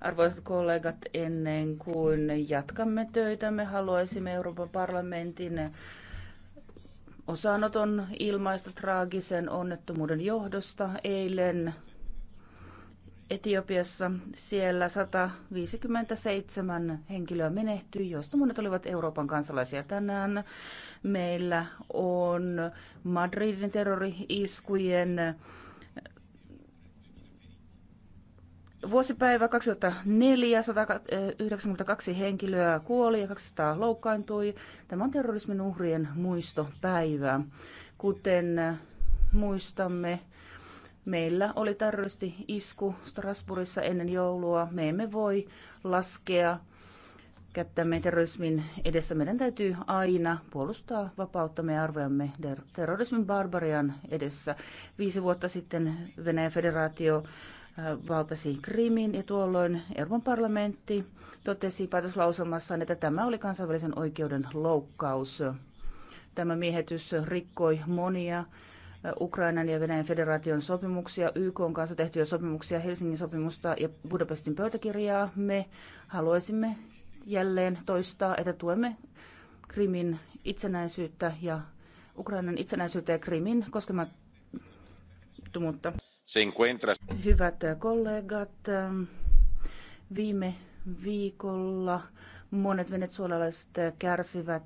Arvoisat kollegat, ennen kuin jatkamme töitä, me haluaisimme Euroopan parlamentin osanoton ilmaista traagisen onnettomuuden johdosta eilen Etiopiassa. Siellä 157 henkilöä menehtyi, joista monet olivat Euroopan kansalaisia tänään. Meillä on Madridin terrori-iskujen Vuosipäivä 2004, 192 henkilöä kuoli ja 200 loukkaantui. Tämä on terrorismin uhrien muistopäivä. Kuten muistamme, meillä oli terroristi-isku Strasbourgissa ennen joulua. Me emme voi laskea kättämme terrorismin edessä. Meidän täytyy aina puolustaa vapauttamme ja arvojamme terrorismin barbarian edessä. Viisi vuotta sitten Venäjän federaatio valtasi Krimin ja tuolloin Euroopan parlamentti totesi päätöslauselmassaan, että tämä oli kansainvälisen oikeuden loukkaus. Tämä miehetys rikkoi monia äh, Ukrainan ja Venäjän federaation sopimuksia, YK on kanssa tehtyjä sopimuksia, Helsingin sopimusta ja Budapestin pöytäkirjaa. Me haluaisimme jälleen toistaa, että tuemme Krimin itsenäisyyttä ja Ukrainan itsenäisyyttä ja Krimin koskemattomuutta. Hyvät kollegat, viime viikolla monet venezuelalaiset kärsivät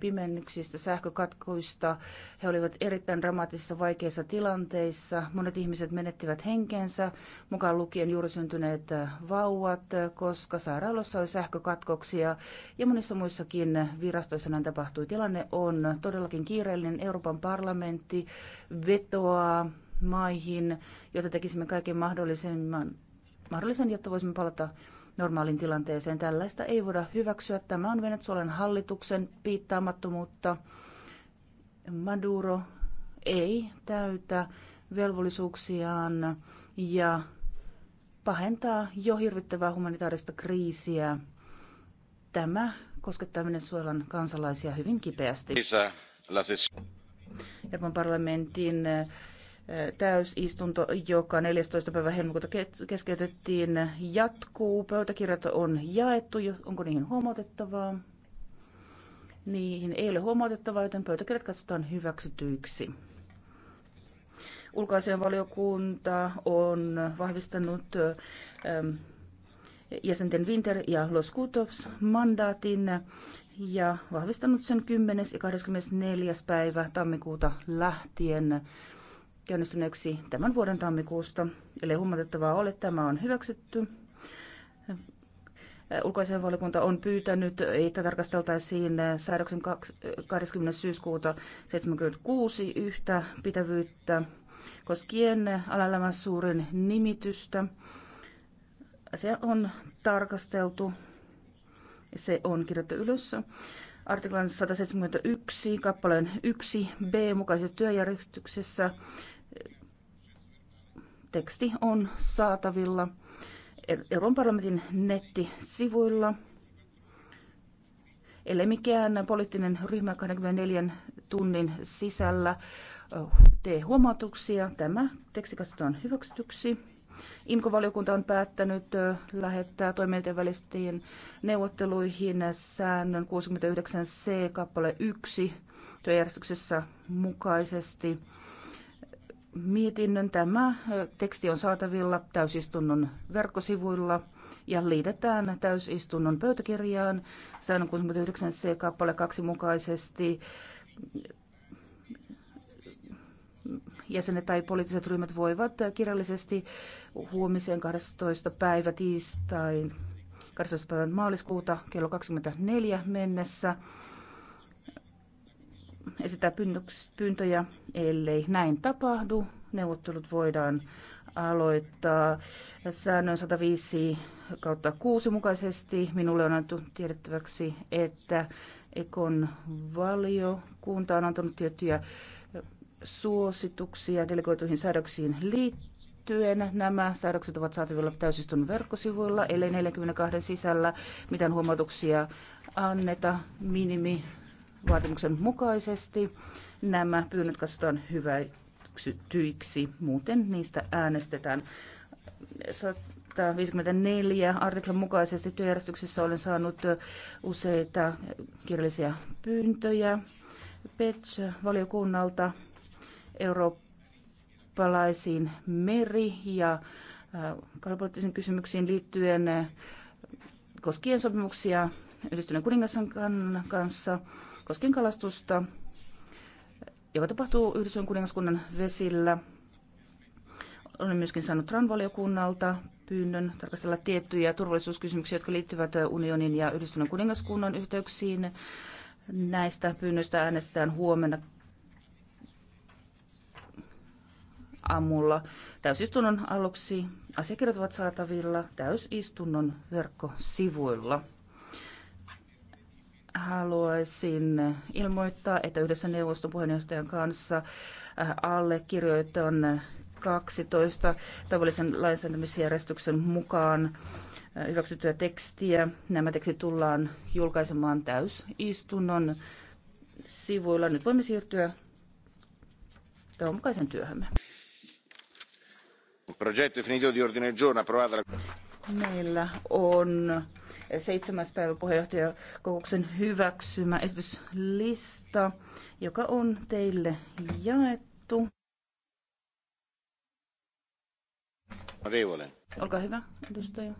pimennyksistä, sähkökatkoista. He olivat erittäin dramaattisissa vaikeissa tilanteissa. Monet ihmiset menettivät henkensä, mukaan lukien juuri syntyneet vauvat, koska sairaalossa oli sähkökatkoksia ja monissa muissakin virastoissa näin tapahtui. Tilanne on todellakin kiireellinen. Euroopan parlamentti vetoaa maihin, jotta tekisimme kaiken mahdollisimman, mahdollisen, jotta voisimme palata normaalin tilanteeseen. Tällaista ei voida hyväksyä. Tämä on Venezuelan hallituksen piittaamattomuutta. Maduro ei täytä velvollisuuksiaan ja pahentaa jo hirvittävää humanitaarista kriisiä. Tämä koskettaa Venezuelan kansalaisia hyvin kipeästi. Euroopan parlamentin täysistunto, joka 14. päivä helmikuuta keskeytettiin, jatkuu. Pöytäkirjat on jaettu. Onko niihin huomautettavaa? Niihin ei ole huomautettavaa, joten pöytäkirjat katsotaan hyväksytyiksi. Ulkoasianvaliokunta on vahvistanut ähm, jäsenten Winter ja Loskutovs mandaatin ja vahvistanut sen 10. ja 24. päivä tammikuuta lähtien käynnistyneeksi tämän vuoden tammikuusta. Eli huomatettavaa ole, tämä on hyväksytty. Ulkoasianvaliokunta on pyytänyt, että tarkasteltaisiin säädöksen 20. syyskuuta 76 yhtä pitävyyttä koskien alalämän suurin nimitystä. Se on tarkasteltu, se on kirjoittu ylös. Artiklan 171 kappaleen 1b mukaisessa työjärjestyksessä teksti on saatavilla Euroopan parlamentin nettisivuilla. Eli mikään poliittinen ryhmä 24 tunnin sisällä tee huomautuksia. Tämä teksti katsotaan hyväksytyksi. IMKO-valiokunta on päättänyt lähettää toimijoiden välisten neuvotteluihin säännön 69c kappale 1 työjärjestyksessä mukaisesti mietinnön. Tämä teksti on saatavilla täysistunnon verkkosivuilla ja liitetään täysistunnon pöytäkirjaan säännön 69 c kappale 2 mukaisesti. Jäsenet tai poliittiset ryhmät voivat kirjallisesti huomiseen 12. päivä tiistain 12. päivän maaliskuuta kello 24 mennessä esittää pyyntöjä, ellei näin tapahdu. Neuvottelut voidaan aloittaa säännön 105 kautta 6 mukaisesti. Minulle on annettu tiedettäväksi, että Ekon valiokunta on antanut tiettyjä suosituksia delegoituihin säädöksiin liittyen. Nämä säädökset ovat saatavilla täysistun verkkosivuilla, eli 42 sisällä mitään huomautuksia anneta. Minimi vaatimuksen mukaisesti. Nämä pyynnöt katsotaan hyväksytyiksi, muuten niistä äänestetään. 154 artiklan mukaisesti työjärjestyksessä olen saanut useita kirjallisia pyyntöjä PETS-valiokunnalta eurooppalaisiin meri- ja äh, kalapoliittisiin kysymyksiin liittyen äh, koskien sopimuksia yhdistyneen kuningasan kanssa koskien kalastusta, joka tapahtuu Yhdysvallan kuningaskunnan vesillä. Olen myöskin saanut TRAN-valiokunnalta pyynnön tarkastella tiettyjä turvallisuuskysymyksiä, jotka liittyvät unionin ja Yhdysvallan kuningaskunnan yhteyksiin. Näistä pyynnöistä äänestetään huomenna aamulla täysistunnon aluksi. Asiakirjat ovat saatavilla täysistunnon verkkosivuilla haluaisin ilmoittaa, että yhdessä neuvoston puheenjohtajan kanssa äh, allekirjoitan 12 tavallisen lainsäätämisjärjestyksen mukaan äh, hyväksyttyä tekstiä. Nämä tekstit tullaan julkaisemaan täysistunnon sivuilla. Nyt voimme siirtyä toimukaisen työhömme. Meillä on seitsemäs päivä puheenjohtajakokouksen hyväksymä esityslista, joka on teille jaettu. Riivonen. Olkaa hyvä, edustaja.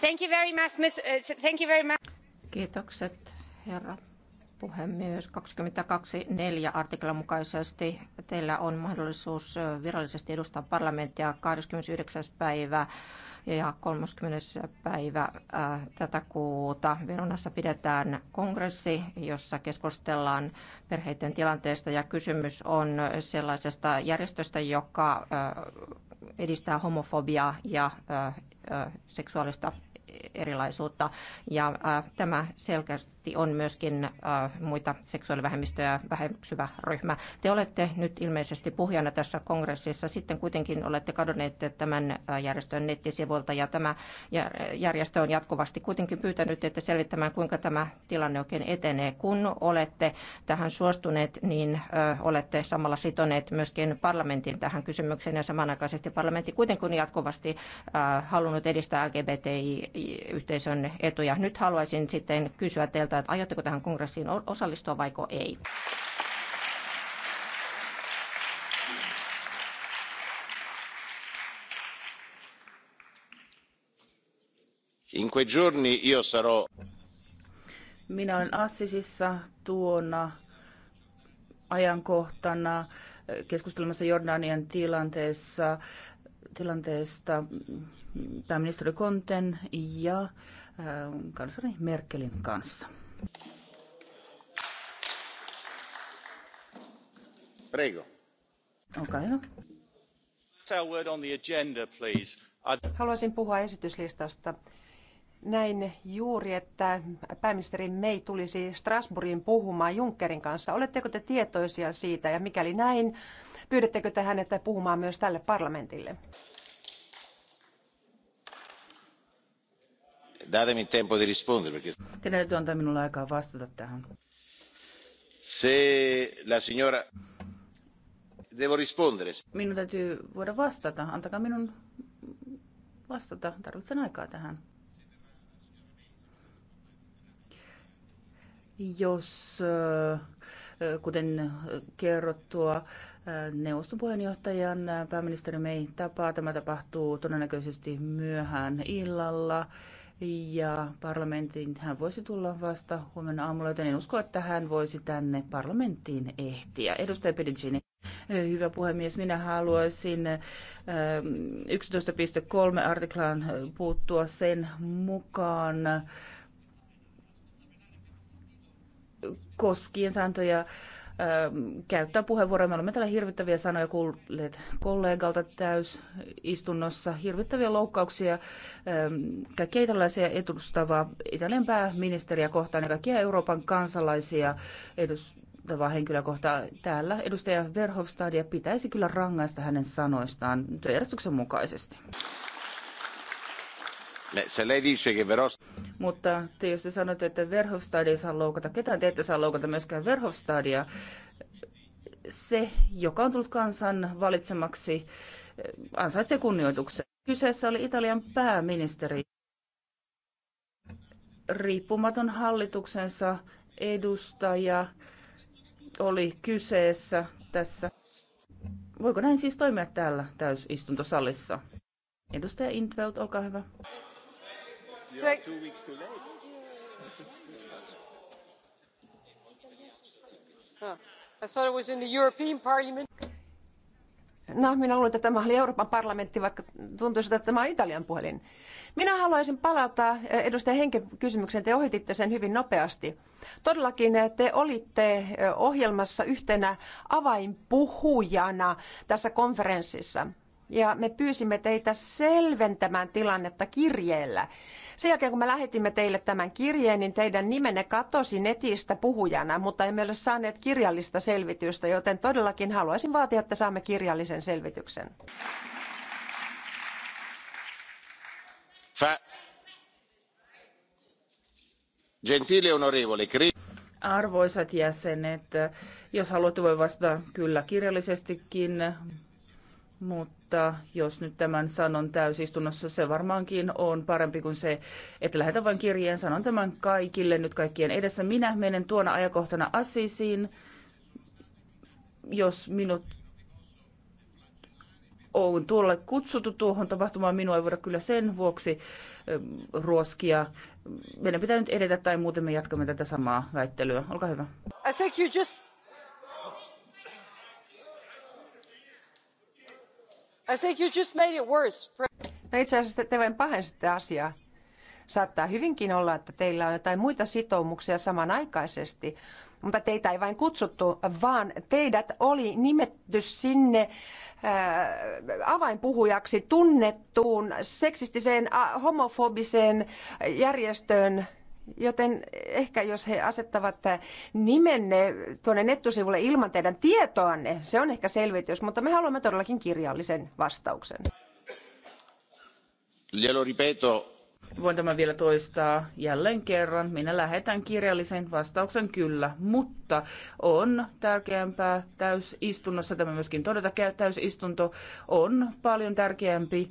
Thank you very much, miss, uh, thank you very much. Kiitokset, herra puhemies 22.4 artiklan mukaisesti teillä on mahdollisuus virallisesti edustaa parlamenttia 29. päivä ja 30. päivä tätä kuuta. Veronassa pidetään kongressi, jossa keskustellaan perheiden tilanteesta ja kysymys on sellaisesta järjestöstä, joka edistää homofobiaa ja seksuaalista erilaisuutta. Ja tämä selkeästi ilmeisesti on myöskin äh, muita seksuaalivähemmistöjä väheksyvä ryhmä. Te olette nyt ilmeisesti puhjana tässä kongressissa, sitten kuitenkin olette kadonneet tämän äh, järjestön nettisivuilta ja tämä järjestö on jatkuvasti kuitenkin pyytänyt, että selvittämään kuinka tämä tilanne oikein etenee. Kun olette tähän suostuneet, niin äh, olette samalla sitoneet myöskin parlamentin tähän kysymykseen ja samanaikaisesti parlamentti kuitenkin jatkuvasti halunnut edistää LGBTI-yhteisön etuja. Nyt haluaisin sitten kysyä teiltä, siitä, että aiotteko tähän kongressiin osallistua vai ei. In quei giorni io sarò... Minä olen Assisissa tuona ajankohtana eh, keskustelemassa Jordanian tilanteessa, tilanteesta pääministeri Konten ja eh, kansari Merkelin kanssa. Haluaisin puhua esityslistasta. Näin juuri, että pääministeri May tulisi Strasbourgin puhumaan Junckerin kanssa. Oletteko te tietoisia siitä ja mikäli näin, pyydättekö te hänet puhumaan myös tälle parlamentille? datemi tempo di rispondere perché... Teidän täytyy antaa minulle aikaa vastata tähän. Se la signora... Devo rispondere. Minun täytyy voida vastata. Antakaa minun vastata. Tarvitsen aikaa tähän. Jos, kuten kerrottua, neuvoston puheenjohtajan pääministeri May tapaa, tämä tapahtuu todennäköisesti myöhään illalla ja parlamentin hän voisi tulla vasta huomenna aamulla, joten en usko, että hän voisi tänne parlamenttiin ehtiä. Edustaja Pedicini. Hyvä puhemies, minä haluaisin 11.3 ähm, artiklaan puuttua sen mukaan koskien sääntöjä käyttää puheenvuoroja. Me olemme täällä hirvittäviä sanoja kuulleet kollegalta täysistunnossa, hirvittäviä loukkauksia, ähm, kaikkia italaisia edustavaa Italian pääministeriä kohtaan ja kaikkia Euroopan kansalaisia edustavaa henkilöä kohtaan. Täällä edustaja Verhofstadia pitäisi kyllä rangaista hänen sanoistaan työjärjestyksen mukaisesti. Se lei dice che Verhofstadia mutta te jos te sanotte, että Verhofstadia saa loukata, ketään te ette saa loukata myöskään Verhofstadia, se, joka on tullut kansan valitsemaksi, ansaitsee kunnioituksen. Kyseessä oli Italian pääministeri. Riippumaton hallituksensa edustaja oli kyseessä tässä. Voiko näin siis toimia täällä täysistuntosalissa? Edustaja Intveld, olkaa hyvä two weeks too late. I thought it was in the European Parliament. No, minä luulen, että tämä oli Euroopan parlamentti, vaikka tuntui että tämä on Italian puhelin. Minä haluaisin palata eh, edustaja Henke kysymykseen. Te ohititte sen hyvin nopeasti. Todellakin eh, te olitte eh, ohjelmassa yhtenä avainpuhujana tässä konferenssissa ja me pyysimme teitä selventämään tilannetta kirjeellä. Sen jälkeen kun me lähetimme teille tämän kirjeen, niin teidän nimenne katosi netistä puhujana, mutta emme ole saaneet kirjallista selvitystä, joten todellakin haluaisin vaatia, että saamme kirjallisen selvityksen. Gentile onorevoli, Arvoisat jäsenet, jos haluatte, voi vastata kyllä kirjallisestikin, mutta jos nyt tämän sanon täysistunnossa, se varmaankin on parempi kuin se, että lähetän vain kirjeen. Sanon tämän kaikille nyt kaikkien edessä. Minä menen tuona ajakohtana Assisiin, jos minut on tuolle kutsuttu tuohon tapahtumaan. Minua ei voida kyllä sen vuoksi ruoskia. Meidän pitää nyt edetä tai muuten me jatkamme tätä samaa väittelyä. Olkaa hyvä. I think you just No itse asiassa te vain pahensitte asiaa. Saattaa hyvinkin olla, että teillä on jotain muita sitoumuksia samanaikaisesti, mutta teitä ei vain kutsuttu, vaan teidät oli nimetty sinne ää, äh, avainpuhujaksi tunnettuun seksistiseen, homofobiseen järjestöön, Joten ehkä jos he asettavat nimenne tuonne nettosivulle ilman teidän tietoanne, se on ehkä selvitys, mutta me haluamme todellakin kirjallisen vastauksen. Glielo ripeto. Voin tämän vielä toistaa jälleen kerran. Minä lähetän kirjallisen vastauksen kyllä, mutta on tärkeämpää täysistunnossa, tämä myöskin todeta, täysistunto on paljon tärkeämpi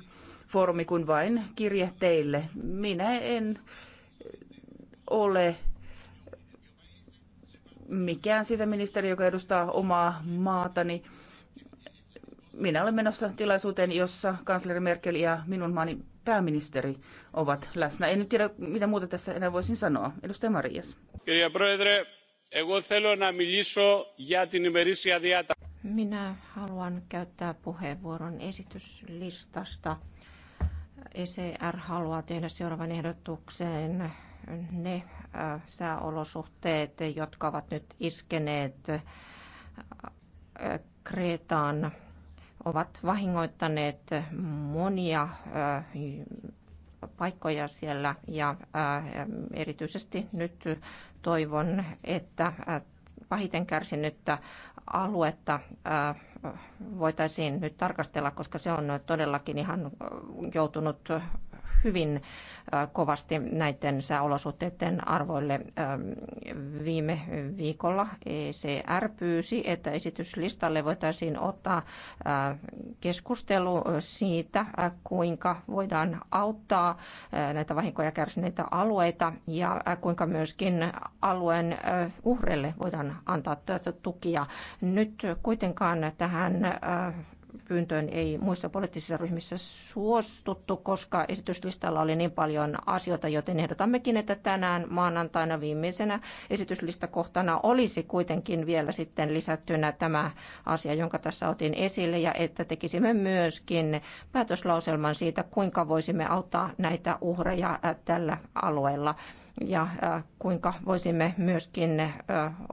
foorumi kuin vain kirje teille. Minä en ole mikään sisäministeri, joka edustaa omaa maatani. Minä olen menossa tilaisuuteen, jossa kansleri Merkel ja minun maani pääministeri ovat läsnä. En nyt tiedä, mitä muuta tässä enää voisin sanoa. Edustaja Marias. Minä haluan käyttää puheenvuoron esityslistasta. ECR haluaa tehdä seuraavan ehdotuksen ne äh, sääolosuhteet, jotka ovat nyt iskeneet äh, Kreetaan, ovat vahingoittaneet monia äh, paikkoja siellä ja erityisesti nyt toivon, että pahiten kärsinyttä aluetta voitaisiin nyt tarkastella, koska se on todellakin ihan joutunut hyvin äh, kovasti näiden sääolosuhteiden arvoille. Ähm, viime viikolla ECR pyysi, että esityslistalle voitaisiin ottaa äh, keskustelu siitä, äh, kuinka voidaan auttaa näitä vahinkoja kärsineitä alueita ja kuinka myöskin alueen uhreille voidaan antaa tuota tukia. Nyt kuitenkaan tähän pyyntöön ei muissa poliittisissa ryhmissä suostuttu, koska esityslistalla oli niin paljon asioita, joten ehdotammekin, että tänään maanantaina viimeisenä esityslistakohtana olisi kuitenkin vielä sitten lisättynä tämä asia, jonka tässä otin esille, ja että tekisimme myöskin päätöslauselman siitä, kuinka voisimme auttaa näitä uhreja tällä alueella ja äh, kuinka voisimme myöskin äh,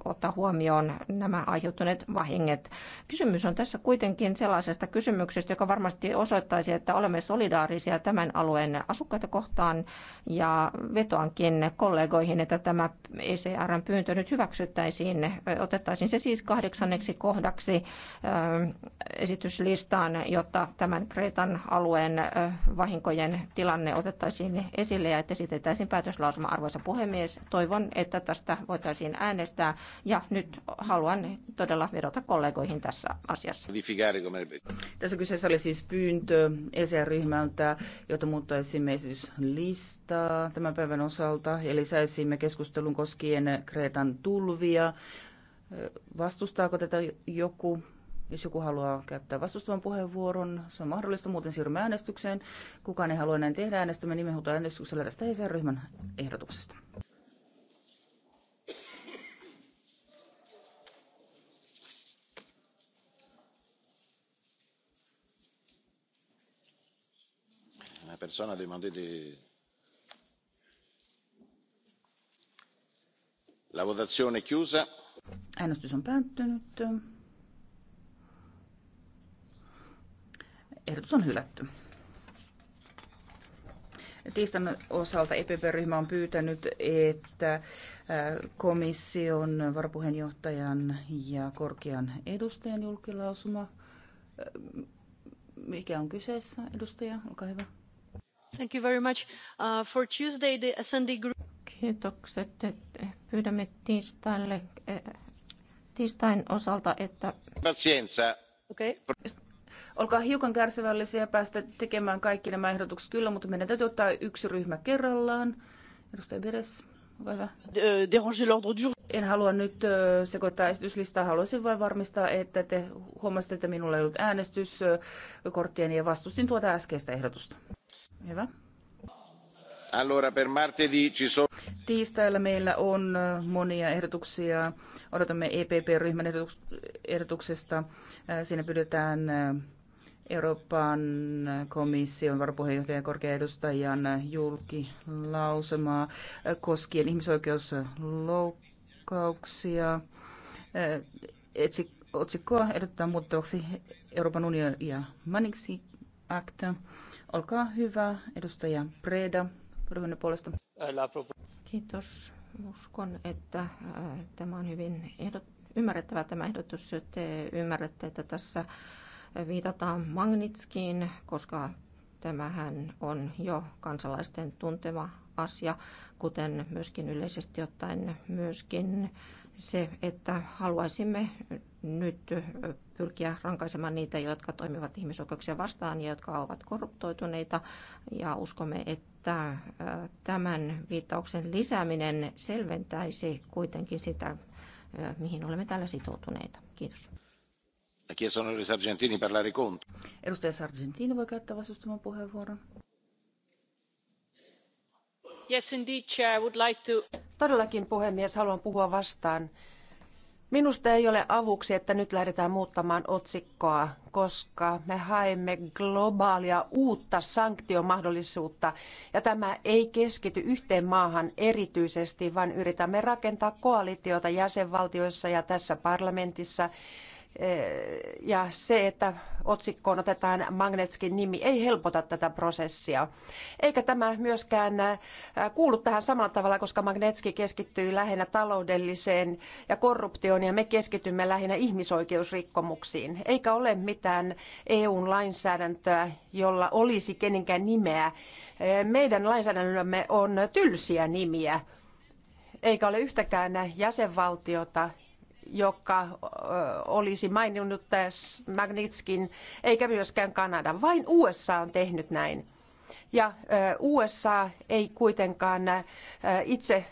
ottaa huomioon nämä aiheutuneet vahinget. Kysymys on tässä kuitenkin sellaisesta kysymyksestä, joka varmasti osoittaisi, että olemme solidaarisia tämän alueen asukkaita kohtaan ja vetoankin kollegoihin, että tämä ECRn pyyntö nyt hyväksyttäisiin. Otettaisiin se siis kahdeksanneksi kohdaksi äh, esityslistaan, jotta tämän Kreetan alueen vahinkojen tilanne otettaisiin esille ja että esitettäisiin päätöslausuma arvoisa Arvoisa puhemies, toivon, että tästä voitaisiin äänestää ja nyt haluan todella vedota kollegoihin tässä asiassa. Tässä kyseessä oli siis pyyntö ESR-ryhmältä, jota muuttaisimme esityslistaa tämän päivän osalta ja lisäisimme keskustelun koskien Kreetan tulvia. Vastustaako tätä joku? Jos joku haluaa käyttää vastustavan puheenvuoron, se on mahdollista. Muuten siirrymme äänestykseen. Kukaan ei halua näin tehdä. Äänestämme nimenhuuto äänestyksellä tästä ESR-ryhmän ehdotuksesta. personne a demandé di la votazione è chiusa äänestys on päättynyt Ehdotus on hylätty. Tiistan osalta EPP-ryhmä on pyytänyt, että äh, komission varapuheenjohtajan ja korkean edustajan julkilausuma. Äh, mikä on kyseessä, edustaja? Olkaa hyvä. Thank you very much. Uh, for Tuesday, the SND group... Kiitokset. Eh, pyydämme tiistaille, eh, tiistain osalta, että... Pazienza. Okay. Olkaa hiukan kärsivällisiä päästä tekemään kaikki nämä ehdotukset kyllä, mutta meidän täytyy ottaa yksi ryhmä kerrallaan. Edustaja Beres, olkaa hyvä. En halua nyt sekoittaa esityslistaa, haluaisin vain varmistaa, että te huomasitte, että minulla ei ollut äänestyskorttia, ja vastustin tuota äskeistä ehdotusta. Hyvä. Allora, per martedì ci so... Tiistaina meillä on monia ehdotuksia. Odotamme EPP-ryhmän ehdotuksesta. Siinä pyydetään Euroopan komission varapuheenjohtajan korkean edustajan julkilausumaa koskien ihmisoikeusloukkauksia. Otsikkoa ehdotetaan muuttavaksi Euroopan unionin ja Maniksi Act. Olkaa hyvä, edustaja Preda, ryhmänne puolesta. Kiitos. Uskon, että äh, tämä on hyvin ehdot- ymmärrettävä tämä ehdotus. Te ymmärrätte, että tässä viitataan Magnitskiin, koska tämähän on jo kansalaisten tuntema asia, kuten myöskin yleisesti ottaen myöskin se, että haluaisimme nyt pyrkiä rankaisemaan niitä, jotka toimivat ihmisoikeuksia vastaan ja jotka ovat korruptoituneita. Ja uskomme, että tämän viittauksen lisääminen selventäisi kuitenkin sitä, mihin olemme täällä sitoutuneita. Kiitos. Edustaja Sargentini voi käyttää Todellakin puhemies, haluan puhua vastaan. Minusta ei ole avuksi, että nyt lähdetään muuttamaan otsikkoa, koska me haemme globaalia uutta sanktiomahdollisuutta. Ja tämä ei keskity yhteen maahan erityisesti, vaan yritämme rakentaa koalitiota jäsenvaltioissa ja tässä parlamentissa Eh, ja se, että otsikkoon otetaan Magnetskin nimi, ei helpota tätä prosessia. Eikä tämä myöskään eh, kuulu tähän samalla tavalla, koska Magnetski keskittyy lähinnä taloudelliseen ja korruptioon ja me keskitymme lähinnä ihmisoikeusrikkomuksiin. Eikä ole mitään eu lainsäädäntöä, jolla olisi kenenkään nimeä. Eh, meidän lainsäädännömme on tylsiä nimiä eikä ole yhtäkään jäsenvaltiota, joka olisi maininnut Magnitskin, eikä myöskään Kanada. Vain USA on tehnyt näin. Ja USA ei kuitenkaan itse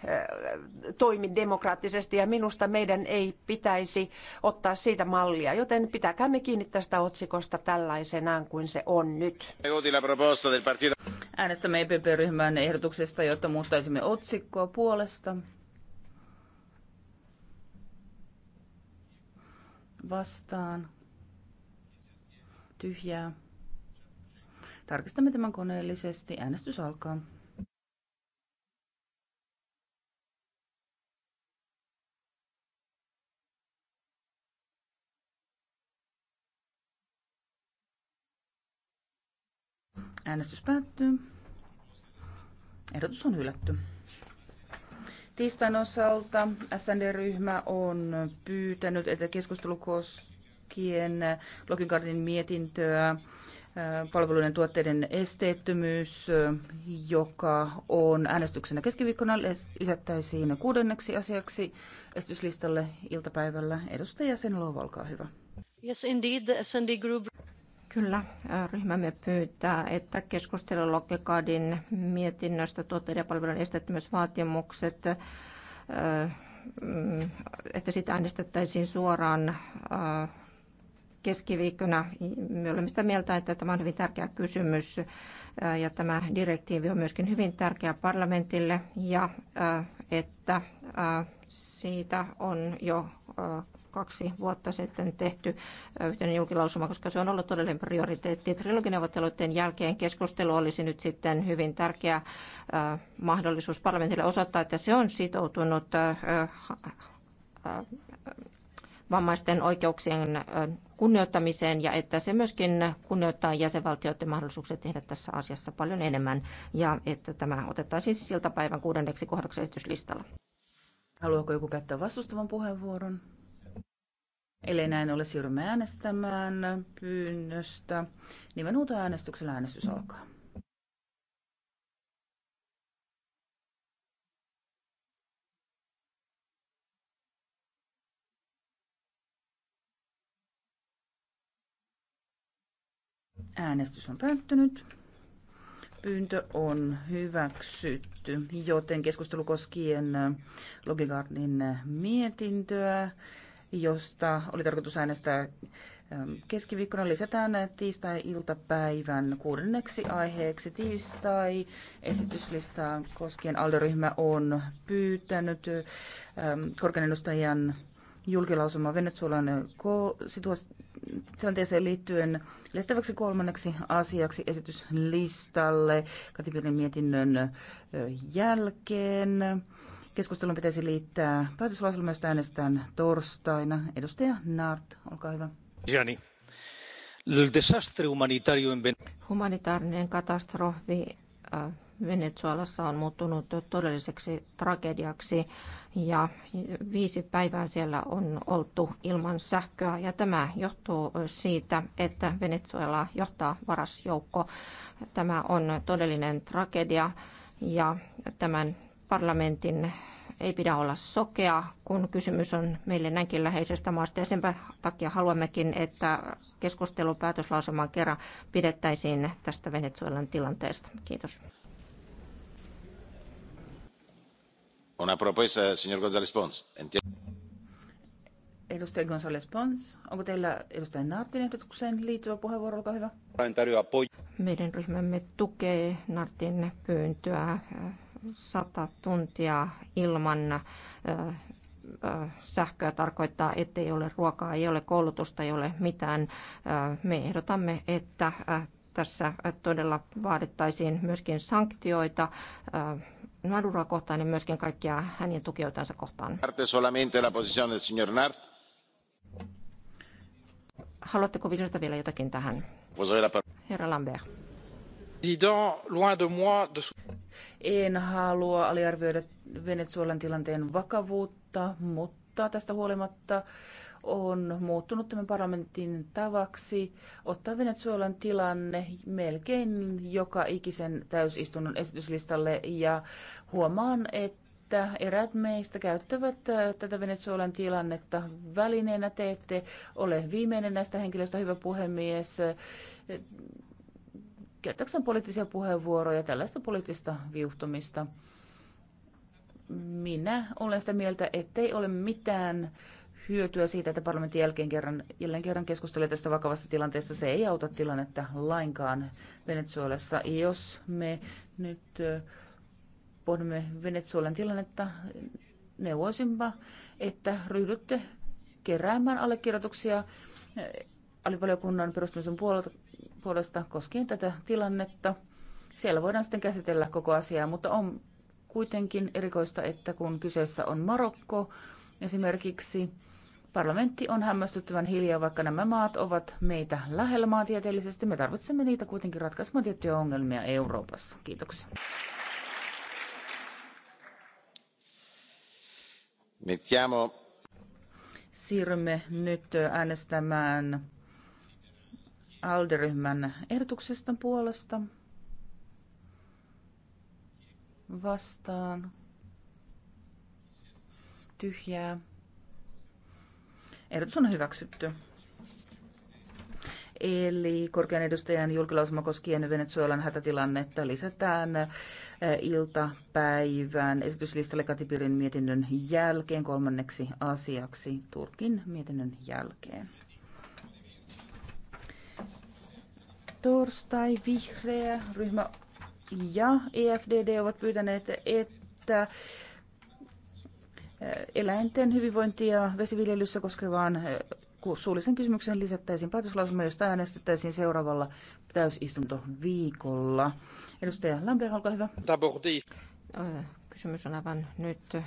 toimi demokraattisesti ja minusta meidän ei pitäisi ottaa siitä mallia, joten pitäkäämme kiinni tästä otsikosta tällaisenaan kuin se on nyt. Äänestämme EPP-ryhmän ehdotuksesta, jotta muuttaisimme otsikkoa puolesta vastaan tyhjää. Tarkistamme tämän koneellisesti. Äänestys alkaa. Äänestys päättyy. Ehdotus on hylätty. Tiistain osalta SND-ryhmä on pyytänyt, että keskustelu koskien Lokinkardin mietintöä palveluiden tuotteiden esteettömyys, joka on äänestyksenä keskiviikkona, lisättäisiin kuudenneksi asiaksi esityslistalle iltapäivällä. Edustaja Senlova, olkaa hyvä. Yes, indeed, the SND Group Kyllä, ryhmämme pyytää, että keskustelu Lokekadin mietinnöstä tuotteiden ja palvelujen esteettömyysvaatimukset mm, että sitä äänestettäisiin suoraan keskiviikkona. Me olemme sitä mieltä, että tämä on hyvin tärkeä kysymys ja tämä direktiivi on myöskin hyvin tärkeä parlamentille ja että siitä on jo kaksi vuotta sitten tehty yhteinen julkilausuma, koska se on ollut todellinen prioriteetti. Trilogineuvotteluiden jälkeen keskustelu olisi nyt sitten hyvin tärkeä mahdollisuus parlamentille osoittaa, että se on sitoutunut vammaisten oikeuksien kunnioittamiseen ja että se myöskin kunnioittaa jäsenvaltioiden mahdollisuuksia tehdä tässä asiassa paljon enemmän ja että tämä otettaisiin siis päivän kuudenneksi kohdaksi esityslistalla. Haluaako joku käyttää vastustavan puheenvuoron? Eli näin ole siirrymme äänestämään pyynnöstä. äänestyksellä äänestys alkaa. Äänestys on päättynyt. Pyyntö on hyväksytty, joten keskustelu koskien Logigardin mietintöä josta oli tarkoitus äänestää ähm, keskiviikkona lisätään tiistai-iltapäivän kuudenneksi aiheeksi tiistai. Esityslistaan koskien alderyhmä on pyytänyt ähm, korkean edustajan julkilausuma Venezuelan tilanteeseen liittyen lisättäväksi kolmanneksi asiaksi esityslistalle Katipirin mietinnön äh, jälkeen. Keskustelun pitäisi liittää päätöslauselmasta äänestään torstaina. Edustaja Nart, olkaa hyvä. Jani. Humanitaarinen katastrofi äh, Venezuelassa on muuttunut todelliseksi tragediaksi ja viisi päivää siellä on oltu ilman sähköä ja tämä johtuu siitä, että Venezuela johtaa varasjoukko. Tämä on todellinen tragedia ja tämän parlamentin ei pidä olla sokea, kun kysymys on meille näinkin läheisestä maasta. Ja sen takia haluammekin, että keskustelu päätöslausumaan kerran pidettäisiin tästä Venezuelan tilanteesta. Kiitos. Una propuesta, señor González Pons. Edustaja González Pons, onko teillä edustaja Nartin, ehdotukseen liittyvä puheenvuoro? Olkaa hyvä. Meidän ryhmämme tukee Nartin pyyntöä Sata tuntia ilman sähköä tarkoittaa, ettei ole ruokaa, ei ole koulutusta, ei ole mitään. Me ehdotamme, että tässä todella vaadittaisiin myöskin sanktioita Maduroa kohtaan ja myöskin kaikkia hänen tukijoitansa kohtaan. Haluatteko vielä jotakin tähän? Herra Lambert. En halua aliarvioida Venezuelan tilanteen vakavuutta, mutta tästä huolimatta on muuttunut tämän parlamentin tavaksi ottaa Venezuelan tilanne melkein joka ikisen täysistunnon esityslistalle ja huomaan, että erät meistä käyttävät äh, tätä Venezuelan tilannetta välineenä. Te ette ole viimeinen näistä henkilöistä, hyvä puhemies käyttääkseen poliittisia puheenvuoroja, tällaista poliittista viuhtumista. Minä olen sitä mieltä, ettei ole mitään hyötyä siitä, että parlamentin jälkeen kerran, jälleen kerran keskustelee tästä vakavasta tilanteesta. Se ei auta tilannetta lainkaan Venezuelassa. Jos me nyt pohdimme Venezuelan tilannetta, neuvoisinpa, että ryhdytte keräämään allekirjoituksia alivaliokunnan perustamisen puolelta puolesta koskien tätä tilannetta. Siellä voidaan sitten käsitellä koko asiaa, mutta on kuitenkin erikoista, että kun kyseessä on Marokko esimerkiksi, Parlamentti on hämmästyttävän hiljaa, vaikka nämä maat ovat meitä lähellä maantieteellisesti. Me tarvitsemme niitä kuitenkin ratkaisemaan tiettyjä ongelmia Euroopassa. Kiitoksia. Mettiamo. Siirrymme nyt äänestämään ALDE-ryhmän ehdotuksesta puolesta vastaan tyhjää. Ehdotus on hyväksytty. Eli korkean edustajan julkilausuma koskien Venezuelan hätätilannetta lisätään eh, iltapäivän esityslistalle Katipirin mietinnön jälkeen kolmanneksi asiaksi Turkin mietinnön jälkeen. Torstai vihreä ryhmä ja EFDD ovat pyytäneet, että eh, eläinten hyvinvointia vesiviljelyssä koskevaan eh, suullisen kysymyksen lisättäisiin päätöslausuma, josta äänestettäisiin seuraavalla täysistuntoviikolla. Edustaja Lambert, olkaa hyvä Kysymys on aivan nyt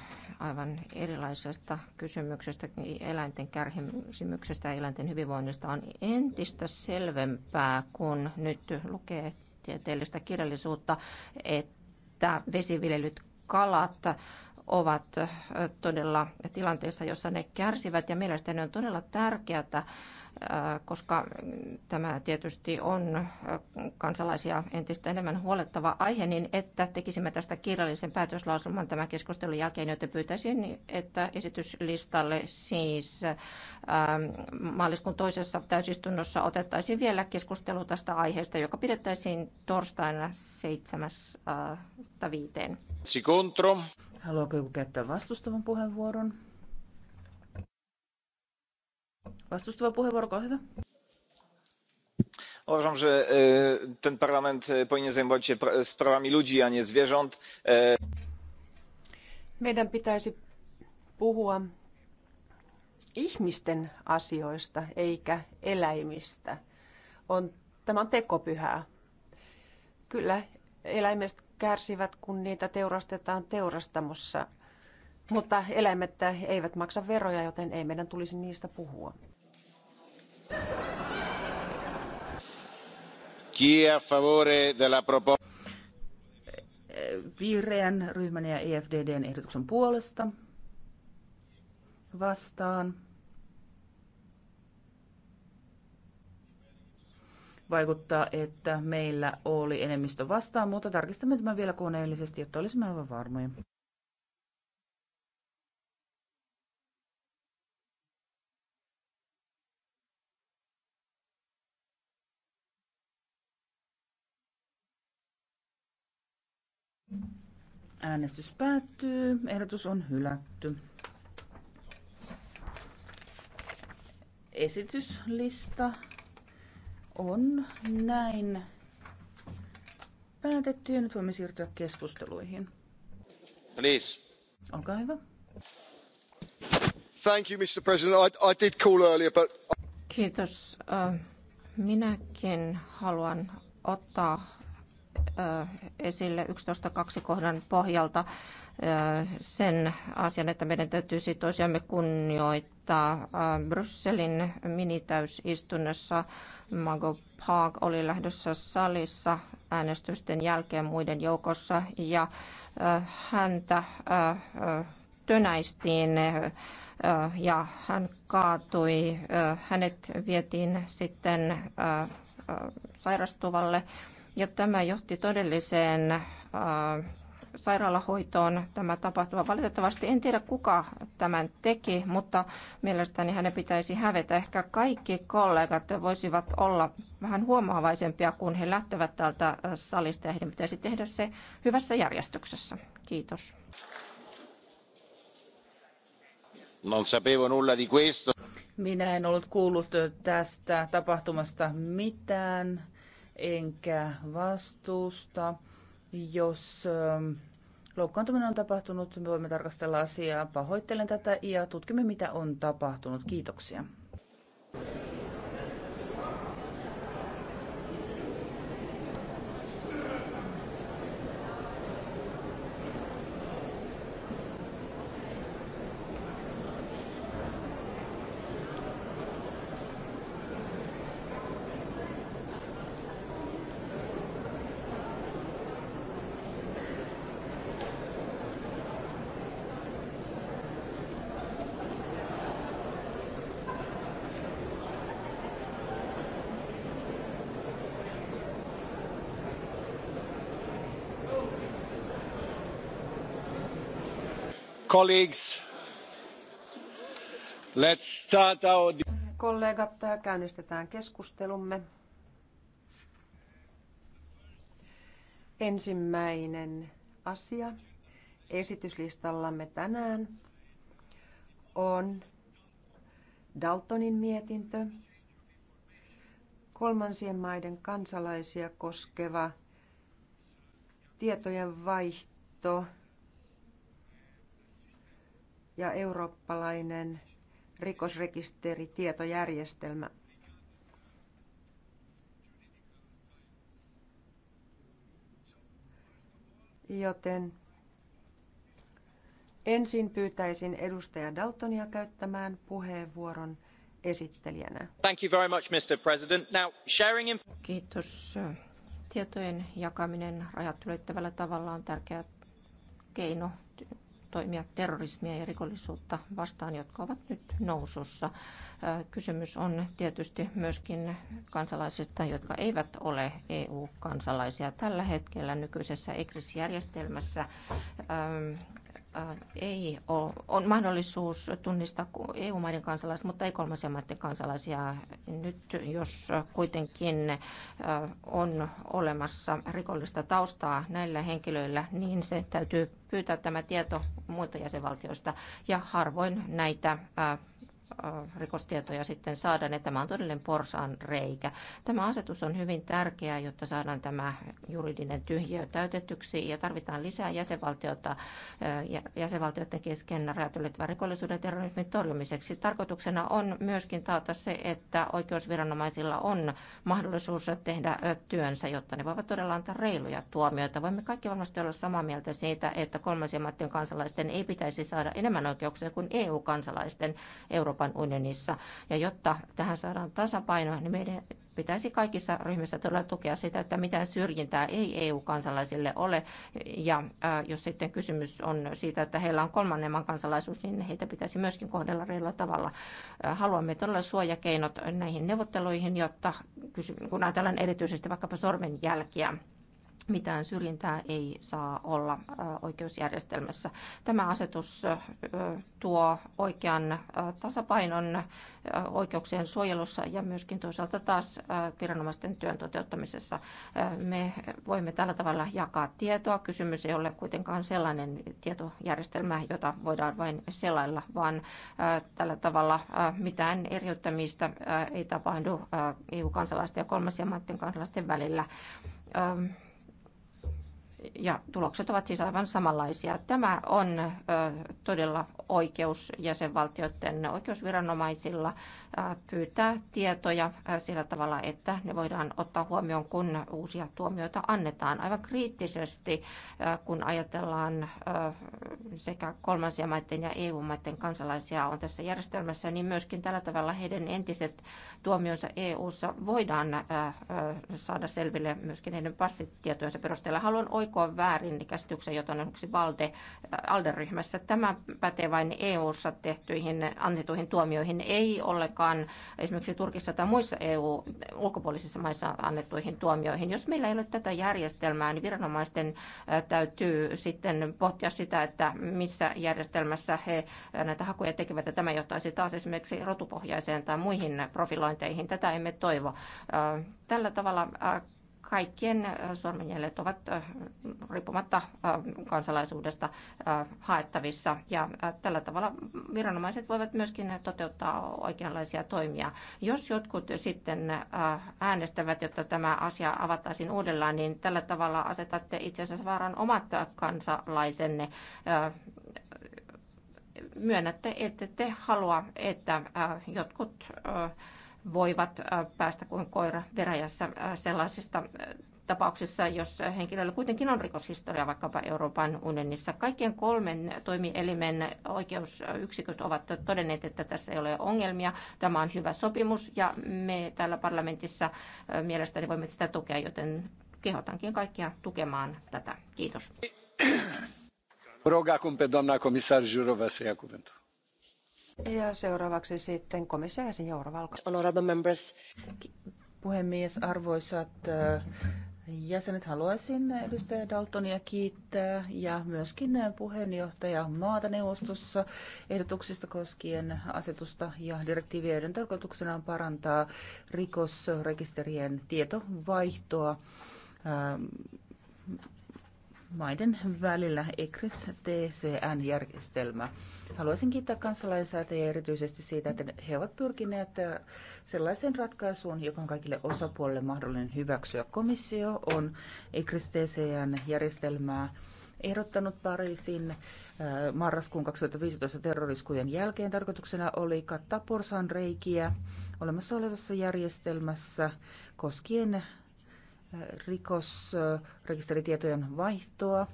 aivan erilaisesta kysymyksestä, eläinten kärsimyksestä ja eläinten hyvinvoinnista on entistä selvempää, kun nyt lukee tieteellistä kirjallisuutta, että vesiviljelyt kalat ovat todella tilanteessa, jossa ne kärsivät. Ja mielestäni on todella tärkeää, Äh, koska tämä tietysti on äh, kansalaisia entistä enemmän huolettava aihe, niin että tekisimme tästä kirjallisen päätöslausuman tämän keskustelun jälkeen, joten pyytäisin, että esityslistalle siis äh, maaliskuun toisessa täysistunnossa otettaisiin vielä keskustelu tästä aiheesta, joka pidettäisiin torstaina 7.5. Haluatko joku käyttää vastustavan puheenvuoron? Vastustava puheenvuoro, olkaa hyvä. Uważam, że e, ten parlament e, powinien zajmować się sprawami ludzi, a nie zwierząt. E. Meidän pitäisi puhua ihmisten asioista eikä eläimistä. On, tämä on tekopyhää. Kyllä eläimet kärsivät, kun niitä teurastetaan teurastamossa. Mutta eläimet eivät maksa veroja, joten ei meidän tulisi niistä puhua. Chi favore della proposta? Vihreän ryhmän ja EFDDn ehdotuksen puolesta. Vastaan. Vaikuttaa, että meillä oli enemmistö vastaan, mutta tarkistamme tämän vielä koneellisesti, jotta olisimme aivan varmoja. Äänestys päättyy. Ehdotus on hylätty. Esityslista on näin päätetty ja nyt voimme siirtyä keskusteluihin. Please. Olkaa hyvä. Thank you, Mr. President. I, I did call earlier, but... Kiitos. Minäkin haluan ottaa esille 11.2 kohdan pohjalta sen asian, että meidän täytyy siis toisiamme kunnioittaa. Brysselin minitäysistunnossa Mago Park oli lähdössä salissa äänestysten jälkeen muiden joukossa ja häntä tönäistiin ja hän kaatui. Hänet vietiin sitten sairastuvalle ja tämä johti todelliseen äh, sairaalahoitoon tämä tapahtuma. Valitettavasti en tiedä kuka tämän teki, mutta mielestäni hänen pitäisi hävetä. Ehkä kaikki kollegat voisivat olla vähän huomaavaisempia, kun he lähtevät täältä äh, salista ja heidän pitäisi tehdä se hyvässä järjestyksessä. Kiitos. Non sapevo nulla di questo. Minä en ollut kuullut äh, tästä tapahtumasta mitään enkä vastuusta. Jos ähm, loukkaantuminen on tapahtunut, me voimme tarkastella asiaa. Pahoittelen tätä ja tutkimme, mitä on tapahtunut. Kiitoksia. Kollegat, käynnistetään keskustelumme. Ensimmäinen asia esityslistallamme tänään on Daltonin mietintö, kolmansien maiden kansalaisia koskeva tietojen vaihto ja eurooppalainen rikosrekisteritietojärjestelmä. Joten ensin pyytäisin edustaja Daltonia käyttämään puheenvuoron esittelijänä. Thank you very much, Mr. President. Now, sharing in... Kiitos. Tietojen jakaminen rajat ylittävällä tavalla on tärkeä keino toimia terrorismia ja rikollisuutta vastaan, jotka ovat nyt nousussa. Kysymys on tietysti myöskin kansalaisista, jotka eivät ole EU-kansalaisia. Tällä hetkellä nykyisessä ECRIS-järjestelmässä Äh, ei ole. On mahdollisuus tunnistaa EU-maiden kansalaisia, mutta ei kolmansien maiden kansalaisia. Nyt jos kuitenkin äh, on olemassa rikollista taustaa näillä henkilöillä, niin se täytyy pyytää tämä tieto muilta jäsenvaltioista. Ja harvoin näitä äh, Äh, rikostietoja sitten saadaan, niin ja tämä on todellinen porsaan reikä. Tämä asetus on hyvin tärkeä, jotta saadaan tämä juridinen tyhjiö täytetyksi, ja tarvitaan lisää jäsenvaltiota, äh, jäsenvaltioiden kesken räätälöityvän rikollisuuden ja terrorismin torjumiseksi. Tarkoituksena on myöskin taata se, että oikeusviranomaisilla on mahdollisuus tehdä työnsä, jotta ne voivat todella antaa reiluja tuomioita. Voimme kaikki varmasti olla samaa mieltä siitä, että kolmansien kansalaisten ei pitäisi saada enemmän oikeuksia kuin EU-kansalaisten Euroopan Euroopan unionissa. Ja jotta tähän saadaan tasapaino, niin meidän pitäisi kaikissa ryhmissä todella tukea sitä, että mitään syrjintää ei EU-kansalaisille ole. Ja jos sitten kysymys on siitä, että heillä on kolmannen maan kansalaisuus, niin heitä pitäisi myöskin kohdella reilulla tavalla. Haluamme todella suojakeinot näihin neuvotteluihin, jotta kun ajatellaan erityisesti vaikkapa sormenjälkiä, mitään syrjintää ei saa olla oikeusjärjestelmässä. Tämä asetus tuo oikean tasapainon oikeuksien suojelussa ja myöskin toisaalta taas viranomaisten työn toteuttamisessa. Me voimme tällä tavalla jakaa tietoa. Kysymys ei ole kuitenkaan sellainen tietojärjestelmä, jota voidaan vain selailla, vaan tällä tavalla mitään eriyttämistä ei tapahdu EU-kansalaisten ja kolmansien maiden kansalaisten välillä ja tulokset ovat siis aivan samanlaisia. Tämä on todella oikeus jäsenvaltioiden oikeusviranomaisilla pyytää tietoja sillä tavalla, että ne voidaan ottaa huomioon, kun uusia tuomioita annetaan. Aivan kriittisesti, kun ajatellaan sekä kolmansia maiden ja EU-maiden kansalaisia on tässä järjestelmässä, niin myöskin tällä tavalla heidän entiset tuomionsa EU-ssa voidaan saada selville myöskin heidän passitietojensa perusteella. Haluan oikeus rikkoa väärinkäsityksen, jota on esimerkiksi Valde, äh, ALDE-ryhmässä. Tämä pätee vain EU-ssa tehtyihin annetuihin tuomioihin, ei ollenkaan esimerkiksi Turkissa tai muissa EU-ulkopuolisissa maissa annettuihin tuomioihin. Jos meillä ei ole tätä järjestelmää, niin viranomaisten äh, täytyy sitten pohtia sitä, että missä järjestelmässä he äh, näitä hakuja tekevät. Ja tämä johtaisi taas esimerkiksi rotupohjaiseen tai muihin profilointeihin. Tätä emme toivo. Tällä tavalla kaikkien äh, sormenjäljet ovat äh, riippumatta äh, kansalaisuudesta haettavissa. Ja tällä tavalla viranomaiset voivat myöskin toteuttaa oikeanlaisia toimia. Jos jotkut sitten äänestävät, jotta tämä asia avattaisiin uudellaan, niin tällä tavalla asetatte itse asiassa vaaran omat kansalaisenne myönnätte, että te halua, että jotkut voivat äh, päästä kuin koira veräjässä äh, sellaisista äh, tapauksissa, jos henkilöllä kuitenkin on rikoshistoria vaikkapa Euroopan unionissa. Kaikkien kolmen toimielimen oikeusyksiköt ovat todenneet, että tässä ei ole ongelmia. Tämä on hyvä sopimus ja me täällä parlamentissa mielestäni voimme sitä tukea, joten kehotankin kaikkia tukemaan tätä. Kiitos. Rog acum pe doamna comisar Jurova să ia cuvântul. Ja seuraavaksi sitten komission ja Jourova, members. Puhemies, arvoisat jäsenet, haluaisin edustaja Daltonia kiittää ja myöskin puheenjohtaja maata neuvostossa ehdotuksista koskien asetusta ja direktiivien tarkoituksena on parantaa rikosrekisterien tietovaihtoa maiden välillä ECRIS-TCN-järjestelmä. Haluaisin kiittää kansalaisäätäjiä erityisesti siitä, että he ovat pyrkineet äh, sellaiseen ratkaisuun, joka on kaikille osapuolille mahdollinen hyväksyä. Komissio on ECRIS-TCN-järjestelmää ehdottanut Pariisin äh, marraskuun 2015 terroriskujen jälkeen. Tarkoituksena oli kattaa porsan reikiä olemassa olevassa järjestelmässä koskien rikosrekisteritietojen vaihtoa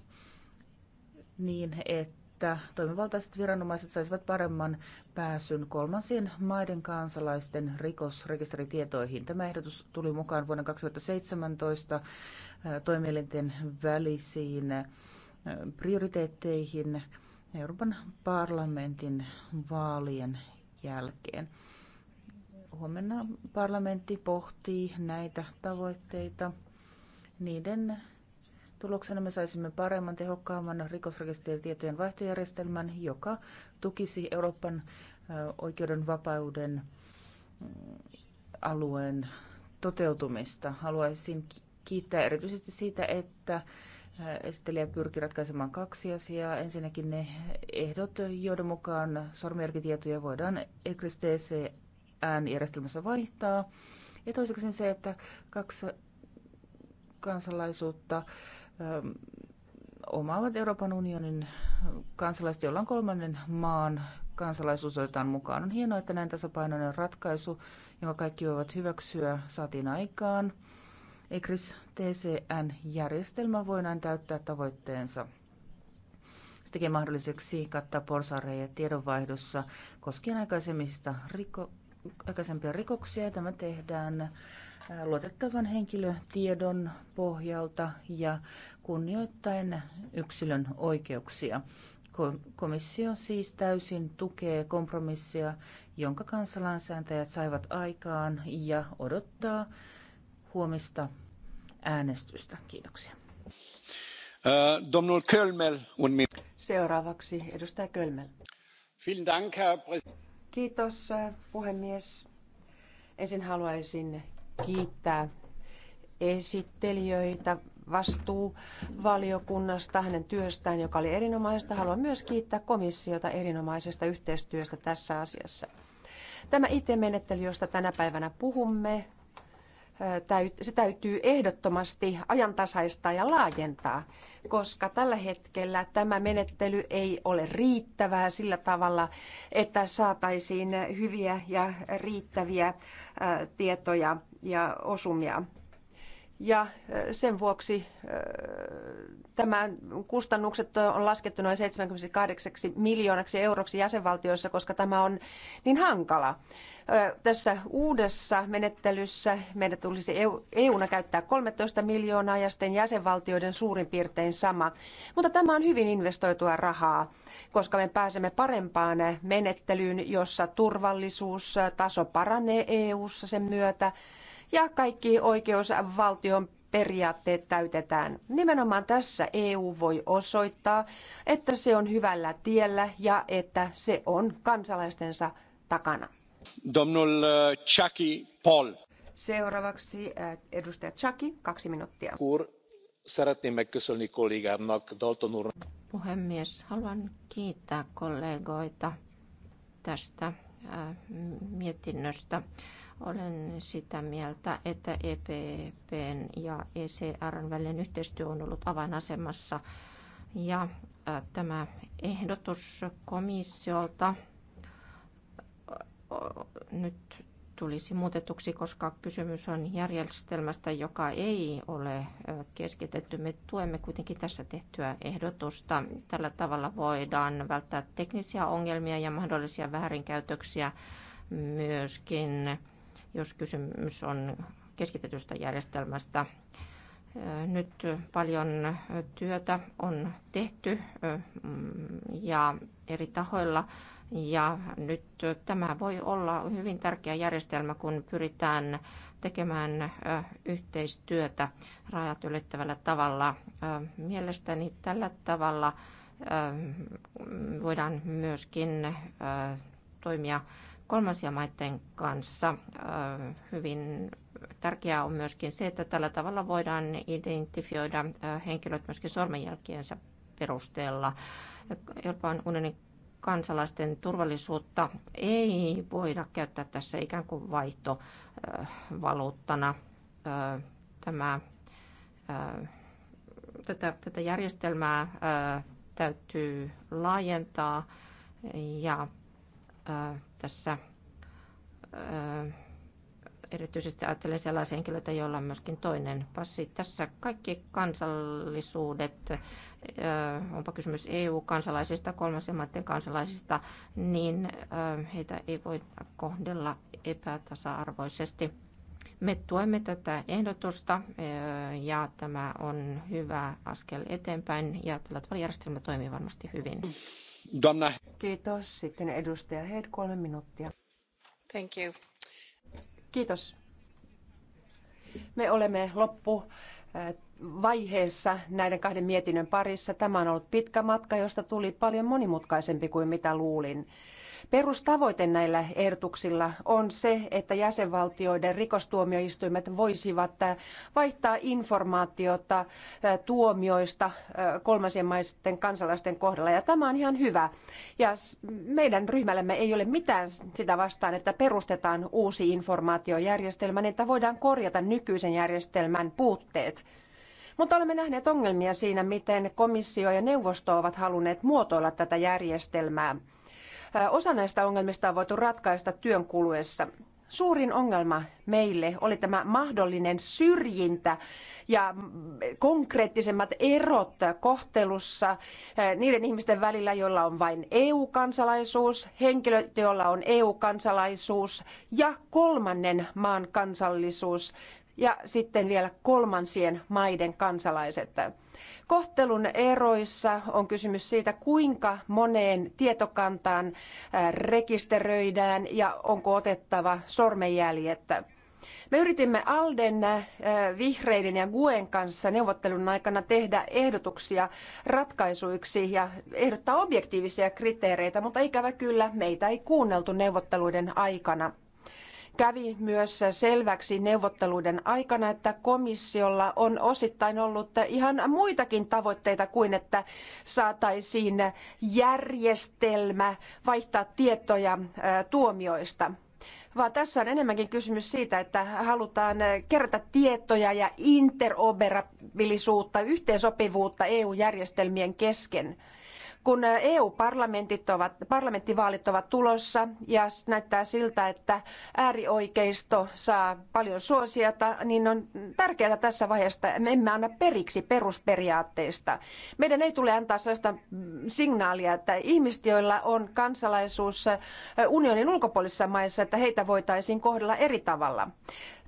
niin, että toimivaltaiset viranomaiset saisivat paremman pääsyn kolmansien maiden kansalaisten rikosrekisteritietoihin. Tämä ehdotus tuli mukaan vuonna 2017 toimielinten välisiin prioriteetteihin Euroopan parlamentin vaalien jälkeen. Huomenna parlamentti pohtii näitä tavoitteita. Niiden tuloksena me saisimme paremman, tehokkaamman rikosrekisteritietojen vaihtojärjestelmän, joka tukisi Euroopan oikeudenvapauden mm, alueen toteutumista. Haluaisin kiittää erityisesti siitä, että esittelijä pyrki ratkaisemaan kaksi asiaa. Ensinnäkin ne ehdot, joiden mukaan sormenjälkitietoja voidaan ECRIS-TC äänijärjestelmässä vaihtaa. Ja toiseksi se, että kaksi kansalaisuutta ähm, omaavat Euroopan unionin kansalaiset, joilla on kolmannen maan kansalaisuus otetaan mukaan. On hienoa, että näin tasapainoinen ratkaisu, jonka kaikki voivat hyväksyä, saatiin aikaan. ECRIS TCN-järjestelmä voi näin täyttää tavoitteensa. Se tekee mahdolliseksi kattaa porsareja tiedonvaihdossa koskien aikaisemmista rikko aikaisempia rikoksia. Tämä tehdään äh, luotettavan henkilötiedon pohjalta ja kunnioittain yksilön oikeuksia. Komissio siis täysin tukee kompromissia, jonka kansalainsääntäjät saivat aikaan ja odottaa huomista äänestystä. Kiitoksia. Äh, Seuraavaksi edustaja Kölmel. Kiitos puhemies. Ensin haluaisin kiittää esittelijöitä vastuuvaliokunnasta hänen työstään, joka oli erinomaista. Haluan myös kiittää komissiota erinomaisesta yhteistyöstä tässä asiassa. Tämä IT-menettely, josta tänä päivänä puhumme, se täytyy ehdottomasti ajantasaistaa ja laajentaa, koska tällä hetkellä tämä menettely ei ole riittävää sillä tavalla, että saataisiin hyviä ja riittäviä tietoja ja osumia. Ja sen vuoksi tämä kustannukset on laskettu noin 78 miljoonaksi euroksi jäsenvaltioissa, koska tämä on niin hankala. Tässä uudessa menettelyssä meidän tulisi EUna käyttää 13 miljoonaa ja sitten jäsenvaltioiden suurin piirtein sama. Mutta tämä on hyvin investoitua rahaa, koska me pääsemme parempaan menettelyyn, jossa turvallisuustaso paranee EUssa sen myötä ja kaikki oikeusvaltion periaatteet täytetään. Nimenomaan tässä EU voi osoittaa, että se on hyvällä tiellä ja että se on kansalaistensa takana. Domnul eh, Chucky Paul. Seuraavaksi eh, edustaja Chucky, kaksi minuuttia. Kur, szeretném Puhemies, haluan kiittää kollegoita tästä eh, mietinnöstä. Olen sitä mieltä, että EPPn ja ECRn välinen yhteistyö on ollut avainasemassa. Ja tämä ehdotus komissiolta nyt tulisi muutetuksi, koska kysymys on järjestelmästä, joka ei ole keskitetty. Me tuemme kuitenkin tässä tehtyä ehdotusta. Tällä tavalla voidaan välttää teknisiä ongelmia ja mahdollisia väärinkäytöksiä myöskin jos kysymys on keskitetystä järjestelmästä. Nyt paljon työtä on tehty mm, ja eri tahoilla ja nyt tämä voi olla hyvin tärkeä järjestelmä, kun pyritään tekemään yhteistyötä rajat ylittävällä tavalla. Mielestäni tällä tavalla voidaan myöskin toimia kolmansia maiden kanssa. Hyvin tärkeää on myöskin se, että tällä tavalla voidaan identifioida henkilöt myöskin sormenjälkiensä perusteella. Euroopan unionin kansalaisten turvallisuutta ei voida käyttää tässä ikään kuin vaihtovaluuttana. Tämä, tätä, tätä järjestelmää täytyy laajentaa ja tässä erityisesti ajattelen sellaisia henkilöitä, joilla on myöskin toinen passi. Tässä kaikki kansallisuudet, onpa kysymys EU-kansalaisista, kolmansien maiden kansalaisista, niin heitä ei voi kohdella epätasa-arvoisesti. Me tuemme tätä ehdotusta ja tämä on hyvä askel eteenpäin ja tällä tavalla järjestelmä toimii varmasti hyvin. Doamna... Kiitos. Sitten edustaja Head, kolme minuuttia. Thank you. Kiitos. Me olemme loppu äh, vaiheessa näiden kahden mietinnön parissa. Tämä on ollut pitkä matka, josta tuli paljon monimutkaisempi kuin mitä luulin. Perustavoite näillä ehdotuksilla on se, että jäsenvaltioiden rikostuomioistuimet voisivat vaihtaa informaatiota tuomioista kolmansien maisten kansalaisten kohdalla. Ja tämä on ihan hyvä. Ja meidän ryhmällämme ei ole mitään sitä vastaan, että perustetaan uusi informaatiojärjestelmä, niin että voidaan korjata nykyisen järjestelmän puutteet. Mutta olemme nähneet ongelmia siinä, miten komissio ja neuvosto ovat halunneet muotoilla tätä järjestelmää. Osa näistä ongelmista on voitu ratkaista työn kuluessa suurin ongelma meille oli tämä mahdollinen syrjintä ja konkreettisemmat erot kohtelussa niiden ihmisten välillä, joilla on vain EU-kansalaisuus, henkilöt, joilla on EU-kansalaisuus ja kolmannen maan kansallisuus ja sitten vielä kolmansien maiden kansalaiset. Kohtelun eroissa on kysymys siitä, kuinka moneen tietokantaan äh, rekisteröidään ja onko otettava sormenjäljet. Me yritimme Alden, äh, Vihreiden ja Guen kanssa neuvottelun aikana tehdä ehdotuksia ratkaisuiksi ja ehdottaa objektiivisia kriteereitä, mutta ikävä kyllä meitä ei kuunneltu neuvotteluiden aikana. Kävi myös selväksi neuvotteluiden aikana, että komissiolla on osittain ollut ihan muitakin tavoitteita kuin, että saataisiin järjestelmä vaihtaa tietoja tuomioista vaan tässä on enemmänkin kysymys siitä, että halutaan kerätä tietoja ja interoperabilisuutta, yhteensopivuutta EU-järjestelmien kesken. Kun EU-parlamentit ovat, parlamenttivaalit ovat tulossa ja näyttää siltä, että äärioikeisto saa paljon suosiota, niin on tärkeää tässä vaiheessa, että me emme anna periksi perusperiaatteista. Meidän ei tule antaa sellaista mm, signaalia, että ihmiset, joilla on kansalaisuus unionin ulkopuolisissa maissa, että heitä voitaisiin kohdella eri tavalla.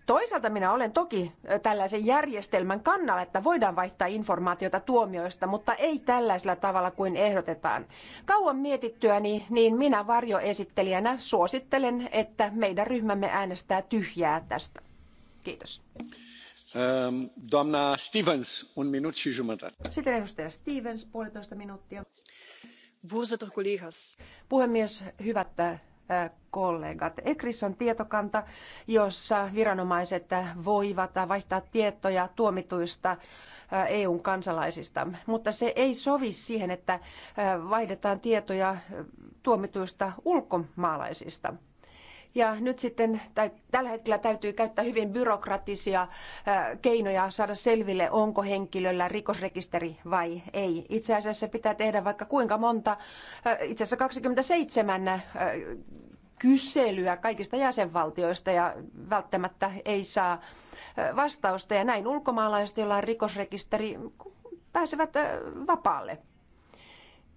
Toisaalta minä olen toki tällaisen järjestelmän kannalla, että voidaan vaihtaa informaatiota tuomioista, mutta ei tällaisella tavalla kuin ehdotetaan. Kauan mietittyäni, niin minä varjoesittelijänä suosittelen, että meidän ryhmämme äänestää tyhjää tästä. Kiitos. Ähm, Domna Stevens, un minut si Sitten edustaja Stevens, puolitoista minuuttia. Puhemies, hyvät äh, kollegat. ECRIS on tietokanta, jossa viranomaiset voivat vaihtaa tietoja tuomituista EUn kansalaisista, mutta se ei sovi siihen, että vaihdetaan tietoja tuomituista ulkomaalaisista. Ja nyt sitten tällä hetkellä täytyy käyttää hyvin byrokratisia keinoja saada selville, onko henkilöllä rikosrekisteri vai ei. Itse asiassa pitää tehdä vaikka kuinka monta, itse asiassa 27 kyselyä kaikista jäsenvaltioista ja välttämättä ei saa vastausta. Ja näin ulkomaalaiset, joilla on rikosrekisteri, pääsevät vapaalle.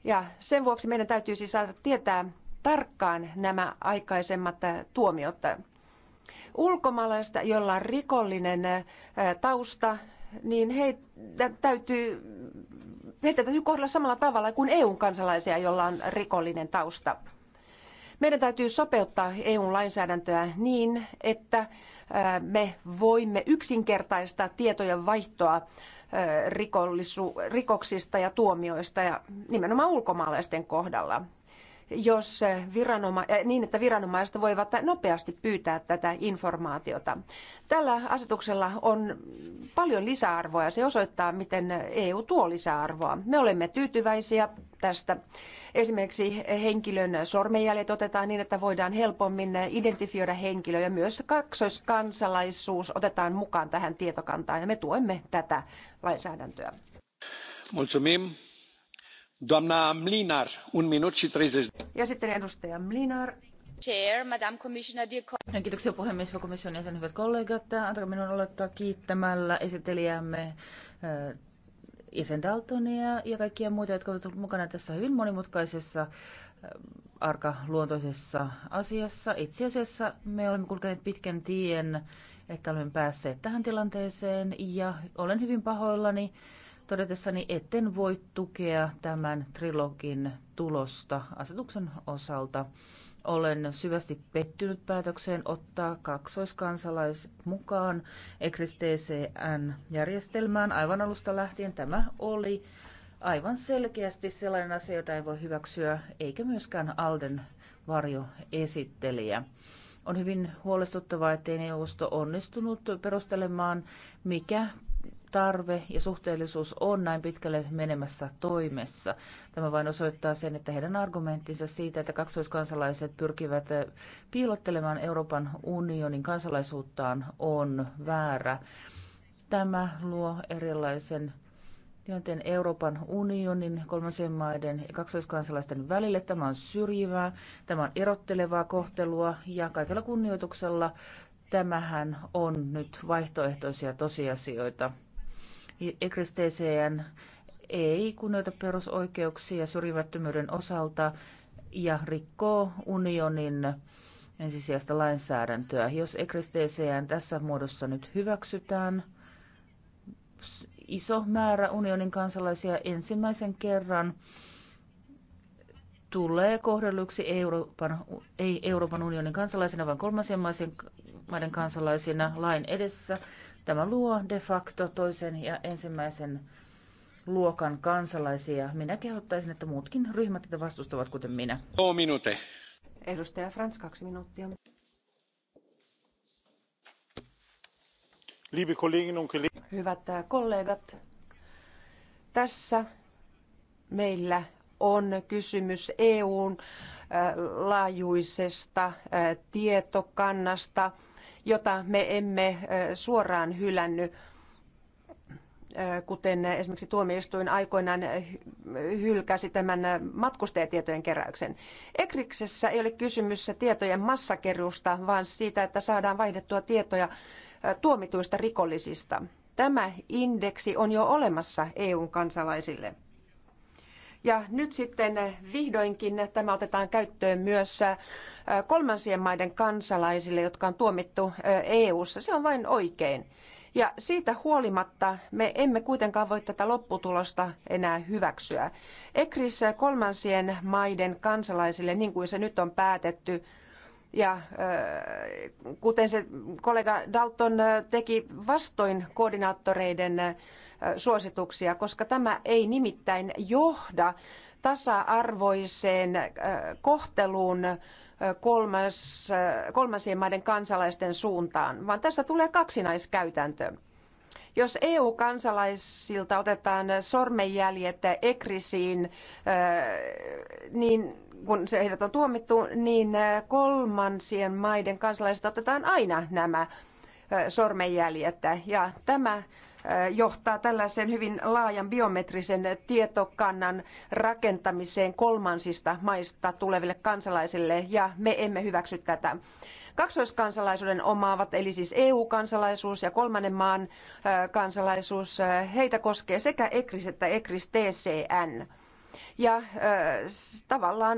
Ja sen vuoksi meidän täytyisi saada tietää, tarkkaan nämä aikaisemmat äh, tuomiot. Ulkomaalaista, jolla on rikollinen äh, tausta, niin heitä täytyy, heitä täytyy kohdella samalla tavalla kuin EU-kansalaisia, jolla on rikollinen tausta. Meidän täytyy sopeuttaa EU-lainsäädäntöä niin, että äh, me voimme yksinkertaistaa tietojen vaihtoa rikoksista ja tuomioista ja nimenomaan ulkomaalaisten kohdalla jos viranoma- eh, niin, että viranomaiset voivat nopeasti pyytää tätä informaatiota. Tällä asetuksella on paljon lisäarvoa ja se osoittaa, miten EU tuo lisäarvoa. Me olemme tyytyväisiä tästä. Esimerkiksi henkilön sormenjäljet otetaan niin, että voidaan helpommin identifioida henkilö ja myös kaksoiskansalaisuus otetaan mukaan tähän tietokantaan ja me tuemme tätä lainsäädäntöä. Mulțumim arvoisa Mlinar, 30. puhemies hyvä komission jäsen, hyvät kollegat. Antakaa minun aloittaa kiittämällä esittelijämme eh, jäsen Daltonia ja kaikkia muita, jotka ovat olleet mukana tässä hyvin monimutkaisessa eh, arkaluontoisessa asiassa. Itse asiassa me olemme kulkeneet pitkän tien, että olemme päässeet tähän tilanteeseen ja olen hyvin pahoillani todetessani, etten voi tukea tämän trilogin tulosta asetuksen osalta. Olen syvästi pettynyt päätökseen ottaa kaksoiskansalaiset mukaan ECRIS-TCN-järjestelmään aivan alusta lähtien. Tämä oli aivan selkeästi sellainen asia, jota ei voi hyväksyä, eikä myöskään Alden varjoesittelijä. On hyvin huolestuttavaa, ettei neuvosto onnistunut perustelemaan, mikä tarve ja suhteellisuus on näin pitkälle menemässä toimessa. Tämä vain osoittaa sen, että heidän argumenttinsa siitä, että kaksoiskansalaiset pyrkivät eh, piilottelemaan Euroopan unionin kansalaisuuttaan, on väärä. Tämä luo erilaisen tilanteen Euroopan unionin, kolmansien maiden ja kaksoiskansalaisten välille. Tämä on syrjivää, tämä on erottelevaa kohtelua ja kaikella kunnioituksella tämähän on nyt vaihtoehtoisia tosiasioita. ECRIS-TCN ei kunnioita perusoikeuksia syrjimättömyyden osalta ja rikkoo unionin ensisijaista lainsäädäntöä. Jos ECRIS-TCN tässä muodossa nyt hyväksytään, iso määrä unionin kansalaisia ensimmäisen kerran tulee kohdelluksi Euroopan, ei Euroopan unionin kansalaisina, vaan kolmansien maiden kansalaisina lain edessä. Tämä luo de facto toisen ja ensimmäisen luokan kansalaisia. Minä kehottaisin, että muutkin ryhmät tätä vastustavat, kuten minä. O minute. Edustaja Frans, kaksi minuuttia. Liebe Kolleginnen und Kollegen. Hyvät äh, kollegat, tässä meillä on kysymys EUn äh, laajuisesta äh, tietokannasta – jota me emme suoraan hylänny, kuten esimerkiksi tuomioistuin aikoinaan hylkäsi tämän matkustajatietojen keräyksen. Ekriksessä ei ole kysymys tietojen massakeruusta, vaan siitä, että saadaan vaihdettua tietoja tuomituista rikollisista. Tämä indeksi on jo olemassa EUn kansalaisille – ja nyt sitten vihdoinkin tämä otetaan käyttöön myös äh, kolmansien maiden kansalaisille, jotka on tuomittu äh, EU-ssa. Se on vain oikein. Ja siitä huolimatta me emme kuitenkaan voi tätä lopputulosta enää hyväksyä. ECRIS kolmansien maiden kansalaisille, niin kuin se nyt on päätetty, ja äh, kuten se kollega Dalton äh, teki vastoin koordinaattoreiden äh, suosituksia, koska tämä ei nimittäin johda tasa-arvoiseen kohteluun kolmas, kolmansien maiden kansalaisten suuntaan, vaan tässä tulee kaksinaiskäytäntö. Jos EU-kansalaisilta otetaan sormenjäljet ekrisiin, niin kun se heidät on tuomittu, niin kolmansien maiden kansalaisilta otetaan aina nämä sormenjäljet. Ja tämä johtaa tällaisen hyvin laajan biometrisen tietokannan rakentamiseen kolmansista maista tuleville kansalaisille ja me emme hyväksy tätä kaksoiskansalaisuuden omaavat, eli siis EU-kansalaisuus ja kolmannen maan kansalaisuus, heitä koskee sekä ECRIS että ECRIS TCN ja äh, tavallaan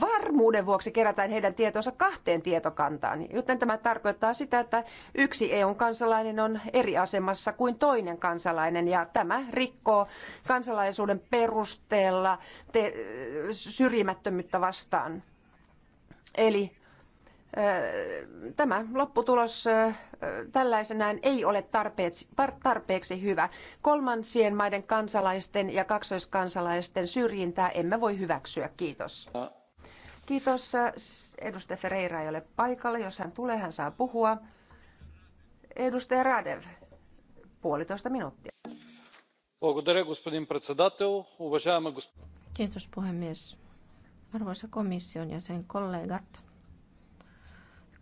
varmuuden vuoksi kerätään heidän tietonsa kahteen tietokantaan. Joten tämä tarkoittaa sitä, että yksi EUn kansalainen on eri asemassa kuin toinen kansalainen ja tämä rikkoo kansalaisuuden perusteella te- syrjimättömyyttä vastaan. Eli tämä lopputulos tällaisenään ei ole tarpeeksi, tarpeeksi hyvä. Kolmansien maiden kansalaisten ja kaksoiskansalaisten syrjintää emme voi hyväksyä. Kiitos. Kiitos. Edustaja Ferreira ei ole paikalla. Jos hän tulee, hän saa puhua. Edustaja Radev, puolitoista minuuttia. Kiitos puhemies. Arvoisa komission ja sen kollegat.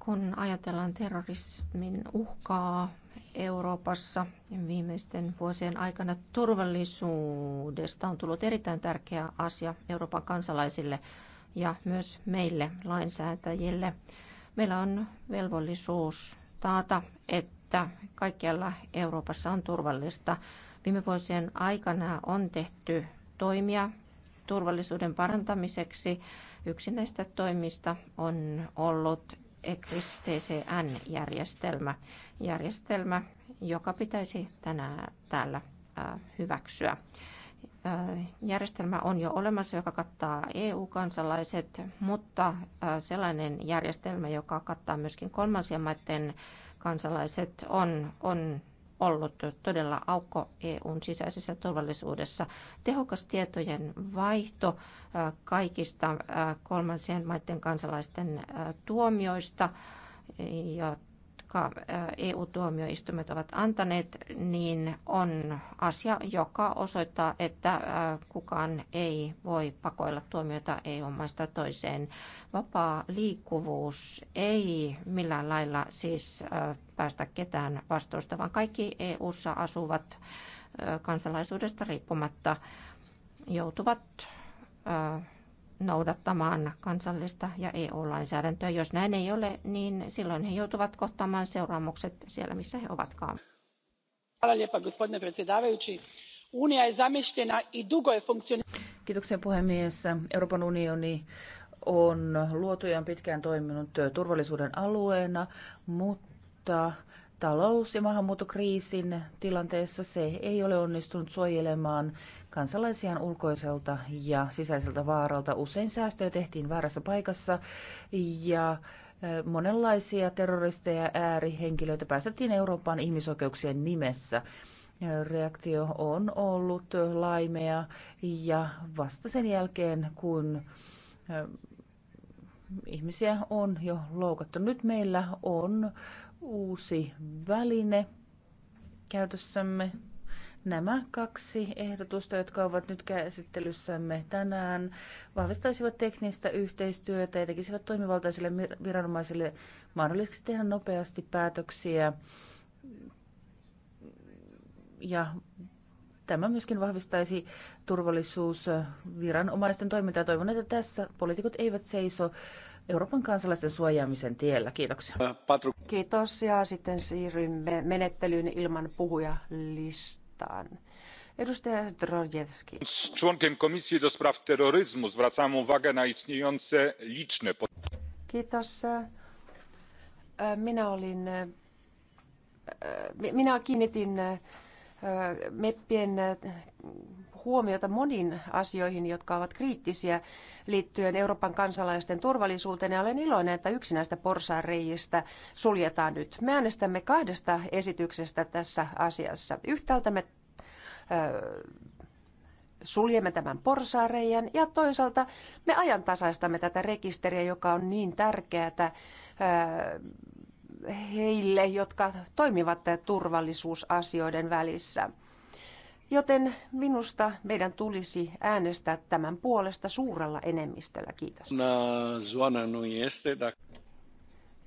Kun ajatellaan terrorismin uhkaa Euroopassa viimeisten vuosien aikana, turvallisuudesta on tullut erittäin tärkeä asia Euroopan kansalaisille ja myös meille lainsäätäjille. Meillä on velvollisuus taata, että kaikkialla Euroopassa on turvallista. Viime vuosien aikana on tehty toimia turvallisuuden parantamiseksi. Yksi näistä toimista on ollut ECRIS TCN-järjestelmä, järjestelmä, joka pitäisi tänään täällä hyväksyä. Järjestelmä on jo olemassa, joka kattaa EU-kansalaiset, mutta sellainen järjestelmä, joka kattaa myöskin kolmansien maiden kansalaiset, on, on ollut todella aukko EUn sisäisessä turvallisuudessa. Tehokas tietojen vaihto äh, kaikista äh, kolmansien maiden kansalaisten äh, tuomioista, ja jotka EU-tuomioistuimet ovat antaneet, niin on asia, joka osoittaa, että kukaan ei voi pakoilla tuomioita EU-maista toiseen. Vapaa liikkuvuus ei millään lailla siis päästä ketään vastuusta, vaan kaikki EU-ssa asuvat kansalaisuudesta riippumatta joutuvat noudattamaan kansallista ja EU-lainsäädäntöä. Jos näin ei ole, niin silloin he joutuvat kohtaamaan seuraamukset siellä, missä he ovatkaan. Kiitoksia puhemies. Euroopan unioni on luotu ja pitkään toiminut turvallisuuden alueena, mutta talous- ja maahanmuuttokriisin tilanteessa se ei ole onnistunut suojelemaan kansalaisiaan ulkoiselta ja sisäiseltä vaaralta. Usein säästöjä tehtiin väärässä paikassa ja monenlaisia terroristeja ja äärihenkilöitä päästettiin Eurooppaan ihmisoikeuksien nimessä. Reaktio on ollut laimea ja vasta sen jälkeen, kun ihmisiä on jo loukattu. Nyt meillä on uusi väline käytössämme. Nämä kaksi ehdotusta, jotka ovat nyt käsittelyssämme tänään, vahvistaisivat teknistä yhteistyötä ja tekisivät toimivaltaisille viranomaisille mahdolliseksi tehdä nopeasti päätöksiä. Ja tämä myöskin vahvistaisi turvallisuusviranomaisten toimintaa. Toivon, että tässä poliitikot eivät seiso Euroopan kansalaisten suojaamisen tiellä. Kiitoksia. Kiitos ja sitten siirrymme menettelyyn ilman puhujalistaan. Edustaja Drojewski. członkiem Komisji do Spraw Terroryzmu zwracam uwagę na istniejące liczne... Kiitos. Minä olin... Minä kiinnitin meppien huomiota moniin asioihin, jotka ovat kriittisiä liittyen Euroopan kansalaisten turvallisuuteen. Ja olen iloinen, että yksi näistä porsaanreijistä suljetaan nyt. Me äänestämme kahdesta esityksestä tässä asiassa. Yhtäältä me suljemme tämän porsaareijan ja toisaalta me ajantasaistamme tätä rekisteriä, joka on niin tärkeää heille, jotka toimivat turvallisuusasioiden välissä. Joten minusta meidän tulisi äänestää tämän puolesta suurella enemmistöllä. Kiitos.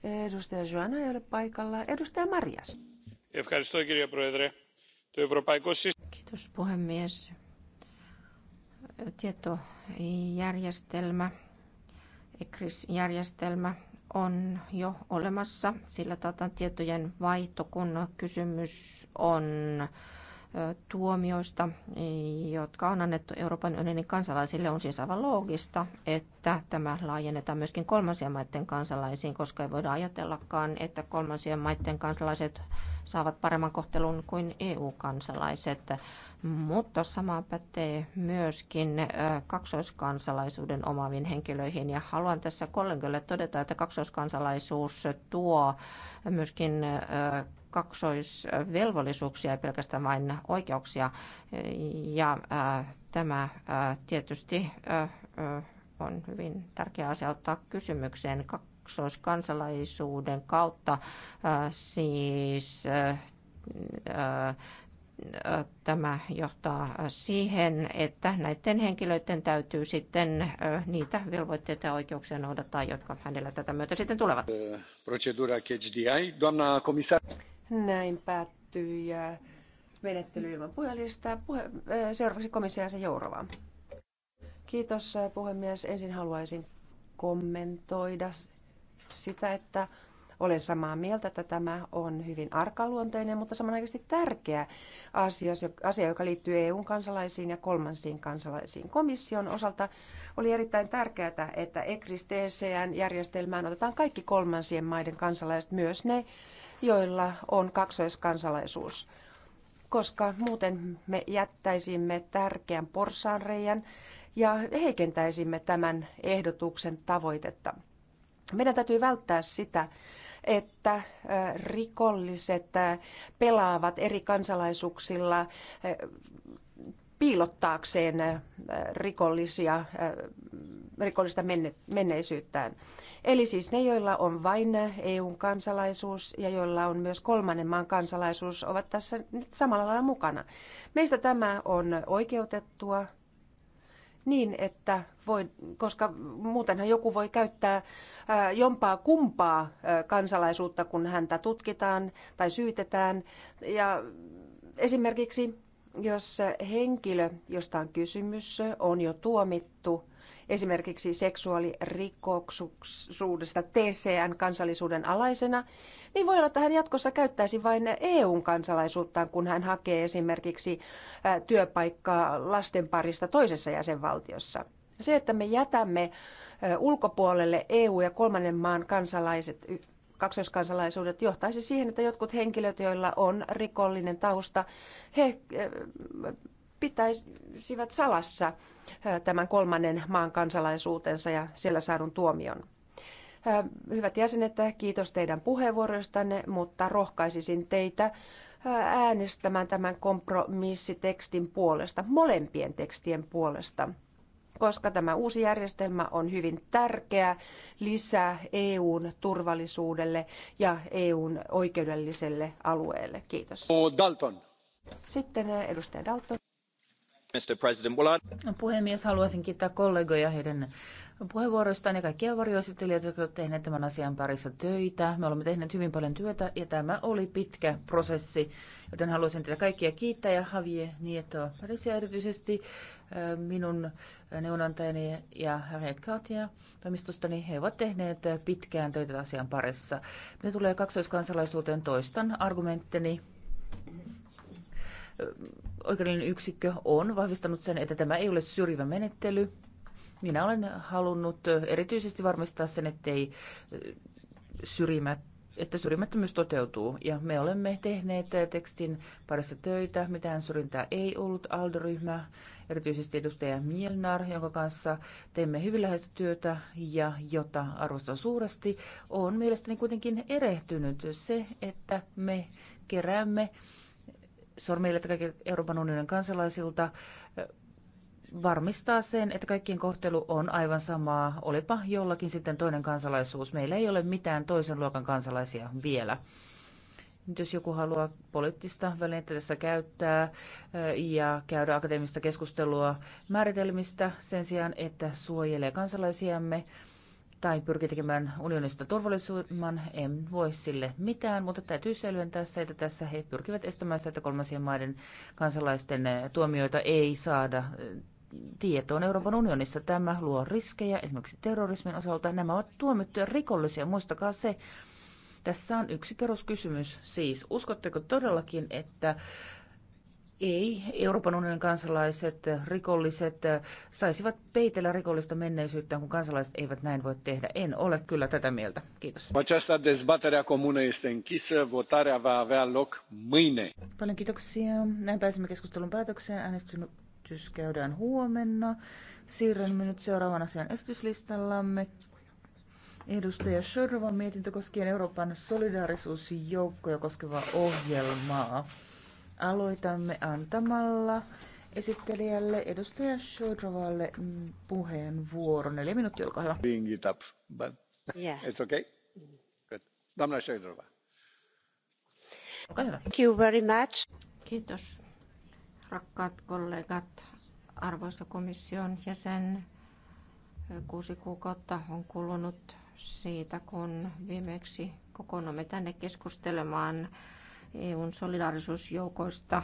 Edustaja Joana ei ole paikalla. Edustaja Marias. Kiitos puhemies. Tietojärjestelmä, ECRIS-järjestelmä on jo olemassa, sillä tätä tietojen vaihto, kun kysymys on tuomioista, jotka on annettu Euroopan unionin kansalaisille, on siis aivan loogista, että tämä laajennetaan myöskin kolmansien maiden kansalaisiin, koska ei voida ajatellakaan, että kolmansien maiden kansalaiset saavat paremman kohtelun kuin EU-kansalaiset. Mutta sama pätee myöskin kaksoiskansalaisuuden omaaviin henkilöihin. Ja haluan tässä kollegoille todeta, että kaksoiskansalaisuus tuo myöskin kaksoisvelvollisuuksia ja pelkästään vain oikeuksia. Ja tämä tietysti on hyvin tärkeä asia ottaa kysymykseen kaksoiskansalaisuuden kautta. Siis tämä johtaa siihen, että näiden henkilöiden täytyy sitten niitä velvoitteita ja oikeuksia noudattaa, jotka hänellä tätä myötä sitten tulevat. Procedura Doamna näin päättyy menettely ilman puhelista. Puhe, seuraavaksi komissio se Jourova. Kiitos puhemies. Ensin haluaisin kommentoida sitä, että olen samaa mieltä, että tämä on hyvin arkaluonteinen, mutta samanaikaisesti tärkeä asia, asia, joka liittyy EUn kansalaisiin ja kolmansiin kansalaisiin. Komission osalta oli erittäin tärkeää, että ECRIS-TCN-järjestelmään otetaan kaikki kolmansien maiden kansalaiset, myös ne, joilla on kaksoiskansalaisuus, koska muuten me jättäisimme tärkeän porsaanreijän ja heikentäisimme tämän ehdotuksen tavoitetta. Meidän täytyy välttää sitä, että äh, rikolliset äh, pelaavat eri kansalaisuuksilla äh, piilottaakseen äh, rikollisia, äh, rikollista menneisyyttään. Eli siis ne, joilla on vain eu kansalaisuus ja joilla on myös kolmannen maan kansalaisuus, ovat tässä nyt samalla lailla mukana. Meistä tämä on oikeutettua niin, että voi, koska muutenhan joku voi käyttää äh, jompaa kumpaa kansalaisuutta, kun häntä tutkitaan tai syytetään. Ja esimerkiksi jos henkilö, josta on kysymys, on jo tuomittu esimerkiksi seksuaalirikoksuudesta TCN kansallisuuden alaisena, niin voi olla, että hän jatkossa käyttäisi vain EUn kansalaisuuttaan, kun hän hakee esimerkiksi työpaikkaa lasten parista toisessa jäsenvaltiossa. Se, että me jätämme ulkopuolelle EU- ja kolmannen maan kansalaiset kaksoiskansalaisuudet johtaisi siihen, että jotkut henkilöt, joilla on rikollinen tausta, he eh, pitäisivät salassa eh, tämän kolmannen maan kansalaisuutensa ja siellä saadun tuomion. Eh, hyvät jäsenet, kiitos teidän puheenvuoroistanne, mutta rohkaisisin teitä äänestämään tämän kompromissitekstin puolesta, molempien tekstien puolesta koska tämä uusi järjestelmä on hyvin tärkeä lisää EUn turvallisuudelle ja EUn oikeudelliselle alueelle. Kiitos. Dalton. Sitten eh, edustaja Dalton. Mr. President, well, I... Puhemies, haluaisin kiittää kollegoja heidän puheenvuoroistaan ja kaikkia varjoesittelijöitä, jotka ovat tehneet tämän asian parissa töitä. Me olemme tehneet hyvin paljon työtä ja tämä oli pitkä prosessi, joten haluaisin teitä kaikkia kiittää ja Havie Nieto Parisia erityisesti äh, minun neuvonantajani ja Harriet Katia toimistostani. He ovat tehneet pitkään töitä asian parissa. Me tulee kaksoiskansalaisuuteen toistan argumentteni äh, oikeudellinen yksikkö on vahvistanut sen, että tämä ei ole syrjivä menettely. Minä olen halunnut erityisesti varmistaa sen, ettei syrjimä, että syrjimättömyys toteutuu. Ja me olemme tehneet tekstin parissa töitä. Mitään syrjintää ei ollut. Aldo-ryhmä, erityisesti edustaja Mielnar, jonka kanssa teimme hyvin läheistä työtä ja jota arvostan suuresti, on mielestäni kuitenkin erehtynyt se, että me keräämme sormeilta kaikilta Euroopan unionin kansalaisilta varmistaa sen, että kaikkien kohtelu on aivan samaa, olipa jollakin sitten toinen kansalaisuus. Meillä ei ole mitään toisen luokan kansalaisia vielä. Nyt jos joku haluaa poliittista välineitä tässä käyttää ja käydä akateemista keskustelua määritelmistä sen sijaan, että suojelee kansalaisiamme tai pyrkii tekemään unionista turvallisemman, en voi sille mitään, mutta täytyy selventää se, että tässä he pyrkivät estämään sitä, että kolmansien maiden kansalaisten tuomioita ei saada tietoon Euroopan unionissa. Tämä luo riskejä esimerkiksi terrorismin osalta. Nämä ovat tuomittuja rikollisia, muistakaa se. Tässä on yksi peruskysymys siis. Uskotteko todellakin, että ei Euroopan unionin kansalaiset, rikolliset saisivat peitellä rikollista menneisyyttä, kun kansalaiset eivät näin voi tehdä. En ole kyllä tätä mieltä. Kiitos. Aceasta dezbaterea comună este închisă. Votarea va avea loc mâine. Paljon kiitoksia. Näin pääsemme keskustelun päätökseen. Äänestynyt esitys käydään huomenna. Siirrän nyt seuraavan asian esityslistallamme. Edustaja Shörvan mietintö koskien Euroopan solidaarisuusjoukkoja koskevaa ohjelmaa. Aloitamme antamalla esittelijälle edustaja Shodrovalle mm, puheenvuoro. Neljä minuuttia, olkaa hyvä. Being it up, but yeah. it's okay. Good. Damna Shodrova. Olkaa hyvä. Thank you very much. Kiitos Rakkaat kollegat, arvoisa komission jäsen, kuusi kuukautta on kulunut siitä, kun viimeksi kokoonnumme tänne keskustelemaan EUn solidaarisuusjoukoista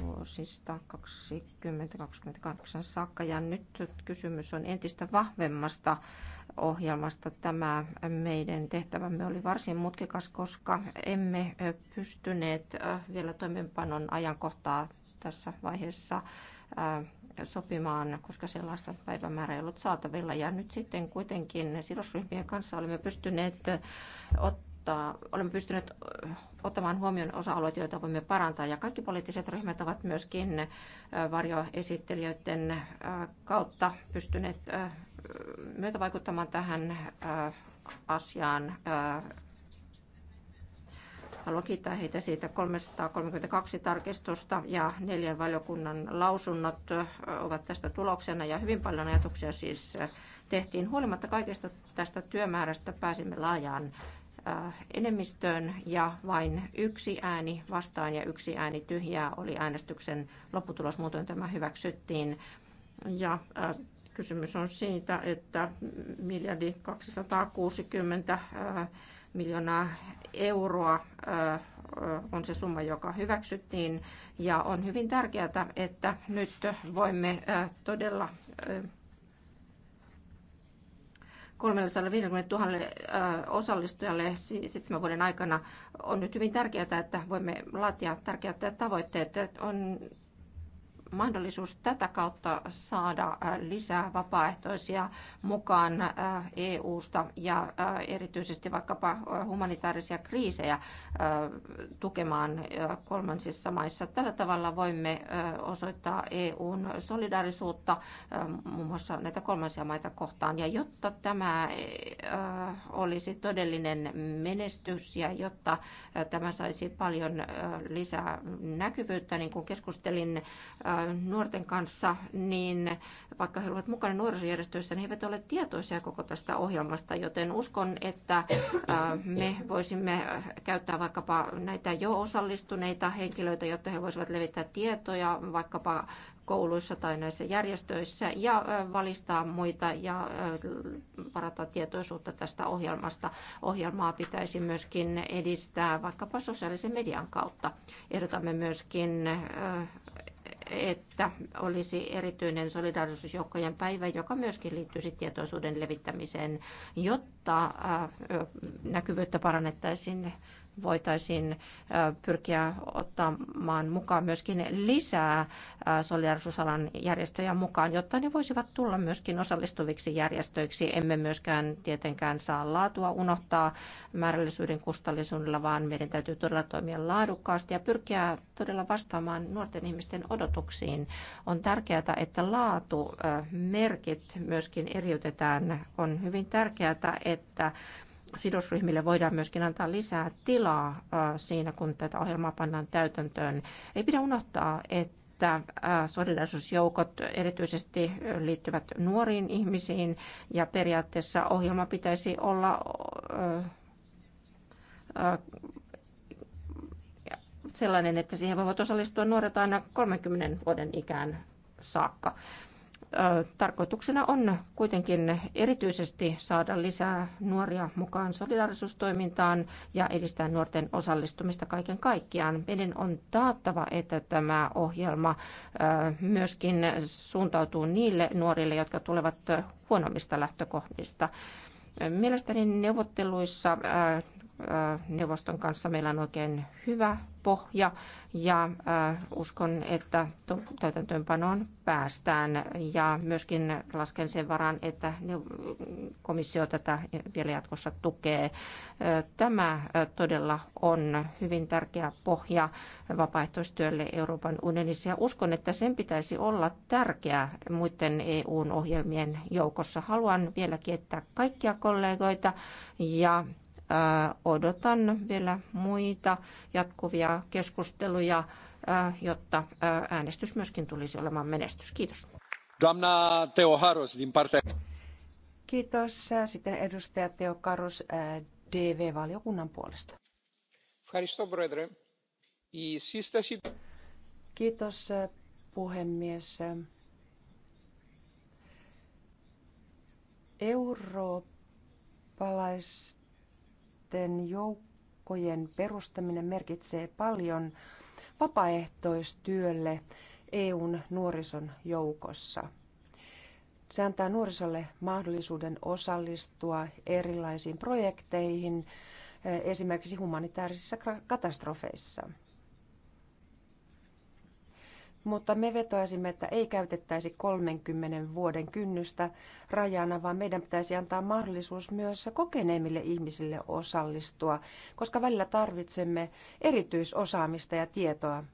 vuosista 2028 saakka. Ja nyt kysymys on entistä vahvemmasta ohjelmasta. Tämä meidän tehtävämme oli varsin mutkikas, koska emme pystyneet vielä toimenpanon ajankohtaa tässä vaiheessa sopimaan, koska sellaista päivämäärää ei ollut saatavilla. Ja nyt sitten kuitenkin sidosryhmien kanssa olemme pystyneet ottamaan ottaa, olemme pystyneet ottamaan huomioon osa-alueet, joita voimme parantaa. Ja kaikki poliittiset ryhmät ovat myöskin varjoesittelijöiden kautta pystyneet myötävaikuttamaan tähän äh, asiaan. Äh, haluan kiittää heitä siitä 332 tarkistusta ja neljän valiokunnan lausunnot äh, ovat tästä tuloksena ja hyvin paljon ajatuksia siis tehtiin. Huolimatta kaikesta tästä työmäärästä pääsimme laajaan enemmistöön ja vain yksi ääni vastaan ja yksi ääni tyhjää oli äänestyksen lopputulos. Muutoin tämä hyväksyttiin. Ja Kysymys on siitä, että miljardi 260 miljoonaa euroa on se summa, joka hyväksyttiin. Ja on hyvin tärkeää, että nyt voimme todella 350 000 osallistujalle seitsemän vuoden aikana on nyt hyvin tärkeää, että voimme laatia tärkeät tavoitteet. On mahdollisuus tätä kautta saada äh, lisää vapaaehtoisia mukaan äh, EU-sta ja äh, erityisesti vaikkapa humanitaarisia kriisejä tukemaan kolmansissa maissa. Tällä tavalla voimme osoittaa EUn solidaarisuutta muun muassa näitä kolmansia maita kohtaan. Ja jotta tämä olisi todellinen menestys ja jotta tämä saisi paljon lisää näkyvyyttä, niin kuin keskustelin nuorten kanssa, niin vaikka he olivat mukana nuorisojärjestöissä, niin he eivät ole tietoisia koko tästä ohjelmasta, joten uskon, että äh, me voisimme käyttää vaikkapa näitä jo osallistuneita henkilöitä, jotta he voisivat levittää tietoja vaikkapa kouluissa tai näissä järjestöissä ja äh, valistaa muita ja parata äh, tietoisuutta tästä ohjelmasta. Ohjelmaa pitäisi myöskin edistää vaikkapa sosiaalisen median kautta. Ehdotamme myöskin että olisi erityinen solidaarisuusjoukkojen päivä, joka myöskin liittyisi tietoisuuden levittämiseen, jotta näkyvyyttä parannettaisiin voitaisiin pyrkiä ottamaan mukaan myöskin lisää solidarisuusalan järjestöjä mukaan, jotta ne voisivat tulla myöskin osallistuviksi järjestöiksi. Emme myöskään tietenkään saa laatua unohtaa määrällisyyden kustallisuudella vaan meidän täytyy todella toimia laadukkaasti ja pyrkiä todella vastaamaan nuorten ihmisten odotuksiin. On tärkeää, että laatumerkit myöskin eriytetään. On hyvin tärkeää, että sidosryhmille voidaan myöskin antaa lisää tilaa äh, siinä, kun tätä ohjelmaa pannaan täytäntöön. Ei pidä unohtaa, että että äh, solidarisuusjoukot erityisesti äh, liittyvät nuoriin ihmisiin ja periaatteessa ohjelma pitäisi olla sellainen, että siihen voivat osallistua nuoret aina 30 vuoden ikään saakka. Tarkoituksena on kuitenkin erityisesti saada lisää nuoria mukaan solidarisuustoimintaan ja edistää nuorten osallistumista kaiken kaikkiaan. Meidän on taattava, että tämä ohjelma myöskin suuntautuu niille nuorille, jotka tulevat huonommista lähtökohdista. Mielestäni neuvotteluissa neuvoston kanssa meillä on oikein hyvä pohja ja uskon, että täytäntöönpanoon päästään ja myöskin lasken sen varan, että komissio tätä vielä jatkossa tukee. Tämä todella on hyvin tärkeä pohja vapaaehtoistyölle Euroopan unionissa ja uskon, että sen pitäisi olla tärkeä muiden EUn ohjelmien joukossa. Haluan vielä kiittää kaikkia kollegoita ja Odotan vielä muita jatkuvia keskusteluja, jotta äänestys myöskin tulisi olemaan menestys. Kiitos. Doamna Teo Harus din parte. Kiitos. Sitten edustaja Teo Karus DV-valiokunnan puolesta. Kiitos puhemies. Eurooppalaista Tällaisten joukkojen perustaminen merkitsee paljon vapaaehtoistyölle EUn nuorison joukossa. Se antaa nuorisolle mahdollisuuden osallistua erilaisiin projekteihin, esimerkiksi humanitaarisissa katastrofeissa mutta me vetoaisimme, että ei käytettäisi 30 vuoden kynnystä rajana, vaan meidän pitäisi antaa mahdollisuus myös kokeneemmille ihmisille osallistua, koska välillä tarvitsemme erityisosaamista ja tietoa.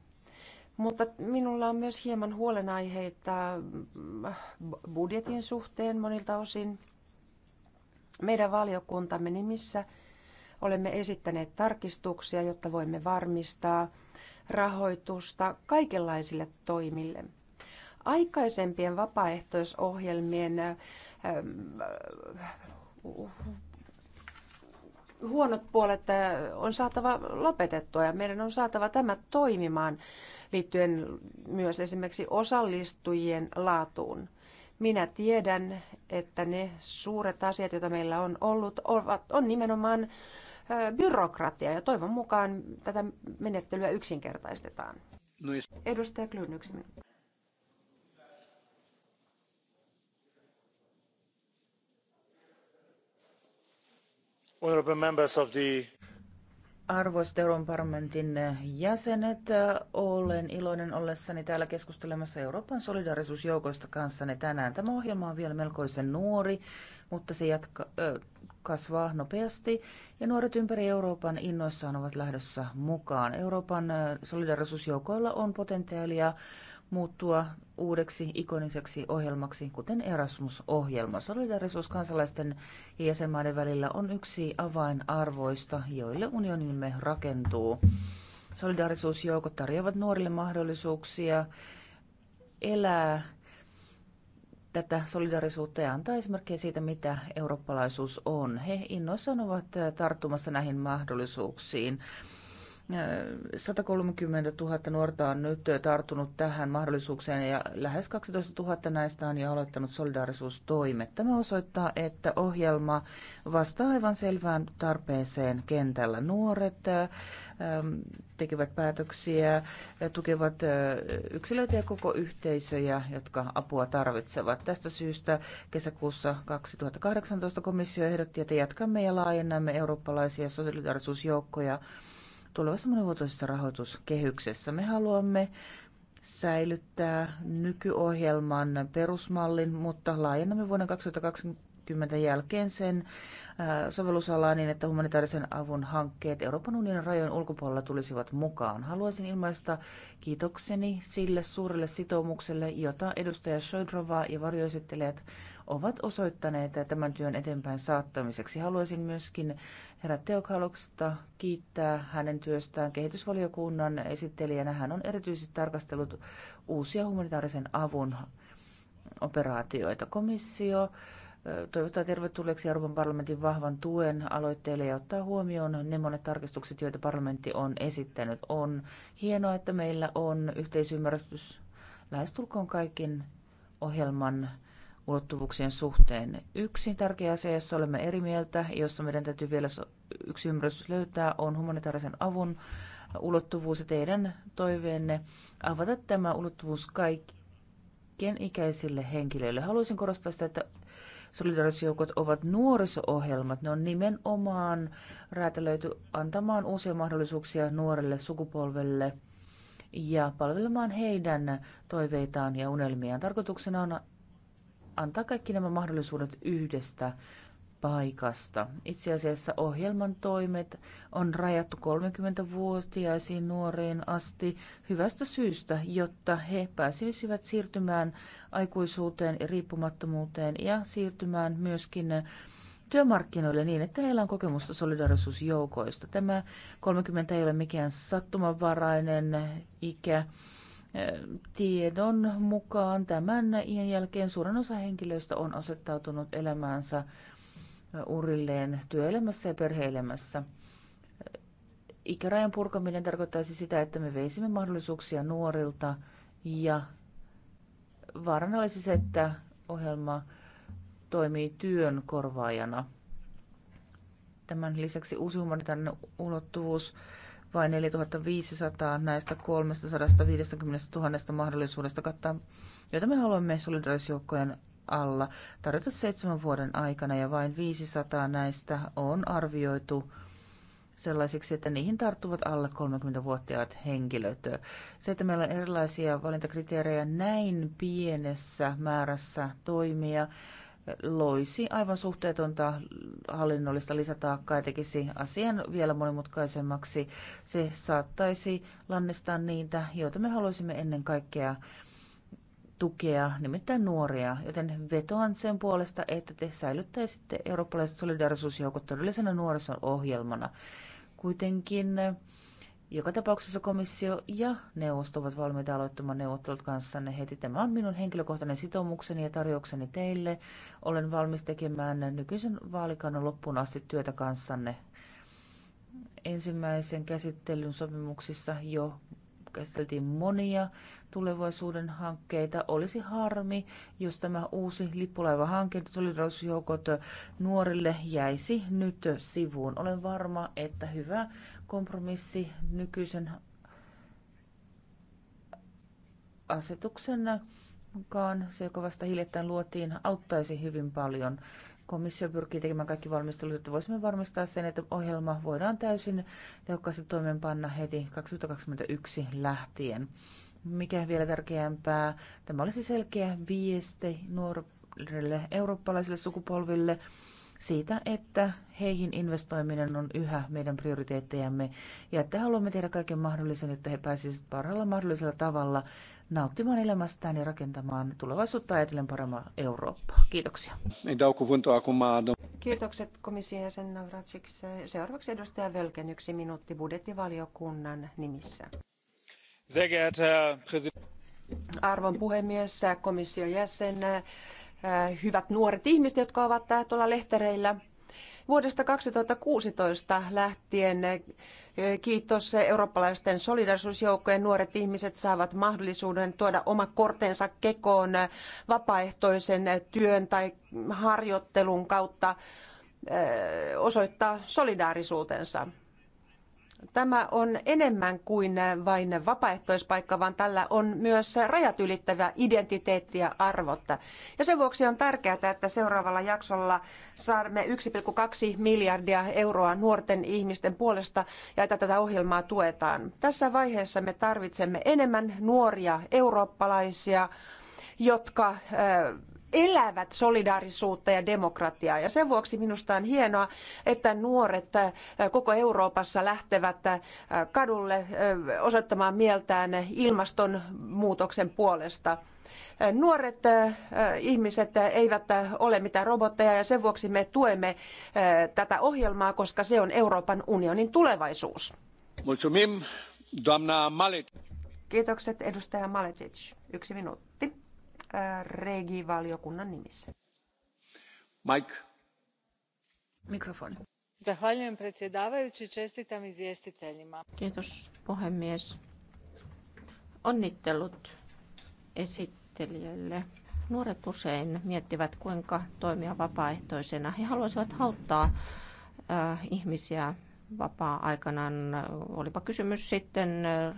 Mutta minulla on myös hieman huolenaiheita budjetin suhteen monilta osin. Meidän valiokuntamme nimissä olemme esittäneet tarkistuksia, jotta voimme varmistaa, rahoitusta kaikenlaisille toimille. Aikaisempien vapaaehtoisohjelmien ähm, huonot puolet äh, on saatava lopetettua ja meidän on saatava tämä toimimaan liittyen myös esimerkiksi osallistujien laatuun. Minä tiedän, että ne suuret asiat, joita meillä on ollut, ovat, on nimenomaan byrokratiaa ja toivon mukaan tätä menettelyä yksinkertaistetaan. No, Edustaja Klyn, yksi minuutti. Arvoisat Euroopan parlamentin jäsenet, olen iloinen ollessani täällä keskustelemassa Euroopan solidarisuusjoukoista kanssanne tänään. Tämä ohjelma on vielä melkoisen nuori, mutta se jatka, ö, kasvaa nopeasti ja nuoret ympäri Euroopan innoissaan ovat lähdössä mukaan. Euroopan solidarisuusjoukoilla on potentiaalia muuttua uudeksi ikoniseksi ohjelmaksi, kuten Erasmus-ohjelma. Solidarisuus kansalaisten ja jäsenmaiden välillä on yksi avainarvoista, joille unionimme rakentuu. Solidarisuusjoukot tarjoavat nuorille mahdollisuuksia elää tätä solidarisuutta ja antaa esimerkkejä siitä, mitä eurooppalaisuus on. He innoissaan ovat tarttumassa näihin mahdollisuuksiin. 130 000 nuorta on nyt tarttunut tähän mahdollisuukseen ja lähes 12 000 näistä on jo aloittanut solidaarisuustoimet. Tämä osoittaa, että ohjelma vastaa aivan selvään tarpeeseen kentällä. Nuoret tekevät päätöksiä, ja tukevat yksilöitä ja koko yhteisöjä, jotka apua tarvitsevat. Tästä syystä kesäkuussa 2018 komissio ehdotti, että jatkamme ja laajennamme eurooppalaisia solidaarisuusjoukkoja tulevassa monivuotoisessa rahoituskehyksessä. Me haluamme säilyttää nykyohjelman perusmallin, mutta laajennamme vuoden 2020 jälkeen sen äh, sovellusalaa niin, että humanitaarisen avun hankkeet Euroopan unionin rajojen ulkopuolella tulisivat mukaan. Haluaisin ilmaista kiitokseni sille suurelle sitoumukselle, jota edustaja Shoidrova ja varjoesittelijät ovat osoittaneet tämän työn eteenpäin saattamiseksi. Haluaisin myöskin herra Teokaloksta kiittää hänen työstään kehitysvaliokunnan esittelijänä. Hän on erityisesti tarkastellut uusia humanitaarisen avun operaatioita. Komissio toivottaa tervetulleeksi Euroopan parlamentin vahvan tuen aloitteelle ja ottaa huomioon ne monet tarkistukset, joita parlamentti on esittänyt. On hienoa, että meillä on yhteisymmärrys lähestulkoon kaikin ohjelman ulottuvuuksien suhteen. Yksi tärkeä asia, jossa olemme eri mieltä, jossa meidän täytyy vielä yksi ymmärrys löytää, on humanitaarisen avun ulottuvuus ja teidän toiveenne avata tämä ulottuvuus kaikkien ikäisille henkilöille. Haluaisin korostaa sitä, että solidarisuusjoukot ovat nuoriso-ohjelmat. Ne on nimenomaan räätälöity antamaan uusia mahdollisuuksia nuorelle sukupolvelle ja palvelemaan heidän toiveitaan ja unelmiaan. Tarkoituksena on antaa kaikki nämä mahdollisuudet yhdestä paikasta. Itse asiassa ohjelman toimet on rajattu 30-vuotiaisiin nuoriin asti hyvästä syystä, jotta he pääsisivät siirtymään aikuisuuteen ja riippumattomuuteen ja siirtymään myöskin työmarkkinoille niin, että heillä on kokemusta solidarisuusjoukoista. Tämä 30 ei ole mikään sattumanvarainen ikä tiedon mukaan tämän iän jälkeen suurin osa henkilöistä on asettautunut elämäänsä urilleen työelämässä ja perheelämässä. Ikärajan purkaminen tarkoittaisi sitä, että me veisimme mahdollisuuksia nuorilta ja vaarana olisi se, että ohjelma toimii työn korvaajana. Tämän lisäksi uusi humanitaarinen ulottuvuus vain 4500 näistä 350 000 mahdollisuudesta kattaa, joita me haluamme solidarisuusjoukkojen alla tarjota seitsemän vuoden aikana ja vain 500 näistä on arvioitu sellaisiksi, että niihin tarttuvat alle 30-vuotiaat henkilöt. Se, että meillä on erilaisia valintakriteerejä näin pienessä määrässä toimia, loisi aivan suhteetonta hallinnollista lisätaakkaa ja tekisi asian vielä monimutkaisemmaksi. Se saattaisi lannistaa niitä, joita me haluaisimme ennen kaikkea tukea, nimittäin nuoria, joten vetoan sen puolesta, että te säilyttäisitte eurooppalaiset solidarisuusjoukot todellisena ohjelmana. Kuitenkin joka tapauksessa komissio ja neuvosto ovat valmiita aloittamaan neuvottelut kanssanne heti. Tämä on minun henkilökohtainen sitoumukseni ja tarjoukseni teille. Olen valmis tekemään nykyisen vaalikauden loppuun asti työtä kanssanne. Ensimmäisen käsittelyn sopimuksissa jo käsiteltiin monia tulevaisuuden hankkeita. Olisi harmi, jos tämä uusi lippulaivahanke, solidarisuusjoukot nuorille, jäisi nyt sivuun. Olen varma, että hyvä kompromissi nykyisen asetuksen mukaan, se joka vasta hiljattain luotiin, auttaisi hyvin paljon. Komissio pyrkii tekemään kaikki valmistelut, että voisimme varmistaa sen, että ohjelma voidaan täysin tehokkaasti toimeenpanna heti 2021 lähtien. Mikä vielä tärkeämpää, tämä olisi selkeä viesti nuorille eurooppalaisille sukupolville, siitä, että heihin investoiminen on yhä meidän prioriteettejamme ja että haluamme tehdä kaiken mahdollisen, että he pääsisivät parhaalla mahdollisella tavalla nauttimaan elämästään ja rakentamaan tulevaisuutta ajatellen paremmaa Eurooppaa. Kiitoksia. Kiitokset komission jäsen Navracic. Seuraavaksi edustaja Völken yksi minuutti budjettivaliokunnan nimissä. Arvon puhemies, komission jäsen, Äh, hyvät nuoret ihmiset, jotka ovat tuolla lehtereillä. Vuodesta 2016 lähtien, äh, kiitos eurooppalaisten solidarisuusjoukkojen, nuoret ihmiset saavat mahdollisuuden tuoda oma kortensa kekoon äh, vapaaehtoisen työn tai harjoittelun kautta osoittaa solidaarisuutensa. Tämä on enemmän kuin vain vapaaehtoispaikka, vaan tällä on myös rajat ylittävä identiteetti ja arvot. Ja sen vuoksi on tärkeää, että seuraavalla jaksolla saamme 1,2 miljardia euroa nuorten ihmisten puolesta ja että tätä ohjelmaa tuetaan. Tässä vaiheessa me tarvitsemme enemmän nuoria eurooppalaisia, jotka elävät solidaarisuutta ja demokratiaa. Ja sen vuoksi minusta on hienoa, että nuoret äh, koko Euroopassa lähtevät äh, kadulle äh, osoittamaan mieltään ilmastonmuutoksen puolesta. Nuoret ihmiset eivät ole mitään robotteja ja sen vuoksi me tuemme tätä ohjelmaa, koska se on Euroopan unionin tulevaisuus. Kiitokset edustaja Maletic. Yksi minuutti Regi-valiokunnan nimissä. Mike. Mikrofoni. Zahvaljujem predsjedavajući, čestitam izvjestiteljima. Kiitos puhemies. Onnittelut esittelijälle. Nuoret usein miettivät, kuinka toimia vapaaehtoisena. He haluaisivat auttaa äh, ihmisiä vapaa-aikanaan, olipa kysymys sitten äh,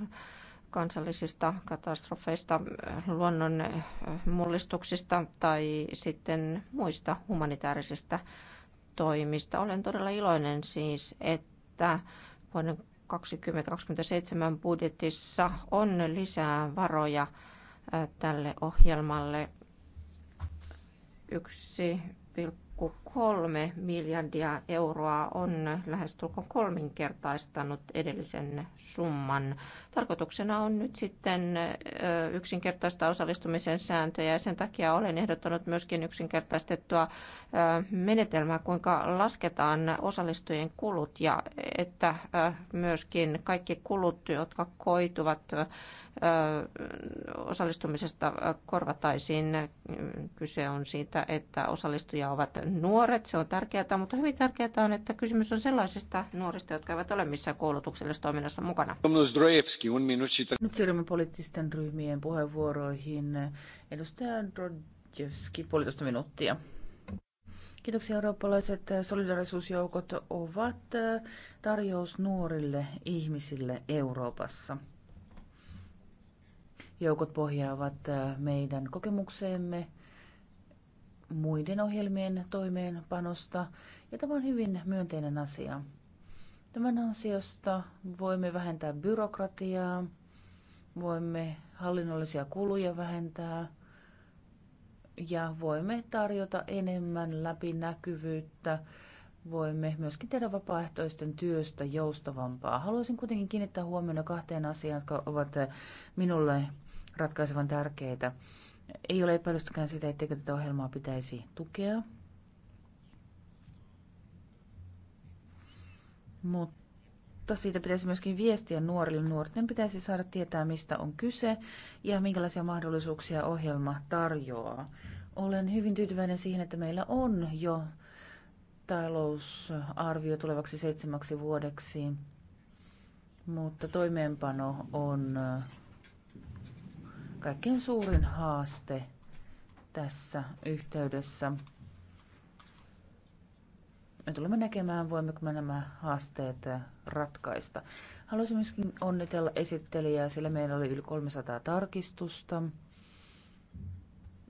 kansallisista katastrofeista, luonnon eh, mullistuksista tai sitten muista humanitaarisista toimista. Olen todella iloinen siis, että vuoden 2027 budjetissa on lisää varoja eh, tälle ohjelmalle 1,5 1,3 miljardia euroa on lähestulkoon kolminkertaistanut edellisen summan. Tarkoituksena on nyt sitten yksinkertaista osallistumisen sääntöjä ja sen takia olen ehdottanut myöskin yksinkertaistettua menetelmää, kuinka lasketaan osallistujien kulut ja että myöskin kaikki kulut, jotka koituvat osallistumisesta korvataisiin. Kyse on siitä, että osallistujia ovat nuoret, se on tärkeää, mutta hyvin tärkeää on, että kysymys on sellaisista nuorista, jotka eivät ole missään koulutuksellisessa toiminnassa mukana. Nyt siirrymme poliittisten ryhmien puheenvuoroihin. Edustaja Drodjevski, puolitoista minuuttia. Kiitoksia. Eurooppalaiset solidarisuusjoukot ovat tarjous nuorille ihmisille Euroopassa joukot pohjaavat äh, meidän kokemukseemme muiden ohjelmien toimeenpanosta, ja tämä on hyvin myönteinen asia. Tämän ansiosta voimme vähentää byrokratiaa, voimme hallinnollisia kuluja vähentää ja voimme tarjota enemmän läpinäkyvyyttä. Voimme myöskin tehdä vapaaehtoisten työstä joustavampaa. Haluaisin kuitenkin kiinnittää huomiota kahteen asiaan, jotka ovat minulle ratkaisevan tärkeitä. Ei ole epäilystäkään sitä, etteikö tätä ohjelmaa pitäisi tukea. Mutta siitä pitäisi myöskin viestiä nuorille. Nuorten pitäisi saada tietää, mistä on kyse ja minkälaisia mahdollisuuksia ohjelma tarjoaa. Olen hyvin tyytyväinen siihen, että meillä on jo talousarvio tulevaksi seitsemäksi vuodeksi, mutta toimeenpano on kaikkein suurin haaste tässä yhteydessä. Me tulemme näkemään, voimmeko me nämä haasteet ratkaista. Haluaisin myöskin onnitella esittelijää, sillä meillä oli yli 300 tarkistusta.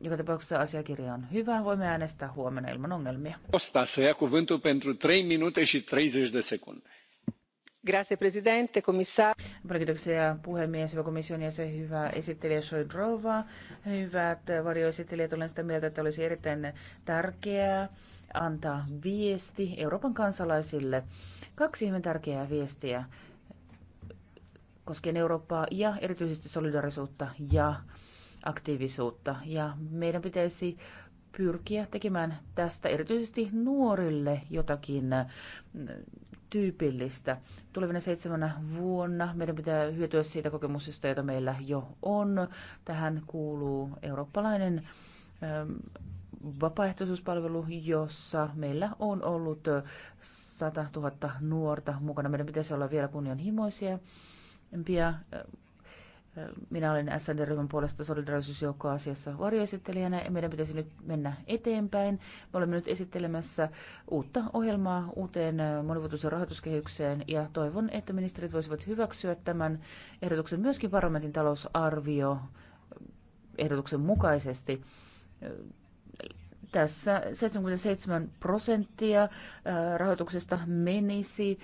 Joka tapauksessa asiakirja on hyvä. Voimme äänestää huomenna ilman ongelmia. Ostaa se ia cuvântul pentru 3 minute ja 30 sekuntia. Kiitoksia puhemies, hyvä komission jäsen, hyvä esittelijä Shoidrova, hyvät varjoesittelijät. Olen sitä mieltä, että olisi erittäin tärkeää antaa viesti Euroopan kansalaisille. Kaksi hyvin tärkeää viestiä koskien Eurooppaa ja erityisesti solidarisuutta ja aktiivisuutta. Ja meidän pitäisi pyrkiä tekemään tästä erityisesti nuorille jotakin tyypillistä. Tulevina seitsemänä vuonna meidän pitää hyötyä siitä kokemuksesta, jota meillä jo on. Tähän kuuluu eurooppalainen ähm, vapaaehtoisuuspalvelu, jossa meillä on ollut 100 äh, 000 nuorta mukana. Meidän pitäisi olla vielä kunnianhimoisia äh, minä olen SND-ryhmän puolesta solidarisuusjoukkoasiassa varjoesittelijänä ja meidän pitäisi nyt mennä eteenpäin. Me olemme nyt esittelemässä uutta ohjelmaa uuteen monivuotuisen rahoituskehykseen ja toivon, että ministerit voisivat hyväksyä tämän ehdotuksen myöskin parlamentin talousarvio ehdotuksen mukaisesti. Tässä 77 prosenttia rahoituksesta menisi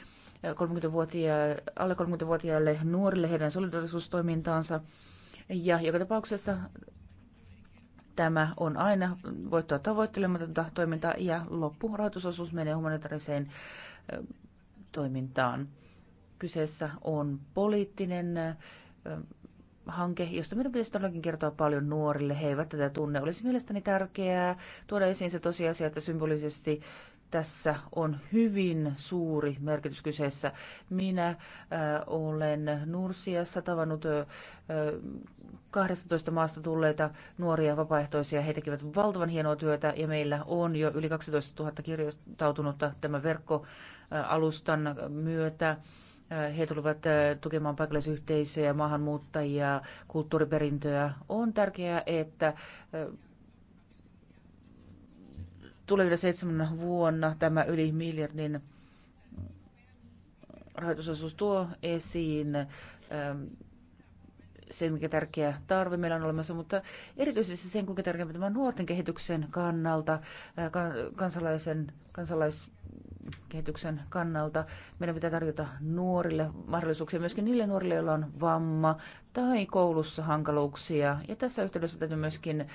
alle 30-vuotiaille nuorille heidän solidarisuustoimintaansa. Ja joka tapauksessa tämä on aina voittoa tavoittelematonta toimintaa ja loppurahoitusosuus menee humanitaariseen toimintaan. Kyseessä on poliittinen hanke, josta meidän pitäisi todellakin kertoa paljon nuorille. He eivät tätä tunne. Olisi mielestäni tärkeää tuoda esiin se tosiasia, että symbolisesti tässä on hyvin suuri merkitys kyseessä. Minä äh, olen Nursiassa tavannut äh, 12 maasta tulleita nuoria vapaaehtoisia. He tekevät valtavan hienoa työtä ja meillä on jo yli 12 000 kirjoittautunutta tämän verkkoalustan myötä. Äh, he tulevat äh, tukemaan paikallisyhteisöjä, maahanmuuttajia, kulttuuriperintöä. On tärkeää, että äh, tulevina seitsemän vuonna tämä yli miljardin rahoitusosuus tuo esiin ähm, sen, mikä tärkeä tarve meillä on olemassa, mutta erityisesti sen, kuinka tärkeä tämä nuorten kehityksen kannalta, kansalaisen, kansalaiskehityksen kannalta. Meidän pitää tarjota nuorille mahdollisuuksia, myöskin niille nuorille, joilla on vamma tai koulussa hankaluuksia. Ja tässä yhteydessä täytyy myöskin ö,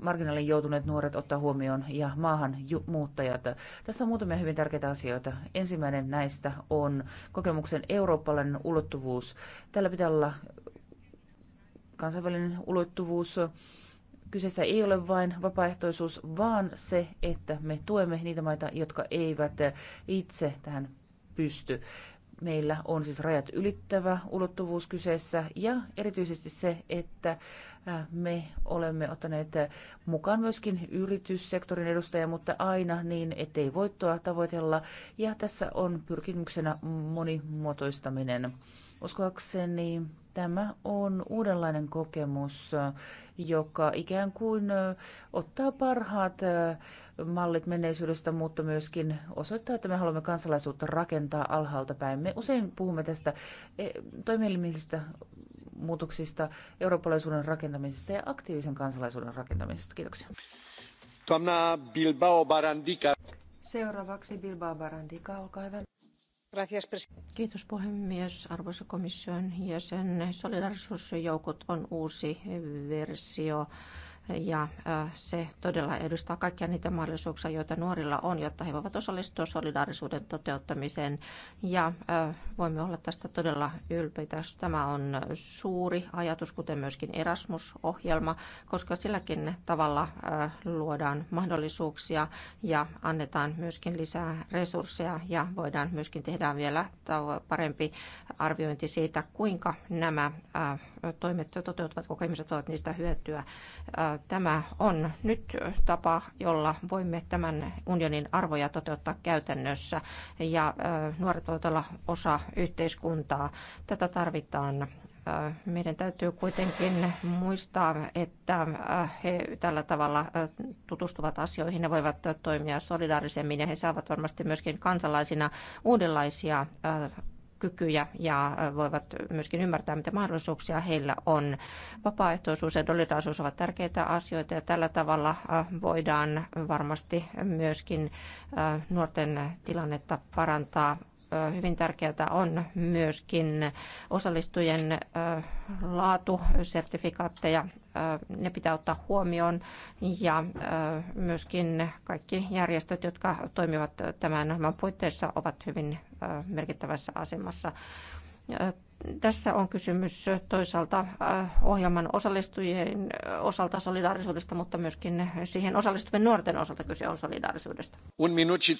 marginaaliin joutuneet nuoret ottaa huomioon ja maahan muuttajat. Tässä on muutamia hyvin tärkeitä asioita. Ensimmäinen näistä on kokemuksen eurooppalainen ulottuvuus. Tällä pitää olla kansainvälinen ulottuvuus. Kyseessä ei ole vain vapaaehtoisuus, vaan se, että me tuemme niitä maita, jotka eivät itse tähän pysty. Meillä on siis rajat ylittävä ulottuvuus kyseessä ja erityisesti se, että me olemme ottaneet mukaan myöskin yrityssektorin edustajia, mutta aina niin, ettei voittoa tavoitella. Ja tässä on pyrkimyksenä monimuotoistaminen. Uskoakseni tämä on uudenlainen kokemus, joka ikään kuin ottaa parhaat mallit menneisyydestä, mutta myöskin osoittaa, että me haluamme kansalaisuutta rakentaa alhaalta päin. Me usein puhumme tästä toimielimistä muutoksista, eurooppalaisuuden rakentamisesta ja aktiivisen kansalaisuuden rakentamisesta. Kiitoksia. Tuomna Bilbao Barandika. Seuraavaksi Bilbao Barandika, olkaa hyvä. Kiitos puhemies. Arvoisa komission jäsen, solidarisuusjoukot on uusi versio ja se todella edustaa kaikkia niitä mahdollisuuksia, joita nuorilla on, jotta he voivat osallistua solidaarisuuden toteuttamiseen ja voimme olla tästä todella ylpeitä. Tämä on suuri ajatus, kuten myöskin Erasmus-ohjelma, koska silläkin tavalla luodaan mahdollisuuksia ja annetaan myöskin lisää resursseja ja voidaan myöskin tehdä vielä parempi arviointi siitä, kuinka nämä toimet toteutuvat, koko ihmiset ovat niistä hyötyä. Tämä on nyt tapa, jolla voimme tämän unionin arvoja toteuttaa käytännössä ja nuoret voivat olla osa yhteiskuntaa. Tätä tarvitaan meidän täytyy kuitenkin muistaa, että he tällä tavalla tutustuvat asioihin ja voivat toimia solidaarisemmin ja he saavat varmasti myöskin kansalaisina uudenlaisia kykyjä ja äh, voivat myöskin ymmärtää, mitä mahdollisuuksia heillä on. Vapaaehtoisuus ja solidaarisuus ovat tärkeitä asioita ja tällä tavalla äh, voidaan varmasti myöskin äh, nuorten tilannetta parantaa Hyvin tärkeää on myöskin osallistujien laatusertifikaatteja. Ne pitää ottaa huomioon ja myöskin kaikki järjestöt, jotka toimivat tämän ohjelman puitteissa, ovat hyvin merkittävässä asemassa tässä on kysymys toisaalta äh, ohjelman osallistujien osalta solidaarisuudesta, mutta myöskin siihen osallistuvien nuorten osalta kyse on solidaarisuudesta. Un minuutti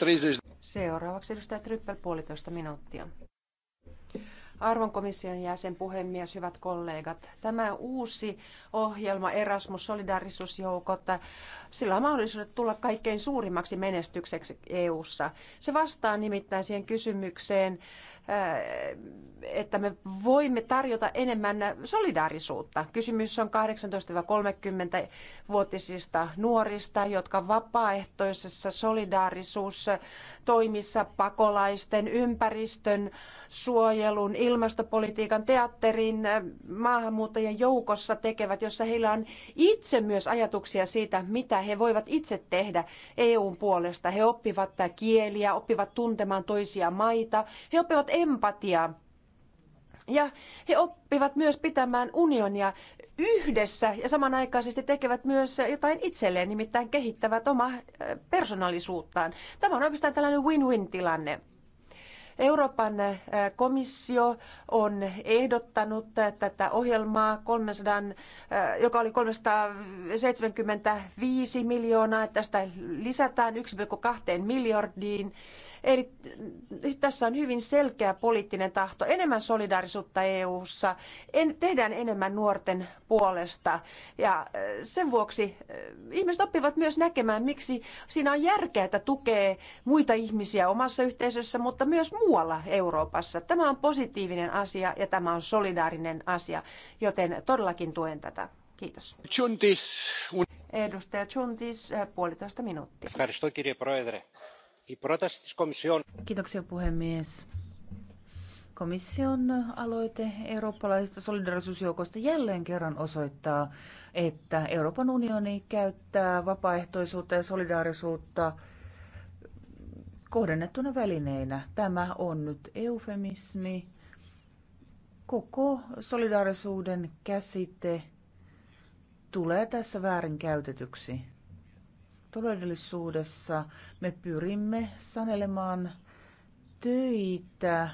Seuraavaksi edustaja Tryppel puolitoista minuuttia. Arvon komission jäsen, puhemies, hyvät kollegat. Tämä uusi ohjelma Erasmus Solidarisuusjoukot, sillä on mahdollisuudet tulla kaikkein suurimmaksi menestykseksi EU:ssa. Se vastaa nimittäin siihen kysymykseen, Äh, että me voimme tarjota enemmän solidaarisuutta. Kysymys on 18-30-vuotisista nuorista, jotka vapaaehtoisessa solidaarisuustoimissa pakolaisten, ympäristön, suojelun, ilmastopolitiikan, teatterin, äh, maahanmuuttajien joukossa tekevät, jossa heillä on itse myös ajatuksia siitä, mitä he voivat itse tehdä EUn puolesta. He oppivat kieliä, oppivat tuntemaan toisia maita, he oppivat empatiaa. Ja he oppivat myös pitämään unionia yhdessä ja samanaikaisesti tekevät myös jotain itselleen, nimittäin kehittävät omaa eh, persoonallisuuttaan. Tämä on oikeastaan tällainen win-win-tilanne. Euroopan eh, komissio on ehdottanut tätä ohjelmaa, 300, eh, joka oli 375 miljoonaa, että tästä lisätään 1,2 miljardiin Eli mm, tässä on hyvin selkeä poliittinen tahto, enemmän solidaarisuutta EU-ssa, en, tehdään enemmän nuorten puolesta. Ja sen vuoksi ihmiset oppivat myös näkemään, miksi siinä on järkeä, että tukee muita ihmisiä omassa yhteisössä, mutta myös muualla Euroopassa. Tämä on positiivinen asia ja tämä on solidaarinen asia, joten todellakin tuen tätä. Kiitos. Chuntis. Edustaja Chuntis, puolitoista minuuttia. Kiitoksia puhemies. Komission aloite eurooppalaisista solidaarisuusjoukoista jälleen kerran osoittaa, että Euroopan unioni käyttää vapaaehtoisuutta ja solidaarisuutta kohdennettuna välineinä. Tämä on nyt eufemismi. Koko solidaarisuuden käsite tulee tässä väärinkäytetyksi todellisuudessa me pyrimme sanelemaan töitä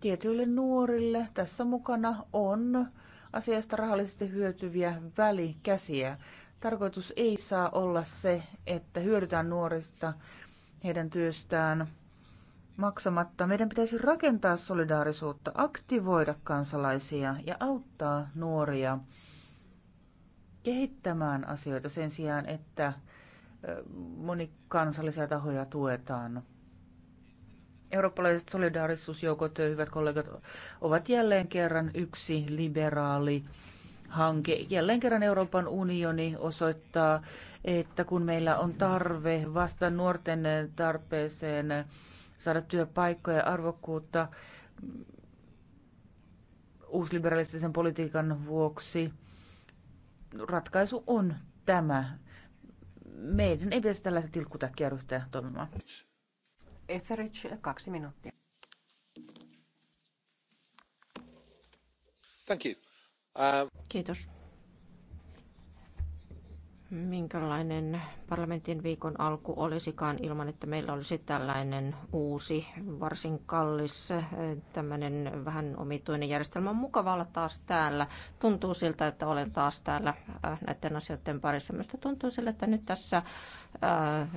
tietyille nuorille. Tässä mukana on asiasta rahallisesti hyötyviä välikäsiä. Tarkoitus ei saa olla se, että hyödytään nuorista heidän työstään maksamatta. Meidän pitäisi rakentaa solidaarisuutta, aktivoida kansalaisia ja auttaa nuoria kehittämään asioita sen sijaan, että monikansallisia tahoja tuetaan. Eurooppalaiset solidaarisuusjoukot, hyvät kollegat, ovat jälleen kerran yksi liberaali hanke. Jälleen kerran Euroopan unioni osoittaa, että kun meillä on tarve vasta nuorten tarpeeseen saada työpaikkoja ja arvokkuutta mm, uusliberalistisen politiikan vuoksi, ratkaisu on tämä. Meidän ei pitäisi tällaista tilkkutäkkiä ryhtyä toimimaan. Etheridge, kaksi minuuttia. Thank you. Uh... Kiitos minkälainen parlamentin viikon alku olisikaan ilman, että meillä olisi tällainen uusi, varsin kallis, eh, tämmöinen vähän omituinen järjestelmä. On mukava olla taas täällä. Tuntuu siltä, että olen taas täällä eh, näiden asioiden parissa. Minusta tuntuu siltä, että nyt tässä ää, eh,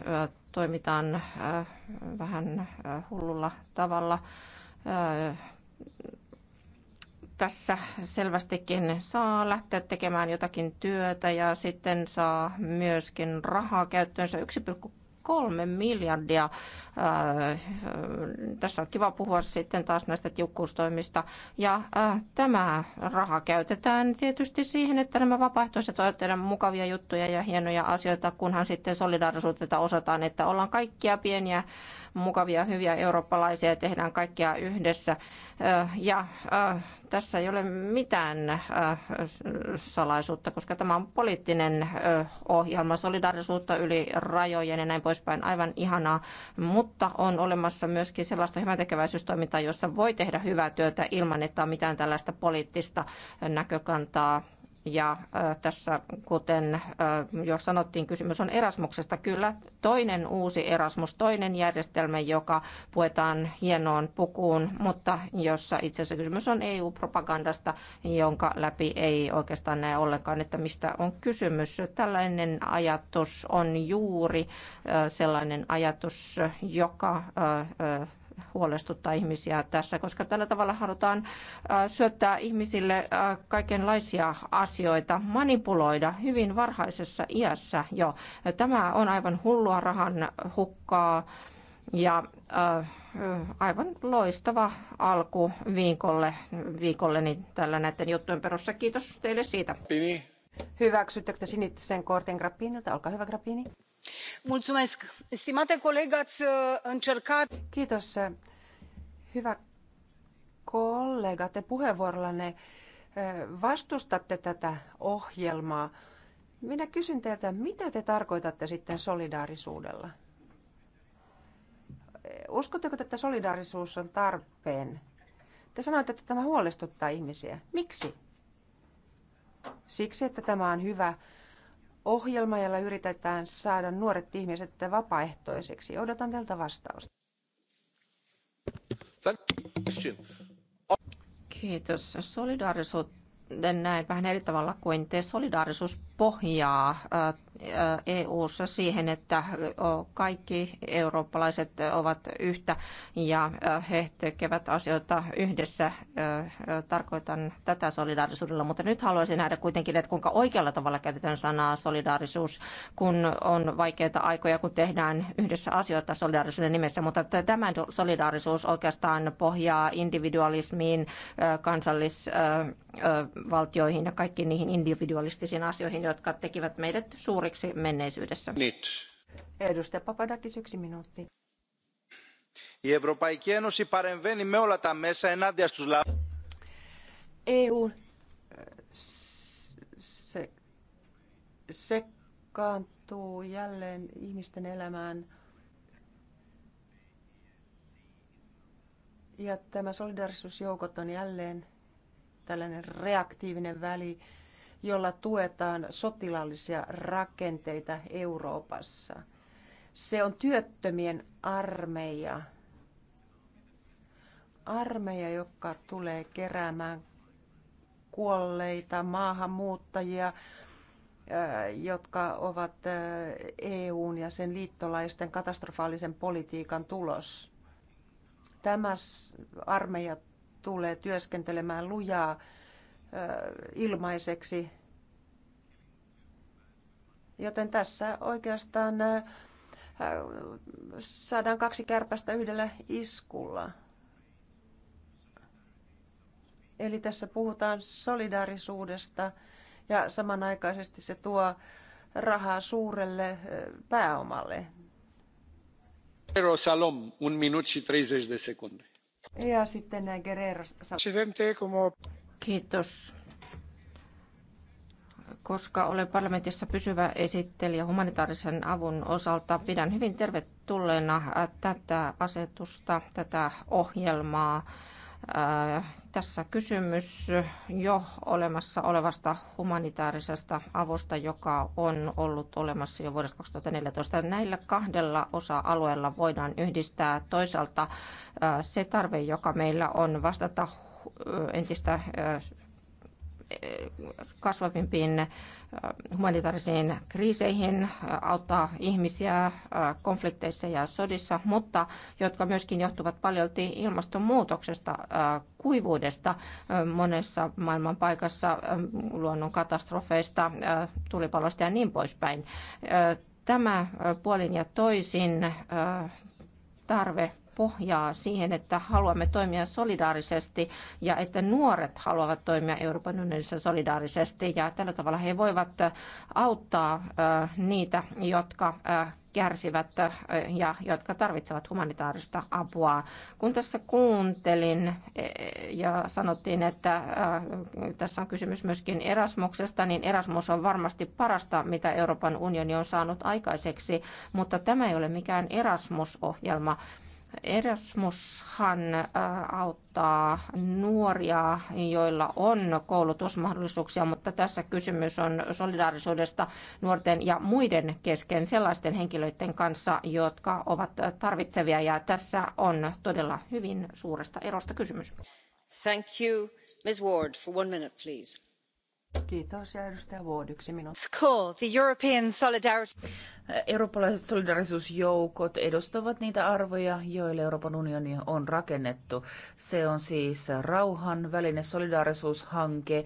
toimitaan ää, vähän hullulla tavalla. Ää, tässä selvästikin saa lähteä tekemään jotakin työtä ja sitten saa myöskin rahaa käyttöönsä 1,3 miljardia. Äh, tässä on kiva puhua sitten taas näistä tiukkuustoimista. Ja äh, tämä raha käytetään tietysti siihen, että nämä vapaaehtoiset ovat tehdä mukavia juttuja ja hienoja asioita, kunhan sitten solidaarisuutta osataan, että ollaan kaikkia pieniä mukavia, hyviä eurooppalaisia ja tehdään kaikkia yhdessä. Ja tässä ei ole mitään salaisuutta, koska tämä on poliittinen ohjelma, solidaarisuutta yli rajojen ja näin poispäin, aivan ihanaa. Mutta on olemassa myöskin sellaista hyväntekeväisyystoimintaa, jossa voi tehdä hyvää työtä ilman, että on mitään tällaista poliittista näkökantaa ja tässä, kuten jo sanottiin, kysymys on Erasmuksesta. Kyllä toinen uusi Erasmus, toinen järjestelmä, joka puetaan hienoon pukuun, mutta jossa itse asiassa kysymys on EU-propagandasta, jonka läpi ei oikeastaan näe ollenkaan, että mistä on kysymys. Tällainen ajatus on juuri sellainen ajatus, joka huolestuttaa ihmisiä tässä, koska tällä tavalla halutaan syöttää ihmisille kaikenlaisia asioita, manipuloida hyvin varhaisessa iässä jo. Tämä on aivan hullua rahan hukkaa ja aivan loistava alku viikolle, viikolle niin tällä näiden juttujen perussa. Kiitos teille siitä. Pini. Hyväksyttekö sinit sen kortin Grappinilta? Olkaa hyvä Grappini stimate coleg ați uh, încercat. kiitos uh, hyvä kollega te puheenvuorollanne uh, vastustatte tätä ohjelmaa. Minä kysyn teiltä, mitä te tarkoitatte sitten solidaarisuudella? Uskotteko, että solidaarisuus on tarpeen? Te sanoitte, että tämä huolestuttaa ihmisiä. Miksi? Siksi, että tämä on hyvä ohjelma, jolla yritetään saada nuoret ihmiset vapaaehtoiseksi. Odotan teiltä vastausta. Kiitos. Solidaarisuuden näin vähän eri tavalla kuin te. Solidaarisuus pohjaa äh, EU-ssa siihen, että kaikki eurooppalaiset ovat yhtä ja he tekevät asioita yhdessä. Tarkoitan tätä solidaarisuudella, mutta nyt haluaisin nähdä kuitenkin, että kuinka oikealla tavalla käytetään sanaa solidaarisuus, kun on vaikeita aikoja, kun tehdään yhdessä asioita solidaarisuuden nimessä, mutta tämä solidaarisuus oikeastaan pohjaa individualismiin, kansallisvaltioihin ja kaikkiin niihin individualistisiin asioihin, jotka tekivät meidät suuri uhriksi menneisyydessä. Edustaja Papadakis, yksi minuutti. Η Ευρωπαϊκή Ένωση παρεμβαίνει με όλα τα μέσα ενάντια στους λαούς. EU se, sekaantuu jälleen ihmisten elämään. Ja tämä solidarisuusjoukot on jälleen tällainen reaktiivinen väli jolla tuetaan sotilaallisia rakenteita Euroopassa. Se on työttömien armeija. Armeija, joka tulee keräämään kuolleita maahanmuuttajia, äh, jotka ovat äh, EUn ja sen liittolaisten katastrofaalisen politiikan tulos. Tämä armeija tulee työskentelemään lujaa ilmaiseksi. Joten tässä oikeastaan saadaan kaksi kärpästä yhdellä iskulla. Eli tässä puhutaan solidaarisuudesta ja samanaikaisesti se tuo rahaa suurelle pääomalle. Guerrero Salom, un minuut 30 de sekunde. Ja sitten Guerrero Salom. Kiitos. Koska olen parlamentissa pysyvä esittelijä humanitaarisen avun osalta, pidän hyvin tervetulleena tätä asetusta, tätä ohjelmaa. Äh, tässä kysymys jo olemassa olevasta humanitaarisesta avusta, joka on ollut olemassa jo vuodesta 2014. Näillä kahdella osa-alueella voidaan yhdistää toisaalta äh, se tarve, joka meillä on vastata entistä kasvavimpiin humanitaarisiin kriiseihin, auttaa ihmisiä konflikteissa ja sodissa, mutta jotka myöskin johtuvat paljolti ilmastonmuutoksesta, kuivuudesta monessa maailman paikassa, luonnon katastrofeista, tulipalosta ja niin poispäin. Tämä puolin ja toisin tarve pohjaa siihen, että haluamme toimia solidaarisesti ja että nuoret haluavat toimia Euroopan unionissa solidaarisesti ja tällä tavalla he voivat äh, auttaa äh, niitä, jotka äh, kärsivät ja jotka tarvitsevat humanitaarista apua. Kun tässä kuuntelin ja sanottiin, että tässä on kysymys myöskin Erasmuksesta, niin Erasmus on varmasti parasta, mitä Euroopan unioni on saanut aikaiseksi, mutta tämä ei ole mikään Erasmus-ohjelma Erasmushan äh, auttaa nuoria, joilla on koulutusmahdollisuuksia, mutta tässä kysymys on solidaarisuudesta nuorten ja muiden kesken sellaisten henkilöiden kanssa, jotka ovat tarvitsevia. Ja tässä on todella hyvin suuresta erosta kysymys. Thank you. Ms. Ward, for one minute, please. Kiitos ja edustaja Ward, yksi minuutti. The European Solidarity. Eurooppalaiset solidarisuusjoukot edustavat niitä arvoja, joille Euroopan unioni on rakennettu. Se on siis rauhan väline solidaarisuushanke,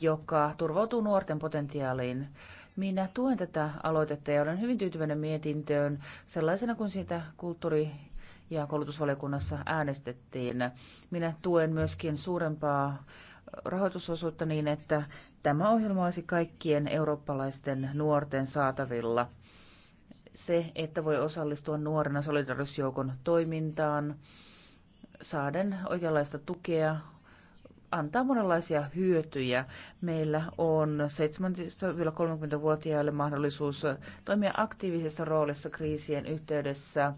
joka turvautuu nuorten potentiaaliin. Minä tuen tätä aloitetta ja olen hyvin tyytyväinen mietintöön sellaisena kuin siitä kulttuuri ja koulutusvaliokunnassa äänestettiin. Minä tuen myöskin suurempaa rahoitusosuutta niin, että tämä ohjelma olisi kaikkien eurooppalaisten nuorten saatavilla. Se, että voi osallistua nuorena solidarisuusjoukon toimintaan, saaden oikeanlaista tukea, antaa monenlaisia hyötyjä. Meillä on 17-30-vuotiaille mahdollisuus toimia aktiivisessa roolissa kriisien yhteydessä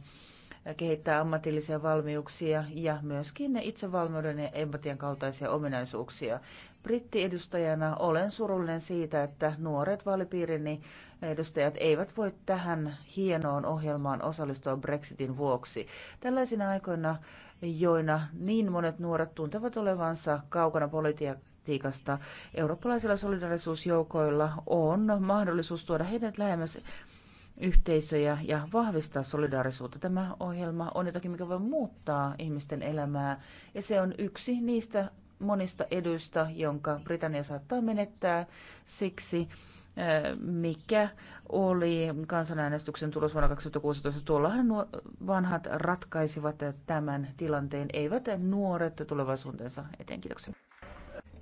kehittää ammatillisia valmiuksia ja myöskin itsevalmiuden ja empatian kaltaisia ominaisuuksia. Brittiedustajana olen surullinen siitä, että nuoret vaalipiirini edustajat eivät voi tähän hienoon ohjelmaan osallistua Brexitin vuoksi. Tällaisina aikoina, joina niin monet nuoret tuntevat olevansa kaukana politiikasta, politiikasta. Eurooppalaisilla solidarisuusjoukoilla on mahdollisuus tuoda heidät lähemmäs yhteisöjä ja vahvistaa solidaarisuutta. Tämä ohjelma on jotakin, mikä voi muuttaa ihmisten elämää ja se on yksi niistä monista eduista, jonka Britannia saattaa menettää siksi, eh, mikä oli kansanäänestyksen tulos vuonna 2016. Tuollahan nuo vanhat ratkaisivat tämän tilanteen, eivät nuoret tulevaisuutensa eteen. Kiitoksia.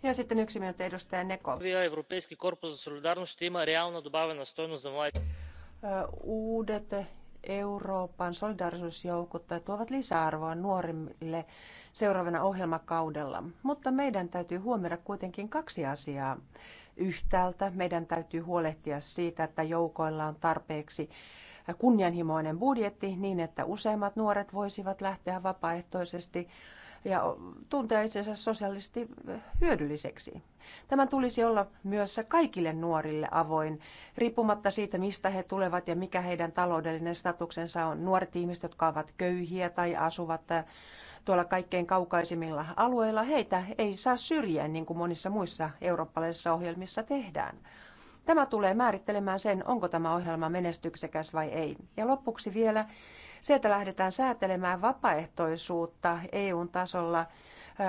Ja sitten yksi minuutti edustaja Neko uudet Euroopan solidaarisuusjoukot tuovat lisäarvoa nuorille seuraavana ohjelmakaudella. Mutta meidän täytyy huomioida kuitenkin kaksi asiaa. Yhtäältä meidän täytyy huolehtia siitä, että joukoilla on tarpeeksi kunnianhimoinen budjetti niin, että useimmat nuoret voisivat lähteä vapaaehtoisesti ja tuntea itsensä sosiaalisesti hyödylliseksi. Tämän tulisi olla myös kaikille nuorille avoin, riippumatta siitä, mistä he tulevat ja mikä heidän taloudellinen statuksensa on. Nuoret ihmiset, jotka ovat köyhiä tai asuvat äh, tuolla kaikkein kaukaisimmilla alueilla, heitä ei saa syrjiä niin kuin monissa muissa eurooppalaisissa ohjelmissa tehdään. Tämä tulee määrittelemään sen, onko tämä ohjelma menestyksekäs vai ei. Ja lopuksi vielä se, että lähdetään säätelemään vapaaehtoisuutta eu tasolla,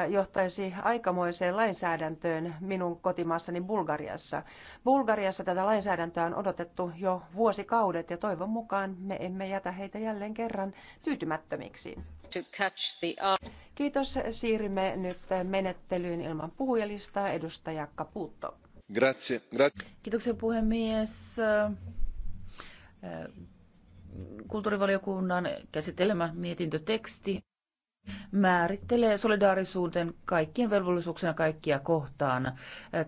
johtaisi aikamoiseen lainsäädäntöön minun kotimaassani Bulgariassa. Bulgariassa tätä lainsäädäntöä on odotettu jo vuosikaudet ja toivon mukaan me emme jätä heitä jälleen kerran tyytymättömiksi. Kiitos. Siirrymme nyt menettelyyn ilman puhujalistaa. Edustaja Caputo. Grazie. Grazie. Kiitoksia puhemies kulttuurivaliokunnan käsittelemä mietintöteksti määrittelee solidaarisuuden kaikkien velvollisuuksena kaikkia kohtaan.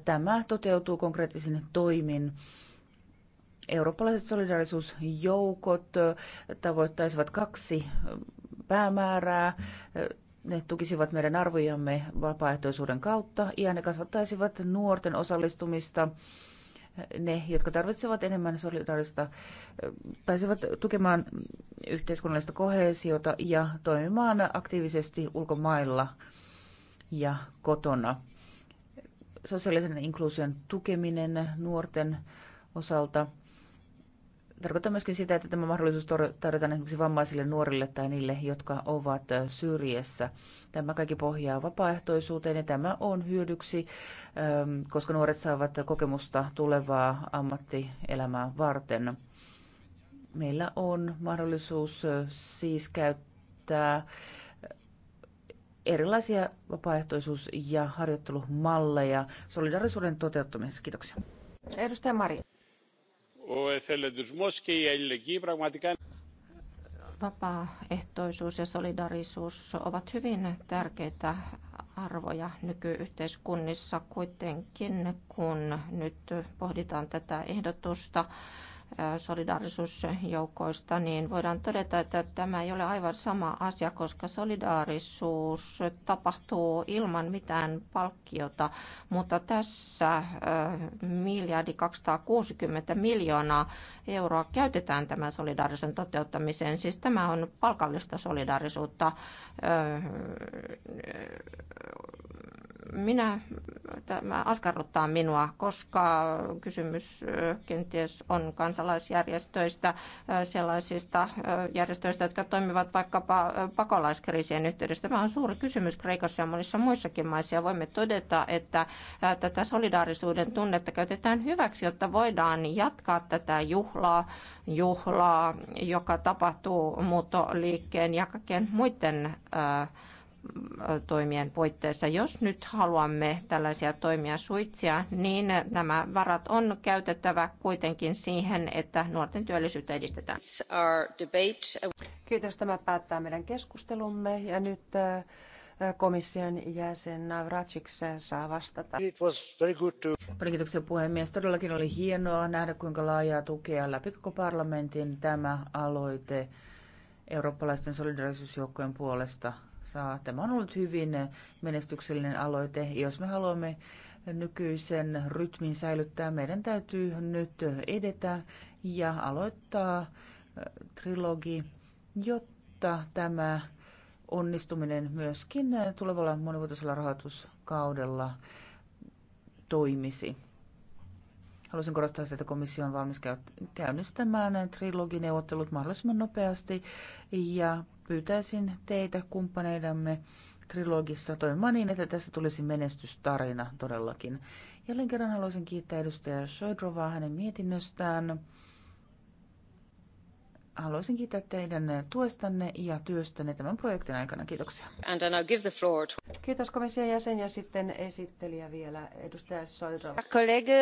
Tämä toteutuu konkreettisin toimin. Eurooppalaiset solidaarisuusjoukot tavoittaisivat kaksi päämäärää. Ne tukisivat meidän arvojamme vapaaehtoisuuden kautta ja ne kasvattaisivat nuorten osallistumista ne, jotka tarvitsevat enemmän solidaarista, pääsevät tukemaan yhteiskunnallista kohesiota ja toimimaan aktiivisesti ulkomailla ja kotona. Sosiaalisen inkluusion tukeminen nuorten osalta – Tarkoittaa myöskin sitä, että tämä mahdollisuus tarjotaan esimerkiksi vammaisille nuorille tai niille, jotka ovat äh, syrjässä. Tämä kaikki pohjaa vapaaehtoisuuteen ja tämä on hyödyksi, ähm, koska nuoret saavat kokemusta tulevaa ammattielämää varten. Meillä on mahdollisuus äh, siis käyttää äh, erilaisia vapaaehtoisuus- ja harjoittelumalleja solidarisuuden toteuttamisessa. Kiitoksia. Edustaja Mari. Vapaaehtoisuus ja solidarisuus ovat hyvin tärkeitä arvoja nykyyhteiskunnissa kuitenkin, kun nyt pohditaan tätä ehdotusta solidaarisuusjoukoista, niin voidaan todeta, että tämä ei ole aivan sama asia, koska solidaarisuus tapahtuu ilman mitään palkkiota, mutta tässä äh, miljardi 260 miljoonaa euroa käytetään tämän solidaarisen toteuttamiseen. Siis tämä on palkallista solidaarisuutta äh, minä, tämä askarruttaa minua, koska kysymys kenties on kansalaisjärjestöistä, sellaisista järjestöistä, jotka toimivat vaikkapa pakolaiskriisien yhteydessä. Tämä on suuri kysymys Kreikassa ja monissa muissakin maissa ja voimme todeta, että tätä solidaarisuuden tunnetta käytetään hyväksi, jotta voidaan jatkaa tätä juhlaa, juhlaa joka tapahtuu muuttoliikkeen ja kaikkien muiden äh, toimien puitteissa. Jos nyt haluamme tällaisia toimia suitsia, niin nämä varat on käytettävä kuitenkin siihen, että nuorten työllisyyttä edistetään. Kiitos. Tämä päättää meidän keskustelumme ja nyt äh, komission jäsen Navracik saa vastata. It was very good to... Kiitoksia puhemies. Todellakin oli hienoa nähdä, kuinka laajaa tukea läpi koko parlamentin tämä aloite eurooppalaisten solidarisuusjoukkojen puolesta saa. Tämä on ollut hyvin menestyksellinen aloite. Jos me haluamme nykyisen rytmin säilyttää, meidän täytyy nyt edetä ja aloittaa äh, trilogi, jotta tämä onnistuminen myöskin äh, tulevalla monivuotisella rahoituskaudella toimisi. Haluaisin korostaa sitä, että komissio on valmis käynnistämään trilogineuvottelut mahdollisimman nopeasti ja pyytäisin teitä kumppaneidamme trilogissa toimimaan niin, että tästä tulisi menestystarina todellakin. Jälleen kerran haluaisin kiittää edustaja Soidrovaa hänen mietinnöstään haluaisin kiittää teidän tuestanne ja työstänne tämän projektin aikana. Kiitoksia. And I give the floor to... Kiitos komission jäsen ja sitten esittelijä vielä, edustaja Soidrova.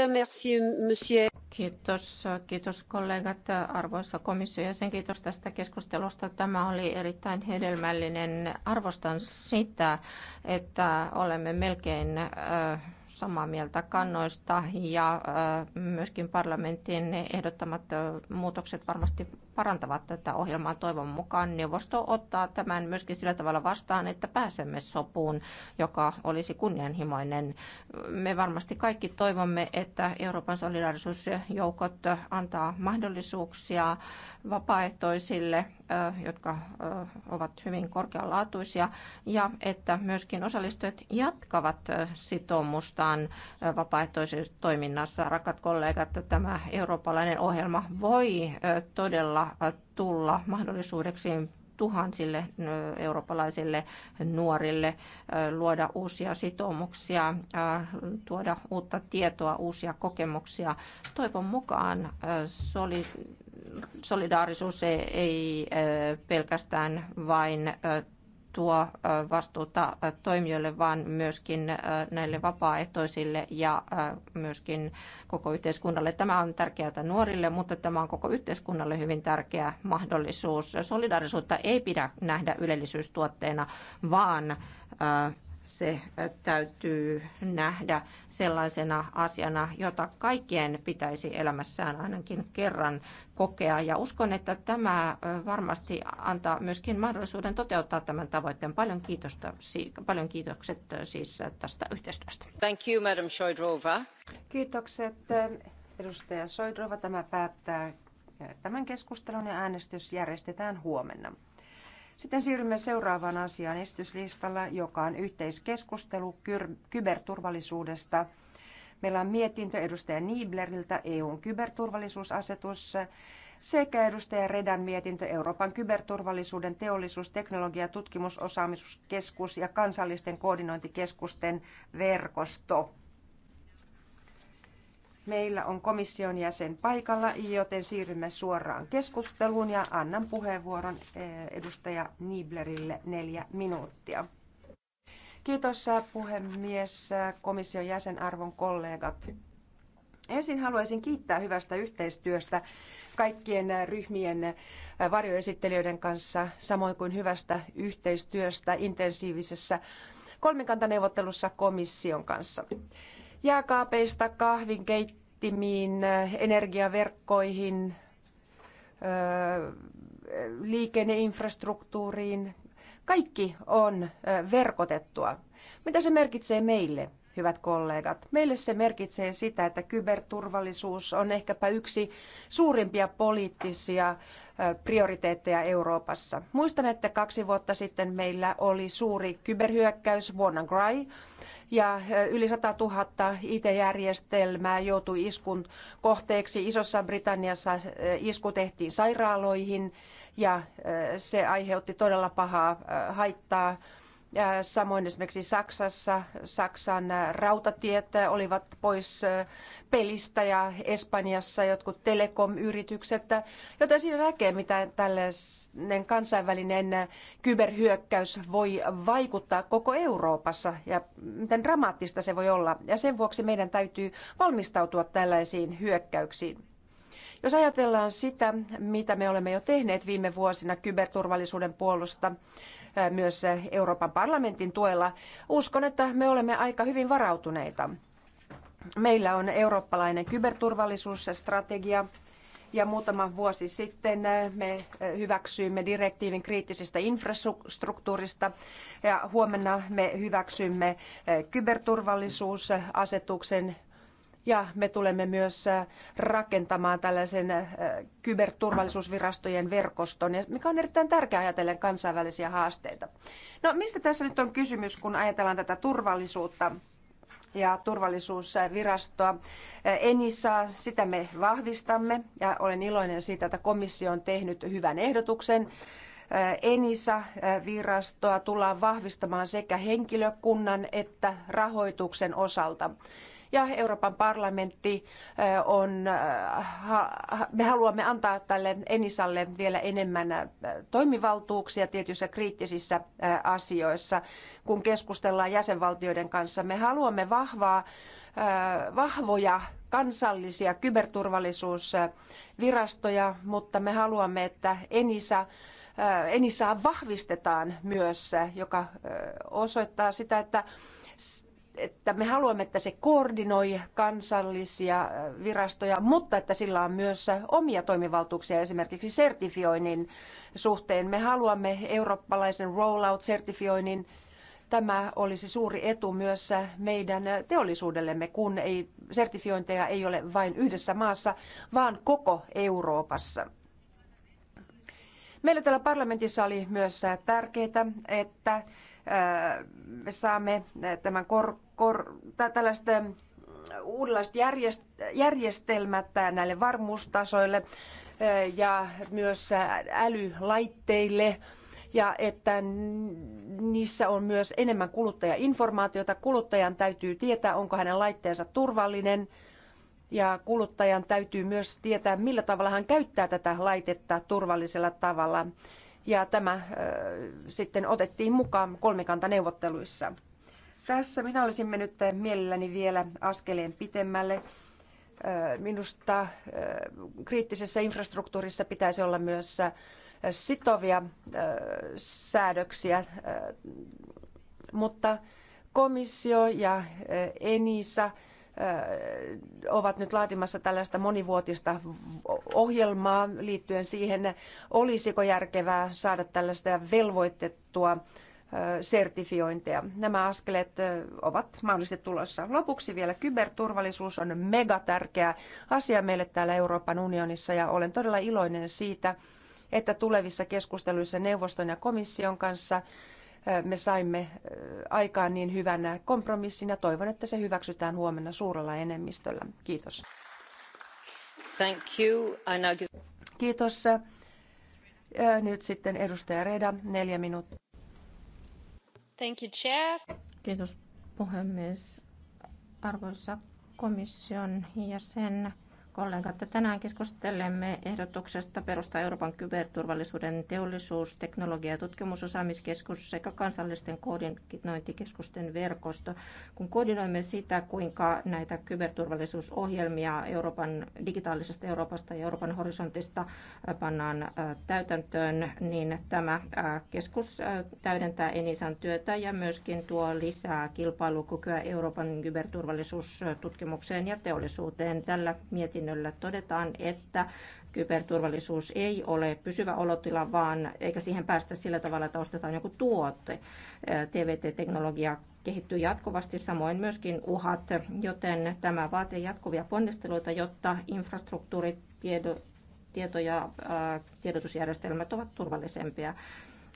merci monsieur. Kiitos, kiitos kollegat, arvoisa komission jäsen, kiitos tästä keskustelusta. Tämä oli erittäin hedelmällinen. Arvostan sitä, että olemme melkein äh, samaa mieltä kannoista ja myöskin parlamentin ehdottamat muutokset varmasti parantavat tätä ohjelmaa toivon mukaan. Neuvosto ottaa tämän myöskin sillä tavalla vastaan, että pääsemme sopuun, joka olisi kunnianhimoinen. Me varmasti kaikki toivomme, että Euroopan solidaarisuusjoukot antaa mahdollisuuksia vapaaehtoisille, jotka ovat hyvin korkealaatuisia, ja että myöskin osallistujat jatkavat sitoumustaan vapaaehtoisessa toiminnassa. Rakat kollegat, tämä eurooppalainen ohjelma voi todella tulla mahdollisuudeksi tuhansille eurooppalaisille nuorille luoda uusia sitoumuksia, tuoda uutta tietoa, uusia kokemuksia. Toivon mukaan soli, solidaarisuus ei pelkästään vain tuo vastuuta toimijoille, vaan myöskin näille vapaaehtoisille ja myöskin koko yhteiskunnalle. Tämä on tärkeää nuorille, mutta tämä on koko yhteiskunnalle hyvin tärkeä mahdollisuus. Solidaarisuutta ei pidä nähdä ylellisyystuotteena, vaan se äh, täytyy nähdä sellaisena asiana, jota kaikkien pitäisi elämässään ainakin kerran kokea. Ja uskon, että tämä äh, varmasti antaa myöskin mahdollisuuden toteuttaa tämän tavoitteen. Paljon, kiitosta, paljon kiitokset äh, siis tästä yhteistyöstä. Thank you, Madam Shoidrova. Kiitokset, edustaja Soidrova. Tämä päättää tämän keskustelun ja äänestys järjestetään huomenna. Sitten siirrymme seuraavaan asiaan esityslistalla, joka on yhteiskeskustelu kyberturvallisuudesta. Meillä on mietintö edustaja Niebleriltä EUn kyberturvallisuusasetus sekä edustaja Redan mietintö Euroopan kyberturvallisuuden teollisuus, teknologia- ja tutkimusosaamiskeskus ja kansallisten koordinointikeskusten verkosto. Meillä on komission jäsen paikalla, joten siirrymme suoraan keskusteluun ja annan puheenvuoron eh, edustaja Niblerille neljä minuuttia. Kiitos eh, puhemies, eh, komission jäsen arvon kollegat. Ensin haluaisin kiittää hyvästä yhteistyöstä kaikkien ryhmien varjoesittelijöiden kanssa, samoin kuin hyvästä yhteistyöstä intensiivisessä kolmikantaneuvottelussa komission kanssa jääkaapeista kahvinkeittimiin, eh, energiaverkkoihin, eh, liikenneinfrastruktuuriin. Kaikki on eh, verkotettua. Mitä se merkitsee meille? hyvät kollegat. Meille se merkitsee sitä, että kyberturvallisuus on ehkäpä yksi suurimpia poliittisia prioriteetteja Euroopassa. Muistan, että kaksi vuotta sitten meillä oli suuri kyberhyökkäys Wannacry, ja yli 100 000 IT-järjestelmää joutui iskun kohteeksi. Isossa Britanniassa isku tehtiin sairaaloihin ja se aiheutti todella pahaa haittaa ja samoin esimerkiksi Saksassa, Saksan äh, rautatiet äh, olivat pois äh, pelistä ja Espanjassa jotkut telekom Joten siinä näkee, mitä tällainen kansainvälinen kyberhyökkäys voi vaikuttaa koko Euroopassa ja miten dramaattista se voi olla. Ja sen vuoksi meidän täytyy valmistautua tällaisiin hyökkäyksiin. Jos ajatellaan sitä, mitä me olemme jo tehneet viime vuosina kyberturvallisuuden puolusta, myös Euroopan parlamentin tuella, uskon, että me olemme aika hyvin varautuneita. Meillä on eurooppalainen kyberturvallisuusstrategia, ja muutama vuosi sitten me hyväksyimme direktiivin kriittisestä infrastruktuurista ja huomenna me hyväksymme kyberturvallisuusasetuksen ja me tulemme myös äh, rakentamaan tällaisen äh, kyberturvallisuusvirastojen verkoston, mikä on erittäin tärkeää ajatellen kansainvälisiä haasteita. No mistä tässä nyt on kysymys, kun ajatellaan tätä turvallisuutta? ja turvallisuusvirastoa äh, Enissa Sitä me vahvistamme ja olen iloinen siitä, että komissio on tehnyt hyvän ehdotuksen. Enisa-virastoa tullaan vahvistamaan sekä henkilökunnan että rahoituksen osalta ja Euroopan parlamentti eh, on, eh, me haluamme antaa tälle Enisalle vielä enemmän eh, toimivaltuuksia tietyissä kriittisissä asioissa, kun keskustellaan jäsenvaltioiden kanssa. Me haluamme vahvaa, vahvoja kansallisia kyberturvallisuusvirastoja, mutta me haluamme, että Enisa Enisaa vahvistetaan myös, joka osoittaa sitä, että että me haluamme, että se koordinoi kansallisia äh, virastoja, mutta että sillä on myös äh, omia toimivaltuuksia esimerkiksi sertifioinnin suhteen. Me haluamme eurooppalaisen rollout-sertifioinnin. Tämä olisi suuri etu myös äh, meidän teollisuudellemme, kun ei, sertifiointeja ei ole vain yhdessä maassa, vaan koko Euroopassa. Meillä täällä parlamentissa oli myös tärkeää, että Äh, saamme äh, tämän kor, kor, tällaiset äh, uudenlaiset järjestelmät näille varmuustasoille ja myös älylaitteille ja että niissä on myös enemmän kuluttajainformaatiota. Kuluttajan täytyy tietää, onko hänen laitteensa turvallinen ja kuluttajan täytyy myös tietää, millä tavalla hän käyttää tätä laitetta turvallisella tavalla ja tämä sitten otettiin mukaan kolmikantaneuvotteluissa. Tässä minä olisin mennyt mielelläni vielä askeleen pitemmälle. Minusta kriittisessä infrastruktuurissa pitäisi olla myös sitovia säädöksiä, mutta komissio ja ENISA – ovat nyt laatimassa tällaista monivuotista ohjelmaa liittyen siihen, olisiko järkevää saada tällaista velvoitettua sertifiointia? Nämä askeleet ovat mahdollisesti tulossa. Lopuksi vielä kyberturvallisuus on mega tärkeä asia meille täällä Euroopan unionissa ja olen todella iloinen siitä, että tulevissa keskusteluissa neuvoston ja komission kanssa me saimme aikaan niin hyvän kompromissin ja toivon, että se hyväksytään huomenna suurella enemmistöllä. Kiitos. Thank you. Kiitos. Nyt sitten edustaja Reda, neljä minuuttia. Thank you, Chair. Kiitos puhemies. Arvoisa komission jäsen, kollegat, tänään keskustelemme ehdotuksesta perustaa Euroopan kyberturvallisuuden teollisuus, teknologia- ja tutkimusosaamiskeskus sekä kansallisten koordinointikeskusten verkosto. Kun koordinoimme sitä, kuinka näitä kyberturvallisuusohjelmia Euroopan digitaalisesta Euroopasta ja Euroopan horisontista äh, pannaan äh, täytäntöön, niin tämä äh, keskus täydentää Enisan työtä ja myöskin tuo lisää kilpailukykyä Euroopan kyberturvallisuustutkimukseen ja teollisuuteen. Tällä mietin mietinnöllä todetaan, että kyberturvallisuus ei ole pysyvä olotila, vaan eikä siihen päästä sillä tavalla, että ostetaan joku tuote. TVT-teknologia kehittyy jatkuvasti, samoin myöskin uhat, joten tämä vaatii jatkuvia ponnisteluita, jotta infrastruktuurit, tieto- ja tiedotusjärjestelmät ovat turvallisempia.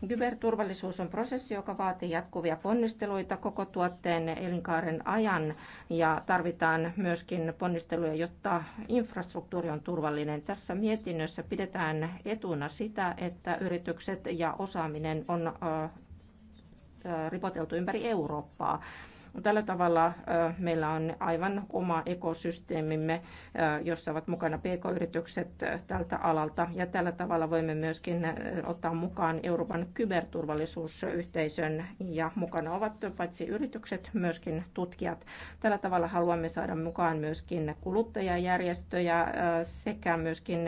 Kyberturvallisuus on prosessi, joka vaatii jatkuvia ponnisteluita koko tuotteen elinkaaren ajan ja tarvitaan myöskin ponnisteluja, jotta infrastruktuuri on turvallinen. Tässä mietinnössä pidetään etuna sitä, että yritykset ja osaaminen on ripoteltu ympäri Eurooppaa. Tällä tavalla meillä on aivan oma ekosysteemimme, jossa ovat mukana pk-yritykset tältä alalta. Ja tällä tavalla voimme myöskin ottaa mukaan Euroopan kyberturvallisuusyhteisön ja mukana ovat paitsi yritykset, myöskin tutkijat. Tällä tavalla haluamme saada mukaan myöskin kuluttajajärjestöjä sekä myöskin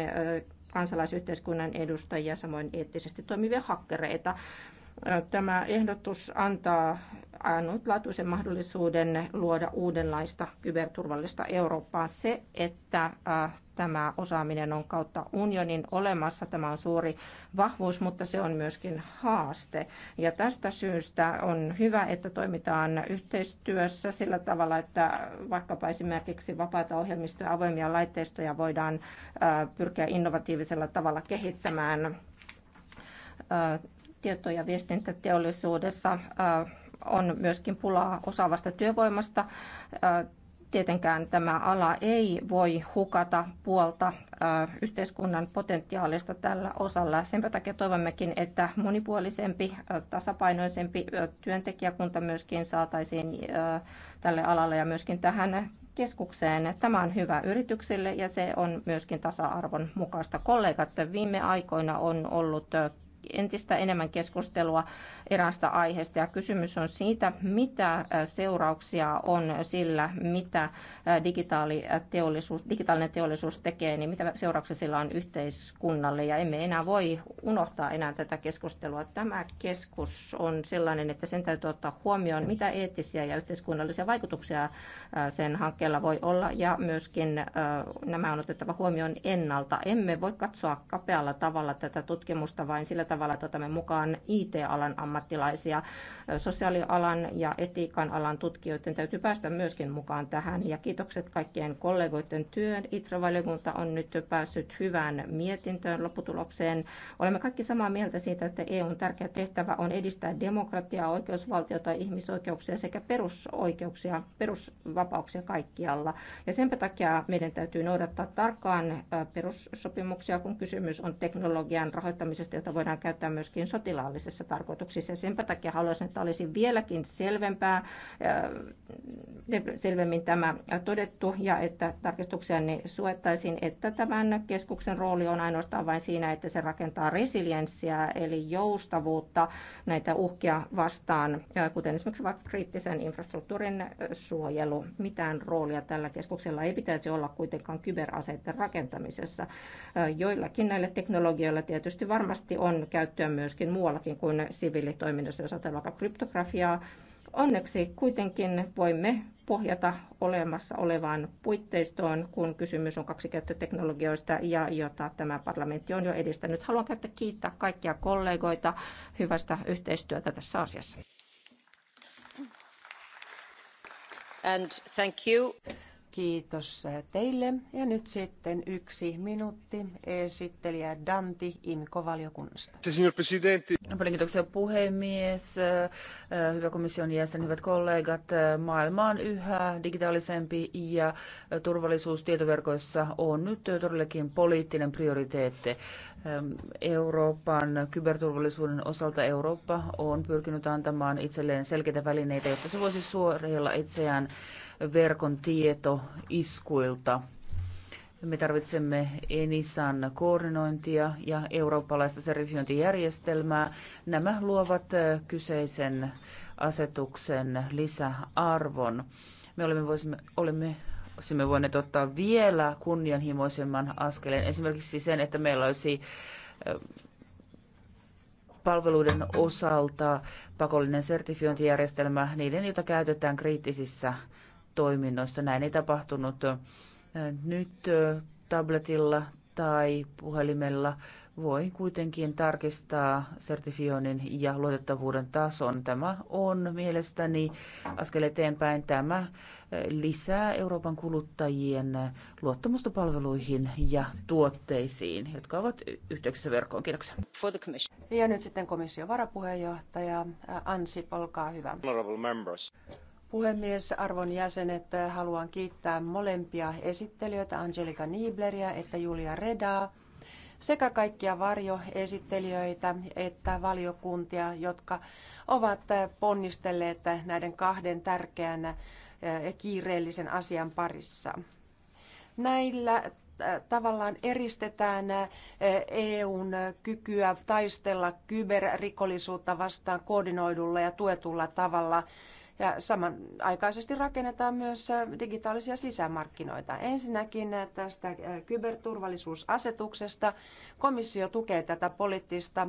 kansalaisyhteiskunnan edustajia, samoin eettisesti toimivia hakkereita. Tämä ehdotus antaa ainutlaatuisen mahdollisuuden luoda uudenlaista kyberturvallista Eurooppaa. Se, että tämä osaaminen on kautta unionin olemassa, tämä on suuri vahvuus, mutta se on myöskin haaste. Ja tästä syystä on hyvä, että toimitaan yhteistyössä sillä tavalla, että vaikkapa esimerkiksi vapaata ohjelmistoja, avoimia laitteistoja voidaan pyrkiä innovatiivisella tavalla kehittämään tieto- ja viestintäteollisuudessa äh, on myöskin pulaa osaavasta työvoimasta. Äh, tietenkään tämä ala ei voi hukata puolta äh, yhteiskunnan potentiaalista tällä osalla. Sen takia toivommekin, että monipuolisempi, tasapainoisempi työntekijäkunta myöskin saataisiin tälle alalle ja myöskin tähän keskukseen. Tämä on hyvä yrityksille ja se on myöskin tasa-arvon mukaista. Kollegat, viime aikoina on ollut entistä enemmän keskustelua erästä aiheesta ja kysymys on siitä, mitä seurauksia on sillä, mitä digitaali teollisuus, digitaalinen teollisuus tekee, niin mitä seurauksia sillä on yhteiskunnalle ja emme enää voi unohtaa enää tätä keskustelua. Tämä keskus on sellainen, että sen täytyy ottaa huomioon, mitä eettisiä ja yhteiskunnallisia vaikutuksia sen hankkeella voi olla ja myöskin nämä on otettava huomioon ennalta. Emme voi katsoa kapealla tavalla tätä tutkimusta vain sillä tavalla, että otamme mukaan IT-alan ammattilaisia, sosiaalialan ja etiikan alan tutkijoiden täytyy päästä myöskin mukaan tähän. Ja kiitokset kaikkien kollegoiden työn. ITRA-valiokunta on nyt päässyt hyvään mietintöön lopputulokseen. Olemme kaikki samaa mieltä siitä, että EUn tärkeä tehtävä on edistää demokratiaa, oikeusvaltiota, ihmisoikeuksia sekä perusoikeuksia, perusvapauksia kaikkialla. Ja senpä takia meidän täytyy noudattaa tarkkaan perussopimuksia, kun kysymys on teknologian rahoittamisesta, jota voidaan voidaan käyttää myöskin sotilaallisessa tarkoituksissa. Sen takia haluaisin, että olisi vieläkin selvempää, äh, selvemmin tämä todettu ja että tarkistuksia niin suettaisiin, että tämän keskuksen rooli on ainoastaan vain siinä, että se rakentaa resilienssiä eli joustavuutta näitä uhkia vastaan, äh, kuten esimerkiksi vaikka kriittisen infrastruktuurin äh, suojelu. Mitään roolia tällä keskuksella ei pitäisi olla kuitenkaan kyberaseiden rakentamisessa. Joillakin näillä teknologioilla tietysti varmasti on Käyttöön myöskin muuallakin kuin siviilitoiminnassa, jos ajatellaan vaikka kryptografiaa. Onneksi kuitenkin voimme pohjata olemassa olevaan puitteistoon, kun kysymys on kaksikäyttöteknologioista ja jota tämä parlamentti on jo edistänyt. Haluan käyttää kiittää kaikkia kollegoita hyvästä yhteistyötä tässä asiassa. And thank you. Kiitos teille. Ja nyt sitten yksi minuutti esittelijä Danti Imko-valiokunnasta. Paljon kiitoksia puhemies, äh, hyvä komission jäsen, hyvät kollegat. Äh, maailma on yhä digitaalisempi ja äh, turvallisuus tietoverkoissa on nyt todellakin poliittinen prioriteetti. Ähm, Euroopan kyberturvallisuuden osalta Eurooppa on pyrkinyt antamaan itselleen selkeitä välineitä, jotta se voisi suorilla itseään verkon tietoiskuilta. Me tarvitsemme Enisan koordinointia ja eurooppalaista serifiointijärjestelmää. Nämä luovat kyseisen asetuksen lisäarvon. Me olemme, voisimme, olemme olisimme voineet ottaa vielä kunnianhimoisemman askeleen. Esimerkiksi sen, että meillä olisi palveluiden osalta pakollinen sertifiointijärjestelmä niiden, joita käytetään kriittisissä toiminnoissa. Näin ei tapahtunut nyt tabletilla tai puhelimella voi kuitenkin tarkistaa sertifioinnin ja luotettavuuden tason. Tämä on mielestäni askel eteenpäin. Tämä lisää Euroopan kuluttajien luottamusta palveluihin ja tuotteisiin, jotka ovat yhteyksissä verkkoon. Kiitoksia. Ja nyt sitten komission varapuheenjohtaja Ansi, olkaa hyvä puhemies, arvon jäsenet, haluan kiittää molempia esittelijöitä, Angelika Niebleria että Julia Redaa, sekä kaikkia varjoesittelijöitä että valiokuntia, jotka ovat ponnistelleet näiden kahden tärkeän kiireellisen asian parissa. Näillä tavallaan eristetään EUn kykyä taistella kyberrikollisuutta vastaan koordinoidulla ja tuetulla tavalla ja samanaikaisesti rakennetaan myös äh, digitaalisia sisämarkkinoita. Ensinnäkin äh, tästä äh, kyberturvallisuusasetuksesta. Komissio tukee tätä poliittista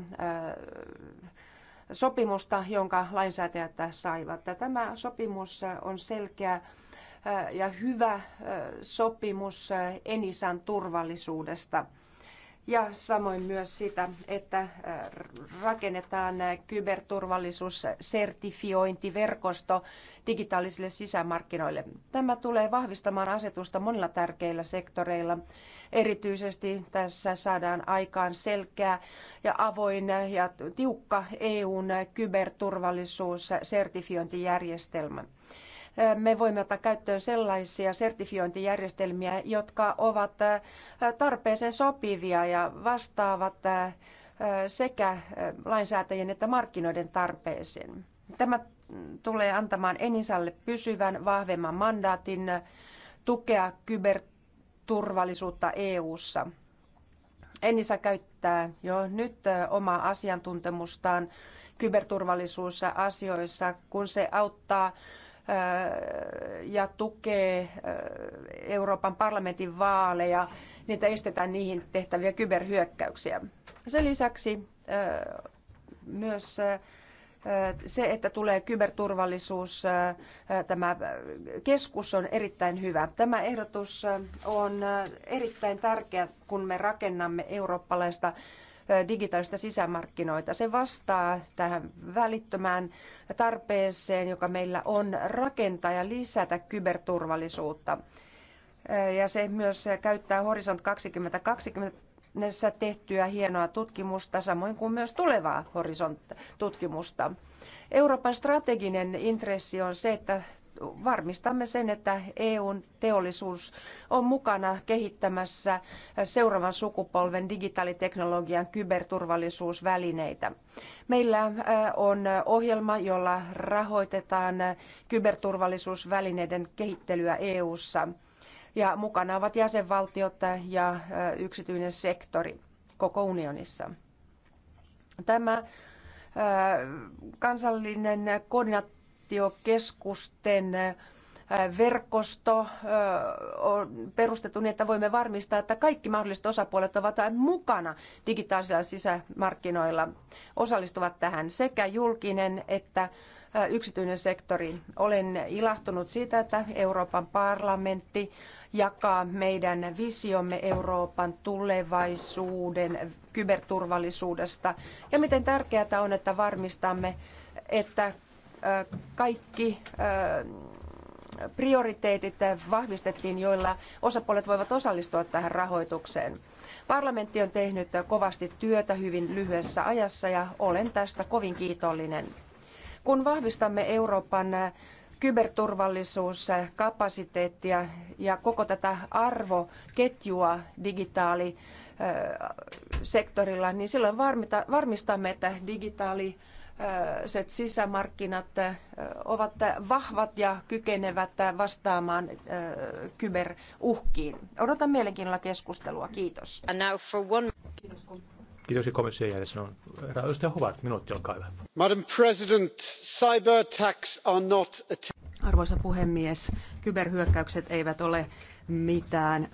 sopimusta, jonka lainsäätäjät saivat. Tämä sopimus on selkeä ja hyvä sopimus Enisan turvallisuudesta – ja samoin myös sitä, että äh, rakennetaan äh, kyberturvallisuussertifiointiverkosto digitaalisille sisämarkkinoille. Tämä tulee vahvistamaan asetusta monilla tärkeillä sektoreilla. Erityisesti tässä saadaan aikaan selkeä ja avoin ja tiukka EUn kyberturvallisuussertifiointijärjestelmä me voimme ottaa käyttöön sellaisia sertifiointijärjestelmiä, jotka ovat tarpeeseen sopivia ja vastaavat sekä lainsäätäjien että markkinoiden tarpeeseen. Tämä tulee antamaan Enisalle pysyvän vahvemman mandaatin tukea kyberturvallisuutta EU:ssa. Enisa käyttää jo nyt omaa asiantuntemustaan kyberturvallisuusasioissa, kun se auttaa ja tukee Euroopan parlamentin vaaleja, niin että estetään niihin tehtäviä kyberhyökkäyksiä. Sen lisäksi myös se, että tulee kyberturvallisuus, tämä keskus on erittäin hyvä. Tämä ehdotus on erittäin tärkeä, kun me rakennamme eurooppalaista digitaalista sisämarkkinoita. Se vastaa tähän välittömään tarpeeseen, joka meillä on rakentaa ja lisätä kyberturvallisuutta. Ja se myös käyttää Horisont 2020 tehtyä hienoa tutkimusta, samoin kuin myös tulevaa Horisont-tutkimusta. Euroopan strateginen intressi on se, että varmistamme sen, että EUn teollisuus on mukana kehittämässä seuraavan sukupolven digitaaliteknologian kyberturvallisuusvälineitä. Meillä äh, on ohjelma, jolla rahoitetaan kyberturvallisuusvälineiden kehittelyä EUssa ja mukana ovat jäsenvaltiot ja äh, yksityinen sektori koko unionissa. Tämä äh, kansallinen koordinaatio transaktiokeskusten verkosto on perustettu niin, että voimme varmistaa, että kaikki mahdolliset osapuolet ovat mukana digitaalisilla sisämarkkinoilla, osallistuvat tähän sekä julkinen että yksityinen sektori. Olen ilahtunut siitä, että Euroopan parlamentti jakaa meidän visiomme Euroopan tulevaisuuden kyberturvallisuudesta ja miten tärkeää on, että varmistamme, että kaikki prioriteetit vahvistettiin, joilla osapuolet voivat osallistua tähän rahoitukseen. Parlamentti on tehnyt kovasti työtä hyvin lyhyessä ajassa ja olen tästä kovin kiitollinen. Kun vahvistamme Euroopan kyberturvallisuuskapasiteettia ja koko tätä arvoketjua digitaalisektorilla, niin silloin varmistamme, että digitaali set sisämarkkinat ovat vahvat ja kykenevät vastaamaan kyberuhkiin. Odotan mielenkiinnolla keskustelua. Kiitos. One... Kiitos. Kiitos komission jäsen. No, edustaja minuutti, olkaa hyvä. Madam President, cyber attacks are not Arvoisa puhemies, kyberhyökkäykset eivät ole mitään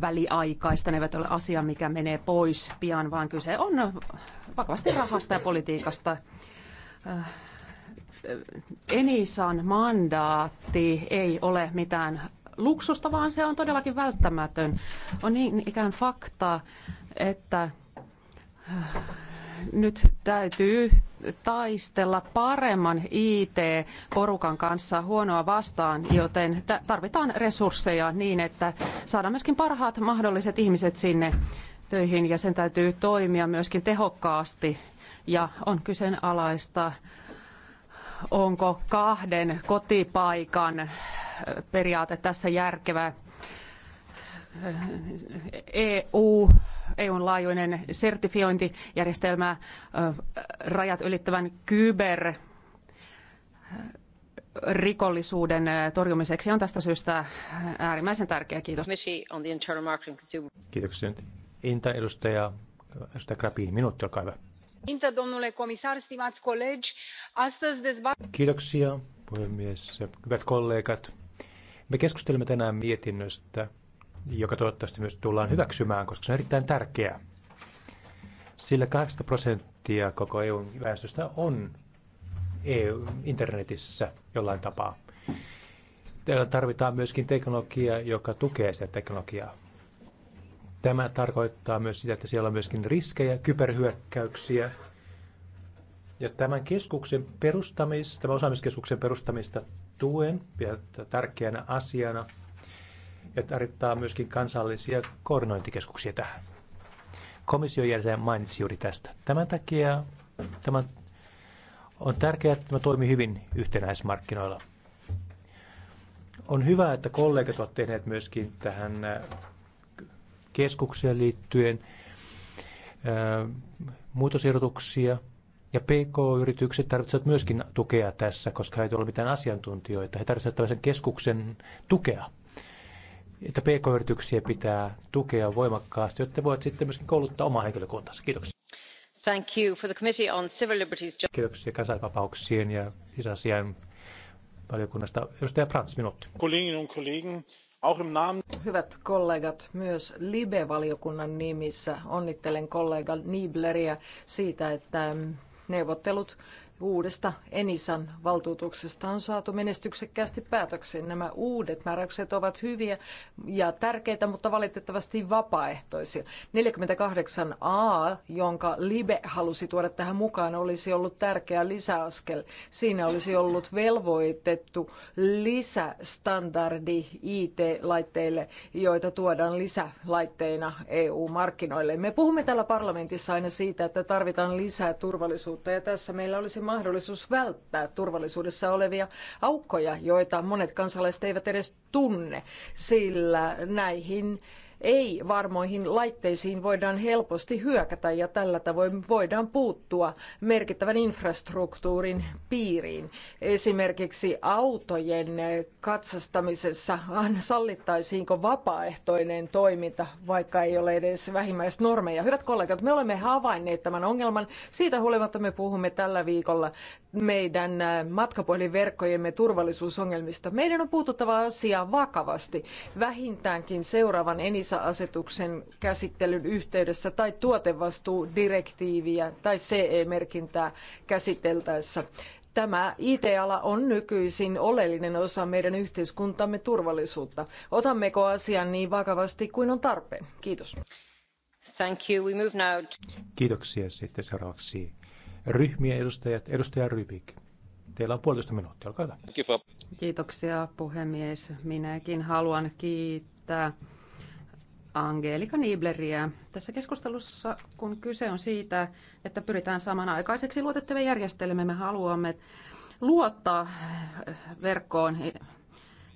väliaikaista, ne eivät ole asia, mikä menee pois pian, vaan kyse on vakavasti rahasta ja politiikasta. Äh, Enisan mandaatti ei ole mitään luksusta, vaan se on todellakin välttämätön. On niin ikään fakta, että äh, nyt täytyy taistella paremman IT-porukan kanssa huonoa vastaan, joten tarvitaan resursseja niin, että saadaan myöskin parhaat mahdolliset ihmiset sinne töihin ja sen täytyy toimia myöskin tehokkaasti ja on kyseenalaista, onko kahden kotipaikan periaate tässä järkevä. EU, EUn laajuinen sertifiointijärjestelmä, rajat ylittävän kyber rikollisuuden torjumiseksi on tästä syystä äärimmäisen tärkeä. Kiitos. Kiitoksia. Inta minuutti, Inta, domnule komissar, stimați colegi, astăzi dezbat... Kiitoksia, puhemies, hyvät kollegat. Me keskustelemme tänään mietinnöstä, joka toivottavasti myös tullaan hyväksymään, koska se on erittäin tärkeää. Sillä 80 prosenttia koko EUn väestöstä on EU internetissä jollain tapaa. Täällä tarvitaan myöskin teknologiaa, joka tukee sitä teknologiaa. Tämä tarkoittaa myös sitä, että siellä on myöskin riskejä, kyberhyökkäyksiä. Ja tämän keskuksen perustamista, tämän osaamiskeskuksen perustamista tuen vielä tärkeänä asiana. Ja tarvittaa myöskin kansallisia koordinointikeskuksia tähän. Komission jäsen mainitsi juuri tästä. Tämän takia tämä on tärkeää, että tämä toimii hyvin yhtenäismarkkinoilla. On hyvä, että kollegat ovat tehneet myöskin tähän keskukseen liittyen muutosirjoituksia. Ja PK-yritykset tarvitsevat myöskin tukea tässä, koska he eivät ole mitään asiantuntijoita. He tarvitsevat tällaisen keskuksen tukea. Että PK-yrityksiä pitää tukea voimakkaasti, jotta voit sitten myöskin kouluttaa omaa henkilökuntansa. Kiitoksia. Thank you for the Committee on Civil Liberties. Kiitoksia kansainvapauksien ja sisäasian valiokunnasta. Edustaja Frans, minuutti. Kollegin on kollegin. Hyvät kollegat, myös Libe-valiokunnan nimissä onnittelen kollega Nibleria siitä, että neuvottelut uudesta Enisan valtuutuksesta on saatu menestyksekkäästi päätöksen. Nämä uudet määräykset ovat hyviä ja tärkeitä, mutta valitettavasti vapaaehtoisia. 48a, jonka Libe halusi tuoda tähän mukaan, olisi ollut tärkeä lisäaskel. Siinä olisi ollut velvoitettu lisästandardi IT-laitteille, joita tuodaan lisälaitteina EU-markkinoille. Me puhumme täällä parlamentissa aina siitä, että tarvitaan lisää turvallisuutta ja tässä meillä olisi mahdollisuus välttää turvallisuudessa olevia aukkoja, joita monet kansalaiset eivät edes tunne, sillä näihin ei varmoihin laitteisiin voidaan helposti hyökätä ja tällä tavoin voidaan puuttua merkittävän infrastruktuurin piiriin. Esimerkiksi autojen katsastamisessa sallittaisiinko vapaaehtoinen toiminta, vaikka ei ole edes vähimmäisnormeja. Hyvät kollegat, me olemme havainneet tämän ongelman. Siitä huolimatta me puhumme tällä viikolla meidän äh, matkapuhelinverkkojemme turvallisuusongelmista. Meidän on puututtava asiaan vakavasti, vähintäänkin seuraavan ENISA-asetuksen käsittelyn yhteydessä tai tuotevastuudirektiiviä tai CE-merkintää käsiteltäessä. Tämä IT-ala on nykyisin oleellinen osa meidän yhteiskuntamme turvallisuutta. Otammeko asian niin vakavasti kuin on tarpeen? Kiitos. Thank you. We move now Kiitoksia. Sitten seuraavaksi ryhmien edustajat. Edustaja Rybik, teillä on puolitoista minuuttia, olkaa hyvä. Kiitoksia puhemies. Minäkin haluan kiittää Angelika Nibleriä. Tässä keskustelussa, kun kyse on siitä, että pyritään samanaikaiseksi luotettavien järjestelmiä, me haluamme luottaa verkkoon,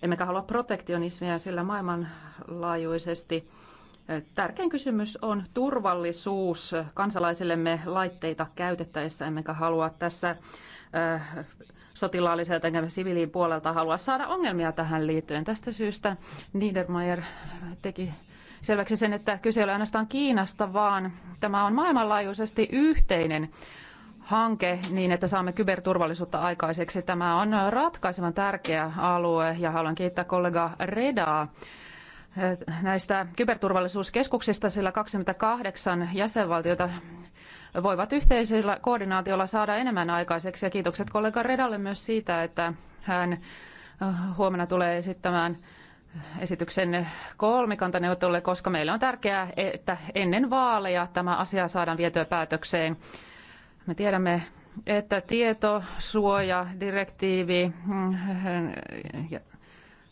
emmekä halua protektionismia, sillä maailmanlaajuisesti Tärkein kysymys on turvallisuus kansalaisillemme laitteita käytettäessä, emmekä halua tässä äh, sotilaalliselta enkä siviiliin puolelta halua saada ongelmia tähän liittyen. Tästä syystä Niedermayer teki selväksi sen, että kyse ei ole ainoastaan Kiinasta, vaan tämä on maailmanlaajuisesti yhteinen hanke niin, että saamme kyberturvallisuutta aikaiseksi. Tämä on ratkaisevan tärkeä alue ja haluan kiittää kollega Redaa näistä kyberturvallisuuskeskuksista, sillä 28 jäsenvaltiota voivat yhteisellä koordinaatiolla saada enemmän aikaiseksi. Ja kiitokset kollega Redalle myös siitä, että hän äh, huomenna tulee esittämään esityksen kolmikantaneuvottelulle, koska meillä on tärkeää, että ennen vaaleja tämä asia saadaan vietyä päätökseen. Me tiedämme, että tietosuoja, direktiivi mm,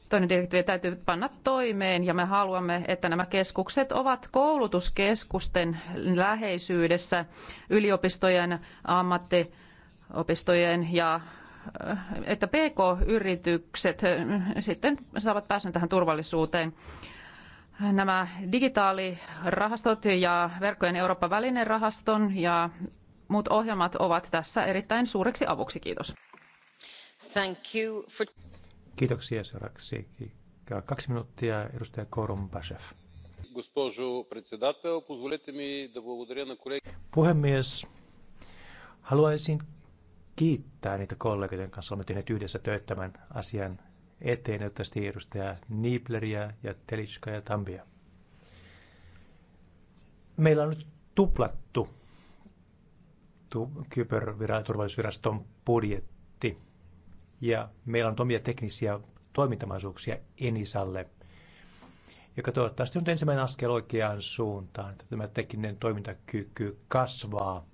toinen direktiivi täytyy panna toimeen ja me haluamme, että nämä keskukset ovat koulutuskeskusten läheisyydessä yliopistojen, ammattiopistojen ja äh, että PK-yritykset äh, sitten saavat pääsyn tähän turvallisuuteen. Nämä digitaalirahastot ja verkkojen Euroopan välinen rahaston ja muut ohjelmat ovat tässä erittäin suureksi avuksi. Kiitos. Thank you for... Kiitoksia seuraavaksi. Kaksi minuuttia, edustaja Korumbashev. Puhemies, haluaisin kiittää niitä kollegoiden kanssa, olemme tehneet yhdessä töitä tämän asian eteen, jotta edustaja Niibleriä ja Telitska ja Tambia. Meillä on nyt tuplattu kyberturvallisuusviraston budjetti ja meillä on omia teknisiä toimintamaisuuksia Enisalle, joka toivottavasti on ensimmäinen askel oikeaan suuntaan, että tämä tekninen toimintakyky kasvaa,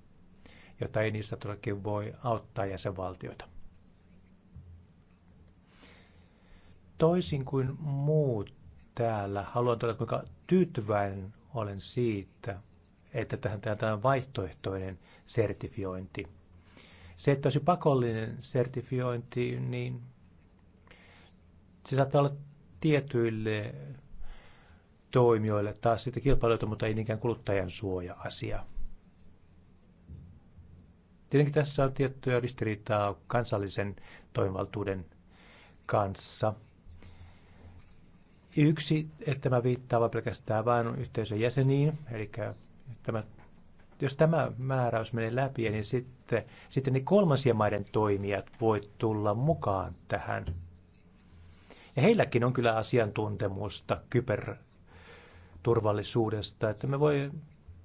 jota Enisa todellakin voi auttaa jäsenvaltioita. Toisin kuin muut täällä, haluan todeta, kuinka tyytyväinen olen siitä, että tähän tämä vaihtoehtoinen sertifiointi – se, että olisi pakollinen sertifiointi, niin se saattaa olla tietyille toimijoille taas sitten kilpailijoita, mutta ei niinkään kuluttajan suoja-asia. Tietenkin tässä on tiettyä ristiriitaa kansallisen toimivaltuuden kanssa. Yksi, että mä viittaa vain pelkästään vain yhteisön jäseniin, eli tämä jos tämä määräys menee läpi, niin sitten, sitten ne kolmansien maiden toimijat voi tulla mukaan tähän. Ja heilläkin on kyllä asiantuntemusta kyberturvallisuudesta, että me voi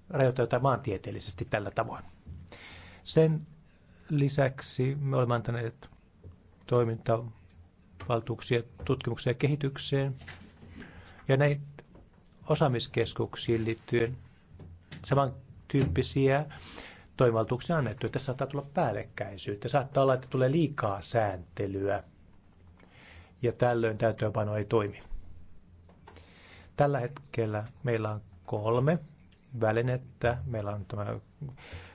rajoittaa jotain maantieteellisesti tällä tavoin. Sen lisäksi me olemme antaneet toimintavaltuuksia tutkimukseen ja kehitykseen. Ja näihin osaamiskeskuksiin liittyen saman tyyppisiä toimivaltuuksia annettu, että saattaa tulla päällekkäisyyttä, saattaa olla, että tulee liikaa sääntelyä ja tällöin täytöpano ei toimi. Tällä hetkellä meillä on kolme välinettä. Meillä on tämä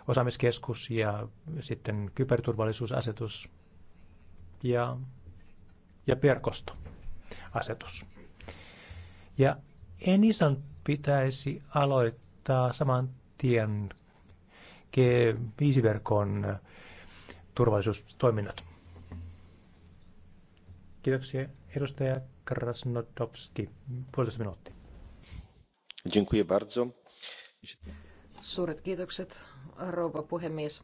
osaamiskeskus ja sitten kyberturvallisuusasetus ja, ja perkostoasetus. Ja Enisan pitäisi aloittaa saman tien G5-verkon eh, turvallisuustoiminnot. Kiitoksia. Edustaja Krasnodowski, puolitoista minuuttia. Dziękuję bardzo. Suuret kiitokset, rouva puhemies.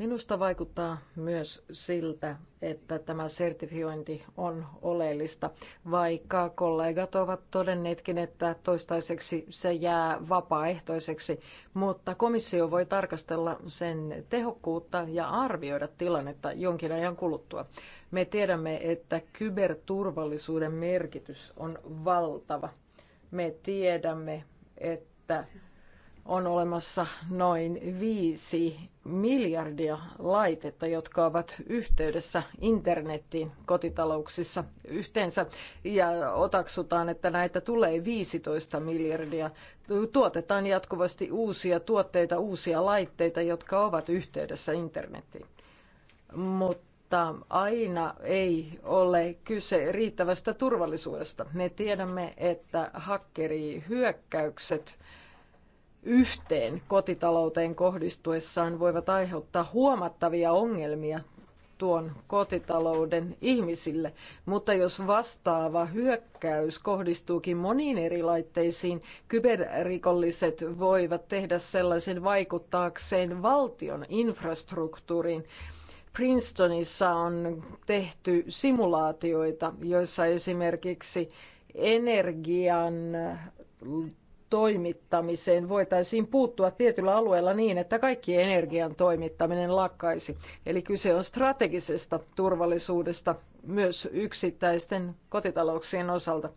Minusta vaikuttaa myös siltä, että tämä sertifiointi on oleellista, vaikka kollegat ovat todenneetkin, että toistaiseksi se jää vapaaehtoiseksi, mutta komissio voi tarkastella sen tehokkuutta ja arvioida tilannetta jonkin ajan kuluttua. Me tiedämme, että kyberturvallisuuden merkitys on valtava. Me tiedämme, että on olemassa noin viisi miljardia laitetta, jotka ovat yhteydessä internettiin kotitalouksissa yhteensä. Ja otaksutaan, että näitä tulee 15 miljardia. Tuotetaan jatkuvasti uusia tuotteita, uusia laitteita, jotka ovat yhteydessä internettiin. Mutta mutta aina ei ole kyse riittävästä turvallisuudesta. Me tiedämme, että hakkerihyökkäykset yhteen kotitalouteen kohdistuessaan voivat aiheuttaa huomattavia ongelmia tuon kotitalouden ihmisille, mutta jos vastaava hyökkäys kohdistuukin moniin eri laitteisiin, kyberrikolliset voivat tehdä sellaisen vaikuttaakseen valtion infrastruktuuriin. Princetonissa on tehty simulaatioita, joissa esimerkiksi energian toimittamiseen voitaisiin puuttua tietyllä alueella niin, että kaikki energian toimittaminen lakkaisi. Eli kyse on strategisesta turvallisuudesta myös yksittäisten kotitalouksien osalta.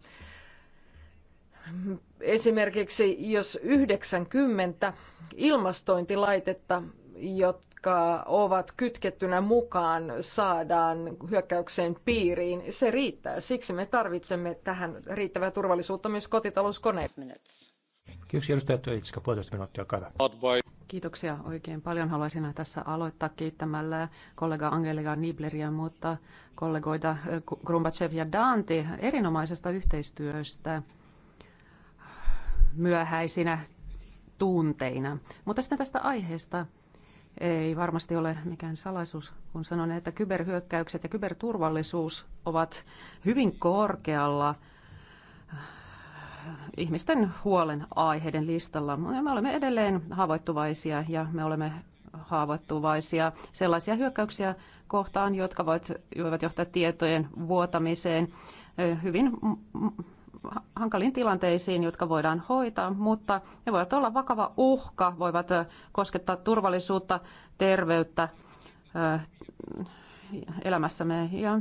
Esimerkiksi jos 90 ilmastointilaitetta, jotka ovat kytkettynä mukaan, saadaan hyökkäyksen piiriin, se riittää. Siksi me tarvitsemme tähän riittävää turvallisuutta myös kotitalouskoneille. Kiitos edustaja Töitska, puolitoista minuuttia, olkaa Kiitoksia oikein paljon. Haluaisin tässä aloittaa kiittämällä kollega Angelika Nibleria, mutta kollegoita Grumbachev ja Danti erinomaisesta yhteistyöstä myöhäisinä tunteina. Mutta sitten tästä aiheesta ei varmasti ole mikään salaisuus, kun sanon, että kyberhyökkäykset ja kyberturvallisuus ovat hyvin korkealla ihmisten huolen aiheiden listalla. Me olemme edelleen haavoittuvaisia ja me olemme haavoittuvaisia sellaisia hyökkäyksiä kohtaan, jotka voivat johtaa tietojen vuotamiseen hyvin hankaliin tilanteisiin, jotka voidaan hoitaa, mutta ne voivat olla vakava uhka, voivat koskettaa turvallisuutta, terveyttä elämässämme. Ja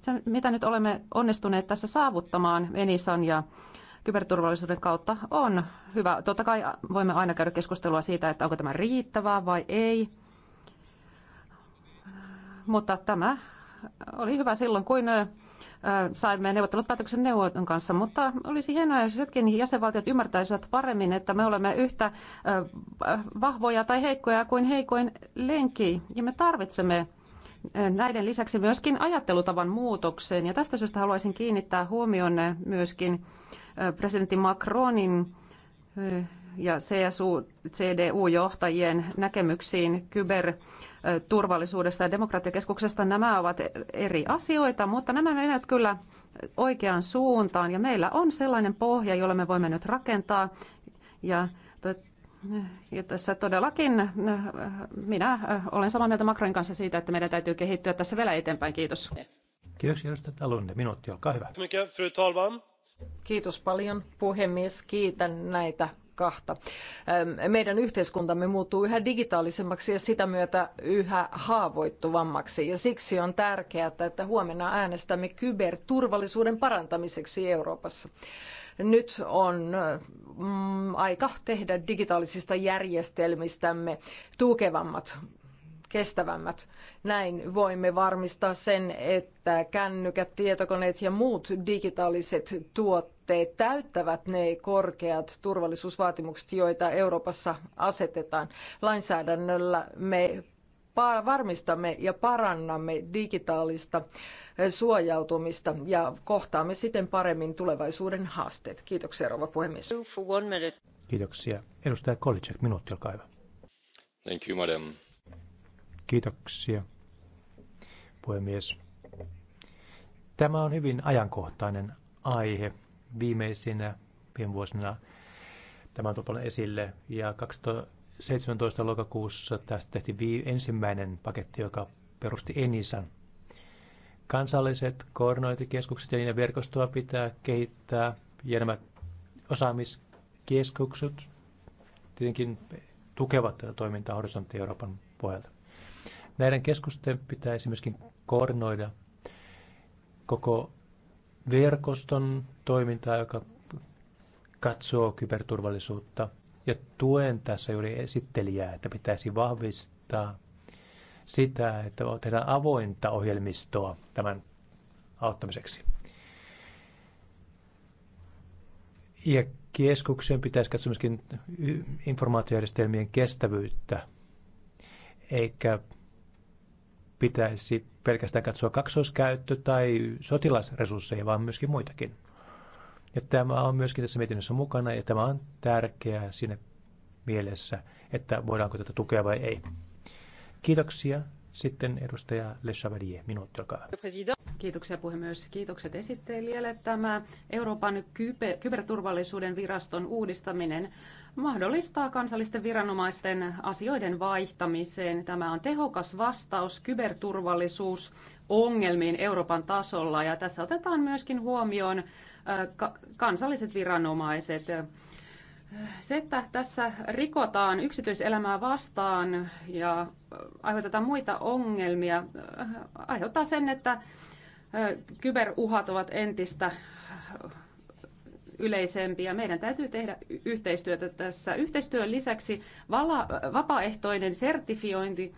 se, mitä nyt olemme onnistuneet tässä saavuttamaan Enisan ja kyberturvallisuuden kautta on hyvä. Totta kai voimme aina käydä keskustelua siitä, että onko tämä riittävää vai ei. Mutta tämä oli hyvä silloin, kun saimme neuvottelut päätöksen kanssa, mutta olisi hienoa, jos jotkin jäsenvaltiot ymmärtäisivät paremmin, että me olemme yhtä vahvoja tai heikkoja kuin heikoin lenki, ja me tarvitsemme näiden lisäksi myöskin ajattelutavan muutokseen, ja tästä syystä haluaisin kiinnittää huomionne myöskin presidentti Macronin ja CSU, CDU-johtajien näkemyksiin kyberturvallisuudesta ja demokratiakeskuksesta. Nämä ovat eri asioita, mutta nämä menevät kyllä oikeaan suuntaan ja meillä on sellainen pohja, jolla me voimme nyt rakentaa ja ja tässä todellakin minä olen samaa mieltä Macronin kanssa siitä, että meidän täytyy kehittyä tässä vielä eteenpäin. Kiitos. Kiitos, edustaja Talunne. Minuutti, olkaa hyvä. Fru talman. Kiitos paljon puhemies. Kiitän näitä kahta. Meidän yhteiskuntamme muuttuu yhä digitaalisemmaksi ja sitä myötä yhä haavoittuvammaksi. Ja siksi on tärkeää, että huomenna äänestämme kyberturvallisuuden parantamiseksi Euroopassa. Nyt on mm, aika tehdä digitaalisista järjestelmistämme tukevammat kestävämmät. Näin voimme varmistaa sen, että kännykät, tietokoneet ja muut digitaaliset tuotteet täyttävät ne korkeat turvallisuusvaatimukset, joita Euroopassa asetetaan. Lainsäädännöllä me varmistamme ja parannamme digitaalista suojautumista ja kohtaamme siten paremmin tulevaisuuden haasteet. Kiitoksia, rouva puhemies. Kiitoksia. Edustaja Kolicek, minuutti, olkaa hyvä. Thank you, madam Kiitoksia, puhemies. Tämä on hyvin ajankohtainen aihe. Viimeisinä viime vuosina tämä on tullut esille ja 2017 lokakuussa tästä tehtiin ensimmäinen paketti, joka perusti Enisan. Kansalliset koordinointikeskukset ja niiden verkostoa pitää kehittää ja nämä osaamiskeskukset tietenkin tukevat tätä toimintaa Horisontti Euroopan pohjalta. Näiden keskusten pitäisi myöskin koordinoida koko verkoston toimintaa, joka katsoo kyberturvallisuutta. Ja tuen tässä juuri esittelijää, että pitäisi vahvistaa sitä, että tehdään avointa ohjelmistoa tämän auttamiseksi. Ja keskuksen pitäisi katsoa myöskin informaatiojärjestelmien kestävyyttä, eikä pitäisi pelkästään katsoa kaksoiskäyttö tai sotilasresursseja, vaan myöskin muitakin. Ja tämä on myöskin tässä mietinnössä mukana ja tämä on tärkeää siinä mielessä, että voidaanko tätä tukea vai ei. Kiitoksia. Sitten edustaja Le Chavalier, minuutti olkaa Kiitoksia puhemies. Kiitokset esittelijälle. Tämä Euroopan kyberturvallisuuden viraston uudistaminen mahdollistaa kansallisten viranomaisten asioiden vaihtamiseen. Tämä on tehokas vastaus kyberturvallisuus ongelmiin Euroopan tasolla ja tässä otetaan myöskin huomioon kansalliset viranomaiset. Se, että tässä rikotaan yksityiselämää vastaan ja aiheutetaan muita ongelmia, aiheuttaa sen, että kyberuhat ovat entistä yleisempi ja meidän täytyy tehdä yhteistyötä tässä. Yhteistyön lisäksi vala, vapaaehtoinen sertifiointi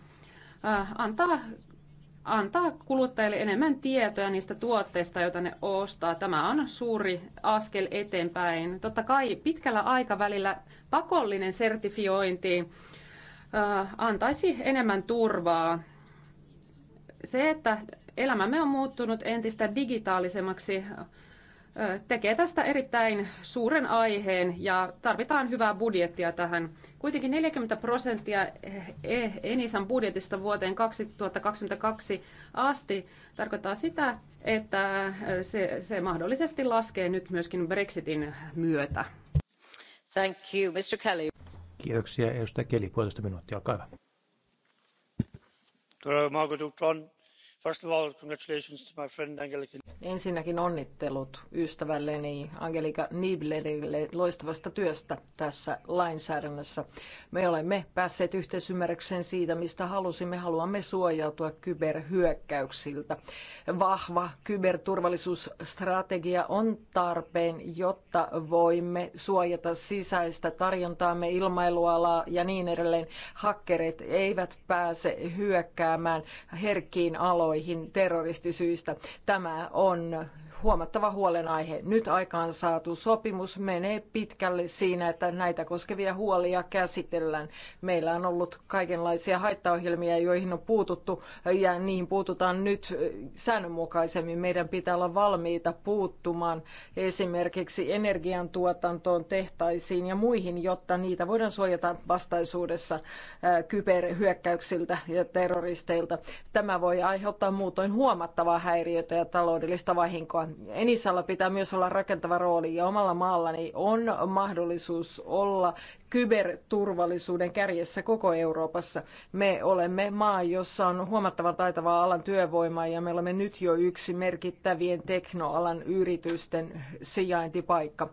antaa antaa kuluttajille enemmän tietoja niistä tuotteista, joita ne ostaa. Tämä on suuri askel eteenpäin. Totta kai pitkällä aikavälillä pakollinen sertifiointi antaisi enemmän turvaa. Se, että elämämme on muuttunut entistä digitaalisemmaksi, tekee tästä erittäin suuren aiheen ja tarvitaan hyvää budjettia tähän. Kuitenkin 40 prosenttia eh, eh, Enisan budjetista vuoteen 2022 asti tarkoittaa sitä, että se, se mahdollisesti laskee nyt myöskin Brexitin myötä. Thank you, Mr. Kelly. Kiitoksia, edustaja Kelly, puolitoista minuuttia, olkaa hyvä. Ensinnäkin onnittelut ystävälleni Angelika Niblerille loistavasta työstä tässä lainsäädännössä. Me olemme päässeet yhteisymmärrykseen siitä, mistä halusimme. Haluamme suojautua kyberhyökkäyksiltä. Vahva kyberturvallisuusstrategia on tarpeen, jotta voimme suojata sisäistä tarjontaamme ilmailualaa ja niin edelleen. Hakkerit eivät pääse hyökkäämään herkkiin aloihin joihin terroristisyistä. Tämä on huomattava huolenaihe. Nyt aikaan saatu sopimus menee pitkälle siinä, että näitä koskevia huolia käsitellään. Meillä on ollut kaikenlaisia haittaohjelmia, joihin on puututtu ja niihin puututaan nyt säännönmukaisemmin. Meidän pitää olla valmiita puuttumaan esimerkiksi energiantuotantoon, tehtaisiin ja muihin, jotta niitä voidaan suojata vastaisuudessa kyberhyökkäyksiltä ja terroristeilta. Tämä voi aiheuttaa muutoin huomattavaa häiriötä ja taloudellista vahinkoa. Enisalla pitää myös olla rakentava rooli ja omalla maallani on mahdollisuus olla kyberturvallisuuden kärjessä koko Euroopassa. Me olemme maa, jossa on huomattavan taitavaa alan työvoimaa ja me olemme nyt jo yksi merkittävien teknoalan yritysten sijaintipaikka.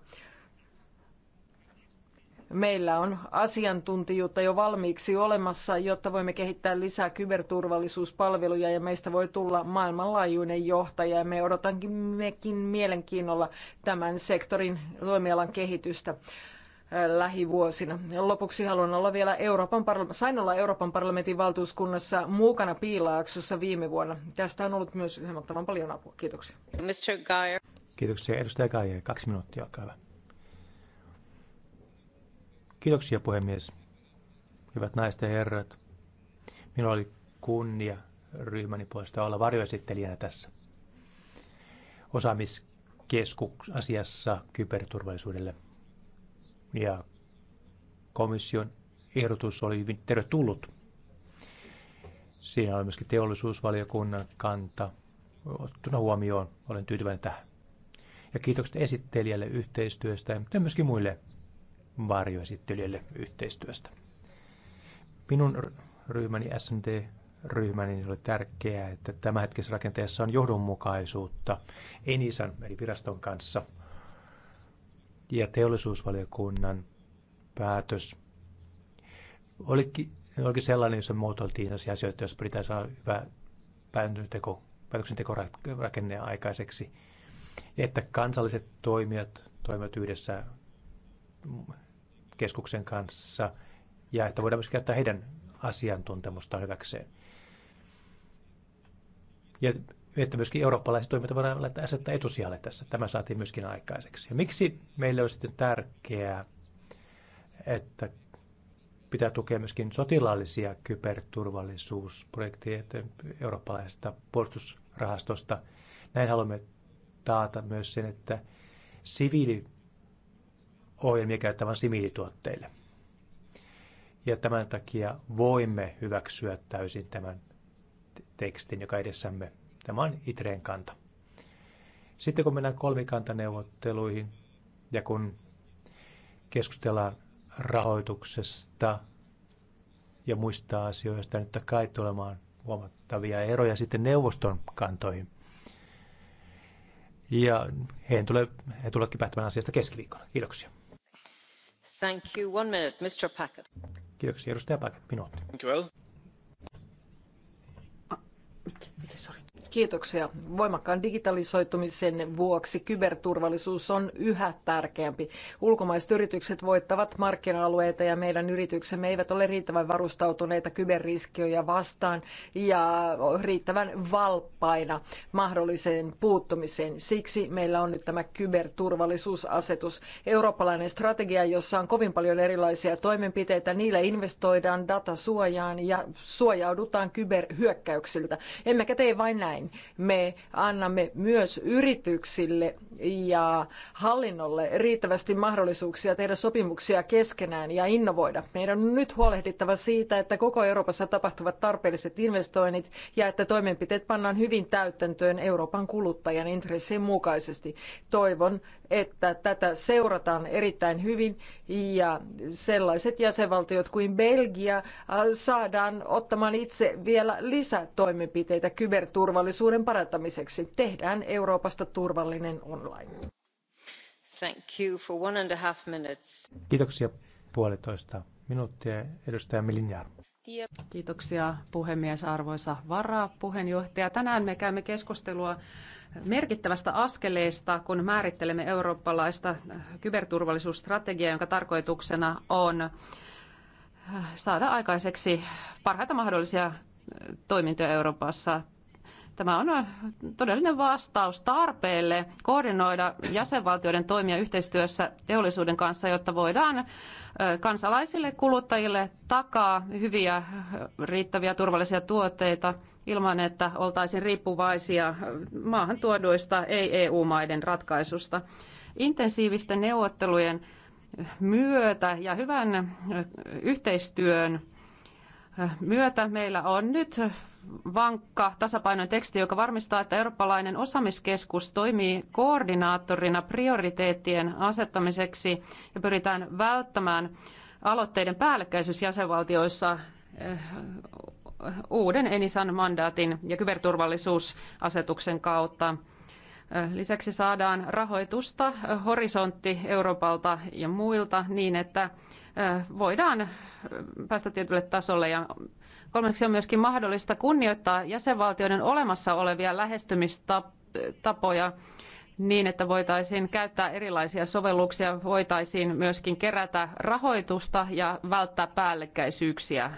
Meillä on asiantuntijuutta jo valmiiksi olemassa, jotta voimme kehittää lisää kyberturvallisuuspalveluja ja meistä voi tulla maailmanlaajuinen johtaja. Ja me odotankin mielenkiinnolla tämän sektorin toimialan kehitystä äh, lähivuosina. Lopuksi haluan olla vielä Euroopan parlamentin, sain olla Euroopan parlamentin valtuuskunnassa mukana Piilaaksossa viime vuonna. Tästä on ollut myös yhden paljon apua. Kiitoksia. Mr. Geyer. Kiitoksia. Edustaja Geyer, kaksi minuuttia, olkaa hyvä. Kiitoksia puhemies. Hyvät naiset ja herrat. Minulla oli kunnia ryhmäni puolesta olla varjoesittelijänä tässä osaamiskeskusasiassa kyberturvallisuudelle. Ja komission ehdotus oli hyvin tervetullut. Siinä oli myöskin teollisuusvaliokunnan kanta ottuna huomioon. Olen tyytyväinen tähän. Ja kiitokset esittelijälle yhteistyöstä ja myöskin muille varjoesittelijälle yhteistyöstä. Minun ryhmäni SND ryhmäni niin oli tärkeää, että tämä hetkessä rakenteessa on johdonmukaisuutta Enisan eli viraston kanssa ja teollisuusvaliokunnan päätös olikin, olikin sellainen, jossa muotoiltiin asioita, joissa pitäisi saada hyvä päätöksenteko, päätöksentekorakenne aikaiseksi, että kansalliset toimijat toimivat yhdessä keskuksen kanssa ja että voidaan myös käyttää heidän asiantuntemusta hyväkseen. Ja että myöskin eurooppalaiset toimijat voidaan laittaa asettaa etusijalle tässä. Tämä saatiin myöskin aikaiseksi. Ja miksi meille on sitten tärkeää, että pitää tukea myöskin sotilaallisia kyberturvallisuusprojekteja eurooppalaisesta puolustusrahastosta. Näin haluamme taata myös sen, että siviili ohjelmia käyttävän similituotteille. Ja tämän takia voimme hyväksyä täysin tämän tekstin, joka edessämme. Tämä on Itreen kanta. Sitten kun mennään kolmikantaneuvotteluihin ja kun keskustellaan rahoituksesta ja muista asioista, nyt kai tulemaan huomattavia eroja sitten neuvoston kantoihin. Ja he tulevat, he tulevatkin päättämään asiasta keskiviikkona. Kiitoksia arvoisa puhemies Kiitoksia. Voimakkaan digitalisoitumisen vuoksi kyberturvallisuus on yhä tärkeämpi. Ulkomaiset yritykset voittavat markkina-alueita ja meidän yrityksemme eivät ole riittävän varustautuneita kyberriskiöjä vastaan ja riittävän valppaina mahdolliseen puuttumiseen. Siksi meillä on nyt tämä kyberturvallisuusasetus. Eurooppalainen strategia, jossa on kovin paljon erilaisia toimenpiteitä, niillä investoidaan datasuojaan ja suojaudutaan kyberhyökkäyksiltä. Emmekä tee vain näin näin. Me annamme myös yrityksille ja hallinnolle riittävästi mahdollisuuksia tehdä sopimuksia keskenään ja innovoida. Meidän on nyt huolehdittava siitä, että koko Euroopassa tapahtuvat tarpeelliset investoinnit ja että toimenpiteet pannaan hyvin täytäntöön Euroopan kuluttajan intressien mukaisesti. Toivon, että tätä seurataan erittäin hyvin ja sellaiset jäsenvaltiot kuin Belgia saadaan ottamaan itse vielä lisätoimenpiteitä kyberturvallisuuteen turvallisuuden parantamiseksi. Tehdään Euroopasta turvallinen online. Thank you for one and a half minutes. Kiitoksia puolitoista minuuttia. Edustaja Milinjar. Kiitoksia puhemies, arvoisa varapuheenjohtaja. Tänään me käymme keskustelua merkittävästä askeleesta, kun määrittelemme eurooppalaista kyberturvallisuusstrategiaa, jonka tarkoituksena on saada aikaiseksi parhaita mahdollisia toimintoja Euroopassa. Tämä on äh, todellinen vastaus tarpeelle koordinoida jäsenvaltioiden toimia yhteistyössä teollisuuden kanssa, jotta voidaan äh, kansalaisille kuluttajille takaa hyviä, äh, riittäviä turvallisia tuotteita ilman, että oltaisiin riippuvaisia maahan tuoduista ei-EU-maiden ratkaisusta. Intensiivisten neuvottelujen myötä ja hyvän yhteistyön myötä meillä on nyt vankka tasapainoinen teksti, joka varmistaa, että eurooppalainen osaamiskeskus toimii koordinaattorina prioriteettien asettamiseksi ja pyritään välttämään aloitteiden päällekkäisyys jäsenvaltioissa eh, uuden Enisan mandaatin ja kyberturvallisuusasetuksen kautta. Eh, lisäksi saadaan rahoitusta horisontti Euroopalta ja muilta niin, että eh, voidaan päästä tietylle tasolle ja Kolmanneksi on myöskin mahdollista kunnioittaa jäsenvaltioiden olemassa olevia lähestymistapoja niin, että voitaisiin käyttää erilaisia sovelluksia, voitaisiin myöskin kerätä rahoitusta ja välttää päällekkäisyyksiä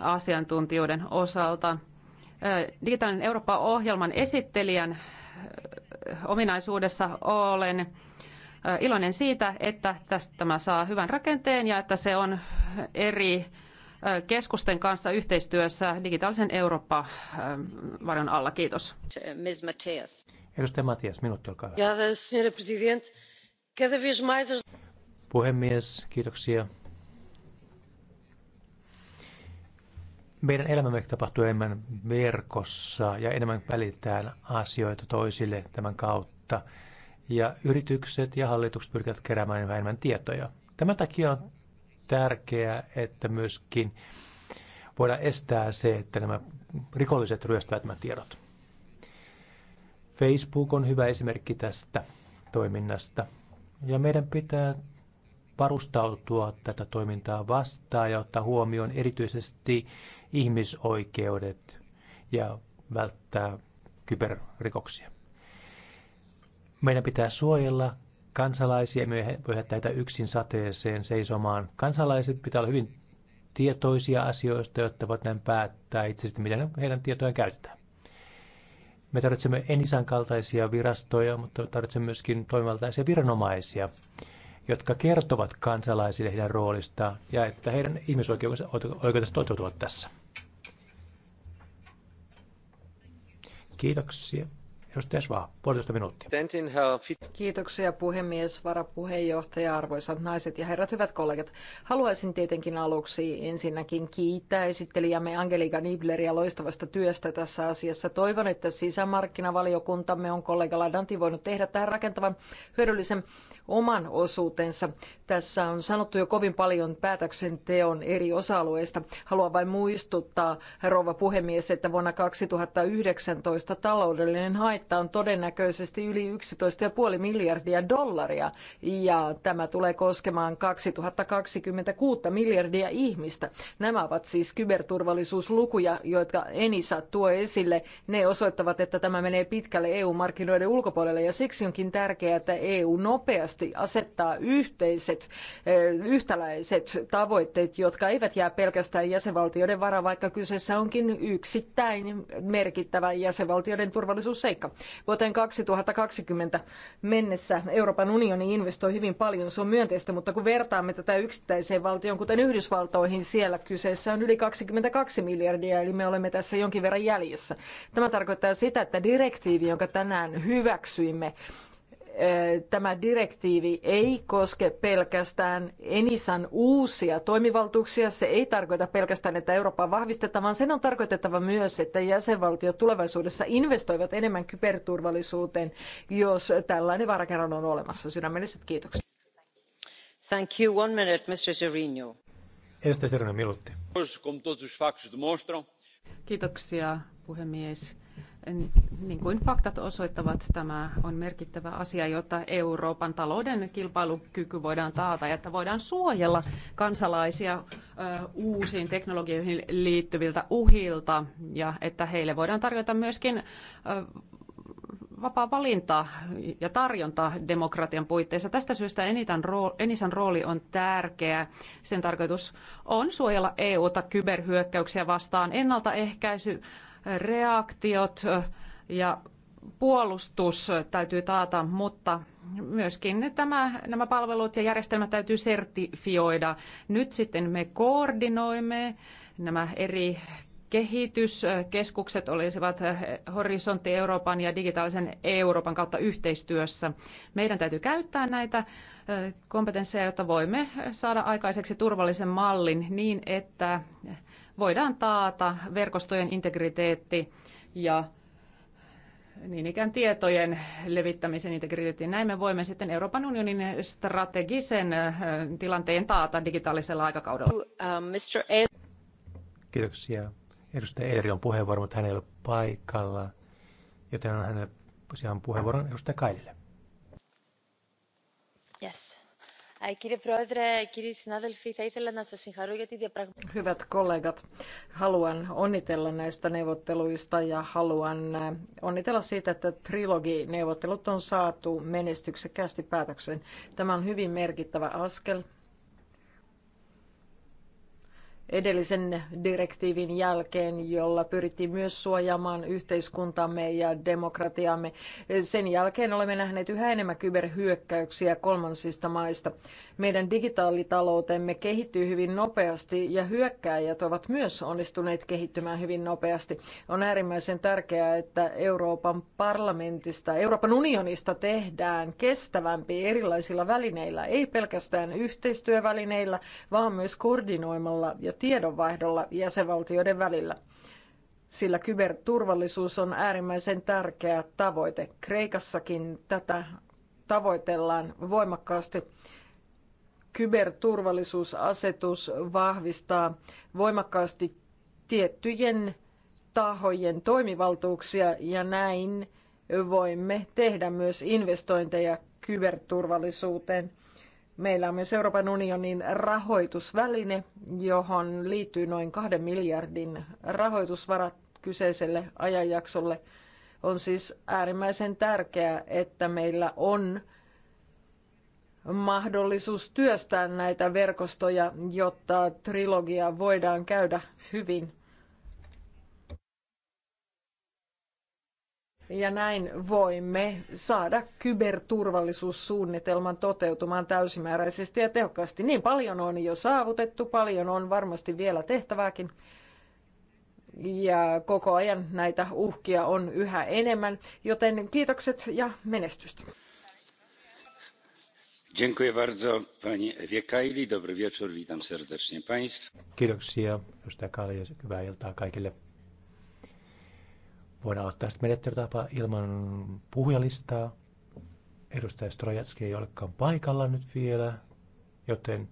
asiantuntijoiden osalta. Digitaalinen Eurooppa-ohjelman esittelijän ominaisuudessa olen iloinen siitä, että tästä tämä saa hyvän rakenteen ja että se on eri keskusten kanssa yhteistyössä digitaalisen Eurooppa varjon alla. Kiitos. Matias. Edustaja Matias, minuutti olkaa hyvä. Puhemies, kiitoksia. meidän elämämme tapahtuu enemmän verkossa ja enemmän välitään asioita toisille tämän kautta. Ja yritykset ja hallitukset pyrkivät keräämään enemmän tietoja. Tämän takia on tärkeää, että myöskin voidaan estää se, että nämä rikolliset ryöstävät nämä tiedot. Facebook on hyvä esimerkki tästä toiminnasta. Ja meidän pitää varustautua tätä toimintaa vastaan ja ottaa huomioon erityisesti ihmisoikeudet ja välttää kyberrikoksia. Meidän pitää suojella kansalaisia, me pyhättää heitä yksin sateeseen seisomaan. Kansalaiset pitää olla hyvin tietoisia asioista, jotta voit näin päättää itse asiassa, miten heidän tietojaan käytetään. Me tarvitsemme Enisan kaltaisia virastoja, mutta tarvitsemme myöskin toimivaltaisia viranomaisia, jotka kertovat kansalaisille heidän roolistaan ja että heidän ihmisoikeutensa toteutuvat tässä. Kiitoksia. Edustaja Svaa, puolitoista minuuttia. Kiitoksia puhemies, varapuheenjohtaja, arvoisat naiset ja herrat, hyvät kollegat. Haluaisin tietenkin aluksi ensinnäkin kiittää esittelijämme Angelika Nibleria loistavasta työstä tässä asiassa. Toivon, että sisämarkkinavaliokuntamme on kollega Ladanti voinut tehdä tähän rakentavan hyödyllisen oman osuutensa. Tässä on sanottu jo kovin paljon päätöksenteon eri osa-alueista. Haluan vain muistuttaa, rouva puhemies, että vuonna 2019 taloudellinen haitta on todennäköisesti yli 11,5 miljardia dollaria ja tämä tulee koskemaan 2026 miljardia ihmistä. Nämä ovat siis kyberturvallisuuslukuja, jotka Enisa tuo esille. Ne osoittavat, että tämä menee pitkälle EU-markkinoiden ulkopuolelle ja siksi onkin tärkeää, että EU nopeasti rohkeasti asettaa yhteiset, yhtäläiset tavoitteet, jotka eivät jää pelkästään jäsenvaltioiden varaan, vaikka kyseessä onkin yksittäin merkittävä jäsenvaltioiden turvallisuusseikka. Vuoteen 2020 mennessä Euroopan unioni investoi hyvin paljon, se on myönteistä, mutta kun vertaamme tätä yksittäiseen valtioon, kuten Yhdysvaltoihin, siellä kyseessä on yli 22 miljardia, eli me olemme tässä jonkin verran jäljessä. Tämä tarkoittaa sitä, että direktiivi, jonka tänään hyväksyimme, tämä direktiivi ei koske pelkästään Enisan uusia toimivaltuuksia. Se ei tarkoita pelkästään, että Eurooppaa vahvistetaan, vaan sen on tarkoitettava myös, että jäsenvaltiot tulevaisuudessa investoivat enemmän kyberturvallisuuteen, jos tällainen varakerran on olemassa. Sydämelliset kiitokset. Thank you. One minute, Mr. Serino. Edustaja Serino, minuutti. Kiitoksia, puhemies niin kuin faktat osoittavat, tämä on merkittävä asia, jotta Euroopan talouden kilpailukyky voidaan taata ja että voidaan suojella kansalaisia uusiin teknologioihin liittyviltä uhilta ja että heille voidaan tarjota myöskin vapaa valinta ja tarjonta demokratian puitteissa. Tästä syystä Enisan rooli on tärkeä. Sen tarkoitus on suojella EUta kyberhyökkäyksiä vastaan. Ennaltaehkäisy reaktiot ja puolustus täytyy taata, mutta myöskin tämä, nämä palvelut ja järjestelmät täytyy sertifioida. Nyt sitten me koordinoimme nämä eri kehityskeskukset olisivat Horisontti Euroopan ja digitaalisen Euroopan kautta yhteistyössä. Meidän täytyy käyttää näitä kompetensseja, jotta voimme saada aikaiseksi turvallisen mallin niin, että voidaan taata verkostojen integriteetti ja niin ikään tietojen levittämisen integriteetti Näin me voimme sitten Euroopan unionin strategisen tilanteen taata digitaalisella aikakaudella. Uh, Kiitoksia. Edustaja Eeri on puheenvuoro, mutta hän ei ole paikalla, joten on hänelle puheenvuoron edustaja Kailille. Yes. Hyvät kollegat, haluan onnitella näistä neuvotteluista ja haluan äh, onnitella siitä, että trilogineuvottelut on saatu menestyksekkäästi päätökseen. Tämä on hyvin merkittävä askel edellisen direktiivin jälkeen, jolla pyrittiin myös suojaamaan yhteiskuntamme ja demokratiamme. Sen jälkeen olemme nähneet yhä enemmän kyberhyökkäyksiä kolmansista maista. Meidän digitaalitaloutemme kehittyy hyvin nopeasti ja hyökkääjät ovat myös onnistuneet kehittymään hyvin nopeasti. On äärimmäisen tärkeää, että Euroopan parlamentista, Euroopan unionista tehdään kestävämpi erilaisilla välineillä, ei pelkästään yhteistyövälineillä, vaan myös koordinoimalla ja tiedonvaihdolla jäsenvaltioiden välillä. Sillä kyberturvallisuus on äärimmäisen tärkeä tavoite. Kreikassakin tätä tavoitellaan voimakkaasti. Kyberturvallisuusasetus vahvistaa voimakkaasti tiettyjen tahojen toimivaltuuksia ja näin voimme tehdä myös investointeja kyberturvallisuuteen. Meillä on myös Euroopan unionin rahoitusväline, johon liittyy noin kahden miljardin rahoitusvarat kyseiselle ajanjaksolle. On siis äärimmäisen tärkeää, että meillä on mahdollisuus työstää näitä verkostoja, jotta trilogia voidaan käydä hyvin Ja näin voimme saada kyberturvallisuussuunnitelman toteutumaan täysimääräisesti ja tehokkaasti. Niin paljon on jo saavutettu, paljon on varmasti vielä tehtävääkin. Ja koko ajan näitä uhkia on yhä enemmän, joten kiitokset ja menestystä. Dziękuję bardzo pani Ewie Kaili. Dobry wieczór, witam serdecznie państwa. Kiitoksia, edustaja ja Hyvää iltaa kaikille. Voidaan ottaa sitten menettelytapa ilman puhujalistaa. Edustaja Strojatski ei olekaan paikalla nyt vielä, joten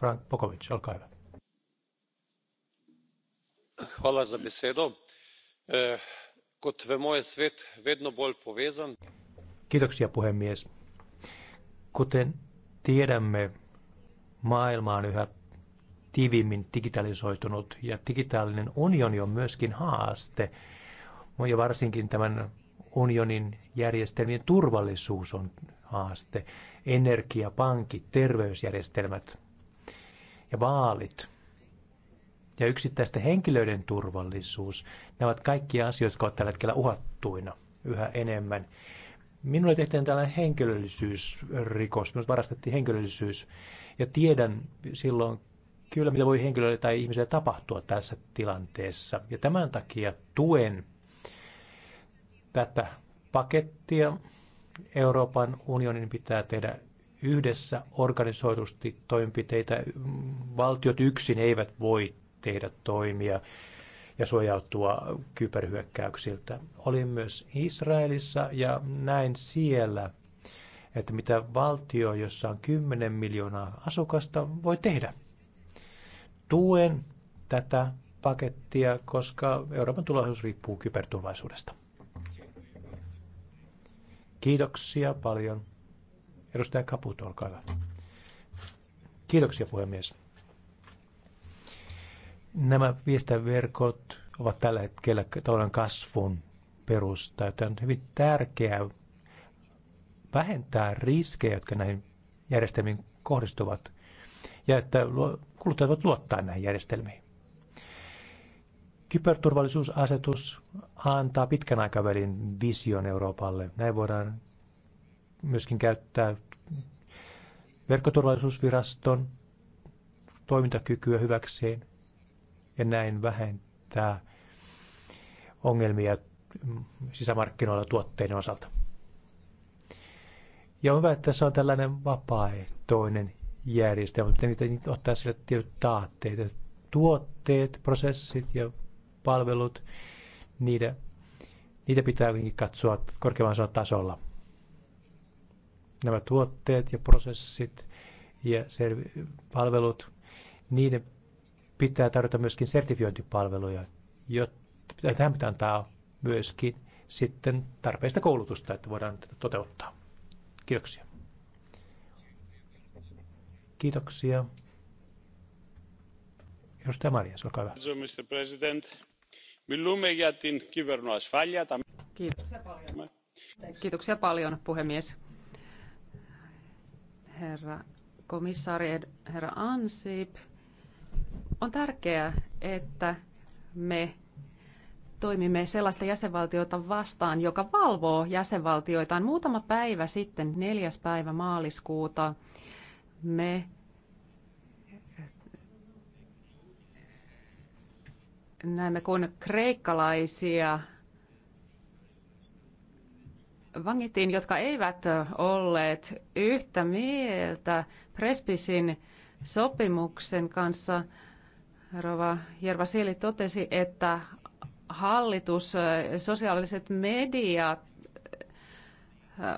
Frank Pokovic, olkaa hyvä. Hvala za besedo. Eh, kot vemo, je svet vedno bolj povezan. Kiitoksia puhemies. Kuten tiedämme, maailma on yhä tiivimmin digitalisoitunut ja digitaalinen unioni on myöskin haaste. Ja varsinkin tämän unionin järjestelmien turvallisuus on haaste. Energia, pankit, terveysjärjestelmät ja vaalit ja yksittäisten henkilöiden turvallisuus. Nämä ovat kaikki asioita, jotka ovat tällä hetkellä uhattuina yhä enemmän. Minulle tehtiin tällainen henkilöllisyysrikos, minusta varastettiin henkilöllisyys. Ja tiedän silloin kyllä, mitä voi henkilölle tai ihmiselle tapahtua tässä tilanteessa. Ja tämän takia tuen tätä pakettia. Euroopan unionin pitää tehdä yhdessä organisoidusti toimenpiteitä. Valtiot yksin eivät voi tehdä toimia ja suojautua kyberhyökkäyksiltä. Olin myös Israelissa ja näin siellä, että mitä valtio, jossa on 10 miljoonaa asukasta, voi tehdä tuen tätä pakettia, koska Euroopan tulevaisuus riippuu kyberturvallisuudesta. Kiitoksia paljon. Edustaja Kaputo, olkaa hyvä. Kiitoksia puhemies. Nämä viestintäverkot ovat tällä hetkellä talouden kasvun perusta, joten on hyvin tärkeää vähentää riskejä, jotka näihin järjestelmiin kohdistuvat ja että kuluttajat voivat luottaa näihin järjestelmiin. Kyberturvallisuusasetus antaa pitkän aikavälin vision Euroopalle. Näin voidaan myöskin käyttää verkkoturvallisuusviraston toimintakykyä hyväkseen ja näin vähentää ongelmia sisämarkkinoilla tuotteiden osalta. Ja on hyvä, että tässä on tällainen vapaaehtoinen mutta miten niitä ottaa sille tietyt taatteet, tuotteet, prosessit ja palvelut, niitä, niitä pitää jotenkin katsoa korkeammalla tasolla. Nämä tuotteet ja prosessit ja palvelut, niiden pitää tarjota myöskin sertifiointipalveluja, jotta tähän pitää antaa myöskin sitten tarpeista koulutusta, että voidaan tätä toteuttaa. Kiitoksia. Kiitoksia. Edustaja Marjas, olkaa hyvä. Kiitoksia paljon. Kiitoksia paljon, puhemies. Herra komissaari, herra Ansip, on tärkeää, että me toimimme sellaista jäsenvaltiota vastaan, joka valvoo jäsenvaltioitaan. Muutama päivä sitten, neljäs päivä maaliskuuta, me näemme, kun kreikkalaisia vangittiin, jotka eivät olleet yhtä mieltä Prespisin sopimuksen kanssa. Rova Jervasili totesi, että hallitus, sosiaaliset mediat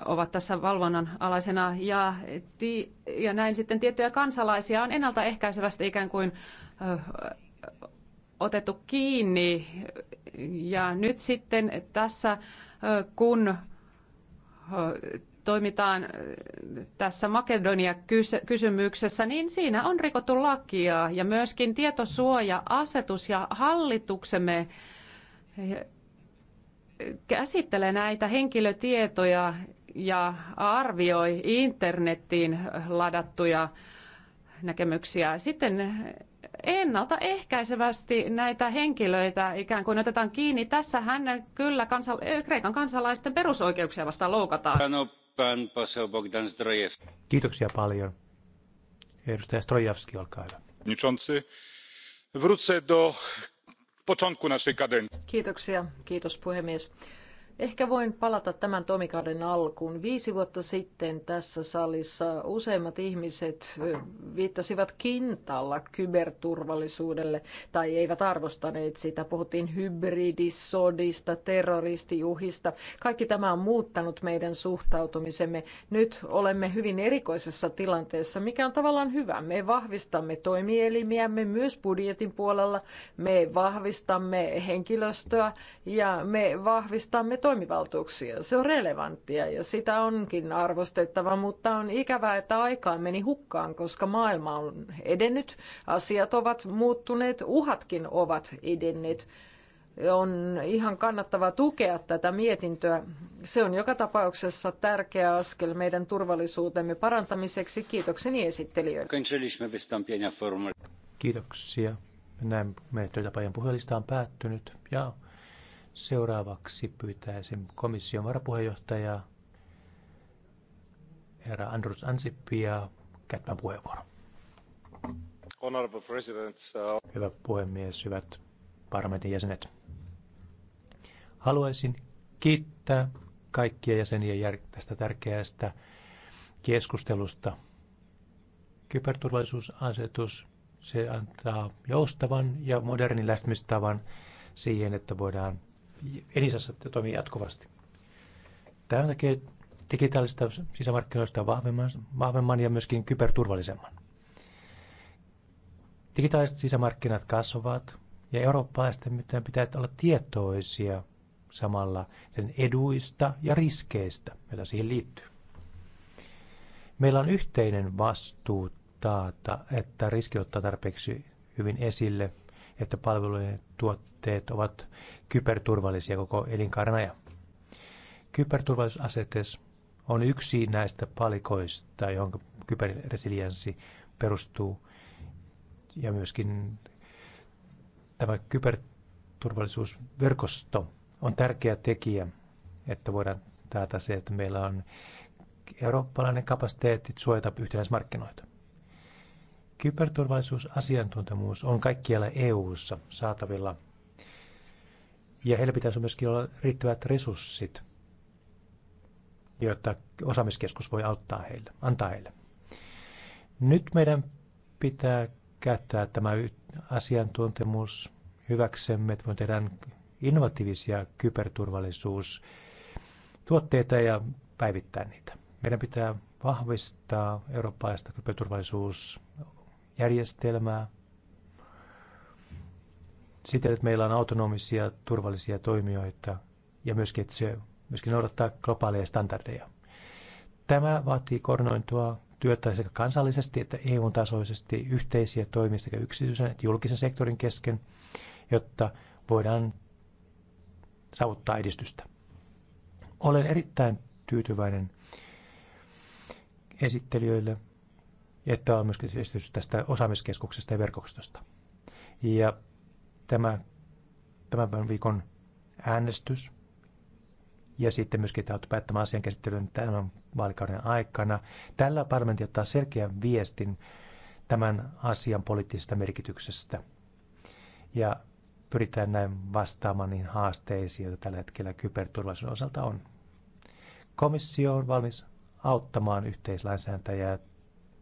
ovat tässä valvonnan alaisena ja, ti, ja näin sitten tiettyjä kansalaisia on ennaltaehkäisevästi ikään kuin ö, otettu kiinni ja nyt sitten tässä kun toimitaan tässä Makedonia-kysymyksessä, niin siinä on rikottu lakia ja myöskin tietosuoja-asetus ja hallituksemme käsittelee näitä henkilötietoja ja arvioi internettiin ladattuja näkemyksiä. Sitten ennaltaehkäisevästi näitä henkilöitä ikään kuin otetaan kiinni. tässä hän kyllä kansal- Kreikan kansalaisten perusoikeuksia vastaan loukataan. Kiitoksia paljon. Edustaja Strojavski, olkaa hyvä. Vrutse do początku naszej kadencji. Kiitoksia, kiitos puhemies. Ehkä voin palata tämän tomikauden alkuun. Viisi vuotta sitten tässä salissa useimmat ihmiset viittasivat kintalla kyberturvallisuudelle tai eivät arvostaneet sitä. Puhuttiin hybridisodista, terroristijuhista. Kaikki tämä on muuttanut meidän suhtautumisemme. Nyt olemme hyvin erikoisessa tilanteessa, mikä on tavallaan hyvä. Me vahvistamme toimielimiämme myös budjetin puolella. Me vahvistamme henkilöstöä ja me vahvistamme toimivaltuuksia. Se on relevanttia ja sitä onkin arvostettava, mutta on ikävää, että aikaa meni hukkaan, koska maailma on edennyt, asiat ovat muuttuneet, uhatkin ovat edenneet on ihan kannattava tukea tätä mietintöä. Se on joka tapauksessa tärkeä askel meidän turvallisuutemme parantamiseksi. Kiitokseni esittelijöille. Kiitoksia. Näin menettelytapajan puhelista on päättynyt ja Seuraavaksi pyytäisin komission varapuheenjohtajaa herra Andrus Ansippia käyttämään puheenvuoron. Honorable President. Uh, Hyvä puhemies, hyvät parlamentin jäsenet. Haluaisin kiittää kaikkia jäseniä tästä tärkeästä keskustelusta. Kyberturvallisuusasetus, se antaa joustavan ja modernin lähestymistavan siihen, että voidaan Enisassa toimii jatkuvasti. Tämä tekee digitaalista sisämarkkinoista vahvemman, vahvemman ja myöskin kyberturvallisemman. Digitaaliset sisämarkkinat kasvavat ja eurooppalaisten pitää olla tietoisia samalla sen eduista ja riskeistä, joita siihen liittyy. Meillä on yhteinen vastuu taata, että riski ottaa tarpeeksi hyvin esille että palvelujen tuotteet ovat kyberturvallisia koko elinkaaren ajan. Kyberturvallisuusasetes on yksi näistä palikoista, johon kyberresilienssi perustuu. Ja myöskin tämä kyberturvallisuusverkosto on tärkeä tekijä, että voidaan taata se, että meillä on eurooppalainen kapasiteetti suojata yhtenäismarkkinoita. Kyberturvallisuusasiantuntemus on kaikkialla EU-ssa saatavilla ja heillä pitäisi myöskin olla riittävät resurssit, jotta osaamiskeskus voi auttaa heille, antaa heille. Nyt meidän pitää käyttää tämä asiantuntemus hyväksemme, että voimme tehdä innovatiivisia kyberturvallisuustuotteita ja päivittää niitä. Meidän pitää vahvistaa eurooppalaista kyberturvallisuus järjestelmää siten, että meillä on autonomisia, turvallisia toimijoita ja myöskin, että se myöskin noudattaa globaaleja standardeja. Tämä vaatii koordinointua työtä sekä kansallisesti että EU-tasoisesti yhteisiä toimia sekä yksityisen että julkisen sektorin kesken, jotta voidaan saavuttaa edistystä. Olen erittäin tyytyväinen esittelijöille että on myöskin esitys tästä osaamiskeskuksesta ja verkostosta. Ja tämä tämän viikon äänestys ja sitten myöskin tämä päättämään asian käsittelyn tämän vaalikauden aikana. Tällä parlamentti ottaa selkeän viestin tämän asian poliittisesta merkityksestä ja pyritään näin vastaamaan niihin haasteisiin, joita tällä hetkellä kyberturvallisuuden osalta on. Komissio on valmis auttamaan yhteislainsäätäjää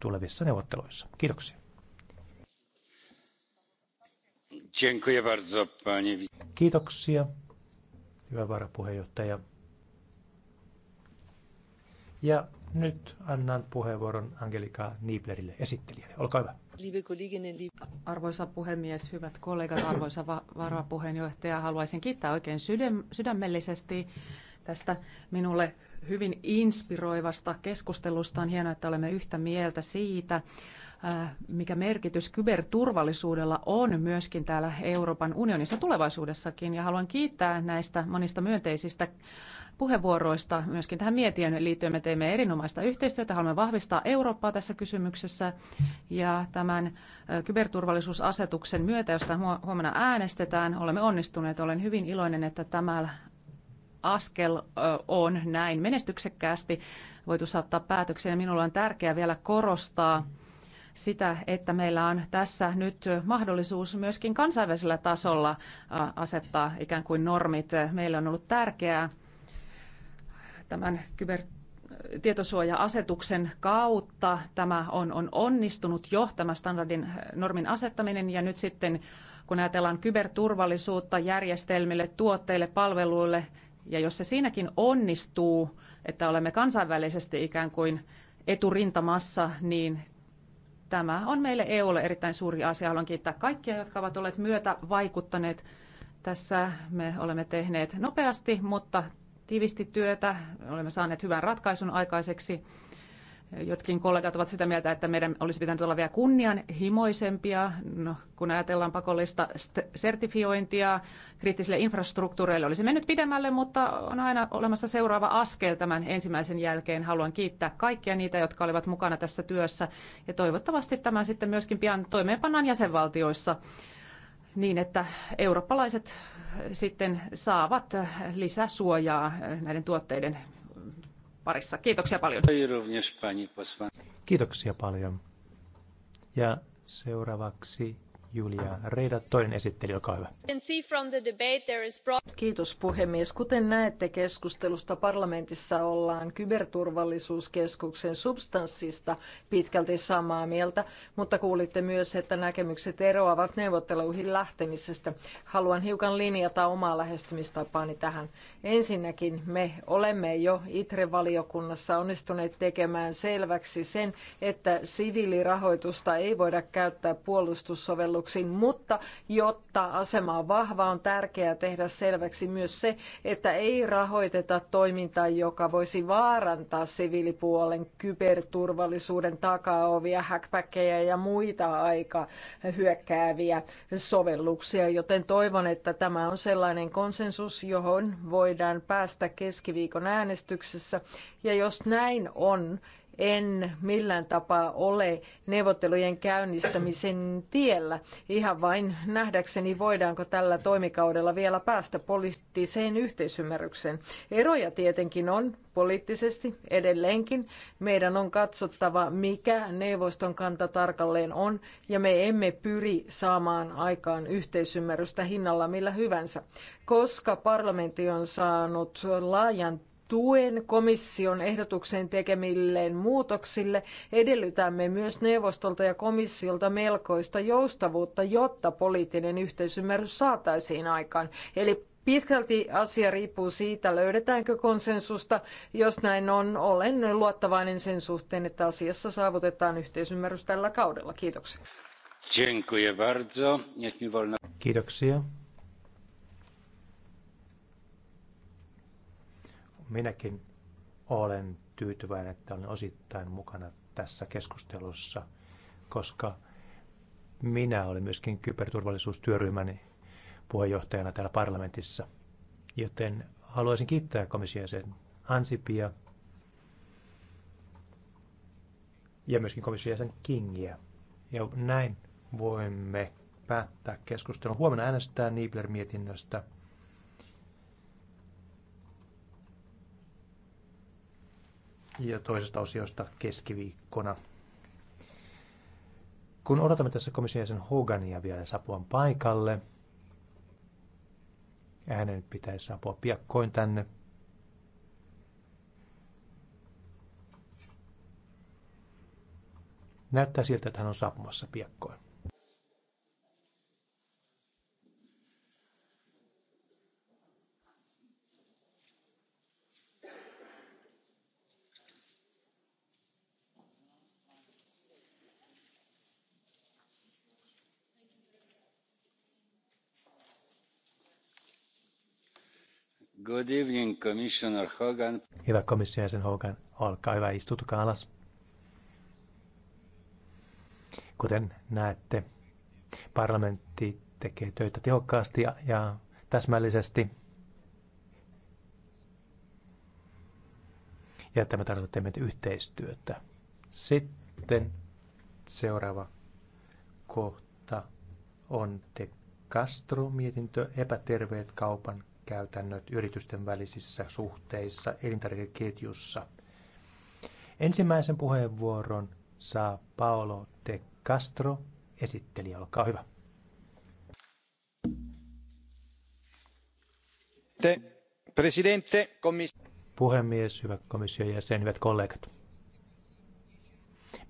tulevissa neuvotteluissa. Kiitoksia. Kiitoksia, hyvä varapuheenjohtaja. Ja nyt annan puheenvuoron Angelika Nieblerille esittelijälle. Olkaa hyvä. Arvoisa puhemies, hyvät kollegat, arvoisa varapuheenjohtaja, haluaisin kiittää oikein sydämellisesti tästä minulle hyvin inspiroivasta keskustelusta. On hienoa, että olemme yhtä mieltä siitä, äh, mikä merkitys kyberturvallisuudella on myöskin täällä Euroopan unionissa tulevaisuudessakin. Ja haluan kiittää näistä monista myönteisistä puheenvuoroista myöskin tähän mietien liittyen. Me teemme erinomaista yhteistyötä, haluamme vahvistaa Eurooppaa tässä kysymyksessä. Ja tämän äh, kyberturvallisuusasetuksen myötä, josta huomenna äänestetään, olemme onnistuneet. Olen hyvin iloinen, että tämä askel on näin menestyksekkäästi voitu saattaa päätökseen. Minulla on tärkeää vielä korostaa sitä, että meillä on tässä nyt mahdollisuus myöskin kansainvälisellä tasolla asettaa ikään kuin normit. Meillä on ollut tärkeää tämän kyber tietosuoja-asetuksen kautta tämä on, on onnistunut jo tämä standardin normin asettaminen ja nyt sitten kun ajatellaan kyberturvallisuutta järjestelmille, tuotteille, palveluille, ja jos se siinäkin onnistuu, että olemme kansainvälisesti ikään kuin eturintamassa, niin tämä on meille EUlle erittäin suuri asia. Haluan kiittää kaikkia, jotka ovat olleet myötä vaikuttaneet. Tässä me olemme tehneet nopeasti, mutta tiivisti työtä. Olemme saaneet hyvän ratkaisun aikaiseksi. Jotkin kollegat ovat sitä mieltä, että meidän olisi pitänyt olla vielä kunnianhimoisempia, no, kun ajatellaan pakollista sertifiointia kriittisille infrastruktuureille. Olisi mennyt pidemmälle, mutta on aina olemassa seuraava askel tämän ensimmäisen jälkeen. Haluan kiittää kaikkia niitä, jotka olivat mukana tässä työssä ja toivottavasti tämä sitten myöskin pian toimeenpannaan jäsenvaltioissa niin, että eurooppalaiset sitten saavat lisäsuojaa näiden tuotteiden parissa. Kiitoksia paljon. Kiitoksia paljon. Ja seuraavaksi Julia Reida, toinen esitteli, olkaa hyvä. Kiitos puhemies. Kuten näette keskustelusta parlamentissa ollaan kyberturvallisuuskeskuksen substanssista pitkälti samaa mieltä, mutta kuulitte myös, että näkemykset eroavat neuvotteluihin lähtemisestä. Haluan hiukan linjata omaa lähestymistapaani tähän. Ensinnäkin me olemme jo ITRE-valiokunnassa onnistuneet tekemään selväksi sen, että siviilirahoitusta ei voida käyttää puolustussovellukseen oikeuksiin, mutta jotta asema on vahva, on tärkeää tehdä selväksi myös se, että ei rahoiteta toimintaa, joka voisi vaarantaa siviilipuolen kyberturvallisuuden takaovia, hackbackeja ja muita aika hyökkääviä sovelluksia, joten toivon, että tämä on sellainen konsensus, johon voidaan päästä keskiviikon äänestyksessä. Ja jos näin on, en millään tapaa ole neuvottelujen käynnistämisen tiellä. Ihan vain nähdäkseni, voidaanko tällä toimikaudella vielä päästä poliittiseen yhteisymmärrykseen. Eroja tietenkin on poliittisesti edelleenkin. Meidän on katsottava, mikä neuvoston kanta tarkalleen on, ja me emme pyri saamaan aikaan yhteisymmärrystä hinnalla millä hyvänsä. Koska parlamentti on saanut laajan tuen komission ehdotuksen tekemilleen muutoksille, edellytämme myös neuvostolta ja komissiolta melkoista joustavuutta, jotta poliittinen yhteisymmärrys saataisiin aikaan. Eli Pitkälti asia riippuu siitä, löydetäänkö konsensusta. Jos näin on, olen luottavainen sen suhteen, että asiassa saavutetaan yhteisymmärrys tällä kaudella. Kiitoksia. Kiitoksia. Minäkin olen tyytyväinen, että olen osittain mukana tässä keskustelussa, koska minä olin myöskin kyberturvallisuustyöryhmän puheenjohtajana täällä parlamentissa. Joten haluaisin kiittää komission sen Ansipia ja myöskin komission jäsen Kingiä. Ja näin voimme päättää keskustelun. Huomenna äänestää Niibler-mietinnöstä. ja toisesta osiosta keskiviikkona. Kun odotamme tässä komission jäsen Hogania vielä sapuan paikalle, ja hänen nyt pitäisi saapua piakkoin tänne. Näyttää siltä, että hän on saapumassa piakkoin. Good evening, Commissioner Hogan. Hyvä komission jäsen Hogan, olkaa hyvä, istutukaa alas. Kuten näette, parlamentti tekee töitä tehokkaasti ja, ja täsmällisesti. Ja tämä tarkoittaa meitä yhteistyötä. Sitten seuraava kohta on De Castro-mietintö, epäterveet kaupan käytännöt yritysten välisissä suhteissa elintarvikeketjussa. Ensimmäisen puheenvuoron saa Paolo de Castro, esittelijä, olkaa hyvä. Te, presidente, komis- Puhemies, hyvä komission jäsen, hyvät kollegat.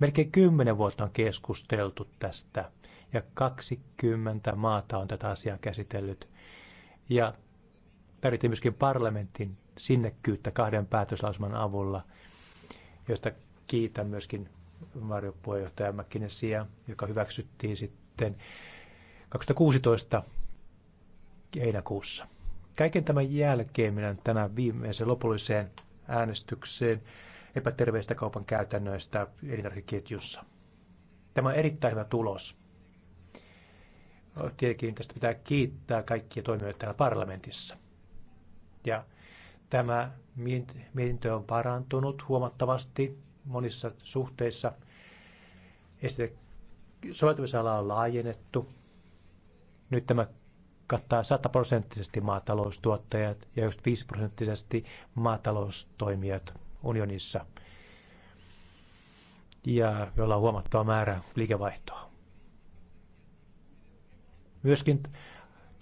Melkein kymmenen vuotta on keskusteltu tästä ja 20 maata on tätä asiaa käsitellyt. Ja tarvittiin myöskin parlamentin sinnekkyyttä kahden päätöslausman avulla, josta kiitän myöskin varjopuheenjohtaja Mäkkinesiä, joka hyväksyttiin sitten 2016 heinäkuussa. Kaiken tämän jälkeen minä tänään viimeiseen lopulliseen äänestykseen epäterveistä kaupan käytännöistä elintarvikeketjussa. Tämä on erittäin hyvä tulos. Tietenkin tästä pitää kiittää kaikkia toimijoita täällä parlamentissa. Ja tämä mietintö on parantunut huomattavasti monissa suhteissa. Soveltamisala on laajennettu. Nyt tämä kattaa 100 prosenttisesti maataloustuottajat ja 5 prosenttisesti maataloustoimijat unionissa. Ja jolla on huomattava määrä liikevaihtoa. Myöskin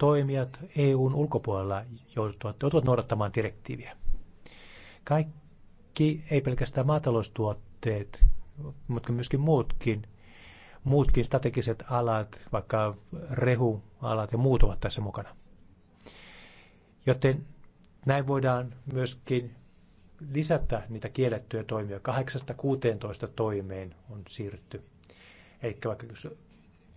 toimijat EUn ulkopuolella joutuvat, joutuvat noudattamaan direktiiviä. Kaikki, ei pelkästään maataloustuotteet, mutta myöskin muutkin, muutkin strategiset alat, vaikka rehualat ja muut ovat tässä mukana. Joten näin voidaan myöskin lisätä niitä kiellettyjä toimia. 8-16 toimeen on siirrytty. Eli vaikka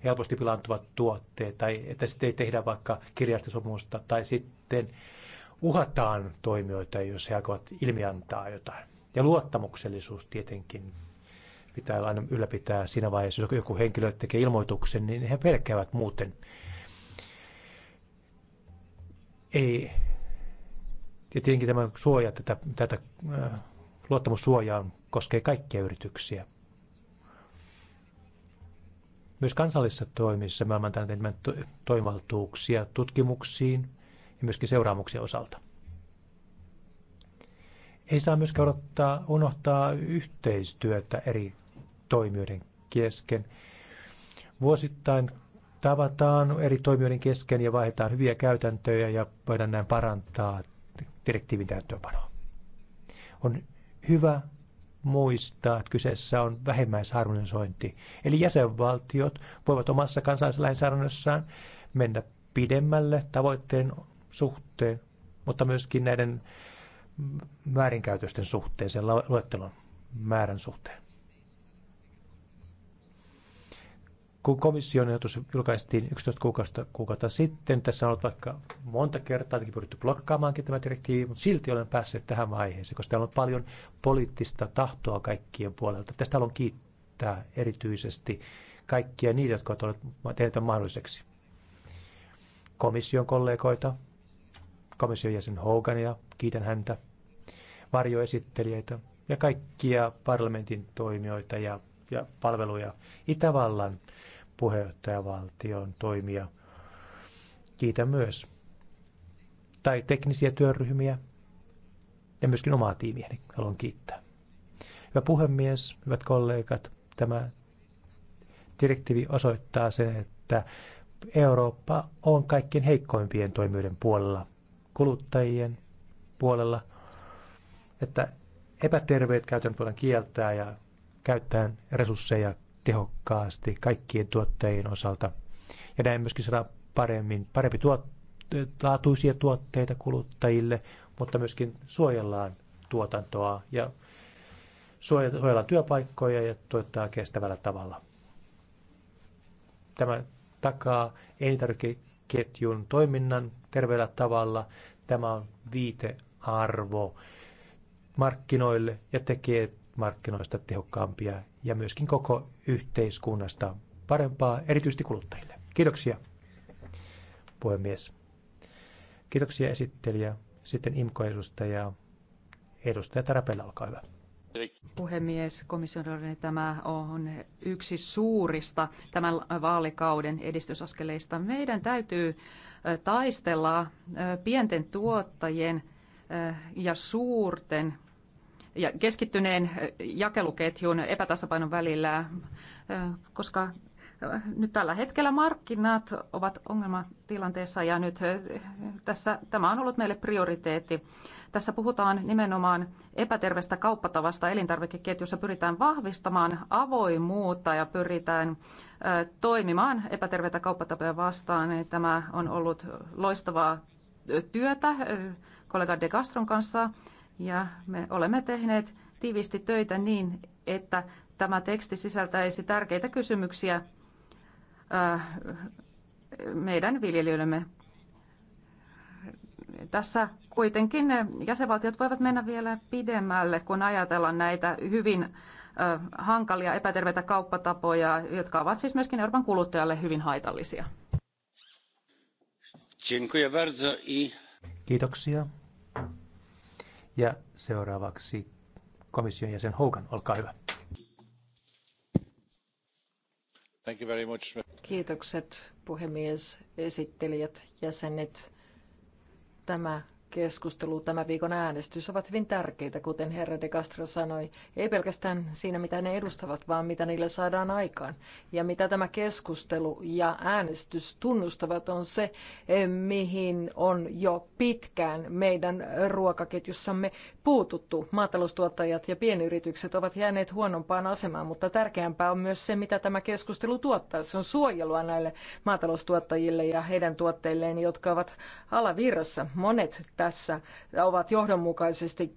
helposti pilaantuvat tuotteet, tai että sitten ei tehdä vaikka kirjastosopimusta, tai sitten uhataan toimijoita, jos he alkavat ilmiantaa jotain. Ja luottamuksellisuus tietenkin pitää aina ylläpitää siinä vaiheessa, jos joku henkilö tekee ilmoituksen, niin he pelkäävät muuten. Ei, ja tietenkin tämä suoja, tätä, tätä äh, luottamussuojaa koskee kaikkia yrityksiä. Myös kansallisissa toimissa me annamme enemmän toimivaltuuksia tutkimuksiin ja myöskin seuraamuksien osalta. Ei saa myöskään odottaa, unohtaa yhteistyötä eri toimijoiden kesken. Vuosittain tavataan eri toimijoiden kesken ja vaihdetaan hyviä käytäntöjä ja voidaan näin parantaa direktiivin täyttöönpanoa. On hyvä, muistaa, että kyseessä on vähimmäisharmonisointi. Eli jäsenvaltiot voivat omassa kansalaislainsäädännössään mennä pidemmälle tavoitteen suhteen, mutta myöskin näiden väärinkäytösten suhteen, sen luettelon määrän suhteen. kun komission ehdotus julkaistiin 11 kuukautta, kuukautta sitten, tässä on ollut vaikka monta kertaa pyritty blokkaamaankin tämä direktiivi, mutta silti olen päässyt tähän vaiheeseen, koska täällä on paljon poliittista tahtoa kaikkien puolelta. Tästä haluan kiittää erityisesti kaikkia niitä, jotka ovat tehneet mahdolliseksi. Komission kollegoita, komission jäsen Hogania, kiitän häntä, varjoesittelijöitä ja kaikkia parlamentin toimijoita ja ja palveluja Itävallan puheenjohtajavaltion toimia. Kiitän myös. Tai teknisiä työryhmiä ja myöskin omaa tiimiäni haluan kiittää. Hyvä puhemies, hyvät kollegat, tämä direktiivi osoittaa sen, että Eurooppa on kaikkien heikkoimpien toimijoiden puolella, kuluttajien puolella, että epäterveet käytön voidaan kieltää ja käyttää resursseja tehokkaasti kaikkien tuottajien osalta. Ja näin myöskin saadaan paremmin, parempi tuot, laatuisia tuotteita kuluttajille, mutta myöskin suojellaan tuotantoa ja suojellaan työpaikkoja ja tuottaa kestävällä tavalla. Tämä takaa elintarvikeketjun toiminnan terveellä tavalla. Tämä on viitearvo markkinoille ja tekee markkinoista tehokkaampia ja myöskin koko yhteiskunnasta parempaa, erityisesti kuluttajille. Kiitoksia, puhemies. Kiitoksia esittelijä. Sitten IMKO-edustaja. Edustaja Tarapella, olkaa hyvä. Puhemies, komission tämä on yksi suurista tämän vaalikauden edistysaskeleista. Meidän täytyy taistella pienten tuottajien ja suurten ja keskittyneen jakeluketjun epätasapainon välillä, koska nyt tällä hetkellä markkinat ovat ongelmatilanteessa ja nyt tässä, tämä on ollut meille prioriteetti. Tässä puhutaan nimenomaan epäterveestä kauppatavasta elintarvikeketjussa. Pyritään vahvistamaan avoimuutta ja pyritään toimimaan epäterveitä kauppatapoja vastaan. Tämä on ollut loistavaa työtä kollega De Castron kanssa ja me olemme tehneet tiivisti töitä niin, että tämä teksti sisältäisi tärkeitä kysymyksiä äh, meidän viljelijöillemme. Tässä kuitenkin jäsenvaltiot voivat mennä vielä pidemmälle, kun ajatellaan näitä hyvin äh, hankalia epäterveitä kauppatapoja, jotka ovat siis myöskin Euroopan kuluttajalle hyvin haitallisia. Kiitoksia. Ja seuraavaksi komission jäsen Hogan, olkaa hyvä. Thank you very much. Kiitokset puhemies, esittelijät, jäsenet. Tämä keskustelu, tämä viikon äänestys ovat hyvin tärkeitä, kuten herra de Castro sanoi. Ei pelkästään siinä, mitä ne edustavat, vaan mitä niillä saadaan aikaan. Ja mitä tämä keskustelu ja äänestys tunnustavat on se, eh, mihin on jo pitkään meidän ruokaketjussamme puututtu. Maataloustuottajat ja pienyritykset ovat jääneet huonompaan asemaan, mutta tärkeämpää on myös se, mitä tämä keskustelu tuottaa. Se on suojelua näille maataloustuottajille ja heidän tuotteilleen, jotka ovat alavirrassa. Monet tässä ovat johdonmukaisesti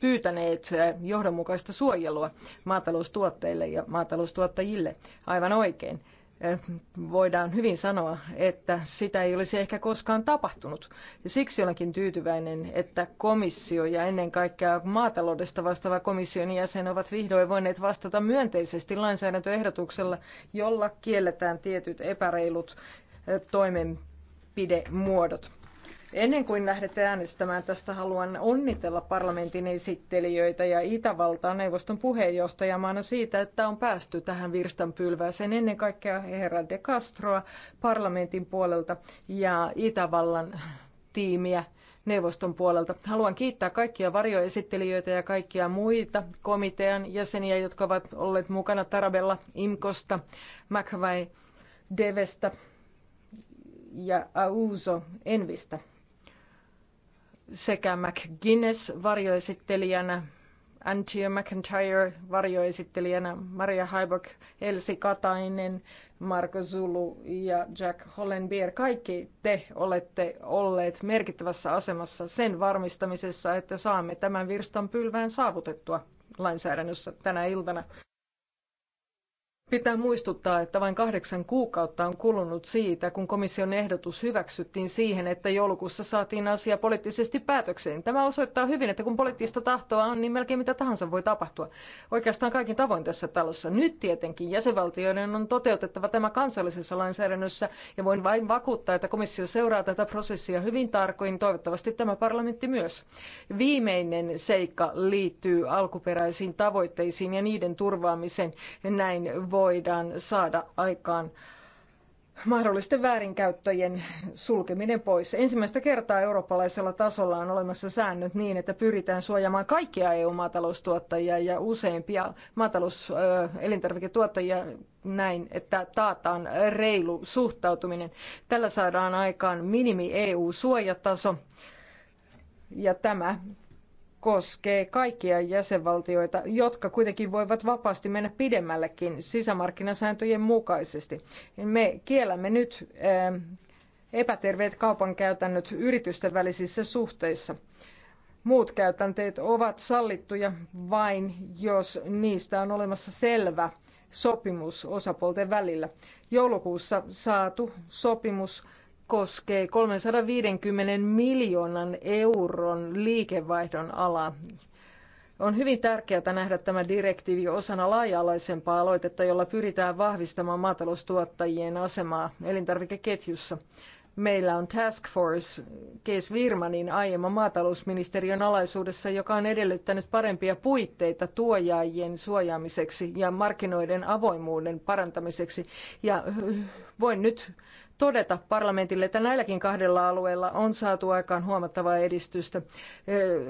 pyytäneet johdonmukaista suojelua maataloustuotteille ja maataloustuottajille aivan oikein eh, voidaan hyvin sanoa, että sitä ei olisi ehkä koskaan tapahtunut. Ja siksi olenkin tyytyväinen, että komissio ja ennen kaikkea maataloudesta vastaava komission jäsen ovat vihdoin voineet vastata myönteisesti lainsäädäntöehdotuksella, jolla kielletään tietyt epäreilut eh, toimenpidemuodot. Ennen kuin lähdette äänestämään tästä, haluan onnitella parlamentin esittelijöitä ja Itävaltaa neuvoston puheenjohtajamaana siitä, että on päästy tähän virstanpylvääseen ennen kaikkea herra de Castroa parlamentin puolelta ja Itävallan tiimiä neuvoston puolelta. Haluan kiittää kaikkia varjoesittelijöitä ja kaikkia muita komitean jäseniä, jotka ovat olleet mukana Tarabella, Imkosta, McVay, Devestä ja Auso Envistä sekä McGuinness varjoesittelijänä, Antio McIntyre varjoesittelijänä, Maria Haibok, Elsi Katainen, Marko Zulu ja Jack Hollenbier. Kaikki te olette olleet merkittävässä asemassa sen varmistamisessa, että saamme tämän virstan pylvään saavutettua lainsäädännössä tänä iltana. Pitää muistuttaa, että vain kahdeksan kuukautta on kulunut siitä, kun komission ehdotus hyväksyttiin siihen, että joulukuussa saatiin asia poliittisesti päätökseen. Tämä osoittaa hyvin, että kun poliittista tahtoa on, niin melkein mitä tahansa voi tapahtua. Oikeastaan kaikin tavoin tässä talossa. Nyt tietenkin jäsenvaltioiden on toteutettava tämä kansallisessa lainsäädännössä, ja voin vain vakuuttaa, että komissio seuraa tätä prosessia hyvin tarkoin, toivottavasti tämä parlamentti myös. Viimeinen seikka liittyy alkuperäisiin tavoitteisiin ja niiden turvaamiseen. Näin voi voidaan saada aikaan mahdollisten väärinkäyttöjen sulkeminen pois. Ensimmäistä kertaa eurooppalaisella tasolla on olemassa säännöt niin, että pyritään suojaamaan kaikkia EU-maataloustuottajia ja useimpia maatalouselintarviketuottajia näin, että taataan reilu suhtautuminen. Tällä saadaan aikaan minimi EU-suojataso. Ja tämä koskee kaikkia jäsenvaltioita, jotka kuitenkin voivat vapaasti mennä pidemmällekin sisämarkkinasääntöjen mukaisesti. Me kiellämme nyt ähm, epäterveet kaupankäytännöt yritysten välisissä suhteissa. Muut käytänteet ovat sallittuja vain, jos niistä on olemassa selvä sopimus osapuolten välillä. Joulukuussa saatu sopimus koskee 350 miljoonan euron liikevaihdon ala. On hyvin tärkeää nähdä tämä direktiivi osana laaja-alaisempaa aloitetta, jolla pyritään vahvistamaan maataloustuottajien asemaa elintarvikeketjussa. Meillä on Task Force Kees Virmanin aiemman maatalousministeriön alaisuudessa, joka on edellyttänyt parempia puitteita tuojaajien suojaamiseksi ja markkinoiden avoimuuden parantamiseksi. Ja voin nyt todeta parlamentille, että näilläkin kahdella alueella on saatu aikaan huomattavaa edistystä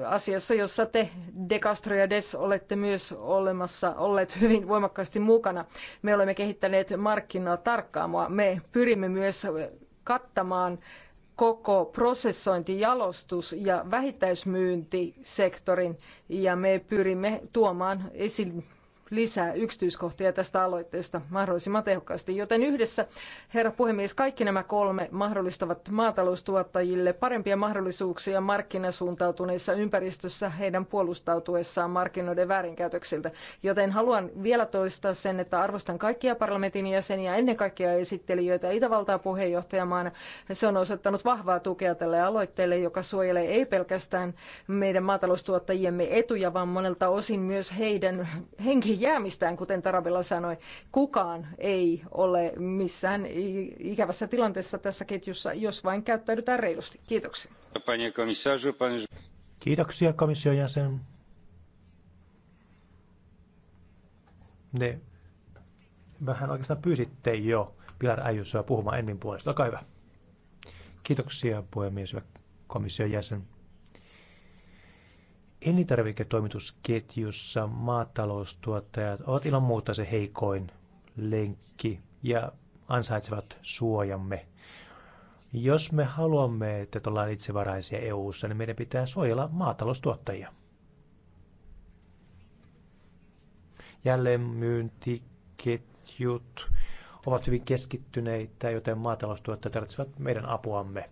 asiassa, jossa te, De Castro ja Des, olette myös olemassa, olleet hyvin voimakkaasti mukana. Me olemme kehittäneet markkinatarkkaamoa. Me pyrimme myös kattamaan koko prosessointi, jalostus ja vähittäismyyntisektorin ja me pyrimme tuomaan esiin lisää yksityiskohtia tästä aloitteesta mahdollisimman tehokkaasti. Joten yhdessä, herra puhemies, kaikki nämä kolme mahdollistavat maataloustuottajille parempia mahdollisuuksia markkinasuuntautuneissa ympäristössä heidän puolustautuessaan markkinoiden väärinkäytöksiltä. Joten haluan vielä toistaa sen, että arvostan kaikkia parlamentin jäseniä, ennen kaikkea esittelijöitä Itävaltaa puheenjohtajamaana. Se on osoittanut vahvaa tukea tälle aloitteelle, joka suojelee ei pelkästään meidän maataloustuottajiemme etuja, vaan monelta osin myös heidän henki jäämistään, kuten Tarabella sanoi. Kukaan ei ole missään ikävässä tilanteessa tässä ketjussa, jos vain käyttäydytään reilusti. Kiitoksia. Kiitoksia komission jäsen. Ne vähän oikeastaan pyysitte jo Pilar Äijysöä puhumaan Enmin puolesta. Olkaa hyvä. Kiitoksia puhemies ja komission jäsen elintarviketoimitusketjussa maataloustuottajat ovat ilman muuta se heikoin lenkki ja ansaitsevat suojamme. Jos me haluamme, että ollaan itsevaraisia EU:ssa, niin meidän pitää suojella maataloustuottajia. Jälleenmyyntiketjut ovat hyvin keskittyneitä, joten maataloustuottajat tarvitsevat meidän apuamme.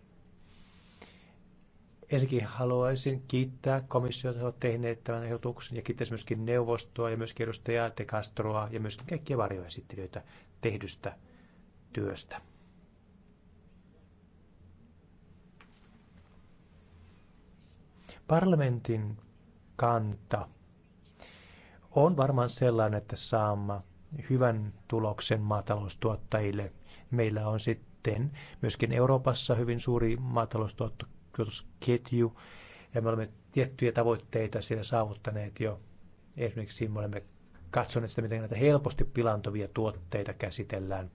Ensinnäkin haluaisin kiittää komissiota, että olette tehneet tämän ehdotuksen ja kiittää myöskin neuvostoa ja myöskin edustaja De Castroa ja myöskin kaikkia varjoesittelijöitä tehdystä työstä. Parlamentin kanta on varmaan sellainen, että saamme hyvän tuloksen maataloustuottajille. Meillä on sitten myöskin Euroopassa hyvin suuri maataloustuotto tuotusketju, ja me olemme tiettyjä tavoitteita siellä saavuttaneet jo. Esimerkiksi me olemme katsoneet sitä, miten näitä helposti pilantuvia tuotteita käsitellään.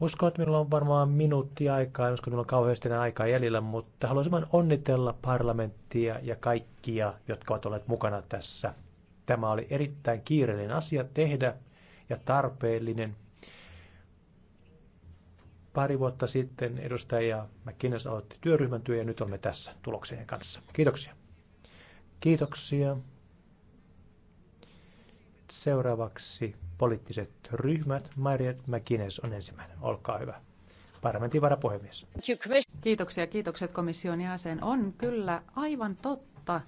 Uskon, että minulla on varmaan minuutti aikaa, uskon, että minulla on kauheasti enää aikaa jäljellä, mutta haluaisin vain onnitella parlamenttia ja kaikkia, jotka ovat olleet mukana tässä. Tämä oli erittäin kiireellinen asia tehdä ja tarpeellinen. Pari vuotta sitten edustaja McKinnon aloitti työryhmän työ ja nyt olemme tässä tuloksien kanssa. Kiitoksia. Kiitoksia. Seuraavaksi poliittiset ryhmät. Marriott McGuinness on ensimmäinen. Olkaa hyvä. Parlamentin varapuhemies. Kiitoksia, kiitokset komission jäsen. On kyllä aivan totta,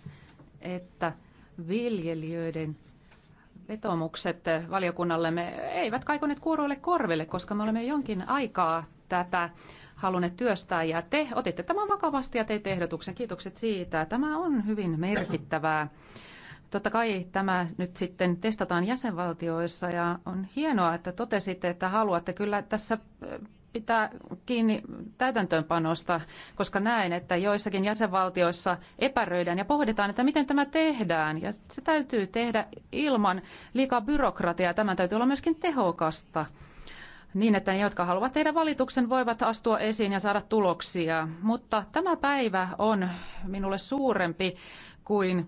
että viljelijöiden vetomukset valiokunnallemme eivät kaikoneet kuuroille korville, koska me olemme jonkin aikaa tätä halunneet työstää ja te otitte tämän vakavasti ja teitte ehdotuksen. Kiitokset siitä. Tämä on hyvin merkittävää. Totta kai tämä nyt sitten testataan jäsenvaltioissa ja on hienoa, että totesitte, että haluatte kyllä tässä äh, pitää kiinni täytäntöönpanosta, koska näen, että joissakin jäsenvaltioissa epäröidään ja pohditaan, että miten tämä tehdään. Ja se täytyy tehdä ilman liikaa byrokratiaa. Tämän täytyy olla myöskin tehokasta niin, että ne, jotka haluavat tehdä valituksen, voivat astua esiin ja saada tuloksia. Mutta tämä päivä on minulle suurempi kuin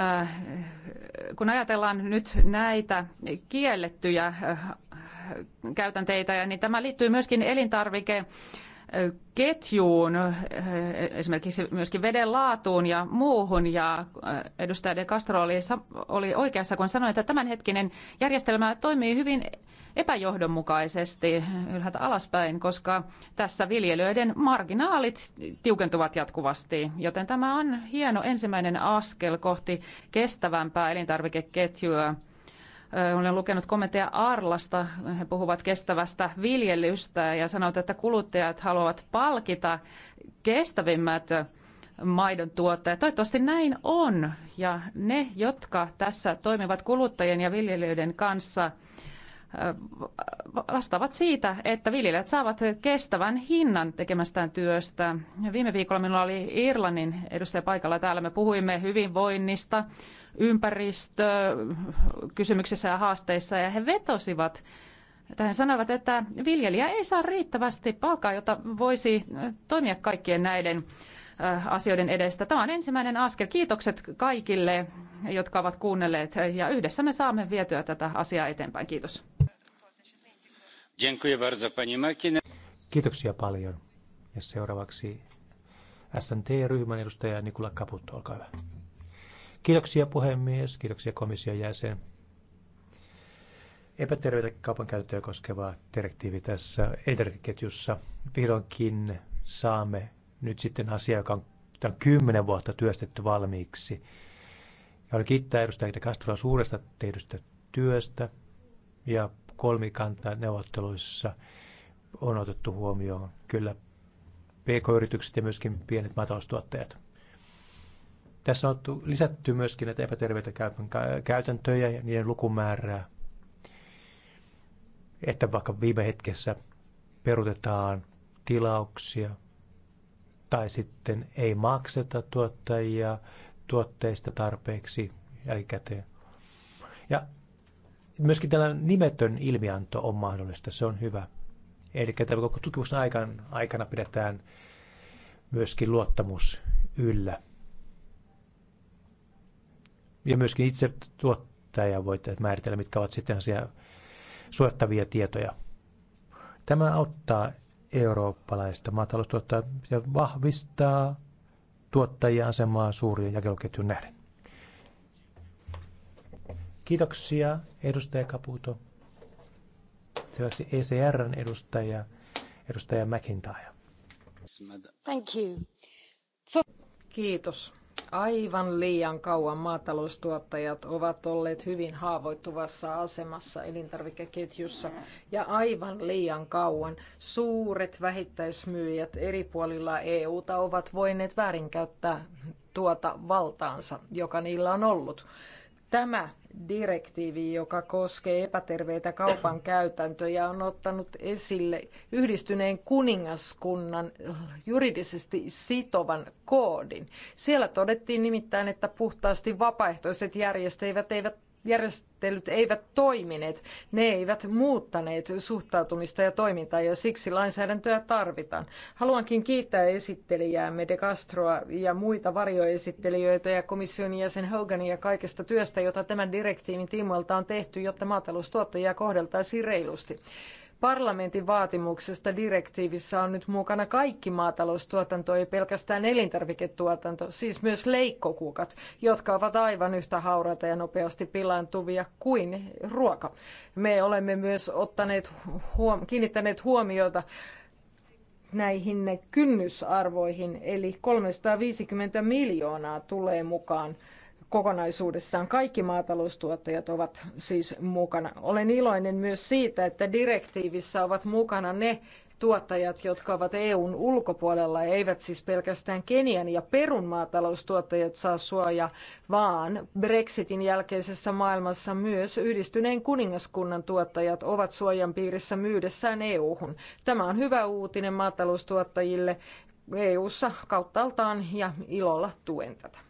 äh, kun ajatellaan nyt näitä kiellettyjä äh, käytänteitä, niin tämä liittyy myöskin elintarvikeen ketjuun, eh, esimerkiksi myöskin veden laatuun ja muuhun. Ja eh, edustaja De Castro oli, oli oikeassa, kun sanoi, että tämänhetkinen järjestelmä toimii hyvin epäjohdonmukaisesti ylhäältä alaspäin, koska tässä viljelijöiden marginaalit tiukentuvat jatkuvasti. Joten tämä on hieno ensimmäinen askel kohti kestävämpää elintarvikeketjua olen lukenut kommentteja Arlasta. He puhuvat kestävästä viljelystä ja sanovat, että kuluttajat haluavat palkita kestävimmät maidon tuottajat. Toivottavasti näin on. Ja ne, jotka tässä toimivat kuluttajien ja viljelijöiden kanssa, vastaavat siitä, että viljelijät saavat kestävän hinnan tekemästään työstä. Viime viikolla minulla oli Irlannin edustaja paikalla täällä. Me puhuimme hyvinvoinnista, ympäristökysymyksissä ja haasteissa ja he vetosivat tähän he sanoivat, että viljelijä ei saa riittävästi palkaa, jota voisi toimia kaikkien näiden äh, asioiden edestä. Tämä on ensimmäinen askel. Kiitokset kaikille, jotka ovat kuunnelleet ja yhdessä me saamme vietyä tätä asiaa eteenpäin. Kiitos. Kiitoksia paljon. Ja seuraavaksi SNT-ryhmän edustaja Nikula Kaputto, olkaa hyvä. Kiitoksia puhemies, kiitoksia komission jäsen. Epäterveitä kaupankäyttöä koskeva direktiivi tässä elintarvikeketjussa. Vihdoinkin saamme nyt sitten asia, joka on tämän kymmenen vuotta työstetty valmiiksi. Ja oli kiittää edustaja Castroa suuresta tehdystä työstä ja kolmikanta neuvotteluissa on otettu huomioon kyllä pk-yritykset ja myöskin pienet maataloustuottajat. Tässä on lisätty myöskin näitä epäterveitä käytäntöjä ja niiden lukumäärää, että vaikka viime hetkessä perutetaan tilauksia tai sitten ei makseta tuottajia tuotteista tarpeeksi jälkikäteen. Ja myöskin tällainen nimetön ilmianto on mahdollista, se on hyvä. Eli tämän koko tutkimuksen aikana, aikana pidetään myöskin luottamus yllä ja myöskin itse tuottaja voi määritellä, mitkä ovat sitten asia suojattavia tietoja. Tämä auttaa eurooppalaista maataloustuottajaa ja vahvistaa tuottajien asemaa suurien jakeluketjun nähden. Kiitoksia, edustaja Kaputo. Seuraavaksi ECRn edustaja, edustaja McIntyre. Thank you. For... Kiitos aivan liian kauan maataloustuottajat ovat olleet hyvin haavoittuvassa asemassa elintarvikeketjussa ja aivan liian kauan suuret vähittäismyyjät eri puolilla EUta ovat voineet väärinkäyttää tuota valtaansa, joka niillä on ollut. Tämä direktiivi, joka koskee epäterveitä kaupan käytäntöjä, on ottanut esille yhdistyneen kuningaskunnan eh, juridisesti sitovan koodin. Siellä todettiin nimittäin, että puhtaasti vapaaehtoiset järjestäjät eivät järjestelyt eivät toimineet, ne eivät muuttaneet suhtautumista ja toimintaa ja siksi lainsäädäntöä tarvitaan. Haluankin kiittää esittelijäämme De Castroa ja muita varjoesittelijöitä ja komission jäsen Hogania kaikesta työstä, jota tämän direktiivin tiimoilta on tehty, jotta maataloustuottajia kohdeltaisiin reilusti. Parlamentin vaatimuksesta direktiivissä on nyt mukana kaikki maataloustuotanto, ei pelkästään elintarviketuotanto, siis myös leikkokukat, jotka ovat aivan yhtä hauraita ja nopeasti pilaantuvia kuin ruoka. Me olemme myös ottaneet huom- kiinnittäneet huomiota näihin kynnysarvoihin, eli 350 miljoonaa tulee mukaan kokonaisuudessaan. Kaikki maataloustuottajat ovat siis mukana. Olen iloinen myös siitä, että direktiivissä ovat mukana ne tuottajat, jotka ovat EUn ulkopuolella, eivät siis pelkästään Kenian ja Perun maataloustuottajat saa suojaa, vaan Brexitin jälkeisessä maailmassa myös yhdistyneen kuningaskunnan tuottajat ovat suojan piirissä myydessään EU-hun. Tämä on hyvä uutinen maataloustuottajille EU-ssa kauttaaltaan ja ilolla tuen tätä.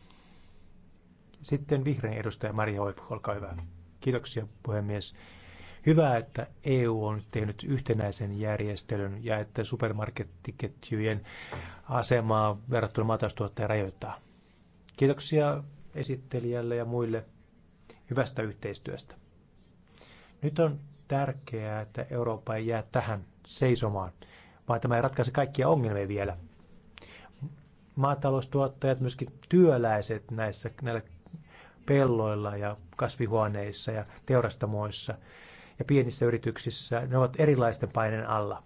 Sitten vihreän edustaja Maria Oipu, olkaa hyvä. Kiitoksia puhemies. Hyvä, että EU on tehnyt yhtenäisen järjestelyn ja että supermarkettiketjujen asemaa verrattuna maataloustuottajia rajoittaa. Kiitoksia esittelijälle ja muille hyvästä yhteistyöstä. Nyt on tärkeää, että Eurooppa ei jää tähän seisomaan, vaan tämä ei ratkaise kaikkia ongelmia vielä. Maataloustuottajat, myöskin työläiset näissä, näillä pelloilla ja kasvihuoneissa ja teurastamoissa ja pienissä yrityksissä, ne ovat erilaisten paineen alla.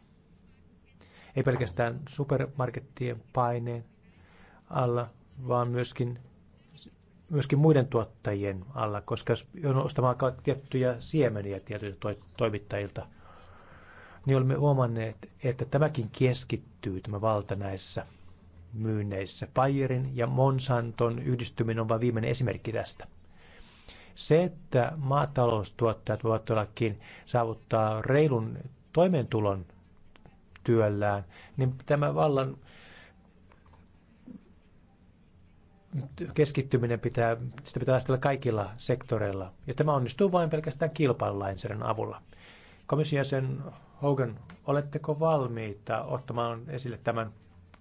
Ei pelkästään supermarkettien paineen alla, vaan myöskin, myöskin muiden tuottajien alla, koska jos on ostamaan tiettyjä siemeniä tietyiltä toimittajilta, niin olemme huomanneet, että tämäkin keskittyy, tämä valta näissä myynneissä. Bayerin ja Monsanton yhdistyminen on vain viimeinen esimerkki tästä. Se, että maataloustuottajat voivat todellakin saavuttaa reilun toimeentulon työllään, niin tämä vallan keskittyminen pitää, sitä pitää ajatella kaikilla sektoreilla. Ja tämä onnistuu vain pelkästään kilpailulainsäädännön avulla. Komission jäsen Hogan, oletteko valmiita ottamaan esille tämän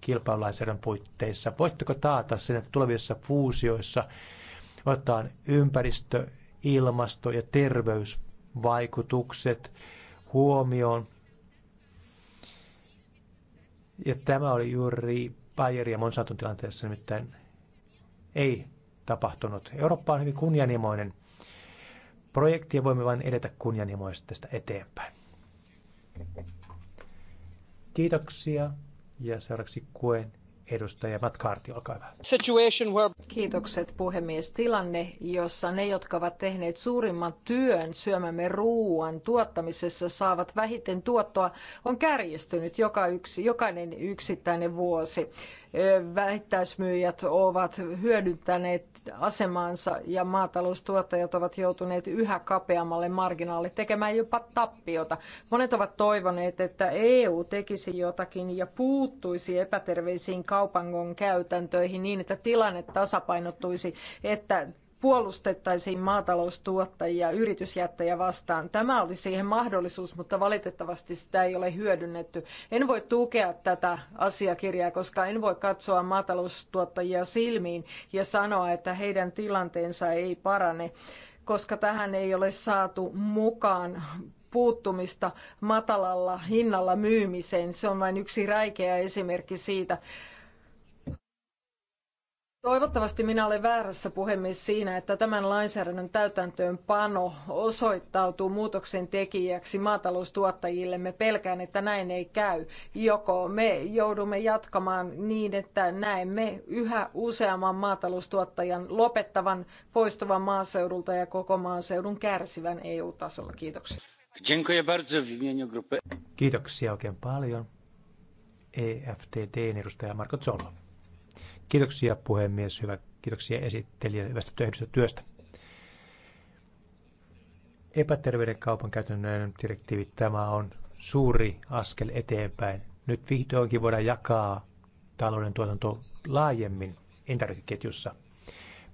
kilpailulainsäädännön puitteissa? Voitteko taata sen, että tulevissa fuusioissa otetaan ympäristö, ilmasto ja terveysvaikutukset huomioon? Ja tämä oli juuri Bayer ja Monsanton tilanteessa nimittäin ei tapahtunut. Eurooppa on hyvin kunnianhimoinen projekti ja voimme vain edetä kunnianhimoisesti tästä eteenpäin. Kiitoksia. Ja seuraavaksi Kuen edustaja Matt Carty, olkaa hyvä. Kiitokset puhemies. Tilanne, jossa ne, jotka ovat tehneet suurimman työn syömämme ruoan tuottamisessa, saavat vähiten tuottoa, on kärjistynyt joka yksi, jokainen yksittäinen vuosi vähittäismyyjät ovat hyödyntäneet asemaansa ja maataloustuottajat ovat joutuneet yhä kapeammalle marginaalille tekemään jopa tappiota. Monet ovat toivoneet, että EU tekisi jotakin ja puuttuisi epäterveisiin kaupangon käytäntöihin niin, että tilanne tasapainottuisi, että puolustettaisiin maataloustuottajia yritysjättejä vastaan. Tämä oli siihen mahdollisuus, mutta valitettavasti sitä ei ole hyödynnetty. En voi tukea tätä asiakirjaa, koska en voi katsoa maataloustuottajia silmiin ja sanoa, että heidän tilanteensa ei parane, koska tähän ei ole saatu mukaan puuttumista matalalla hinnalla myymiseen. Se on vain yksi räikeä esimerkki siitä, Toivottavasti minä olen väärässä puhemies siinä, että tämän lainsäädännön täytäntöönpano osoittautuu muutoksen tekijäksi maataloustuottajillemme. Pelkään, että näin ei käy. Joko me joudumme jatkamaan niin, että näemme yhä useamman maataloustuottajan lopettavan, poistuvan maaseudulta ja koko maaseudun kärsivän EU-tasolla. Kiitoksia. Kiitoksia oikein paljon. EFTDn edustaja Marko Kiitoksia puhemies, hyvä, kiitoksia esittelijä hyvästä tehdystä työstä. Epäterveyden kaupan käytännön direktiivi, tämä on suuri askel eteenpäin. Nyt vihdoinkin voidaan jakaa talouden tuotanto laajemmin elintarvikeketjussa.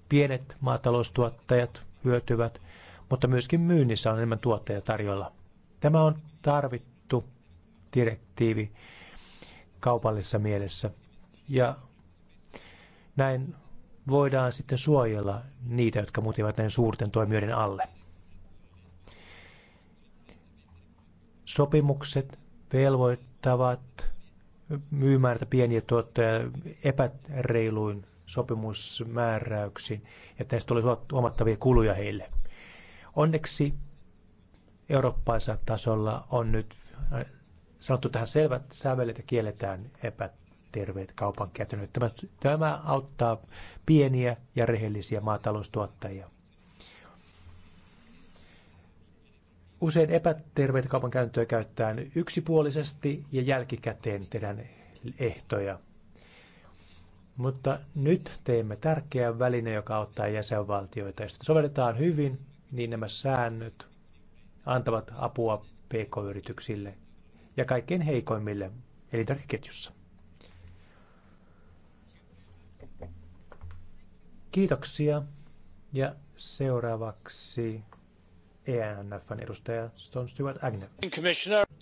Pienet maataloustuottajat hyötyvät, mutta myöskin myynnissä on enemmän tuottajia tarjolla. Tämä on tarvittu direktiivi kaupallisessa mielessä ja näin voidaan sitten suojella niitä, jotka mutivat näiden suurten toimijoiden alle. Sopimukset velvoittavat myymään pieniä tuottoja epäreiluin sopimusmääräyksin, ja tästä tuli huomattavia kuluja heille. Onneksi eurooppaisella tasolla on nyt äh, sanottu tähän selvät sävelet ja kielletään epät terveet kaupankäytännöt. Tämä, tämä auttaa pieniä ja rehellisiä maataloustuottajia. Usein epäterveitä kaupankäytäntöjä käytetään yksipuolisesti ja jälkikäteen tehdään ehtoja. Mutta nyt teemme tärkeän väline, joka auttaa jäsenvaltioita. Jos sovelletaan hyvin, niin nämä säännöt antavat apua pk-yrityksille ja kaikkein heikoimmille elintarvikeketjussa. Kiitoksia. Ja seuraavaksi ENFn edustaja Stone Stewart Agner.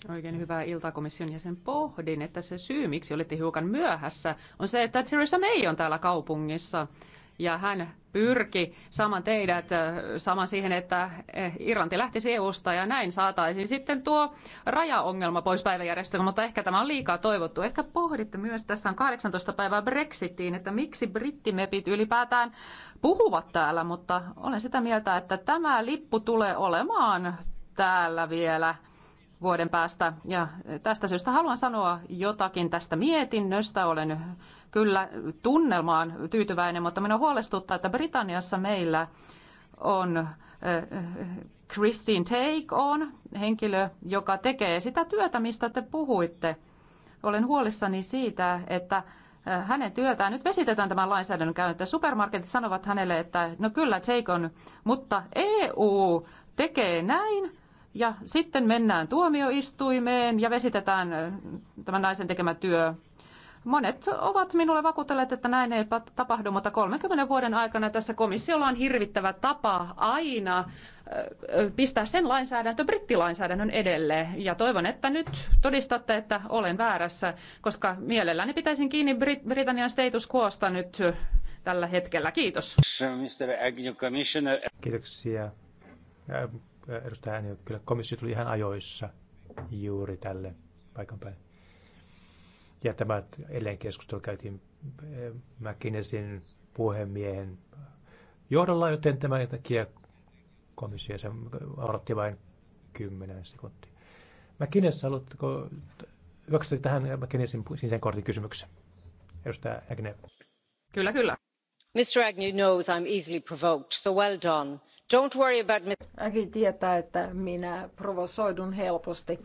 Oikein hyvää iltaa komission jäsen. Pohdin, että se syy, miksi olette hiukan myöhässä, on se, että Theresa May on täällä kaupungissa ja hän pyrki saman teidät saman siihen, että Irlanti lähtisi EU-sta ja näin saataisiin sitten tuo rajaongelma pois päiväjärjestöön, mutta ehkä tämä on liikaa toivottu. Ehkä pohditte myös, tässä on 18 päivää Brexitiin, että miksi brittimepit ylipäätään puhuvat täällä, mutta olen sitä mieltä, että tämä lippu tulee olemaan täällä vielä vuoden päästä. Ja tästä syystä haluan sanoa jotakin tästä mietinnöstä. Olen kyllä tunnelmaan tyytyväinen, mutta minua huolestuttaa, että Britanniassa meillä on Christine Take on henkilö, joka tekee sitä työtä, mistä te puhuitte. Olen huolissani siitä, että hänen työtään nyt vesitetään tämän lainsäädännön käyntiin. Supermarketit sanovat hänelle, että no kyllä Take on, mutta EU tekee näin ja sitten mennään tuomioistuimeen ja vesitetään tämän naisen tekemä työ. Monet ovat minulle vakuutelleet, että näin ei tapahdu, mutta 30 vuoden aikana tässä komissiolla on hirvittävä tapa aina pistää sen lainsäädäntö brittilainsäädännön edelle. Ja toivon, että nyt todistatte, että olen väärässä, koska mielelläni pitäisin kiinni Brit- Britannian status quosta nyt tällä hetkellä. Kiitos. Kiitoksia edustaja Ääniö, kyllä komissio tuli ihan ajoissa juuri tälle paikan päälle. Ja tämä edelleen keskustelu käytiin McKinneysin puhemiehen johdolla, joten tämä takia komissio sen odotti vain 10 sekuntia. McKinneys, haluatteko hyväksyä tähän McKinneysin sinisen kortin kysymykseen. Edustaja Agnew. Kyllä, kyllä. Mr Agnew knows I'm easily provoked, so well done. Don't worry about me. Äkin tietää, että minä provosoidun helposti.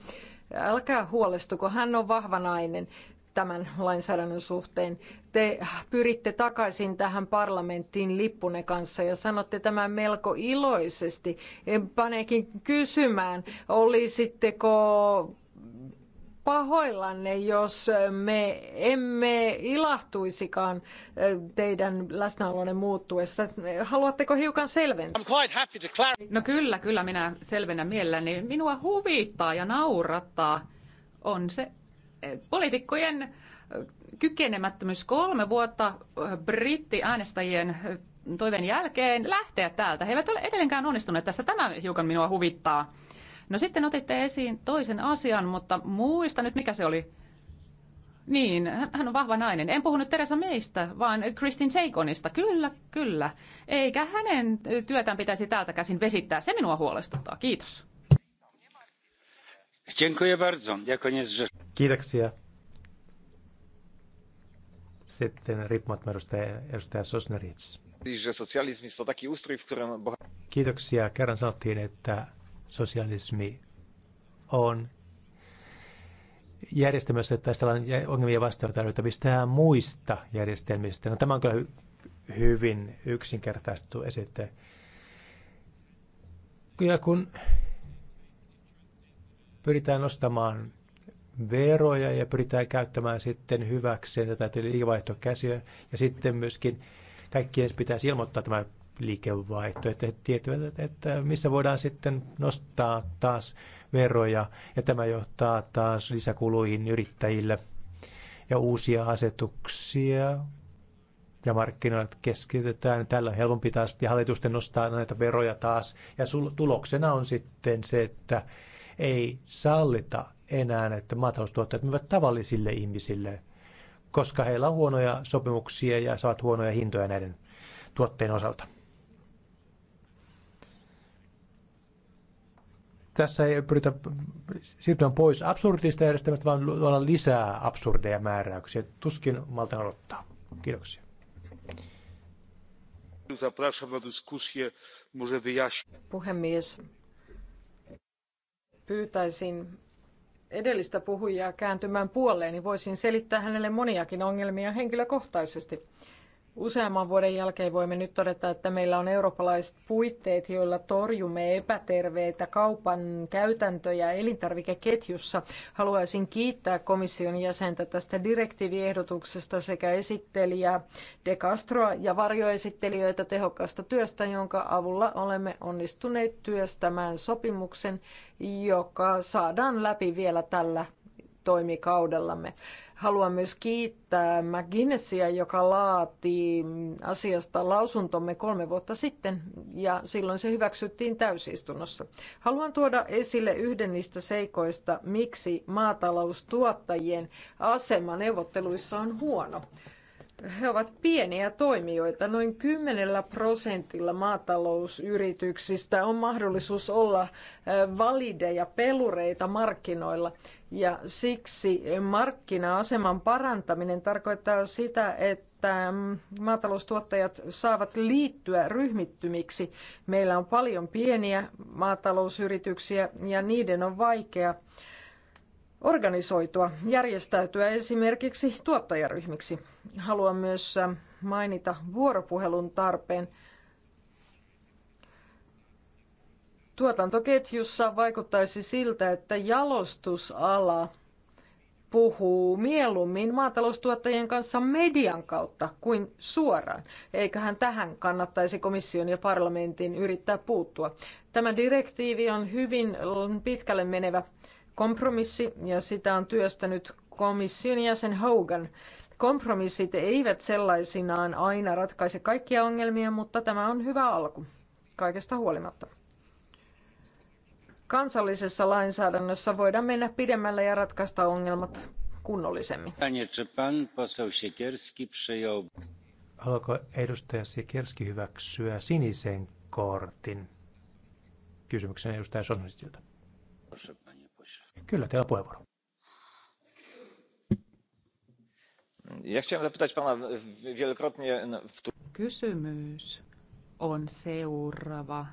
Älkää huolestuko, hän on vahva nainen tämän lainsäädännön suhteen. Te pyritte takaisin tähän parlamenttiin lippune kanssa ja sanotte tämän melko iloisesti. En paneekin kysymään, olisitteko pahoillanne, jos me emme ilahtuisikaan teidän läsnäolonne muuttuessa. Haluatteko hiukan selventää? No kyllä, kyllä minä selvennän mielelläni. Minua huvittaa ja naurattaa on se poliitikkojen kykenemättömyys kolme vuotta brittiäänestäjien toiveen jälkeen lähteä täältä. He eivät ole edelleenkään onnistuneet tässä. Tämä hiukan minua huvittaa. No sitten otitte esiin toisen asian, mutta muista nyt mikä se oli. Niin, hän on vahva nainen. En puhunut Teresa Meistä, vaan Kristin Seikonista. Kyllä, kyllä. Eikä hänen työtään pitäisi täältä käsin vesittää. Se minua huolestuttaa. Kiitos. Kiitoksia. Sitten riippumaton edustaja, edustaja Sosnerits. Kiitoksia. Kerran sanottiin, että sosialismi on järjestelmässä, että taistellaan ongelmia vastaan tarvittavista muista järjestelmistä. No, tämä on kyllä hyvin yksinkertaistettu esite. Ja kun pyritään nostamaan veroja ja pyritään käyttämään sitten hyväkseen tätä liikevaihtokäsiä ja sitten myöskin kaikkien pitäisi ilmoittaa tämä liikevaihto, että tietävät, että missä voidaan sitten nostaa taas veroja, ja tämä johtaa taas lisäkuluihin yrittäjille ja uusia asetuksia, ja markkinoilla keskitetään. Tällä on helpompi taas ja hallitusten nostaa näitä veroja taas, ja tuloksena on sitten se, että ei sallita enää, että maataloustuottajat myyvät tavallisille ihmisille, koska heillä on huonoja sopimuksia ja saat huonoja hintoja näiden tuotteen osalta. Tässä ei pyritä siirtymään pois absurdista järjestelmästä, vaan luoda lisää absurdeja määräyksiä. Tuskin maltan odottaa. Kiitoksia. Puhemies, pyytäisin edellistä puhujaa kääntymään puoleeni. Niin voisin selittää hänelle moniakin ongelmia henkilökohtaisesti useamman vuoden jälkeen voimme nyt todeta, että meillä on eurooppalaiset puitteet, joilla torjumme epäterveitä kaupan käytäntöjä elintarvikeketjussa. Haluaisin kiittää komission jäsentä tästä direktiiviehdotuksesta sekä esittelijä De Castroa ja varjoesittelijöitä tehokkaasta työstä, jonka avulla olemme onnistuneet työstämään sopimuksen, joka saadaan läpi vielä tällä toimikaudellamme. Haluan myös kiittää McGinnessia, joka laati asiasta lausuntomme kolme vuotta sitten, ja silloin se hyväksyttiin täysistunnossa. Haluan tuoda esille yhden niistä seikoista, miksi maataloustuottajien asema neuvotteluissa on huono. He ovat pieniä toimijoita. Noin 10 prosentilla maatalousyrityksistä on mahdollisuus olla valideja pelureita markkinoilla. Ja siksi markkina-aseman parantaminen tarkoittaa sitä, että mm, maataloustuottajat saavat liittyä ryhmittymiksi. Meillä on paljon pieniä maatalousyrityksiä ja niiden on vaikea organisoitua, järjestäytyä esimerkiksi tuottajaryhmiksi. Haluan myös äh, mainita vuoropuhelun tarpeen. Tuotantoketjussa vaikuttaisi siltä, että jalostusala puhuu mieluummin maataloustuottajien kanssa median kautta kuin suoraan. Eiköhän tähän kannattaisi komission ja parlamentin yrittää puuttua. Tämä direktiivi on hyvin pitkälle menevä kompromissi ja sitä on työstänyt komission jäsen Hogan. Kompromissit eivät sellaisinaan aina ratkaise kaikkia ongelmia, mutta tämä on hyvä alku kaikesta huolimatta. Kansallisessa lainsäädännössä voidaan mennä pidemmälle ja ratkaista ongelmat kunnollisemmin. Haluaako edustaja Sikerski hyväksyä sinisen kortin? Kysymyksen edustaja Sosnistilta. Kyllä, teillä on puheenvuoro. Ja chciałem zapytać pana wielokrotnie... No, Kysymys on seuraava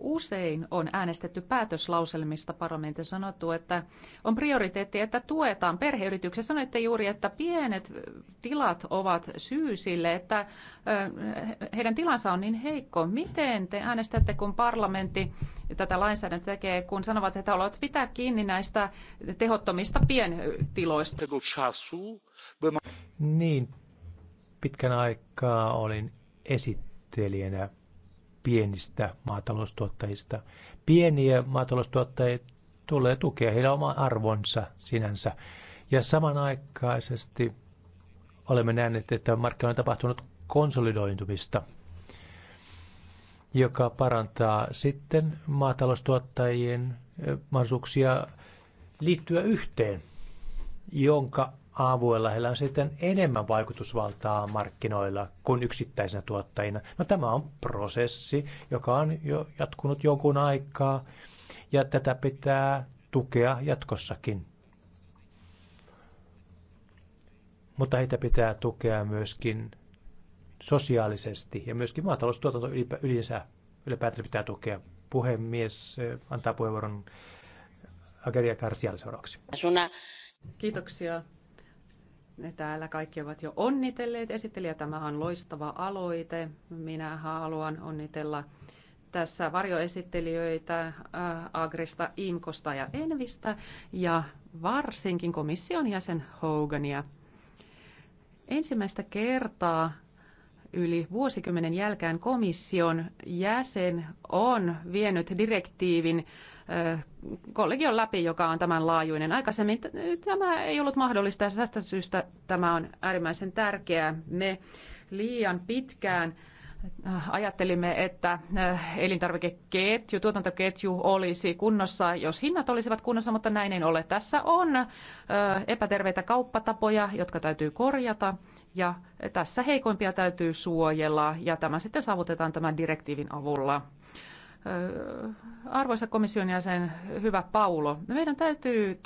usein on äänestetty päätöslauselmista parlamentin sanottu, että on prioriteetti, että tuetaan perheyrityksiä. Sanoitte juuri, että pienet tilat ovat syy sille, että heidän tilansa on niin heikko. Miten te äänestätte, kun parlamentti tätä lainsäädäntöä tekee, kun sanovat, että haluavat pitää kiinni näistä tehottomista pientiloista? Niin, pitkän aikaa olin esittelijänä pienistä maataloustuottajista. Pieniä maataloustuottajia tulee tukea, heillä on oma arvonsa sinänsä. Ja samanaikaisesti olemme nähneet, että markkinoilla on tapahtunut konsolidointumista, joka parantaa sitten maataloustuottajien eh, mahdollisuuksia liittyä yhteen, jonka avueella heillä on sitten enemmän vaikutusvaltaa markkinoilla kuin yksittäisenä tuottajina. No tämä on prosessi, joka on jo jatkunut jonkun aikaa ja tätä pitää tukea jatkossakin. Mutta heitä pitää tukea myöskin sosiaalisesti ja myöskin maataloustuotanto yleensä ylipäätään pitää tukea. Puhemies eh, antaa puheenvuoron Ageria Karsialle seuraavaksi. Kiitoksia Täällä kaikki ovat jo onnitelleet esittelijä. Tämä on loistava aloite. Minä haluan onnitella tässä varjoesittelijöitä äh, Agrista, Imkosta ja Envistä ja varsinkin komission jäsen Hogania. Ensimmäistä kertaa yli vuosikymmenen jälkeen komission jäsen on vienyt direktiivin kollegion läpi, joka on tämän laajuinen. Aikaisemmin tämä ei ollut mahdollista ja tästä syystä tämä on äärimmäisen tärkeää. Me liian pitkään äh, ajattelimme, että äh, elintarvikeketju, tuotantoketju olisi kunnossa, jos hinnat olisivat kunnossa, mutta näin ei ole. Tässä on äh, epäterveitä kauppatapoja, jotka täytyy korjata ja tässä heikoimpia täytyy suojella ja tämä sitten saavutetaan tämän direktiivin avulla. Arvoisa komission jäsen, hyvä Paulo, meidän täytyy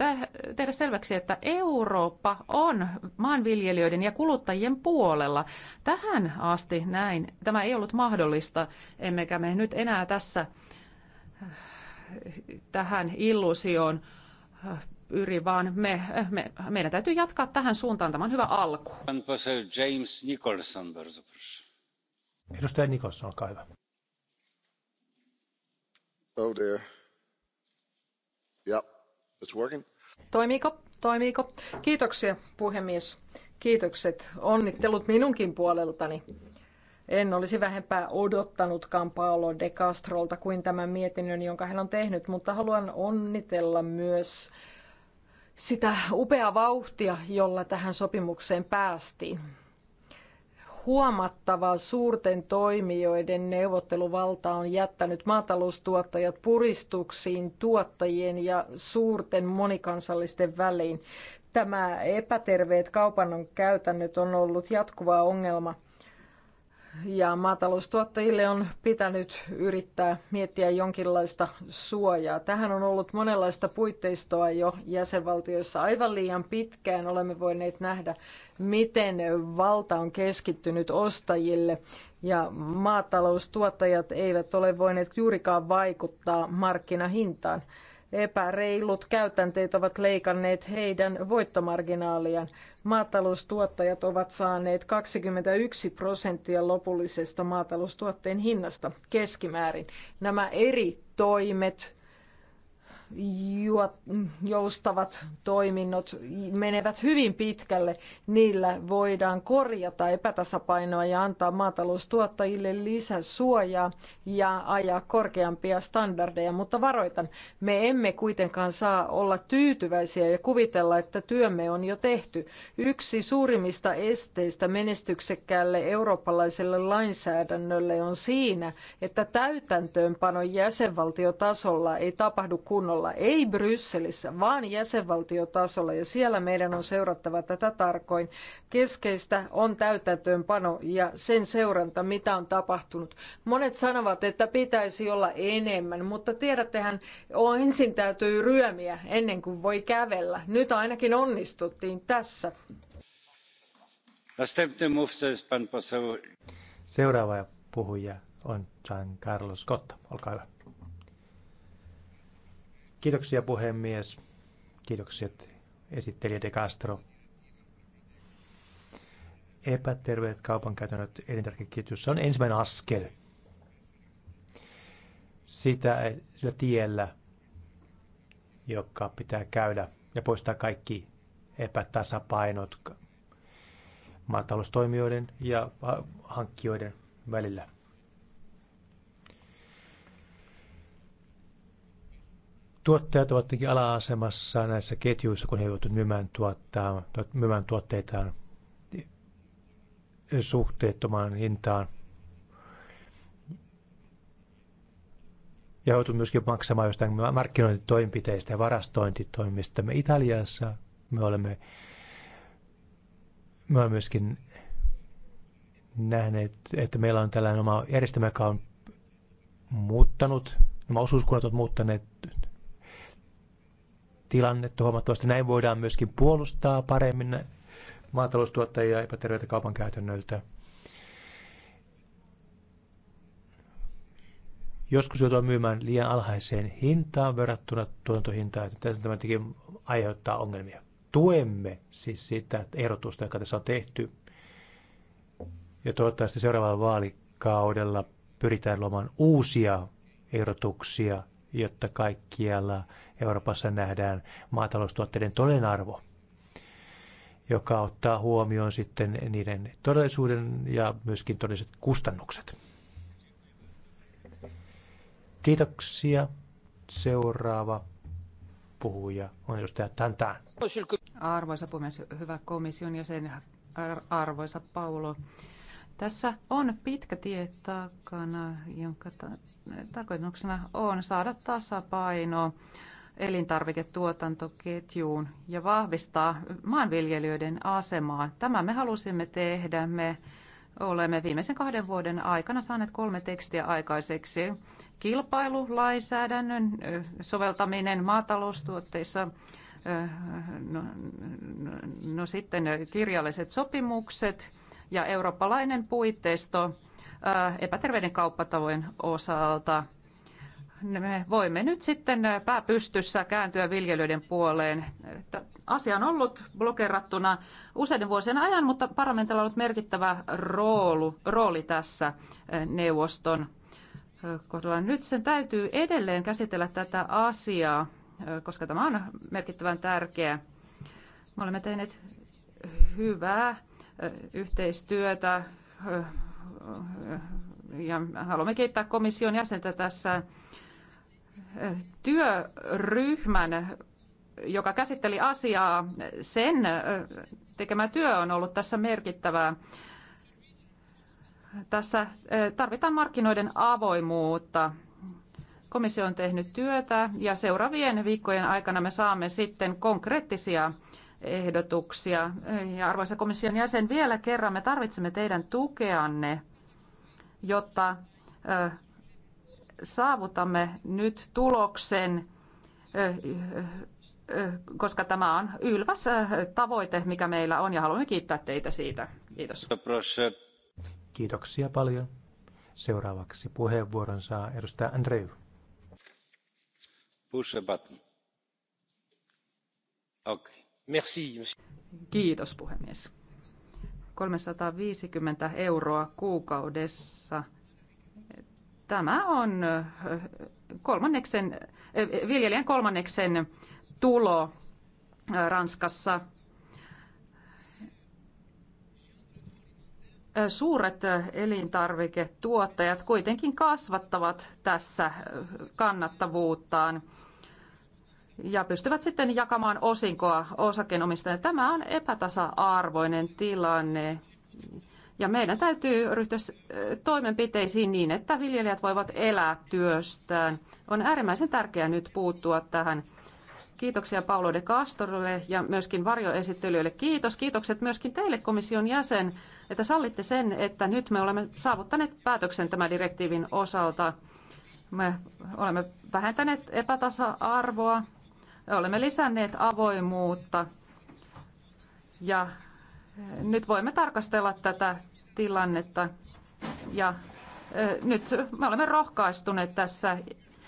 tehdä selväksi, että Eurooppa on maanviljelijöiden ja kuluttajien puolella. Tähän asti näin. Tämä ei ollut mahdollista, emmekä me nyt enää tässä äh, tähän illuusioon äh, yri, vaan me, äh, me, meidän täytyy jatkaa tähän suuntaan. Tämä on hyvä alku. James Nicholson, Edustaja Nicholson, olkaa hyvä. Oh dear. Yeah, it's working. Toimiiko? Toimiiko? Kiitoksia puhemies. Kiitokset. Onnittelut minunkin puoleltani. En olisi vähempää odottanutkaan Paolo de Castrolta kuin tämän mietinnön, jonka hän on tehnyt, mutta haluan onnitella myös sitä upeaa vauhtia, jolla tähän sopimukseen päästiin huomattavaa suurten toimijoiden neuvotteluvalta on jättänyt maataloustuottajat puristuksiin tuottajien ja suurten monikansallisten väliin. Tämä epäterveet kaupan käytännöt on ollut jatkuva ongelma ja maataloustuottajille on pitänyt yrittää miettiä jonkinlaista suojaa. Tähän on ollut monenlaista puitteistoa jo jäsenvaltioissa. Aivan liian pitkään olemme voineet nähdä, miten valta on keskittynyt ostajille ja maataloustuottajat eivät ole voineet juurikaan vaikuttaa markkinahintaan. Epäreilut käytänteet ovat leikanneet heidän voittomarginaaliaan. Maataloustuottajat ovat saaneet 21 prosenttia lopullisesta maataloustuotteen hinnasta keskimäärin. Nämä eri toimet joustavat toiminnot menevät hyvin pitkälle. Niillä voidaan korjata epätasapainoa ja antaa maataloustuottajille lisäsuojaa ja ajaa korkeampia standardeja, mutta varoitan, me emme kuitenkaan saa olla tyytyväisiä ja kuvitella, että työmme on jo tehty. Yksi suurimmista esteistä menestyksekkäälle eurooppalaiselle lainsäädännölle on siinä, että täytäntöönpano jäsenvaltiotasolla ei tapahdu kunnolla tasolla, ei Brysselissä, vaan jäsenvaltiotasolla ja siellä meidän on seurattava tätä tarkoin. Keskeistä on täytäntöönpano ja sen seuranta, mitä on tapahtunut. Monet sanovat, että pitäisi olla enemmän, mutta tiedättehän, on ensin täytyy ryömiä ennen kuin voi kävellä. Nyt ainakin onnistuttiin tässä. Seuraava puhuja on Gian Carlos Scotta. Olkaa hyvä. Kiitoksia puhemies. Kiitokset esittelijä De Castro. Epäterveet kaupankäytännöt elintarvikeketjussa on ensimmäinen askel sitä, sillä tiellä, joka pitää käydä ja poistaa kaikki epätasapainot maataloustoimijoiden ja hankkijoiden välillä. tuottajat ovat tietenkin ala-asemassa näissä ketjuissa, kun he joutuvat myymään, tuottaa, myymään tuotteitaan suhteettomaan hintaan. Ja joutuu myöskin maksamaan jostain markkinointitoimenpiteistä ja varastointitoimista. Me Italiassa me olemme, me olemme myöskin nähneet, että meillä on tällainen oma järjestelmä, joka on muuttanut, nämä osuuskunnat ovat muuttaneet tilannetta huomattavasti. Näin voidaan myöskin puolustaa paremmin maataloustuottajia epäterveitä kaupan käytännöltä. Joskus joutuu myymään liian alhaiseen hintaan verrattuna tuontohintaan, että tässä tämä aiheuttaa ongelmia. Tuemme siis sitä ehdotusta, joka tässä on tehty. Ja toivottavasti seuraavalla vaalikaudella pyritään luomaan uusia ehdotuksia, jotta kaikkialla – Euroopassa nähdään maataloustuotteiden todellinen arvo, joka ottaa huomioon sitten niiden todellisuuden ja myöskin todelliset kustannukset. Kiitoksia. Seuraava puhuja on edustaja Tantan. Arvoisa puhemies, hyvä komission jäsen, arvoisa Paulo. Tässä on pitkä tie takana, jonka tarkoituksena on saada tasapaino elintarviketuotantoketjuun ja vahvistaa maanviljelijöiden asemaa. Tämä me halusimme tehdä. Me olemme viimeisen kahden vuoden aikana saaneet kolme tekstiä aikaiseksi. kilpailulainsäädännön soveltaminen maataloustuotteissa, no, no, no sitten kirjalliset sopimukset ja eurooppalainen puitteisto epäterveiden kauppatavojen osalta me voimme nyt sitten pääpystyssä kääntyä viljelijöiden puoleen. Asia on ollut blokerattuna useiden vuosien ajan, mutta parlamentilla on ollut merkittävä rooli, rooli tässä neuvoston kohdalla. Nyt sen täytyy edelleen käsitellä tätä asiaa, koska tämä on merkittävän tärkeä. Me olemme tehneet hyvää yhteistyötä ja haluamme kiittää komission jäsentä tässä työryhmän, joka käsitteli asiaa. Sen tekemä työ on ollut tässä merkittävää. Tässä tarvitaan markkinoiden avoimuutta. Komissio on tehnyt työtä ja seuraavien viikkojen aikana me saamme sitten konkreettisia ehdotuksia. Ja arvoisa komission jäsen, vielä kerran me tarvitsemme teidän tukeanne, jotta saavutamme nyt tuloksen, koska tämä on ylväs tavoite, mikä meillä on, ja haluamme kiittää teitä siitä. Kiitos. Kiitoksia paljon. Seuraavaksi puheenvuoron saa edustaja Andreu. Push button. Okay. Merci. Kiitos puhemies. 350 euroa kuukaudessa Tämä on kolmanneksen, viljelijän kolmanneksen tulo Ranskassa. Suuret elintarviketuottajat kuitenkin kasvattavat tässä kannattavuuttaan ja pystyvät sitten jakamaan osinkoa osakenomistajille. Tämä on epätasa-arvoinen tilanne ja meidän täytyy ryhtyä toimenpiteisiin niin, että viljelijät voivat elää työstään. On äärimmäisen tärkeää nyt puuttua tähän. Kiitoksia Paolo de Castorille ja myöskin varjoesittelijöille. Kiitos. Kiitokset myöskin teille komission jäsen, että sallitte sen, että nyt me olemme saavuttaneet päätöksen tämän direktiivin osalta. Me olemme vähentäneet epätasa-arvoa, olemme lisänneet avoimuutta ja nyt voimme tarkastella tätä tilannetta ja nyt me olemme rohkaistuneet tässä.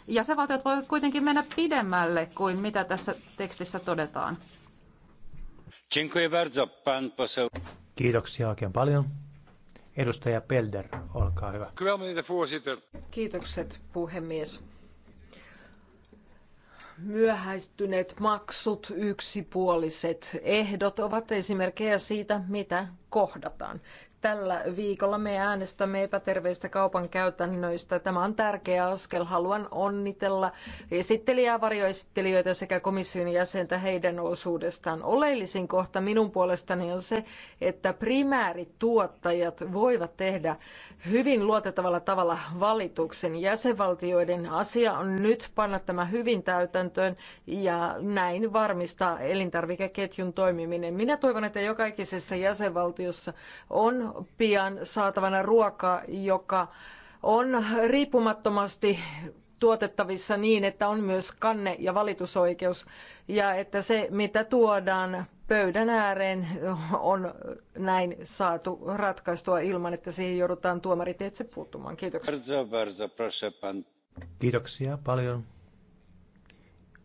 Jäsenvaltiot voivat kuitenkin mennä pidemmälle kuin mitä tässä tekstissä todetaan. Kiitoksia oikein paljon. Edustaja Pelder, olkaa hyvä. Kiitokset puhemies Myöhäistyneet maksut, yksipuoliset ehdot ovat esimerkkejä siitä, mitä kohdataan. Tällä viikolla me äänestämme epäterveistä kaupan käytännöistä. Tämä on tärkeä askel. Haluan onnitella esittelijää, varjoesittelijöitä sekä komission jäsentä heidän osuudestaan. Oleellisin kohta minun puolestani on se, että primäärituottajat voivat tehdä hyvin luotettavalla tavalla valituksen. Jäsenvaltioiden asia on nyt panna tämä hyvin täytäntöön ja näin varmistaa elintarvikeketjun toimiminen. Minä toivon, että jokaisessa jäsenvaltiossa on pian saatavana ruokaa, joka on riippumattomasti tuotettavissa niin, että on myös kanne- ja valitusoikeus ja että se, mitä tuodaan pöydän ääreen, on näin saatu ratkaistua ilman, että siihen joudutaan tuomariteitse puuttumaan. Kiitoksia. Kiitoksia paljon.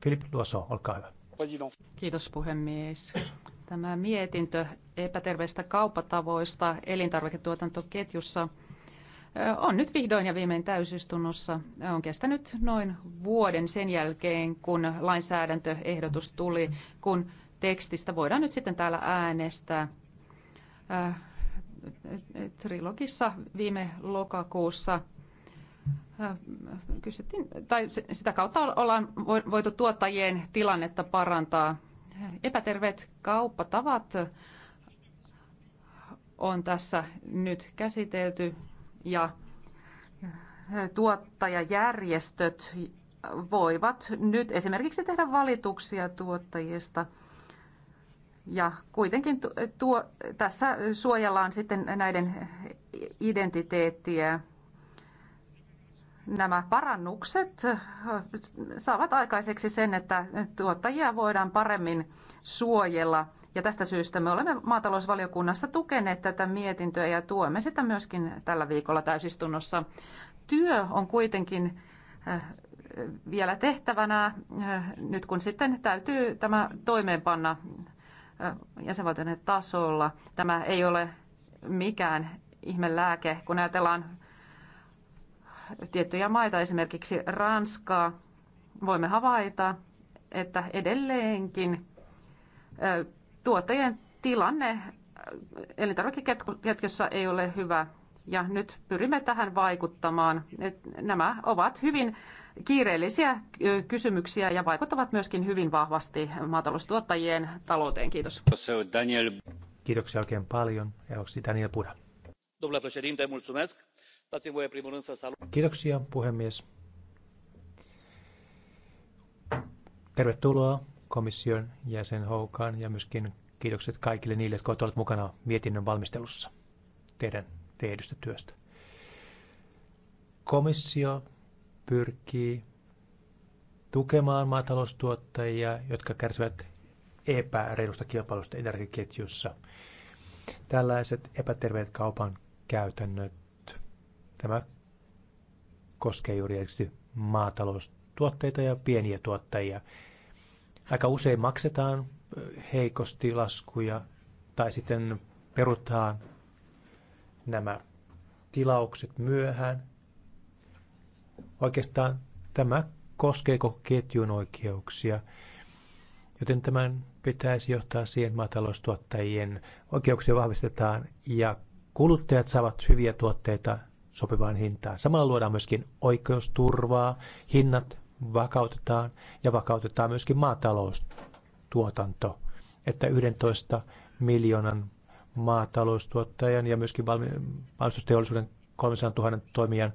Filip Luoso, olkaa hyvä. Kiitos puhemies. Tämä mietintö epäterveistä kauppatavoista elintarviketuotantoketjussa – on nyt vihdoin ja viimein täysistunnossa. On kestänyt noin vuoden sen jälkeen, kun lainsäädäntöehdotus tuli, kun tekstistä voidaan nyt sitten täällä äänestää. Trilogissa viime lokakuussa kysyttiin, tai sitä kautta ollaan voitu tuottajien tilannetta parantaa. Epäterveet kauppatavat on tässä nyt käsitelty ja eh, tuottajajärjestöt voivat nyt esimerkiksi tehdä valituksia tuottajista. Ja kuitenkin tuo, tässä suojellaan sitten näiden identiteettiä. Nämä parannukset eh, saavat aikaiseksi sen, että tuottajia voidaan paremmin suojella – ja tästä syystä me olemme maatalousvaliokunnassa tukeneet tätä mietintöä ja tuemme sitä myöskin tällä viikolla täysistunnossa. Työ on kuitenkin äh, vielä tehtävänä, äh, nyt kun sitten täytyy tämä toimeenpanna äh, jäsenvaltioiden tasolla. Tämä ei ole mikään ihme lääke kun ajatellaan tiettyjä maita, esimerkiksi Ranskaa, voimme havaita, että edelleenkin tuottajien tilanne äh, elintarvikeketjussa ei ole hyvä ja nyt pyrimme tähän vaikuttamaan. Nämä ovat hyvin kiireellisiä äh, kysymyksiä ja vaikuttavat myöskin hyvin vahvasti maataloustuottajien talouteen. Kiitos. Kiitoksia oikein paljon. Eloksi Daniel Pura. Kiitoksia puhemies. Tervetuloa komission jäsen Houkaan ja myöskin kiitokset kaikille niille, jotka ovat mukana mietinnön valmistelussa teidän tehdystä työstä. Komissio pyrkii tukemaan maataloustuottajia, jotka kärsivät epäreilusta kilpailusta energiaketjussa. Tällaiset epäterveet kaupan käytännöt, tämä koskee juuri maataloustuotteita ja pieniä tuottajia. Aika usein maksetaan heikosti laskuja tai sitten perutaan nämä tilaukset myöhään. Oikeastaan tämä koskee koko ketjun oikeuksia, joten tämän pitäisi johtaa siihen, että maataloustuottajien oikeuksia vahvistetaan ja kuluttajat saavat hyviä tuotteita sopivaan hintaan. Samalla luodaan myöskin oikeusturvaa, hinnat vakautetaan ja vakautetaan myöskin maataloustuotanto, että 11 miljoonan maataloustuottajan ja myöskin valmistusteollisuuden 300 000 toimijan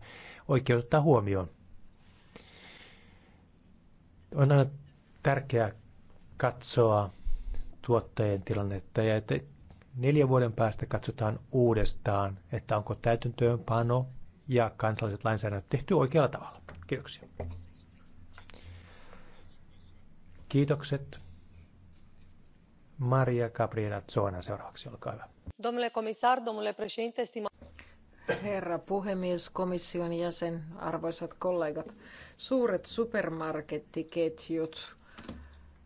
oikeus ottaa huomioon. On aina tärkeää katsoa tuottajien tilannetta ja että neljän vuoden päästä katsotaan uudestaan, että onko täytäntöönpano ja kansalliset lainsäädännöt tehty oikealla tavalla. Kiitoksia. Kiitokset. Maria Gabriela Zona seuraavaksi, olkaa hyvä. Domnule komissar, domnule președinte, stima... Herra puhemies, komission jäsen, arvoisat kollegat. Suuret supermarkettiketjut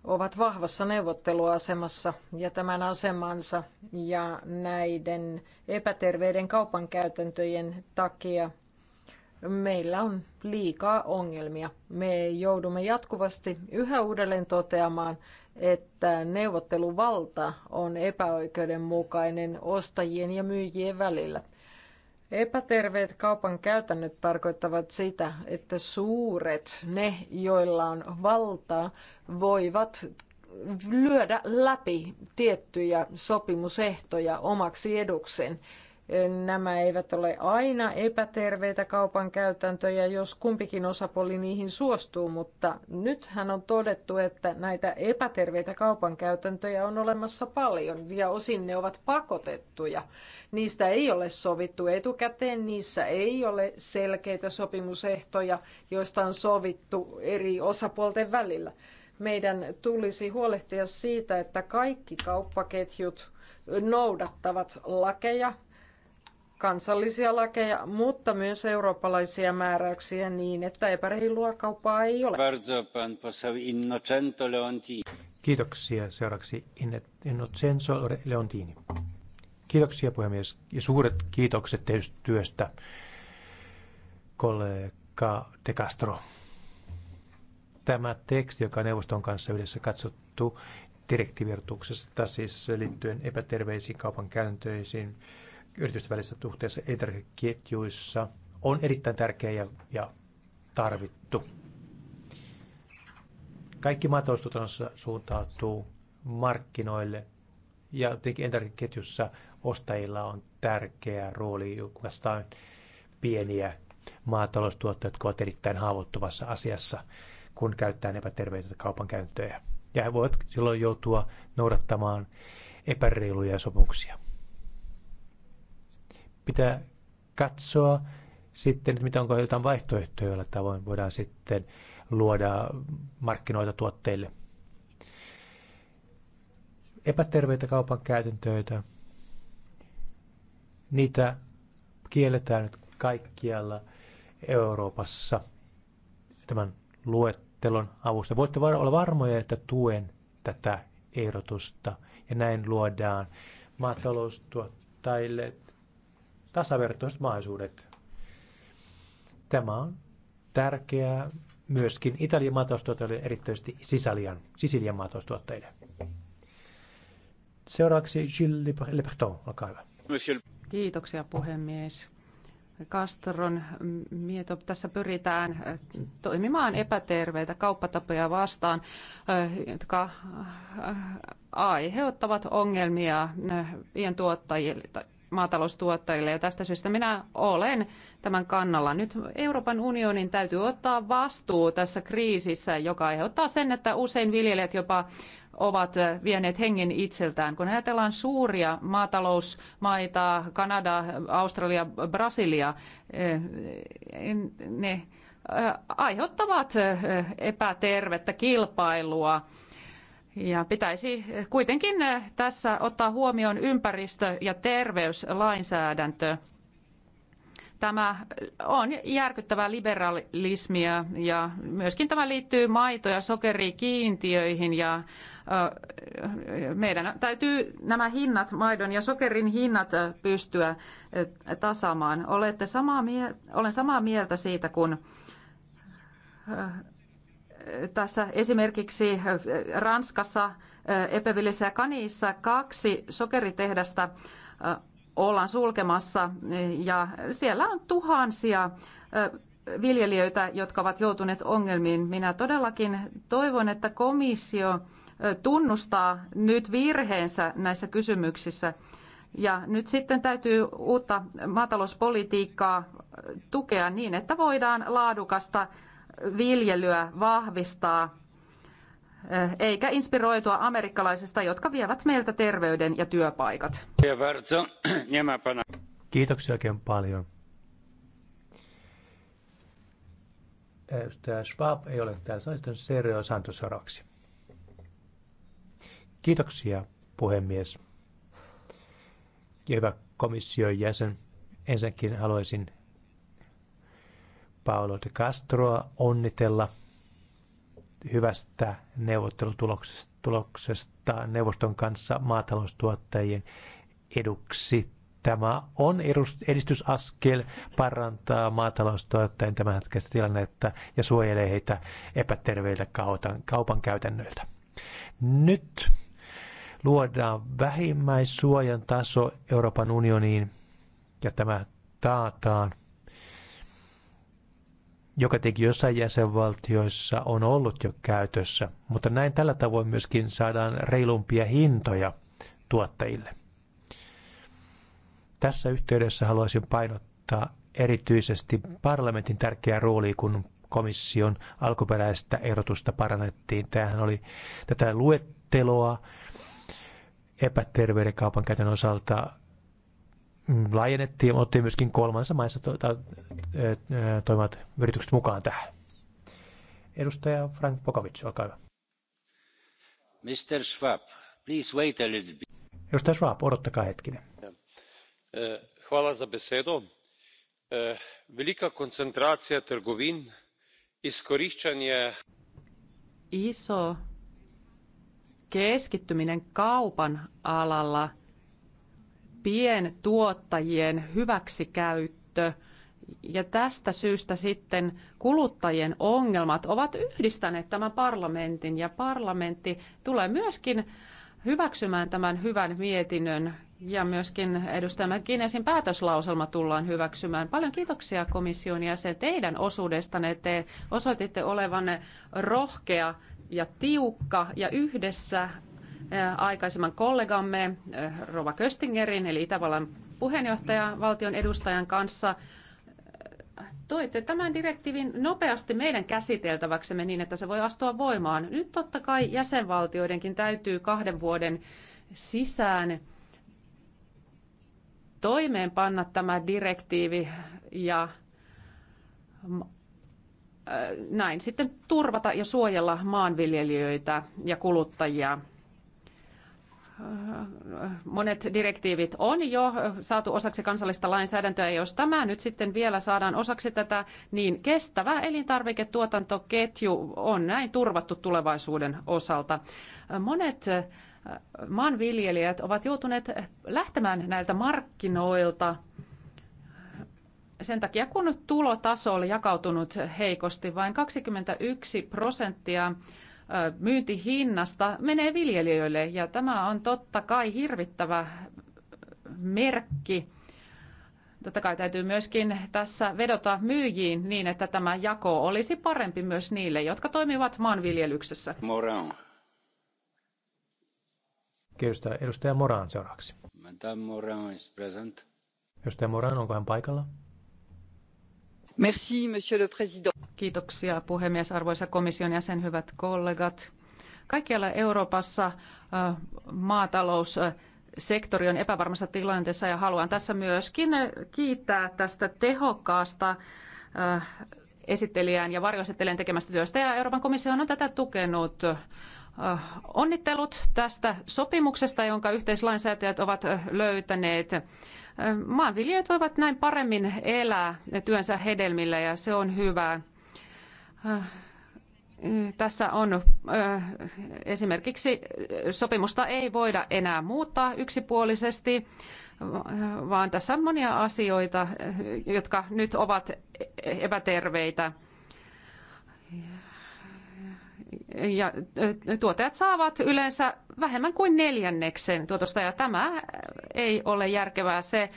ovat vahvassa neuvotteluasemassa ja tämän asemansa ja näiden epäterveiden kaupankäytäntöjen takia meillä on liikaa ongelmia. Me joudumme jatkuvasti yhä uudelleen toteamaan, että neuvotteluvalta on epäoikeudenmukainen ostajien ja myyjien välillä. Epäterveet kaupan käytännöt tarkoittavat sitä, että suuret, ne joilla on valtaa, voivat lyödä läpi tiettyjä sopimusehtoja omaksi edukseen. Nämä eivät ole aina epäterveitä kaupan käytäntöjä, jos kumpikin osapuoli niihin suostuu, mutta nythän on todettu, että näitä epäterveitä kaupan käytäntöjä on olemassa paljon ja osin ne ovat pakotettuja. Niistä ei ole sovittu etukäteen, niissä ei ole selkeitä sopimusehtoja, joista on sovittu eri osapuolten välillä meidän tulisi huolehtia siitä, että kaikki kauppaketjut noudattavat lakeja kansallisia lakeja, mutta myös eurooppalaisia määräyksiä niin, että epäreilua kauppaa ei ole. Kiitoksia. Seuraavaksi Innocenzo Leontini. Kiitoksia puhemies ja suuret kiitokset tehdystä työstä, kollega De Castro. Tämä teksti, joka on neuvoston kanssa yhdessä katsottu direktiivirtuksesta, siis liittyen epäterveisiin kaupan kaupankäyntöisiin, yritysten välisessä suhteessa elintarvikeketjuissa on erittäin tärkeä ja, ja tarvittu. Kaikki maataloustuotannossa suuntautuu markkinoille ja tietenkin elintarvikeketjussa ostajilla on tärkeä rooli, kun katsotaan pieniä maataloustuottajat, jotka ovat erittäin haavoittuvassa asiassa, kun käyttää epäterveitä kaupankäyntöjä. Ja he voivat silloin joutua noudattamaan epäreiluja sopimuksia pitää katsoa sitten, että mitä onko jotain vaihtoehtoja, joilla tavoin voidaan sitten luoda markkinoita tuotteille. Epäterveitä kaupan käytäntöitä, niitä kielletään nyt kaikkialla Euroopassa tämän luettelon avusta. Voitte olla varmoja, että tuen tätä ehdotusta ja näin luodaan maataloustuottajille tasavertoiset mahdollisuudet. Tämä on tärkeää myöskin Italian maataloustuottajille, erityisesti Sisalian, Sisilian maataloustuottajille. Seuraavaksi Gilles Leperton, olkaa hyvä. Kiitoksia puhemies. Castron mieto. Tässä pyritään äh, toimimaan epäterveitä kauppatapoja vastaan, äh, jotka äh, aiheuttavat ongelmia pientuottajille maataloustuottajille ja tästä syystä minä olen tämän kannalla. Nyt Euroopan unionin täytyy ottaa vastuu tässä kriisissä, joka aiheuttaa sen, että usein viljelijät jopa ovat vieneet hengen itseltään. Kun ajatellaan suuria maatalousmaita, Kanada, Australia, Brasilia, eh, ne eh, aiheuttavat eh, epätervettä kilpailua ja pitäisi kuitenkin eh, tässä ottaa huomioon ympäristö- ja terveyslainsäädäntö. Tämä on järkyttävää liberalismia ja myöskin tämä liittyy maito- ja sokerikiintiöihin ja eh, meidän täytyy nämä hinnat, maidon ja sokerin hinnat eh, pystyä tasamaan. Olette samaa mieltä, olen samaa mieltä siitä, kun tässä esimerkiksi Ranskassa Epevillissä ja Kaniissa kaksi sokeritehdasta ollaan sulkemassa ja siellä on tuhansia viljelijöitä, jotka ovat joutuneet ongelmiin. Minä todellakin toivon, että komissio tunnustaa nyt virheensä näissä kysymyksissä. Ja nyt sitten täytyy uutta maatalouspolitiikkaa tukea niin, että voidaan laadukasta viljelyä vahvistaa, eh, eikä inspiroitua amerikkalaisista, jotka vievät meiltä terveyden ja työpaikat. Kiitoksia oikein paljon. Edustaja Schwab ei ole täällä, se Sergio Santos seuraavaksi. Kiitoksia, puhemies. Ja hyvä komission jäsen, ensinnäkin haluaisin Paolo de Castroa onnitella hyvästä neuvottelutuloksesta neuvoston kanssa maataloustuottajien eduksi. Tämä on edistysaskel parantaa maataloustuottajien tämänhetkistä tilannetta ja suojelee heitä epäterveiltä kaupan käytännöiltä. Nyt luodaan vähimmäissuojan taso Euroopan unioniin ja tämä taataan joka teki jossain jäsenvaltioissa on ollut jo käytössä, mutta näin tällä tavoin myöskin saadaan reilumpia hintoja tuottajille. Tässä yhteydessä haluaisin painottaa erityisesti parlamentin tärkeää roolia, kun komission alkuperäistä erotusta parannettiin. Tämähän oli tätä luetteloa epäterveyden kaupankäytön osalta laajennettiin, otettiin myöskin kolmansa maissa to, to, toimivat yritykset mukaan tähän. Edustaja Frank Pokovic, olkaa hyvä. Mr. Schwab, please wait a little bit. Edustaja Schwab, odottakaa hetkinen. Hvala za besedo. Velika koncentraatio trgovin, iskorišćanje... Iso keskittyminen kaupan alalla – pientuottajien hyväksikäyttö. Ja tästä syystä sitten kuluttajien ongelmat ovat yhdistäneet tämän parlamentin ja parlamentti tulee myöskin hyväksymään tämän hyvän mietinnön ja myöskin edustaja McGinnessin päätöslauselma tullaan hyväksymään. Paljon kiitoksia komission jäsen teidän osuudestanne. Te osoititte olevanne rohkea ja tiukka ja yhdessä Äh, aikaisemman kollegamme äh, Rova Köstingerin, eli Itävallan puheenjohtajan valtion edustajan kanssa äh, toitte tämän direktiivin nopeasti meidän käsiteltäväksemme niin, että se voi astua voimaan. Nyt totta kai jäsenvaltioidenkin täytyy kahden vuoden sisään toimeenpanna tämä direktiivi ja näin sitten turvata ja suojella maanviljelijöitä ja kuluttajia monet direktiivit on jo saatu osaksi kansallista lainsäädäntöä, ja jos tämä nyt sitten vielä saadaan osaksi tätä, niin kestävä elintarviketuotantoketju on näin turvattu tulevaisuuden osalta. Monet äh, maanviljelijät ovat joutuneet lähtemään näiltä markkinoilta sen takia, kun tulotaso oli jakautunut heikosti, vain 21 prosenttia myyntihinnasta menee viljelijöille ja tämä on totta kai hirvittävä merkki. Totta kai täytyy myöskin tässä vedota myyjiin niin, että tämä jako olisi parempi myös niille, jotka toimivat maanviljelyksessä. Moran. Kiitos. Edustaja Moran seuraavaksi. Moran is present. Edustaja Moran, onko hän paikalla? monsieur le président. Kiitoksia puhemies, arvoisa komission jäsen, hyvät kollegat. Kaikkialla Euroopassa maataloussektori on epävarmassa tilanteessa ja haluan tässä myöskin kiittää tästä tehokkaasta esittelijän ja varjoesittelijän tekemästä työstä ja Euroopan komissio on tätä tukenut. Onnittelut tästä sopimuksesta, jonka yhteislainsäätäjät ovat löytäneet. Maanviljelijät voivat näin paremmin elää työnsä hedelmillä ja se on hyvä. Tässä on äh, esimerkiksi sopimusta ei voida enää muuttaa yksipuolisesti, vaan tässä on monia asioita, jotka nyt ovat epäterveitä ja tuottajat saavat yleensä vähemmän kuin neljänneksen tuotosta ja tämä ei ole järkevää. Se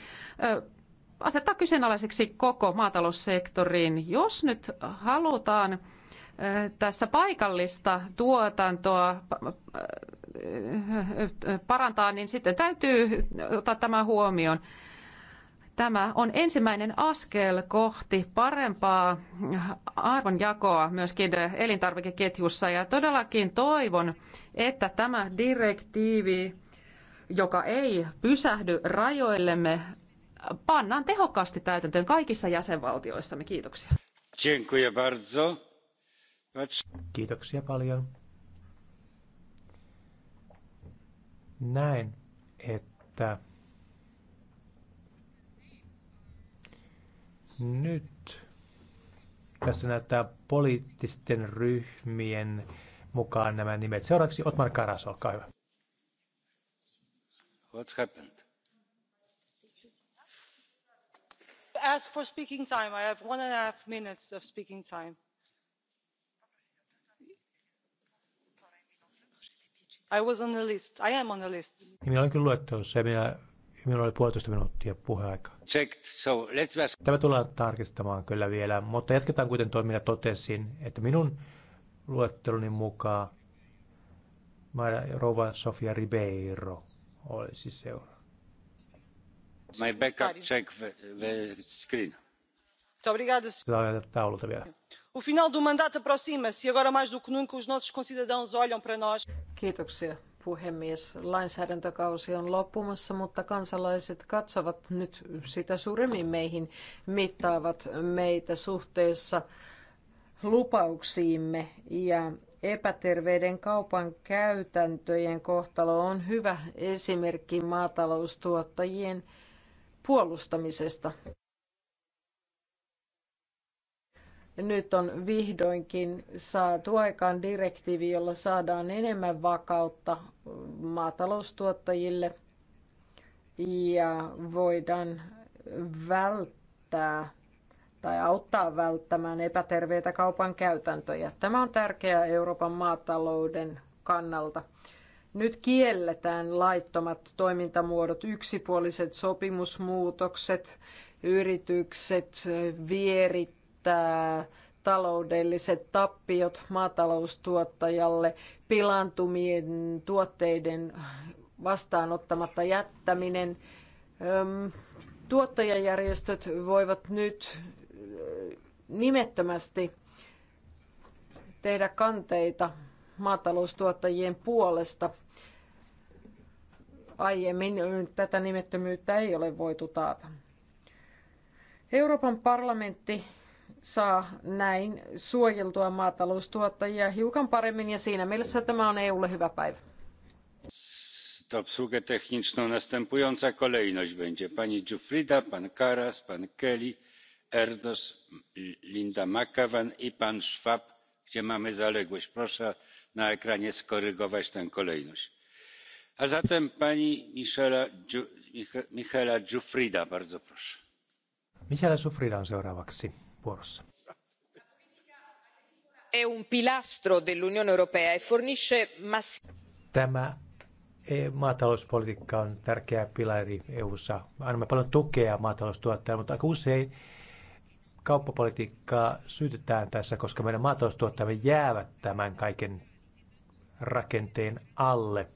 asettaa kyseenalaiseksi koko maataloussektorin. Jos nyt halutaan tässä paikallista tuotantoa parantaa, niin sitten täytyy ottaa tämä huomioon. Tämä on ensimmäinen askel kohti parempaa arvonjakoa myöskin elintarvikeketjussa ja todellakin toivon, että tämä direktiivi, joka ei pysähdy rajoillemme, pannaan tehokkaasti täytäntöön kaikissa jäsenvaltioissamme. Kiitoksia. Kiitoksia paljon. Näen, että Nyt tässä näyttää poliittisten ryhmien mukaan nämä nimet. Seuraavaksi Otmar Karas, olkaa hyvä. What's happened? As for speaking time. I have one and a half minutes of speaking time. I was on the list. I am on the list. Minä olen kyllä luettelossa ja minä Minulla oli puolitoista minuuttia puheaikaa. So, let's... Tämä tulee tarkistamaan kyllä vielä, mutta jatketaan kuten toiminnan totesin, että minun luetteloni mukaan Rova Sofia Ribeiro olisi seuraava. My backup check the screen. Taululta vielä. O final do mandato aproxima-se e agora mais do que nunca os nossos concidadãos olham para nós. Kiitoksia puhemies. Lainsäädäntökausi on loppumassa, mutta kansalaiset katsovat nyt sitä suremmin meihin, mittaavat meitä suhteessa lupauksiimme ja epäterveiden kaupan käytäntöjen kohtalo on hyvä esimerkki maataloustuottajien puolustamisesta. Nyt on vihdoinkin saatu aikaan direktiivi, jolla saadaan enemmän vakautta maataloustuottajille ja voidaan välttää tai auttaa välttämään epäterveitä kaupan käytäntöjä. Tämä on tärkeää Euroopan maatalouden kannalta. Nyt kielletään laittomat toimintamuodot, yksipuoliset sopimusmuutokset, yritykset, vierit, että taloudelliset tappiot maataloustuottajalle, pilaantumien tuotteiden vastaanottamatta jättäminen. Tuottajajärjestöt voivat nyt nimettömästi tehdä kanteita maataloustuottajien puolesta. Aiemmin tätä nimettömyyttä ei ole voitu taata. Euroopan parlamentti saa näin suojeltua maataloustuottajia hiukan paremmin ja siinä mielessä tämä on EUlle hyvä päivä. Na obsługę techniczną następująca kolejność będzie pani Giuffrida, pan Karas, pan Kelly, Erdos, Linda McAvan i pan Schwab, gdzie mamy zaległość. Proszę na ekranie skorygować tę kolejność. A zatem pani Michela, Michela Giuffrida, bardzo proszę. Michela Giuffrida on seuraavaksi vuorossa. E Tämä e- maatalouspolitiikka on tärkeä pilari EU:ssa. Annamme paljon tukea maataloustuottajille, mutta aika usein kauppapolitiikkaa syytetään tässä, koska meidän maataloustuottajamme jäävät tämän kaiken rakenteen alle.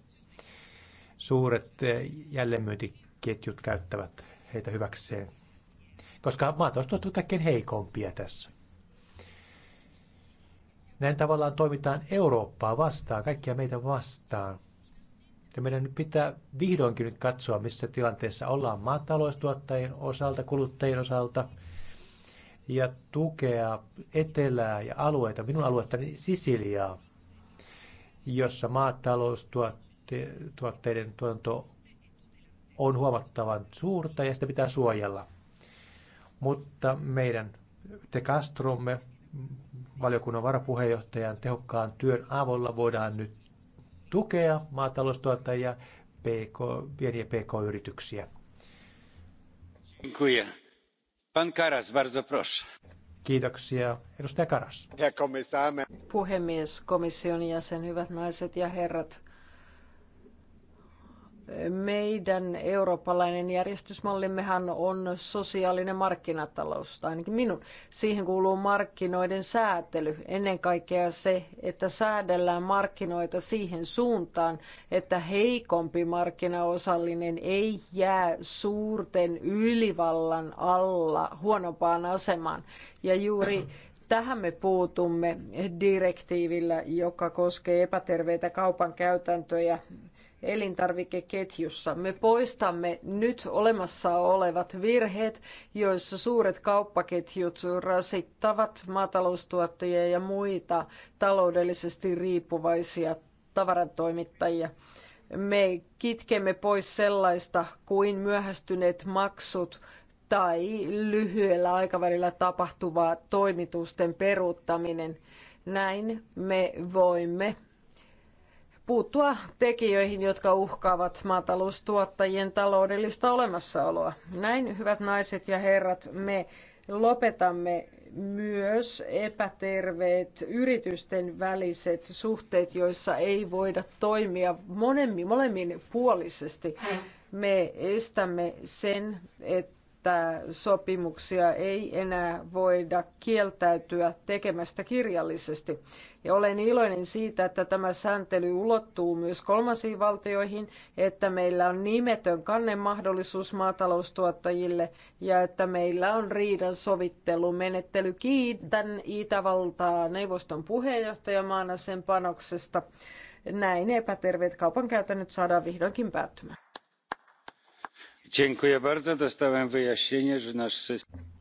Suuret e- jälleenmyyntiketjut käyttävät heitä hyväkseen koska maataloustuottajat ovat kaikkein heikompia tässä. Näin tavallaan toimitaan Eurooppaa vastaan, kaikkia meitä vastaan. Ja meidän nyt pitää vihdoinkin nyt katsoa, missä tilanteessa ollaan maataloustuottajien osalta, kuluttajien osalta, ja tukea etelää ja alueita, minun aluettani Sisiliaa, jossa maataloustuotteiden tuotanto on huomattavan suurta ja sitä pitää suojella mutta meidän De Castromme, valiokunnan varapuheenjohtajan tehokkaan työn avulla voidaan nyt tukea maataloustuottajia, PK, pieniä PK-yrityksiä. Pan Karas, bardzo proszę. Kiitoksia. Edustaja Karas. Puhemies, komission jäsen, hyvät naiset ja herrat meidän eurooppalainen järjestysmallimmehan on sosiaalinen markkinatalous, tai ainakin minun. Siihen kuuluu markkinoiden säätely, ennen kaikkea se, että säädellään markkinoita siihen suuntaan, että heikompi markkinaosallinen ei jää suurten ylivallan alla huonompaan asemaan. Ja juuri Tähän me puutumme direktiivillä, joka koskee epäterveitä kaupan käytäntöjä elintarvikeketjussa. Me poistamme nyt olemassa olevat virheet, joissa suuret kauppaketjut rasittavat maataloustuottajia ja muita taloudellisesti riippuvaisia tavarantoimittajia. Me kitkemme pois sellaista kuin myöhästyneet maksut tai lyhyellä aikavälillä tapahtuva toimitusten peruuttaminen. Näin me voimme puuttua tekijöihin, jotka uhkaavat maataloustuottajien taloudellista olemassaoloa. Näin, hyvät naiset ja herrat, me lopetamme myös epäterveet yritysten väliset suhteet, joissa ei voida toimia molemmin, molemmin puolisesti. Me estämme sen, että että sopimuksia ei enää voida kieltäytyä tekemästä kirjallisesti. Ja olen iloinen siitä, että tämä sääntely ulottuu myös kolmansiin valtioihin, että meillä on nimetön kannemahdollisuus maataloustuottajille ja että meillä on riidan sovittelumenettely. Kiitän Itävaltaa neuvoston puheenjohtajamaana sen panoksesta. Näin epäterveet kaupankäytännöt saadaan vihdoinkin päättymään.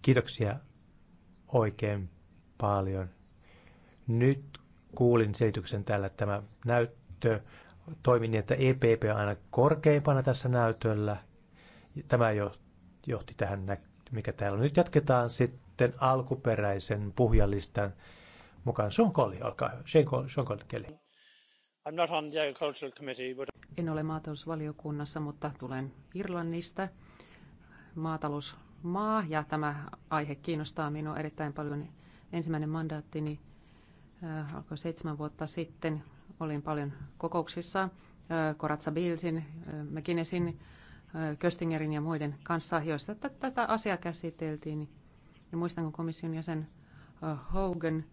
Kiitoksia oikein paljon. Nyt kuulin selityksen täällä, että tämä näyttö toimi niin, että EPP on aina korkeimpana tässä näytöllä. Tämä jo johti tähän, mikä täällä on. Nyt jatketaan sitten alkuperäisen puhujalistan mukaan. Sean Colli, olkaa hyvä. Sean Colli, Sean Colli. En ole maatalousvaliokunnassa, mutta tulen Irlannista. Maatalousmaa ja tämä aihe kiinnostaa minua erittäin paljon. Ensimmäinen mandaattini äh, alkoi seitsemän vuotta sitten. Olin paljon kokouksissa Koratsa äh, Bilsin, äh, McKinneysin, Köstingerin ja muiden kanssa, joissa tätä asiaa käsiteltiin. Ja muistan, kun komission jäsen Hogan –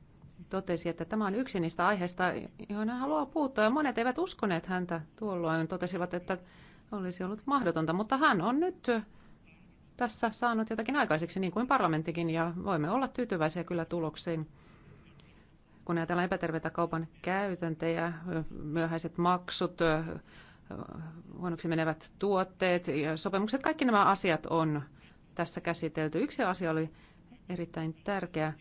totesi, että tämä on yksi niistä aiheista, joihin hän haluaa puuttua. Ja monet eivät uskoneet häntä tuolloin, totesivat, että olisi ollut mahdotonta, mutta hän on nyt tässä saanut jotakin aikaiseksi, niin kuin parlamenttikin, ja voimme olla tyytyväisiä kyllä tuloksiin. Kun ajatellaan epäterveitä kaupan käytäntöjä, myöhäiset maksut, huonoksi menevät tuotteet, sopimukset, kaikki nämä asiat on tässä käsitelty. Yksi asia oli erittäin tärkeä.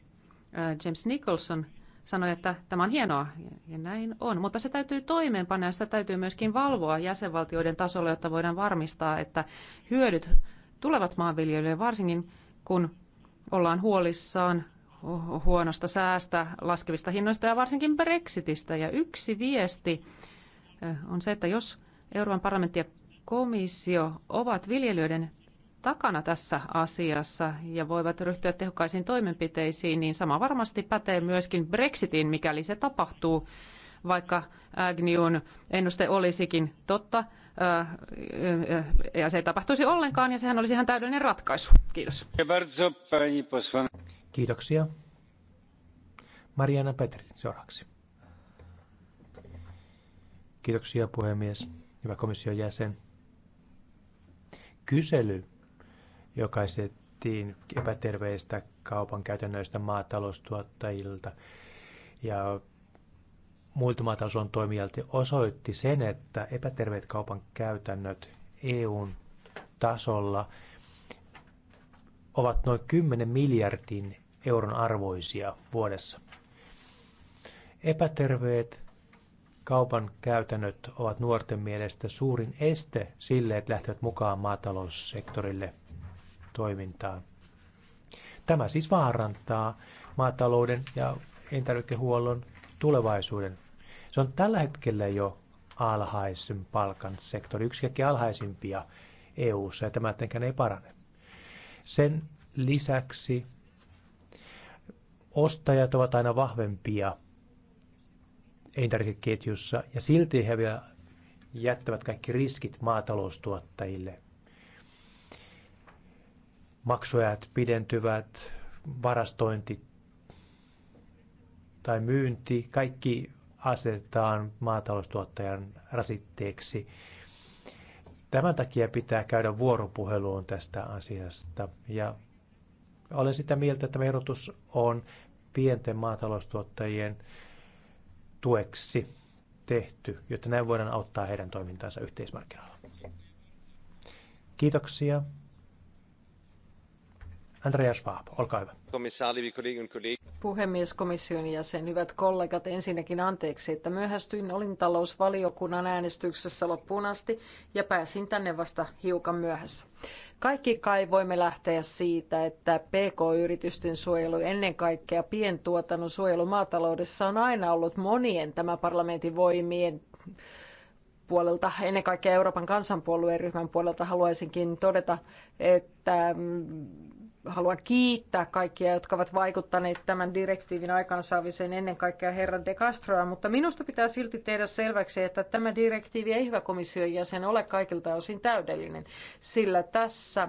James Nicholson sanoi, että tämä on hienoa, ja näin on. Mutta se täytyy toimeenpanna ja sitä täytyy myöskin valvoa jäsenvaltioiden tasolla, jotta voidaan varmistaa, että hyödyt tulevat maanviljelijöille, varsinkin kun ollaan huolissaan huonosta säästä, laskevista hinnoista ja varsinkin Brexitistä. Ja yksi viesti on se, että jos Euroopan parlamentti ja komissio ovat viljelijöiden takana tässä asiassa ja voivat ryhtyä tehokkaisiin toimenpiteisiin, niin sama varmasti pätee myöskin Brexitiin, mikäli se tapahtuu, vaikka Agnewn ennuste olisikin totta. Ja se ei tapahtuisi ollenkaan, ja sehän olisi ihan täydellinen ratkaisu. Kiitos. Kiitoksia. Mariana Petri seuraavaksi. Kiitoksia puhemies, hyvä komission jäsen. Kysely joka esitettiin epäterveistä kaupan käytännöistä maataloustuottajilta ja muilta maatalousalan toimijalta osoitti sen, että epäterveet kaupan käytännöt EUn tasolla ovat noin 10 miljardin euron arvoisia vuodessa. Epäterveet kaupan käytännöt ovat nuorten mielestä suurin este sille, että lähtevät mukaan maataloussektorille toimintaa. Tämä siis vaarantaa maatalouden ja elintarvikehuollon tulevaisuuden. Se on tällä hetkellä jo alhaisen palkan sektori, yksi kaikkein alhaisimpia EU-ssa, ja tämä tietenkään ei parane. Sen lisäksi ostajat ovat aina vahvempia elintarvikeketjussa, ja silti he vielä jättävät kaikki riskit maataloustuottajille maksuajat pidentyvät, varastointi tai myynti, kaikki asetetaan maataloustuottajan rasitteeksi. Tämän takia pitää käydä vuoropuheluun tästä asiasta ja olen sitä mieltä, että verotus on pienten maataloustuottajien tueksi tehty, jotta näin voidaan auttaa heidän toimintaansa yhteismarkkinoilla. Kiitoksia. Andreas Schwab, olkaa hyvä. Puhemies, komission jäsen, hyvät kollegat, ensinnäkin anteeksi, että myöhästyin. Olin talousvaliokunnan äänestyksessä loppuun asti ja pääsin tänne vasta hiukan myöhässä. Kaikki kai voimme lähteä siitä, että PK-yritysten suojelu, ennen kaikkea pientuotannon suojelu maataloudessa on aina ollut monien tämän parlamentin voimien puolelta, ennen kaikkea Euroopan kansanpuolueen ryhmän puolelta haluaisinkin todeta, että mm, haluan kiittää kaikkia, jotka ovat vaikuttaneet tämän direktiivin aikaansaamiseen, ennen kaikkea herra De Castroa, mutta minusta pitää silti tehdä selväksi, että tämä direktiivi ei hyvä komission jäsen ole kaikilta osin täydellinen, sillä tässä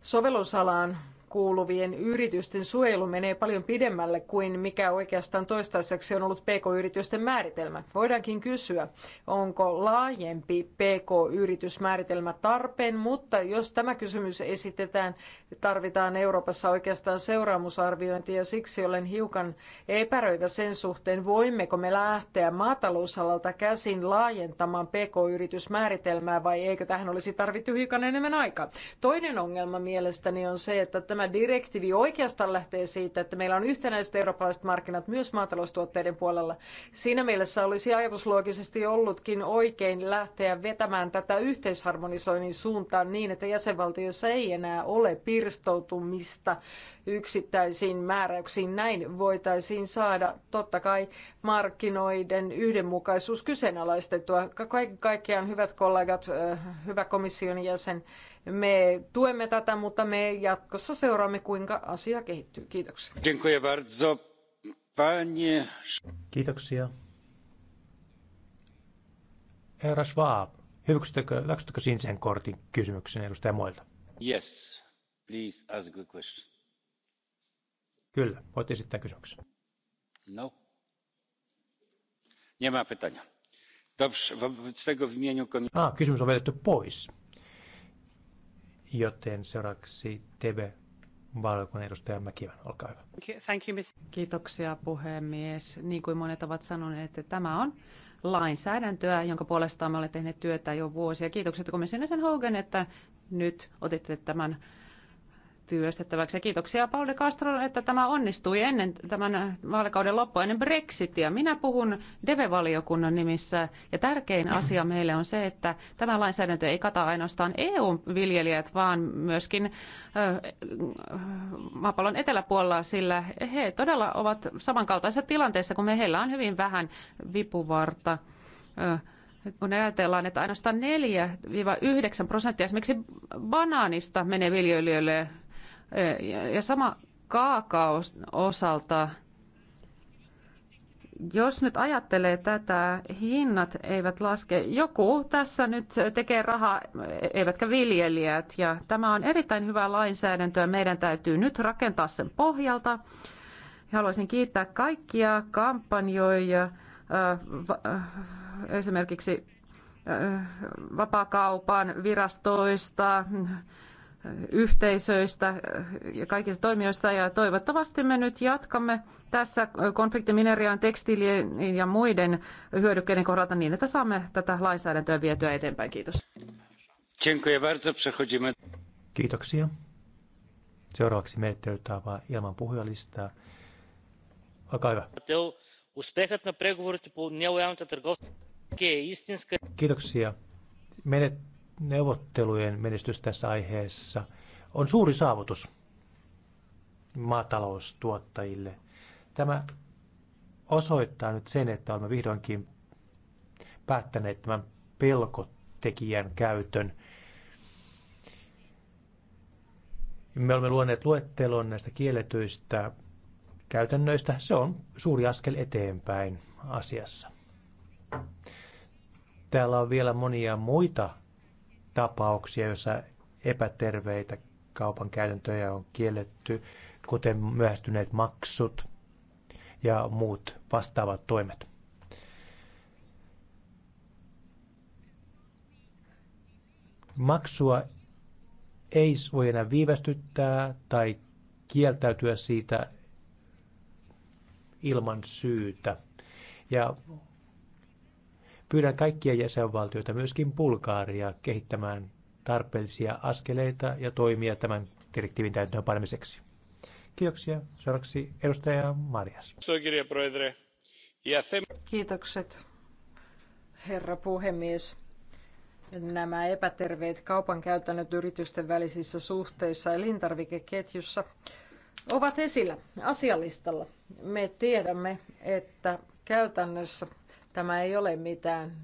sovellusalaan kuuluvien yritysten suojelu menee paljon pidemmälle kuin mikä oikeastaan toistaiseksi on ollut PK-yritysten määritelmä. Voidaankin kysyä, onko laajempi PK-yritysmääritelmä tarpeen, mutta jos tämä kysymys esitetään, tarvitaan Euroopassa oikeastaan seuraamusarviointi ja siksi olen hiukan epäröivä sen suhteen, voimmeko me lähteä maatalousalalta käsin laajentamaan PK-yritysmääritelmää vai eikö tähän olisi tarvittu hiukan enemmän aikaa. Toinen ongelma mielestäni on se, että tämä direktiivi oikeastaan lähtee siitä, että meillä on yhtenäiset eurooppalaiset markkinat myös maataloustuotteiden puolella. Siinä mielessä olisi ajatusloogisesti ollutkin oikein lähteä vetämään tätä yhteisharmonisoinnin suuntaan niin, että jäsenvaltioissa ei enää ole pirstoutumista yksittäisiin määräyksiin. Näin voitaisiin saada totta kai markkinoiden yhdenmukaisuus kyseenalaistettua. Kaiken kaikkiaan hyvät kollegat, hyvä komission jäsen, me tuemme tätä, mutta me jatkossa seuraamme, kuinka asia kehittyy. Kiitoksia. Kiitoksia. Herra Schwab, hyväksyttekö, hyväksyttekö sinisen kortin kysymyksen edustaja Moilta? Yes, please ask a question. Kyllä, voit esittää kysymyksen. No. Nie ma pytania. Dobrze, wobec tego w imieniu komisji... Ah, kysymys on vedetty pois joten seuraavaksi TV valiokunnan edustaja Mäkivän, olkaa hyvä. Thank you, miss. Kiitoksia puhemies. Niin kuin monet ovat sanoneet, että tämä on lainsäädäntöä, jonka puolestaan me olemme tehneet työtä jo vuosia. Kiitokset komissionisen Hogan, että nyt otitte tämän työstettäväksi. Ja kiitoksia Pauli Castro, että tämä onnistui ennen tämän vaalikauden loppua, ennen Brexitia. Minä puhun DEVE-valiokunnan nimissä ja tärkein asia meille on se, että tämä lainsäädäntö ei kata ainoastaan EU-viljelijät, vaan myöskin maapallon eteläpuolella, sillä he todella ovat samankaltaisessa tilanteessa, kun me heillä on hyvin vähän vipuvarta. kun ajatellaan, että ainoastaan 4-9 prosenttia esimerkiksi banaanista menee viljelijöille ja sama kaakaon osalta, jos nyt ajattelee tätä, hinnat eivät laske. Joku tässä nyt tekee rahaa, eivätkä viljelijät. Ja tämä on erittäin hyvää lainsäädäntöä. Meidän täytyy nyt rakentaa sen pohjalta. Haluaisin kiittää kaikkia kampanjoja, esimerkiksi vapaakaupan virastoista, yhteisöistä ja kaikista toimijoista ja toivottavasti me nyt jatkamme tässä konfliktiminerjaan, tekstiilien ja muiden hyödykkeiden kohdalta niin, että saamme tätä lainsäädäntöä vietyä eteenpäin. Kiitos. Kiitoksia. Seuraavaksi vain ilman puhujalistaa. Olkaa hyvä. Kiitoksia. Menet neuvottelujen menestys tässä aiheessa on suuri saavutus maataloustuottajille. Tämä osoittaa nyt sen, että olemme vihdoinkin päättäneet tämän pelkotekijän käytön. Me olemme luoneet luettelon näistä kielletyistä käytännöistä. Se on suuri askel eteenpäin asiassa. Täällä on vielä monia muita tapauksia, joissa epäterveitä kaupan käytäntöjä on kielletty, kuten myöhästyneet maksut ja muut vastaavat toimet. Maksua ei voi enää viivästyttää tai kieltäytyä siitä ilman syytä. Ja Pyydän kaikkia jäsenvaltioita, myöskin Bulgaaria, kehittämään tarpeellisia askeleita ja toimia tämän direktiivin täytäntöön panemiseksi. Kiitoksia. Seuraavaksi edustaja Marjas. Kiitokset, herra puhemies. Nämä epäterveet kaupankäytännöt yritysten välisissä suhteissa elintarvikeketjussa ovat esillä asialistalla. Me tiedämme, että käytännössä Tämä ei ole mitään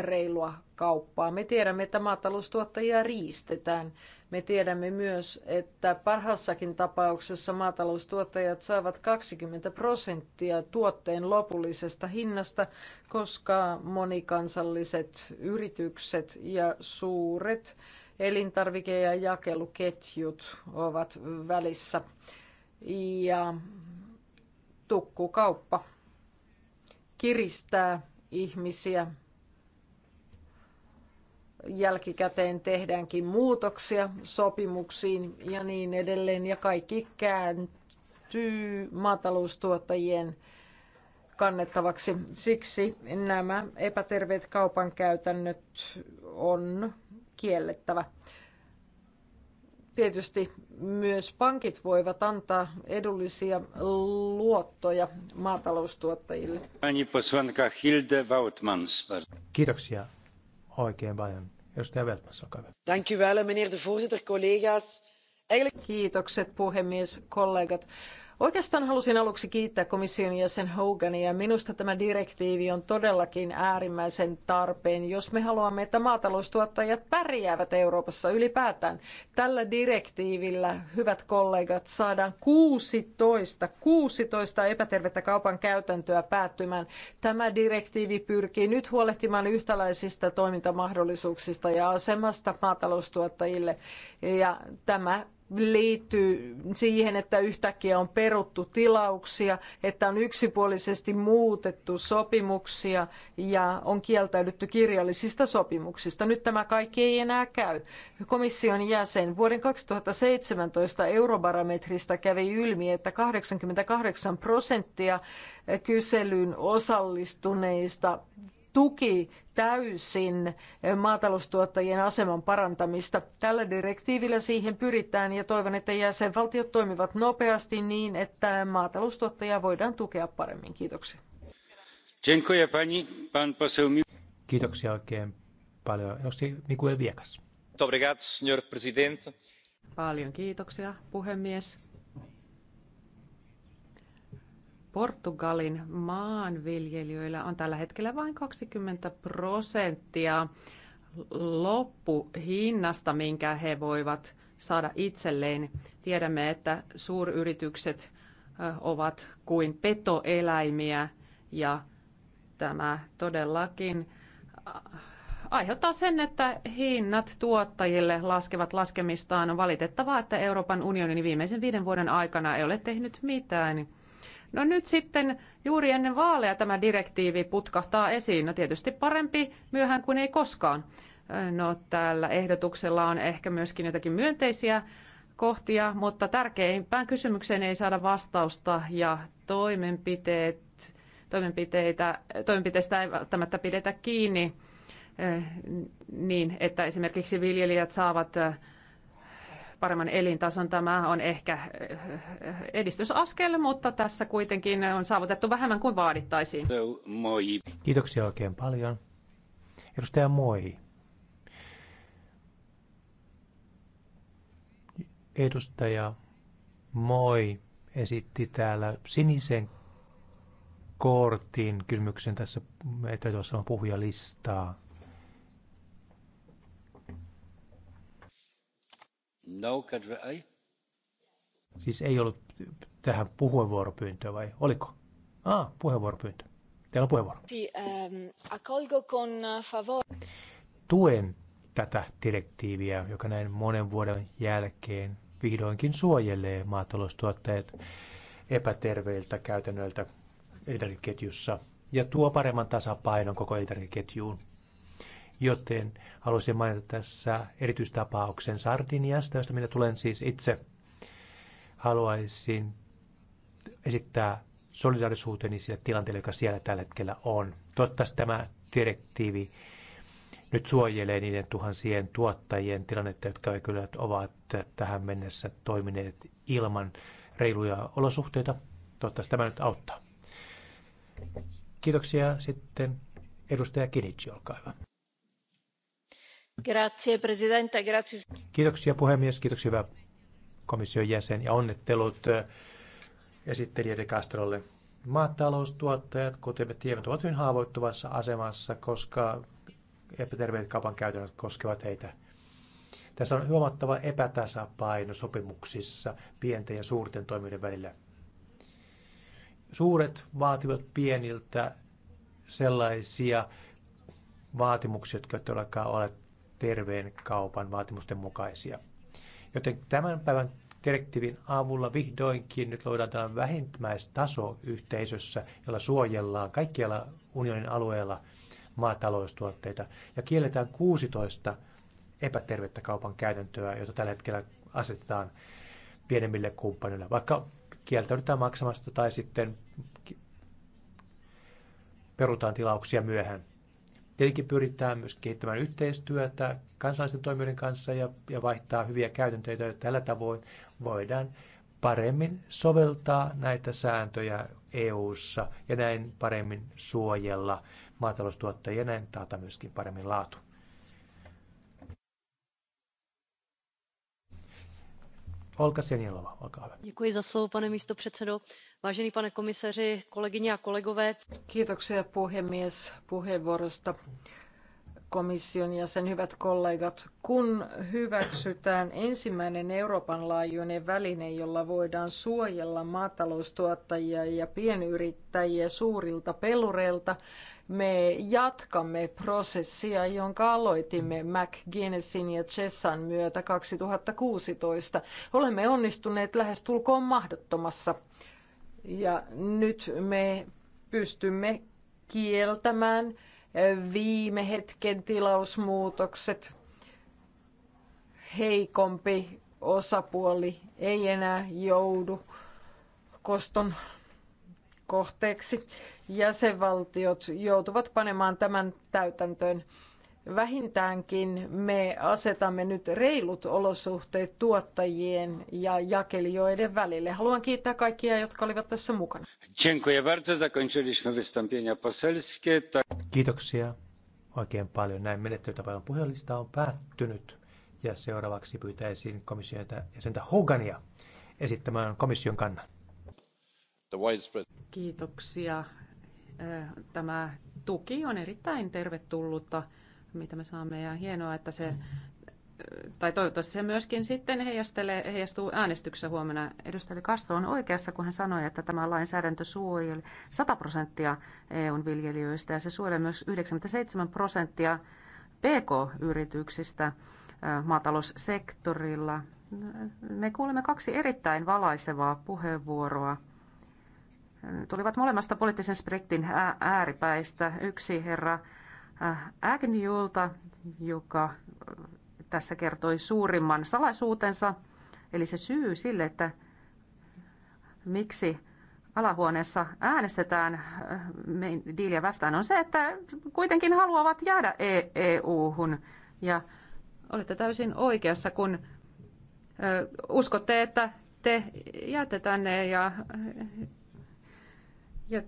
reilua kauppaa. Me tiedämme, että maataloustuottajia riistetään. Me tiedämme myös, että parhaassakin tapauksessa maataloustuottajat saavat 20 prosenttia tuotteen lopullisesta hinnasta, koska monikansalliset yritykset ja suuret elintarvike- ja jakeluketjut ovat välissä. Ja tukkukauppa kiristää ihmisiä. Jälkikäteen tehdäänkin muutoksia sopimuksiin ja niin edelleen, ja kaikki kääntyy maataloustuottajien kannettavaksi. Siksi nämä epäterveet kaupankäytännöt on kiellettävä. Tietysti myös pankit voivat antaa edullisia luottoja maataloustuottajille. Kiitoksia oikein paljon. Edustaja Veltmans, olkaa hyvä. Dank u wel, de voorzitter, collega's. Kiitokset puhemies, kollegat. Oikeastaan halusin aluksi kiittää komission jäsen Hogania. Minusta tämä direktiivi on todellakin äärimmäisen tarpeen, jos me haluamme, että maataloustuottajat pärjäävät Euroopassa ylipäätään. Tällä direktiivillä, hyvät kollegat, saadaan 16, 16 epätervettä kaupan käytäntöä päättymään. Tämä direktiivi pyrkii nyt huolehtimaan yhtäläisistä toimintamahdollisuuksista ja asemasta maataloustuottajille. Ja tämä liittyy siihen, että yhtäkkiä on peruttu tilauksia, että on yksipuolisesti muutettu sopimuksia ja on kieltäydytty kirjallisista sopimuksista. Nyt tämä kaikki ei enää käy. Komission jäsen vuoden 2017 eurobarometrista kävi ilmi, että 88 prosenttia kyselyyn osallistuneista tuki täysin maataloustuottajien aseman parantamista. Tällä direktiivillä siihen pyritään ja toivon, että jäsenvaltiot toimivat nopeasti niin, että maataloustuottajia voidaan tukea paremmin. Kiitoksia. Kiitoksia oikein paljon. Edustaja Miguel Viekas. Paljon kiitoksia, puhemies Portugalin maanviljelijöillä on tällä hetkellä vain 20 prosenttia loppuhinnasta, minkä he voivat saada itselleen. Tiedämme, että suuryritykset ovat kuin petoeläimiä ja tämä todellakin aiheuttaa sen, että hinnat tuottajille laskevat laskemistaan. On valitettavaa, että Euroopan unionin viimeisen viiden vuoden aikana ei ole tehnyt mitään No nyt sitten juuri ennen vaaleja tämä direktiivi putkahtaa esiin. No tietysti parempi myöhään kuin ei koskaan. No tällä ehdotuksella on ehkä myöskin jotakin myönteisiä kohtia, mutta tärkeimpään kysymykseen ei saada vastausta ja toimenpiteet, toimenpiteitä, toimenpiteistä ei välttämättä pidetä kiinni eh, niin, että esimerkiksi viljelijät saavat eh, paremman elintason. Tämä on ehkä eh, edistysaskel, mutta tässä kuitenkin on saavutettu vähemmän kuin vaadittaisiin. Moi. Kiitoksia oikein paljon. Edustaja Moi. Edustaja Moi esitti täällä sinisen kortin kysymyksen tässä, että tuossa on puhujalistaa. No Siis ei ollut tähän puheenvuoropyyntöä vai oliko? Ah, puheenvuoropyyntö. Teillä on puheenvuoro. Si, ähm, con favor. Tuen tätä direktiiviä, joka näin monen vuoden jälkeen vihdoinkin suojelee maataloustuottajat epäterveiltä käytännöiltä elintarvikeketjussa ja tuo paremman tasapainon koko elintarvikeketjuun joten haluaisin mainita tässä erityistapauksen Sardiniasta, josta minä tulen siis itse. Haluaisin esittää solidaarisuuteni sille tilanteelle, joka siellä tällä hetkellä on. Toivottavasti tämä direktiivi nyt suojelee niiden tuhansien tuottajien tilannetta, jotka kyllä ovat tähän mennessä toimineet ilman reiluja olosuhteita. Toivottavasti tämä nyt auttaa. Kiitoksia sitten edustaja Kinitsi, olkaa hyvä. Kiitoksia puhemies, kiitoksia hyvä komission jäsen ja onnittelut äh, esittelijä De Castrolle. Maataloustuottajat, kuten me tiedämme, ovat hyvin haavoittuvassa asemassa, koska epäterveet kaupan käytännöt koskevat heitä. Tässä on huomattava epätasapaino sopimuksissa pienten ja suurten toimijoiden välillä. Suuret vaativat pieniltä sellaisia vaatimuksia, jotka todellakaan ole terveen kaupan vaatimusten mukaisia. Joten tämän päivän direktiivin avulla vihdoinkin nyt luodaan vähimmäistaso yhteisössä, jolla suojellaan kaikkialla unionin alueella maataloustuotteita ja kielletään 16 epätervettä kaupan käytäntöä, jota tällä hetkellä asetetaan pienemmille kumppaneille, vaikka kieltäydytään maksamasta tai sitten perutaan tilauksia myöhään. Tietenkin pyritään myös kehittämään yhteistyötä kansallisten toimijoiden kanssa ja, ja vaihtaa hyviä käytänteitä, joita tällä tavoin voidaan paremmin soveltaa näitä sääntöjä EU:ssa ja näin paremmin suojella maataloustuottajia ja näin taata myöskin paremmin laatu. Olka olkaa hyvä. Děkuji za slovo, pane Vážený pane komisaři, kolegyně a kolegové. Kiitoksia puhemies puheenvuorosta komission ja sen hyvät kollegat, kun hyväksytään ensimmäinen Euroopan laajuinen väline, jolla voidaan suojella maataloustuottajia ja pienyrittäjiä suurilta pelureilta, me jatkamme prosessia, jonka aloitimme McGuinnessin ja Chessan myötä 2016. Olemme onnistuneet lähestulkoon mahdottomassa. Ja nyt me pystymme kieltämään viime hetken tilausmuutokset. Heikompi osapuoli ei enää joudu koston kohteeksi. Jäsenvaltiot joutuvat panemaan tämän täytäntöön. Vähintäänkin me asetamme nyt reilut olosuhteet tuottajien ja jakelijoiden välille. Haluan kiittää kaikkia, jotka olivat tässä mukana. Kiitoksia oikein paljon. Näin menettelytapailun puhelista on päättynyt. Ja seuraavaksi pyytäisin komission jäsentä Hogania esittämään komission kannan. Kiitoksia. Tämä tuki on erittäin tervetullutta, mitä me saamme, ja hienoa, että se tai toivottavasti se myöskin sitten heijastelee, heijastuu äänestyksessä huomenna. Edustaja Castro on oikeassa, kun hän sanoi, että tämä lainsäädäntö suojeli 100 prosenttia EUn viljelijöistä ja se suojelee myös 97 prosenttia PK-yrityksistä maataloussektorilla. Me kuulemme kaksi erittäin valaisevaa puheenvuoroa tulivat molemmasta poliittisen spektin ääripäistä. Yksi herra Agnewlta, joka tässä kertoi suurimman salaisuutensa, eli se syy sille, että miksi alahuoneessa äänestetään diiliä vastaan, on se, että kuitenkin haluavat jäädä EU-hun. E ja olette täysin oikeassa, kun uskotte, että te jäätte tänne ja ja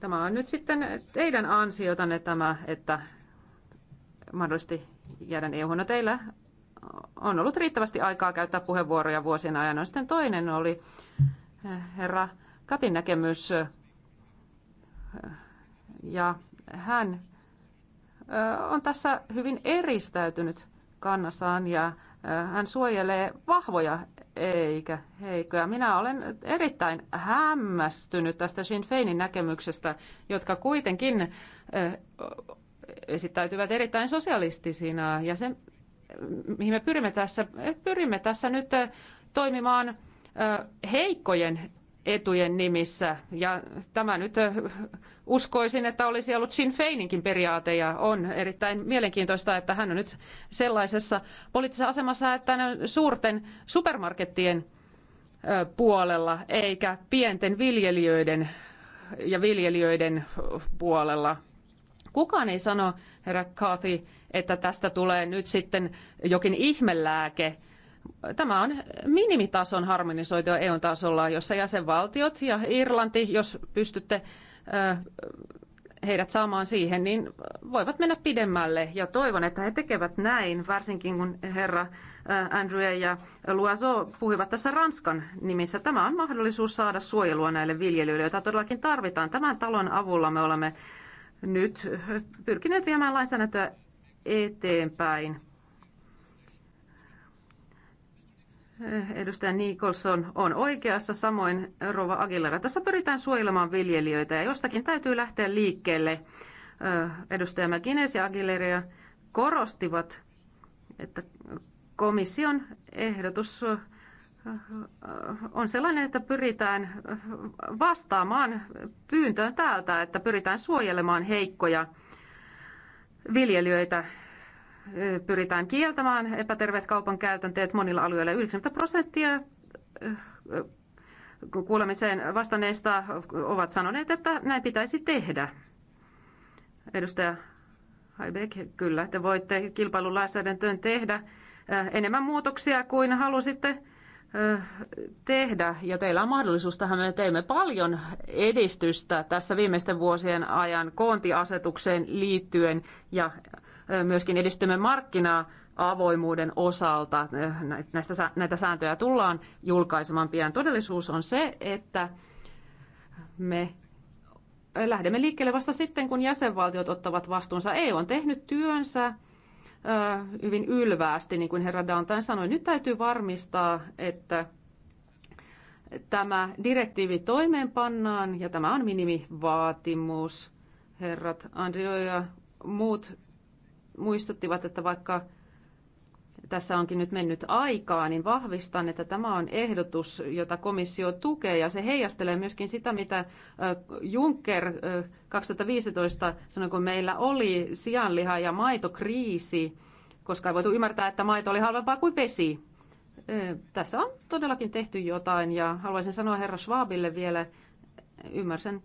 tämä on nyt sitten teidän ansiotanne tämä, että mahdollisesti jäädän EU. No, teillä on ollut riittävästi aikaa käyttää puheenvuoroja vuosien ajan. No sitten toinen oli eh, herra Katin näkemys. Eh, ja hän eh, on tässä hyvin eristäytynyt kannassaan ja hän suojelee vahvoja eikä heikkoja. Minä olen erittäin hämmästynyt tästä Sinn Feinin näkemyksestä, jotka kuitenkin eh, esittäytyvät erittäin sosialistisina. Ja se, mihin me pyrimme tässä, pyrimme tässä nyt eh, toimimaan eh, heikkojen etujen nimissä. Ja tämä nyt uskoisin, että olisi ollut Sinn Feininkin periaate ja on erittäin mielenkiintoista, että hän on nyt sellaisessa poliittisessa asemassa, että hän on suurten supermarkettien puolella eikä pienten viljelijöiden ja viljelijöiden puolella. Kukaan ei sano, herra Kathy, että tästä tulee nyt sitten jokin ihmelääke, Tämä on minimitason harmonisoitua EU-tasolla, jossa jäsenvaltiot ja Irlanti, jos pystytte heidät saamaan siihen, niin voivat mennä pidemmälle. Ja toivon, että he tekevät näin, varsinkin kun herra Andrew ja Luazo puhuivat tässä Ranskan nimissä. Tämä on mahdollisuus saada suojelua näille viljelijöille, joita todellakin tarvitaan. Tämän talon avulla me olemme nyt pyrkineet viemään lainsäädäntöä eteenpäin. Edustaja Nicholson on oikeassa, samoin Rova Aguilera. Tässä pyritään suojelemaan viljelijöitä ja jostakin täytyy lähteä liikkeelle. Edustaja McGuinness ja Aguilera korostivat, että komission ehdotus on sellainen, että pyritään vastaamaan pyyntöön täältä, että pyritään suojelemaan heikkoja viljelijöitä pyritään kieltämään epäterveet kaupan käytänteet monilla alueilla. 90 prosenttia kuulemiseen vastanneista ovat sanoneet, että näin pitäisi tehdä. Edustaja Haibek, kyllä, te voitte kilpailulainsäädäntöön tehdä enemmän muutoksia kuin halusitte tehdä, ja teillä on mahdollisuus tähän. Me teimme paljon edistystä tässä viimeisten vuosien ajan koontiasetukseen liittyen, ja myöskin edistymme markkinaa avoimuuden osalta. Näistä, näitä sääntöjä tullaan julkaisemaan pian. Todellisuus on se, että me lähdemme liikkeelle vasta sitten, kun jäsenvaltiot ottavat vastuunsa. EU on tehnyt työnsä hyvin ylväästi, niin kuin herra Dantain sanoi. Nyt täytyy varmistaa, että tämä direktiivi toimeenpannaan ja tämä on minimivaatimus. Herrat Andrio ja muut muistuttivat, että vaikka tässä onkin nyt mennyt aikaa, niin vahvistan, että tämä on ehdotus, jota komissio tukee ja se heijastelee myöskin sitä, mitä Juncker 2015 sanoi, kun meillä oli sianliha- ja maitokriisi, koska ei voitu ymmärtää, että maito oli halvempaa kuin pesi. Tässä on todellakin tehty jotain ja haluaisin sanoa herra Schwabille vielä, ymmärsen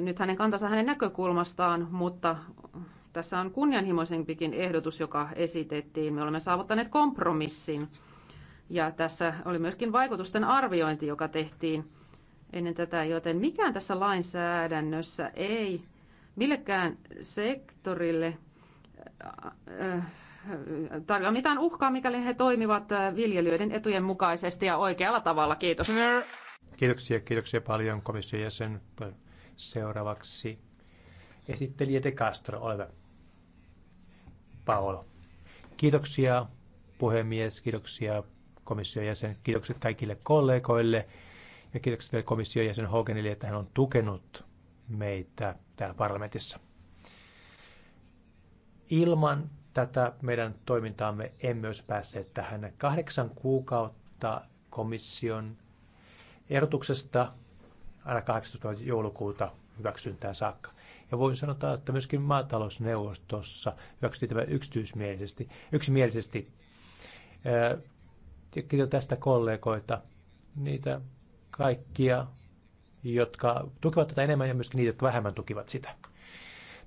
nyt hänen kantansa hänen näkökulmastaan, mutta tässä on kunnianhimoisempikin ehdotus, joka esitettiin. Me olemme saavuttaneet kompromissin. Ja tässä oli myöskin vaikutusten arviointi, joka tehtiin ennen tätä, joten mikään tässä lainsäädännössä ei millekään sektorille äh, äh, tarjoa mitään uhkaa, mikäli he toimivat äh, viljelijöiden etujen mukaisesti ja oikealla tavalla. Kiitos. Kiitoksia, kiitoksia paljon komission jäsen. Seuraavaksi esittelijä De Castro, ole hyvä. Paolo. Kiitoksia puhemies, kiitoksia komission jäsen, kiitokset kaikille kollegoille ja kiitokset vielä komission jäsen Hogenille, että hän on tukenut meitä täällä parlamentissa. Ilman tätä meidän toimintaamme emme myös päässeet tähän. Kahdeksan kuukautta komission ehdotuksesta aina 18. joulukuuta hyväksyntään saakka. Ja voin sanoa, että myöskin maatalousneuvostossa hyväksyttiin tämä yksityismielisesti, yksimielisesti. Kiitän tästä kollegoita, niitä kaikkia, jotka tukivat tätä enemmän ja myöskin niitä, jotka vähemmän tukivat sitä.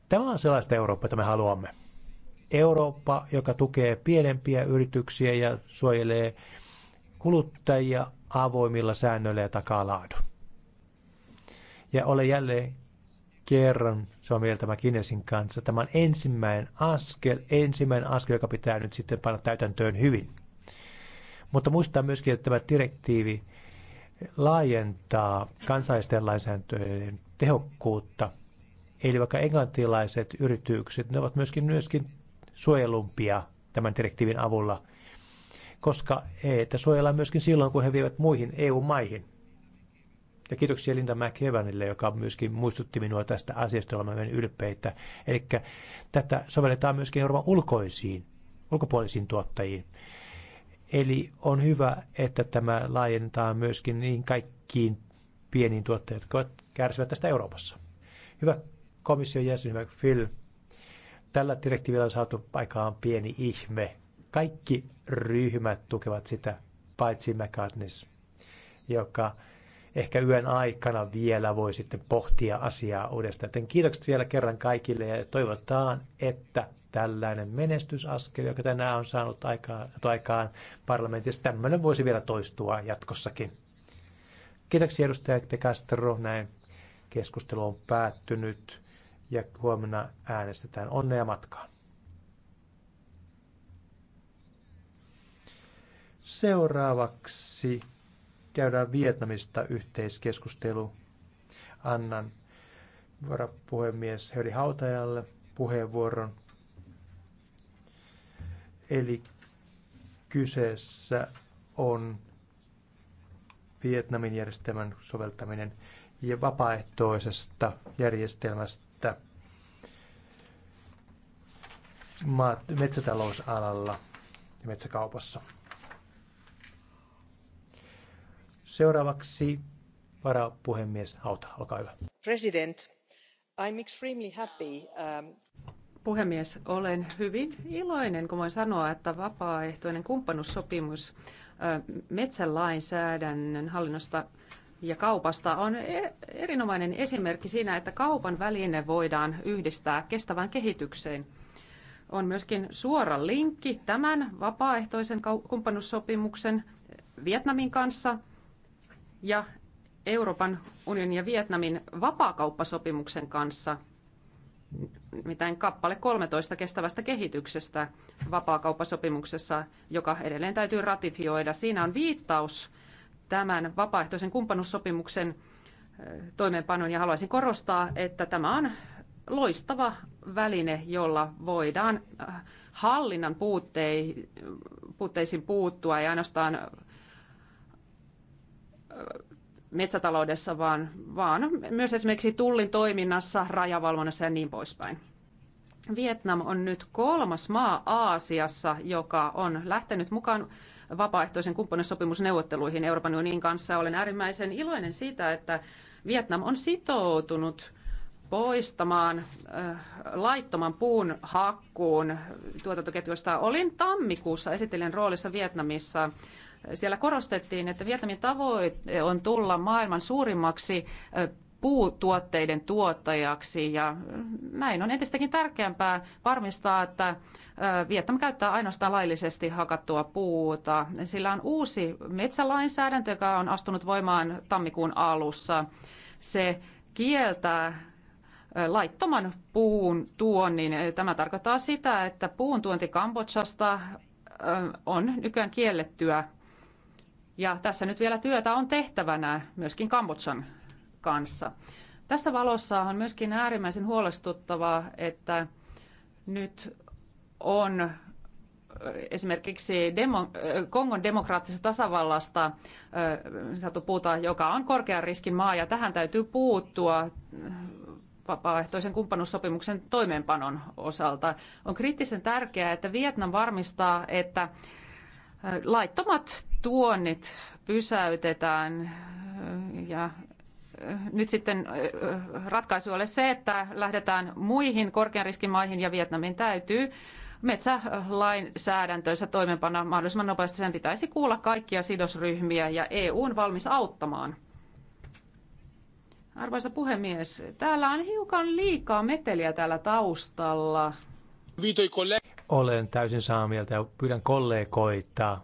Tämä on sellaista Eurooppaa, jota me haluamme. Eurooppa, joka tukee pienempiä yrityksiä ja suojelee kuluttajia avoimilla säännöillä ja takaa laadun. Ja ole jälleen kerran samaa mieltä Kinesin kanssa. Tämä on ensimmäinen askel, ensimmäinen askel, joka pitää nyt sitten panna täytäntöön hyvin. Mutta muistaa myöskin, että tämä direktiivi laajentaa kansallisten lainsäädäntöjen tehokkuutta. Eli vaikka englantilaiset yritykset, ne ovat myöskin, myöskin suojelumpia tämän direktiivin avulla, koska että suojellaan myöskin silloin, kun he vievät muihin EU-maihin – ja kiitoksia Linda McEvanille, joka myöskin muistutti minua tästä asiasta, jolla olen ylpeitä. Eli tätä sovelletaan myöskin Euroopan ulkoisiin, ulkopuolisiin tuottajiin. Eli on hyvä, että tämä laajentaa myöskin niin kaikkiin pieniin tuottajiin, jotka kärsivät tästä Euroopassa. Hyvä komission jäsen, hyvä Phil. Tällä direktiivillä on saatu aikaan pieni ihme. Kaikki ryhmät tukevat sitä, paitsi McCartney, joka ehkä yön aikana vielä voi sitten pohtia asiaa uudestaan. Joten kiitokset vielä kerran kaikille ja toivotaan, että tällainen menestysaskel, joka tänään on saanut aikaan, aikaan parlamentissa, tämmöinen voisi vielä toistua jatkossakin. Kiitoksia edustaja De Castro, näin keskustelu on päättynyt ja huomenna äänestetään onnea matkaan. Seuraavaksi käydään Vietnamista yhteiskeskustelu. Annan varapuhemies Höri Hautajalle puheenvuoron. Eli kyseessä on Vietnamin järjestelmän soveltaminen ja vapaaehtoisesta järjestelmästä metsätalousalalla ja metsäkaupassa. Seuraavaksi varapuhemies Hauta, olkaa hyvä. President, I'm extremely happy. Um... Puhemies, olen hyvin iloinen, kun voin sanoa, että vapaaehtoinen kumppanussopimus metsälainsäädännön hallinnosta ja kaupasta on e-, erinomainen esimerkki siinä, että kaupan väline voidaan yhdistää kestävään kehitykseen. On myöskin suora linkki tämän vapaaehtoisen kumppanussopimuksen Vietnamin kanssa – ja Euroopan unionin ja Vietnamin vapaakauppasopimuksen kanssa, mitään kappale 13 kestävästä kehityksestä vapaakauppasopimuksessa, joka edelleen täytyy ratifioida. Siinä on viittaus tämän vapaaehtoisen kumppanuussopimuksen eh, toimeenpanon ja haluaisin korostaa, että tämä on loistava väline, jolla voidaan eh, hallinnan puutteisiin puuttua ja ainoastaan metsätaloudessa, vaan, vaan myös esimerkiksi tullin toiminnassa, rajavalvonnassa ja niin poispäin. Vietnam on nyt kolmas maa Aasiassa, joka on lähtenyt mukaan vapaaehtoisen kumppanisopimusneuvotteluihin Euroopan unionin kanssa. Olen äärimmäisen iloinen siitä, että Vietnam on sitoutunut poistamaan äh, laittoman puun hakkuun tuotantoketjuista. Olin tammikuussa esittelen roolissa Vietnamissa siellä korostettiin, että Vietnamin tavoite on tulla maailman suurimmaksi puutuotteiden tuottajaksi ja näin on entistäkin tärkeämpää varmistaa, että Vietnam käyttää ainoastaan laillisesti hakattua puuta. Sillä on uusi metsälainsäädäntö, joka on astunut voimaan tammikuun alussa. Se kieltää laittoman puun tuonnin. Tämä tarkoittaa sitä, että puun tuonti Kambodsasta on nykyään kiellettyä ja tässä nyt vielä työtä on tehtävänä myöskin Kambodsan kanssa. Tässä valossa on myöskin äärimmäisen huolestuttavaa, että nyt on esimerkiksi demo, Kongon demokraattisesta tasavallasta saatu puuta, joka on korkean riskin maa, ja tähän täytyy puuttua vapaaehtoisen kumppanuussopimuksen toimeenpanon osalta. On kriittisen tärkeää, että Vietnam varmistaa, että laittomat tuonnit pysäytetään ja äh, nyt sitten äh, äh, ratkaisu on se, että lähdetään muihin korkean riskin maihin ja Vietnamin täytyy metsälainsäädäntöissä toimenpana mahdollisimman nopeasti. Sen pitäisi kuulla kaikkia sidosryhmiä ja EU on valmis auttamaan. Arvoisa puhemies, täällä on hiukan liikaa meteliä täällä taustalla. Olen täysin samaa mieltä ja pyydän kollegoita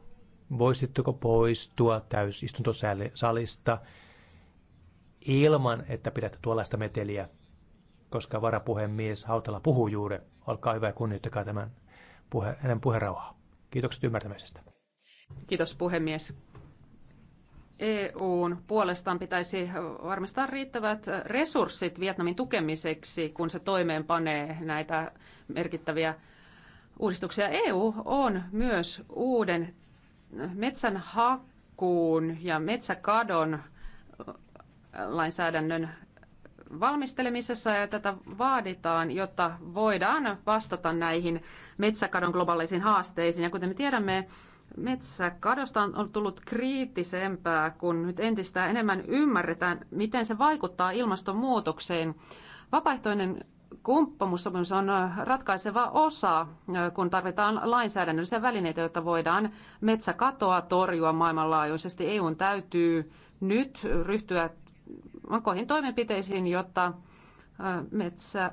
voisitteko poistua täysistuntosalista ilman, että pidätte tuollaista meteliä, koska varapuhemies Hautala puhuu juuri. Olkaa hyvä ja kunnioittakaa tämän puhe, hänen puherauhaa. Kiitokset ymmärtämisestä. Kiitos puhemies. EUn puolestaan pitäisi varmistaa riittävät resurssit Vietnamin tukemiseksi, kun se toimeenpanee näitä merkittäviä uudistuksia. EU on myös uuden metsän hakkuun ja metsäkadon äh, lainsäädännön valmistelemisessa ja tätä vaaditaan, jotta voidaan vastata näihin metsäkadon globaalisiin haasteisiin. Ja kuten me tiedämme, metsäkadosta on tullut kriittisempää, kun nyt entistä enemmän ymmärretään, miten se vaikuttaa ilmastonmuutokseen. Vapaaehtoinen Kumppamuussopimus on äh, ratkaiseva osa, äh, kun tarvitaan lainsäädännöllisiä välineitä, jotta voidaan metsäkatoa torjua maailmanlaajuisesti. EUn täytyy nyt ryhtyä vankoihin toimenpiteisiin, jotta äh, metsä,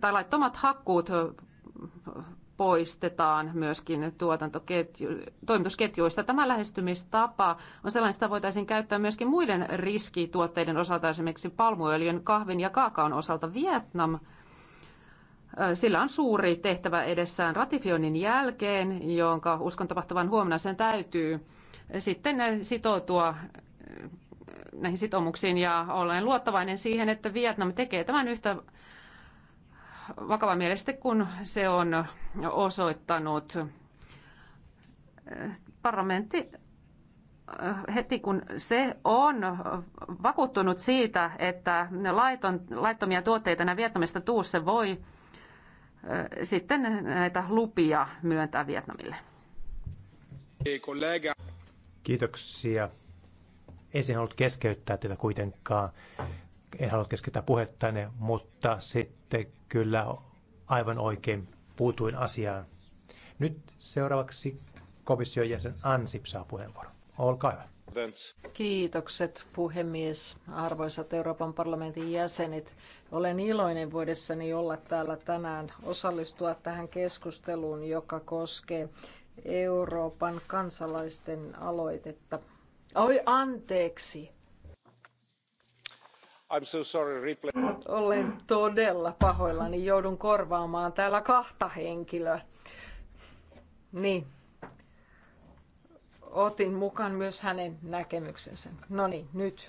tai laittomat hakkuut poistetaan myöskin tuotantoketju, toimitusketjuista. Tämä lähestymistapa on sellainen, sitä voitaisiin käyttää myöskin muiden riskituotteiden osalta, esimerkiksi palmuöljyn, kahvin ja kaakaon osalta. Vietnam sillä on suuri tehtävä edessään ratifioinnin jälkeen, jonka uskon tapahtuvan huomenna sen täytyy sitten sitoutua näihin sitoumuksiin ja olen luottavainen siihen, että Vietnam tekee tämän yhtä vakava mielestä, kun se on osoittanut eh, parlamentti eh, heti kun se on vakuuttunut siitä, että laiton, laittomia tuotteita nämä Vietnamista se voi eh, sitten näitä lupia myöntää Vietnamille. Kiitoksia. Ei sen ollut keskeyttää tätä kuitenkaan en halua keskittää puhettani, mutta sitten kyllä aivan oikein puutuin asiaan. Nyt seuraavaksi komission jäsen Ansip saa puheenvuoron. Olkaa hyvä. Kiitokset puhemies, arvoisat Euroopan parlamentin jäsenet. Olen iloinen voidessani olla täällä tänään osallistua tähän keskusteluun, joka koskee Euroopan kansalaisten aloitetta. Oi anteeksi, olen todella pahoillani, joudun korvaamaan täällä kahta henkilöä. Niin. Otin mukaan myös hänen näkemyksensä. No niin, nyt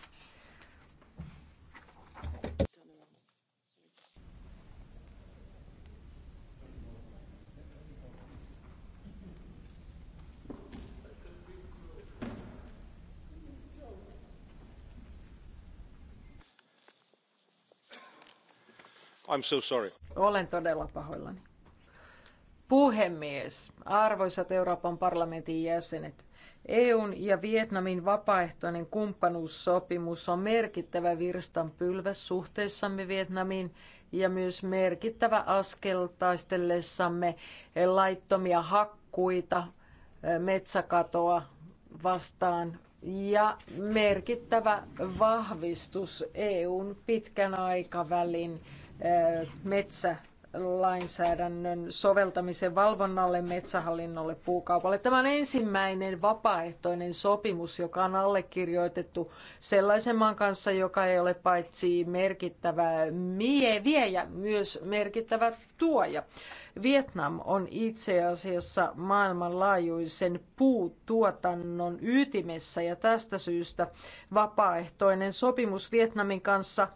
I'm so sorry. Olen todella pahoillani. Puhemies, arvoisat Euroopan parlamentin jäsenet, EUn ja Vietnamin vapaaehtoinen kumppanuussopimus on merkittävä virstanpylväs suhteessamme Vietnamiin ja myös merkittävä askel taistellessamme laittomia hakkuita, metsäkatoa vastaan ja merkittävä vahvistus EUn pitkän aikavälin metsä lainsäädännön soveltamisen valvonnalle, metsähallinnolle, puukaupalle. Tämä on ensimmäinen vapaaehtoinen sopimus, joka on allekirjoitettu sellaisen maan kanssa, joka ei ole paitsi merkittävä mie- viejä, myös merkittävä tuoja. Vietnam on itse asiassa maailmanlaajuisen puutuotannon ytimessä ja tästä syystä vapaaehtoinen sopimus Vietnamin kanssa –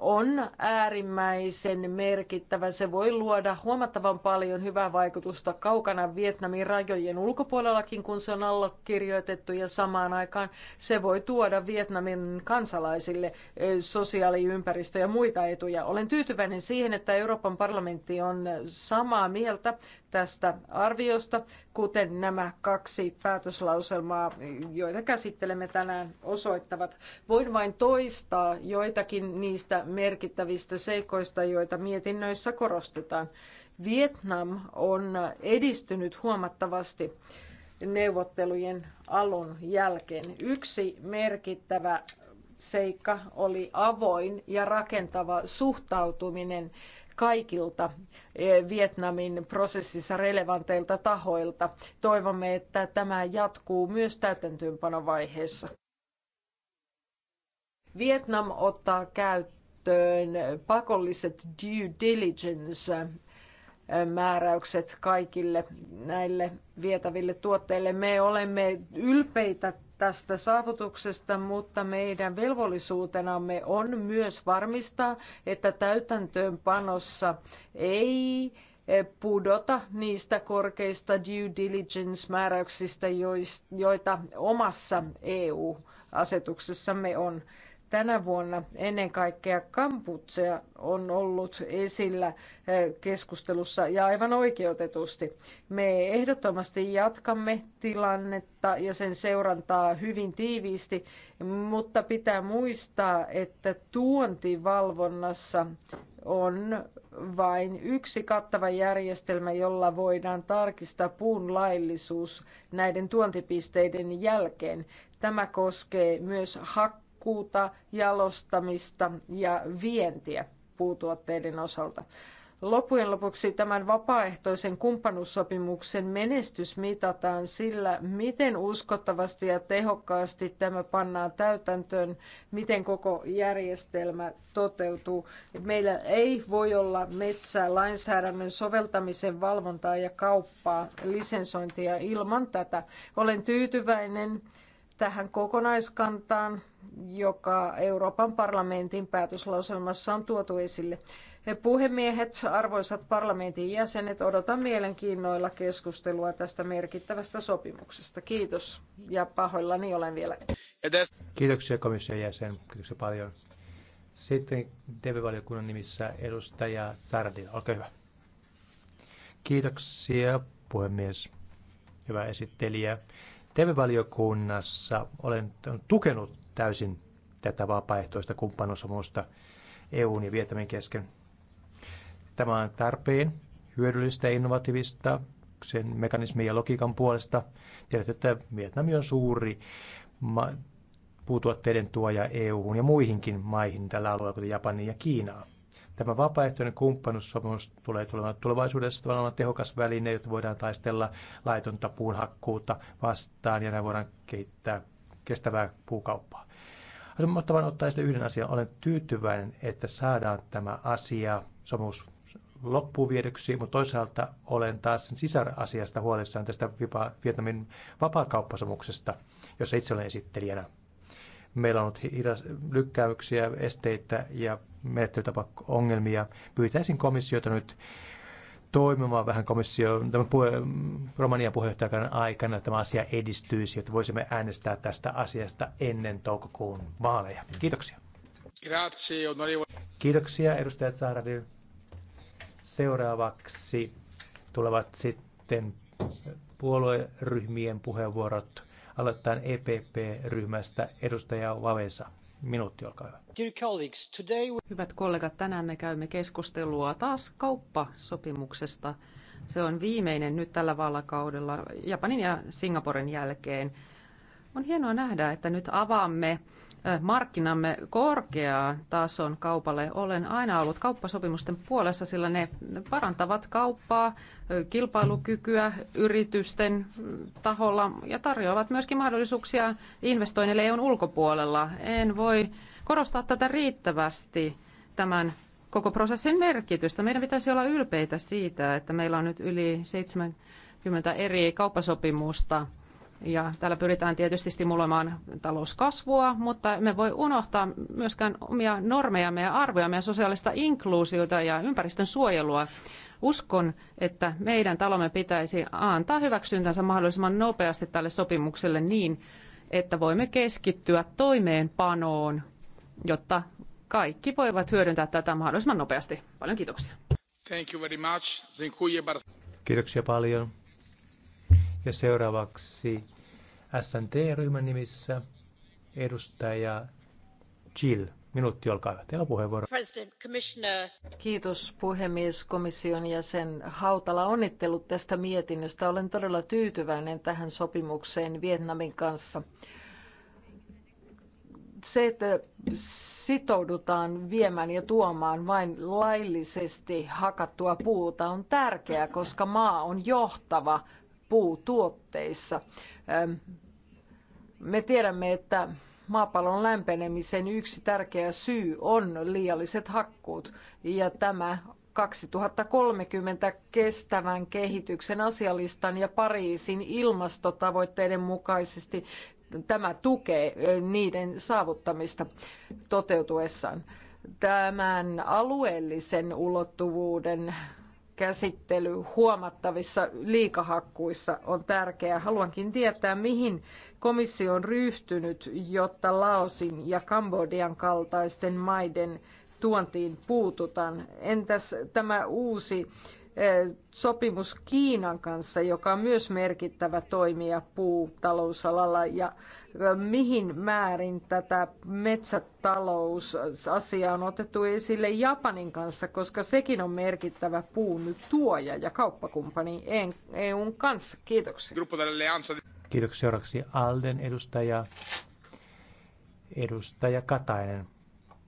on äärimmäisen merkittävä. Se voi luoda huomattavan paljon hyvää vaikutusta kaukana Vietnamin rajojen ulkopuolellakin, kun se on allekirjoitettu ja samaan aikaan se voi tuoda Vietnamin kansalaisille sosiaaliympäristö ja muita etuja. Olen tyytyväinen siihen, että Euroopan parlamentti on samaa mieltä tästä arviosta, kuten nämä kaksi päätöslauselmaa, joita käsittelemme tänään, osoittavat. Voin vain toistaa joitakin niistä merkittävistä seikoista, joita mietinnöissä korostetaan. Vietnam on edistynyt huomattavasti neuvottelujen alun jälkeen. Yksi merkittävä seikka oli avoin ja rakentava suhtautuminen kaikilta e, Vietnamin prosessissa relevanteilta tahoilta. Toivomme, että tämä jatkuu myös täytäntöönpanovaiheessa. Vietnam ottaa käyttöön pakolliset due diligence äh, määräykset kaikille näille vietäville tuotteille. Me olemme ylpeitä tästä saavutuksesta, mutta meidän velvollisuutenamme on myös varmistaa, että täytäntöönpanossa ei äh, pudota niistä korkeista due diligence-määräyksistä, joita omassa EU-asetuksessamme on tänä vuonna ennen kaikkea Kamputsea on ollut esillä eh, keskustelussa ja aivan oikeutetusti. Me ehdottomasti jatkamme tilannetta ja sen seurantaa hyvin tiiviisti, mutta pitää muistaa, että tuontivalvonnassa on vain yksi kattava järjestelmä, jolla voidaan tarkistaa puun laillisuus näiden tuontipisteiden jälkeen. Tämä koskee myös hakkeita hakkuuta, jalostamista ja vientiä puutuotteiden osalta. Lopujen lopuksi tämän vapaaehtoisen kumppanuussopimuksen menestys mitataan sillä, miten uskottavasti ja tehokkaasti tämä pannaan täytäntöön, miten koko järjestelmä toteutuu. Meillä ei voi olla metsää, lainsäädännön soveltamisen valvontaa ja kauppaa, lisensointia ilman tätä. Olen tyytyväinen tähän kokonaiskantaan, joka Euroopan parlamentin päätöslauselmassa on tuotu esille. He puhemiehet, arvoisat parlamentin jäsenet, odotan mielenkiinnoilla keskustelua tästä merkittävästä sopimuksesta. Kiitos ja pahoillani olen vielä. Kiitoksia komission jäsen, kiitoksia paljon. Sitten TV-valiokunnan nimissä edustaja Zardin, olkaa hyvä. Kiitoksia puhemies, hyvä esittelijä. TV-valiokunnassa olen tukenut täysin tätä vapaaehtoista kumppanuusomusta EUn ja Vietnamin kesken. Tämä on tarpeen, hyödyllistä ja innovatiivista sen mekanismin ja logiikan puolesta. Tiedätte, että Vietnam on suuri puutuotteiden tuoja EUhun ja muihinkin maihin tällä alueella, kuten Japaniin ja Kiinaan. Tämä vapaaehtoinen kumppanussopimus tulee tulemaan tulevaisuudessa tavallaan tehokas väline, jotta voidaan taistella laitonta puunhakkuuta vastaan ja näin voidaan kehittää kestävää puukauppaa. Haluan ottaa esille yhden asian. Olen tyytyväinen, että saadaan tämä asia sopimus loppuun viedyksi, mutta toisaalta olen taas sen sisarasiasta huolissaan tästä Vietnamin vapaakauppasomuksesta, jossa itse olen esittelijänä meillä on ollut hidas, lykkäyksiä, esteitä ja menettelytapaongelmia. Pyytäisin komissiota nyt toimimaan vähän komissio, tämän puhe, Romanian puheenjohtajan aikana, että tämä asia edistyisi, jotta voisimme äänestää tästä asiasta ennen toukokuun vaaleja. Kiitoksia. Kiitoksia, edustajat Saaradil. Seuraavaksi tulevat sitten puolueryhmien puheenvuorot aloittain EPP-ryhmästä edustaja Vavesa. Minuutti, olkaa hyvä. Hyvät kollegat, tänään me käymme keskustelua taas kauppasopimuksesta. Se on viimeinen nyt tällä vallakaudella Japanin ja Singaporen jälkeen. On hienoa nähdä, että nyt avaamme markkinamme korkeaa tason kaupalle. Olen aina ollut kauppasopimusten puolessa, sillä ne parantavat kauppaa, kilpailukykyä yritysten mm, taholla ja tarjoavat myöskin mahdollisuuksia investoinneille EUn ulkopuolella. En voi korostaa tätä riittävästi tämän koko prosessin merkitystä. Meidän pitäisi olla ylpeitä siitä, että meillä on nyt yli 70 eri kauppasopimusta – ja täällä pyritään tietysti stimuloimaan talouskasvua, mutta me voi unohtaa myöskään omia normejamme ja arvojamme ja sosiaalista inkluusiota ja ympäristön suojelua. Uskon, että meidän talomme pitäisi antaa hyväksyntänsä mahdollisimman nopeasti tälle sopimukselle niin, että voimme keskittyä toimeenpanoon, jotta kaikki voivat hyödyntää tätä mahdollisimman nopeasti. Paljon kiitoksia. Thank you very much. Kiitoksia paljon. Ja seuraavaksi SNT-ryhmän nimissä edustaja Jill. Minuutti, olkaa hyvä. Teillä on puheenvuoro. Kiitos puhemies, komission jäsen Hautala. Onnittelut tästä mietinnöstä. Olen todella tyytyväinen tähän sopimukseen Vietnamin kanssa se, että sitoudutaan viemään ja tuomaan vain laillisesti hakattua puuta on tärkeää, koska maa on johtava puutuotteissa. Me tiedämme, että maapallon lämpenemisen yksi tärkeä syy on liialliset hakkuut ja tämä 2030 kestävän kehityksen asialistan ja Pariisin ilmastotavoitteiden mukaisesti tämä tukee niiden saavuttamista toteutuessaan. Tämän alueellisen ulottuvuuden käsittely huomattavissa liikahakkuissa on tärkeää. Haluankin tietää, mihin komissio on ryhtynyt, jotta Laosin ja Kambodian kaltaisten maiden tuontiin puututaan. Entäs tämä uusi sopimus Kiinan kanssa, joka on myös merkittävä toimija puutalousalalla ja mihin määrin tätä metsätalousasiaa on otettu esille Japanin kanssa, koska sekin on merkittävä puun tuoja ja kauppakumppani EUn e kanssa. Kiitoksia. Kiitoksia seuraavaksi Alden edustaja, edustaja Katainen.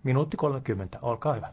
Minuutti 30, olkaa hyvä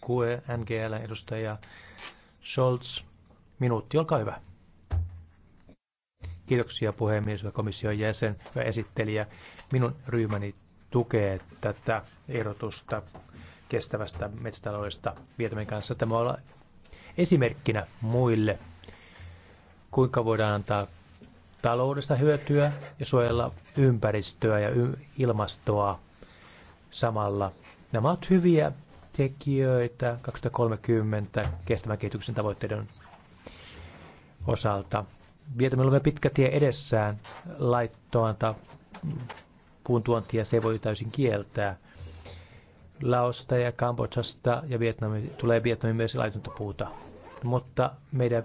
Kue, NGL, edustaja Scholz. Minuutti, olkaa hyvä. Kiitoksia puhemies ja komission jäsen ja esittelijä. Minun ryhmäni tukee tätä ehdotusta kestävästä metsätaloudesta Vietnamin kanssa. Tämä on esimerkkinä muille, kuinka voidaan antaa taloudesta hyötyä ja suojella ympäristöä ja ilmastoa samalla. Nämä ovat hyviä tekijöitä 2030 kestävän kehityksen tavoitteiden osalta. Vietämme olemme pitkä tie edessään laittoanta puun tuontia se voi täysin kieltää. Laosta ja Kambodsasta ja Vietnami, tulee Vietnamin myös laitonta puuta. Mutta meidän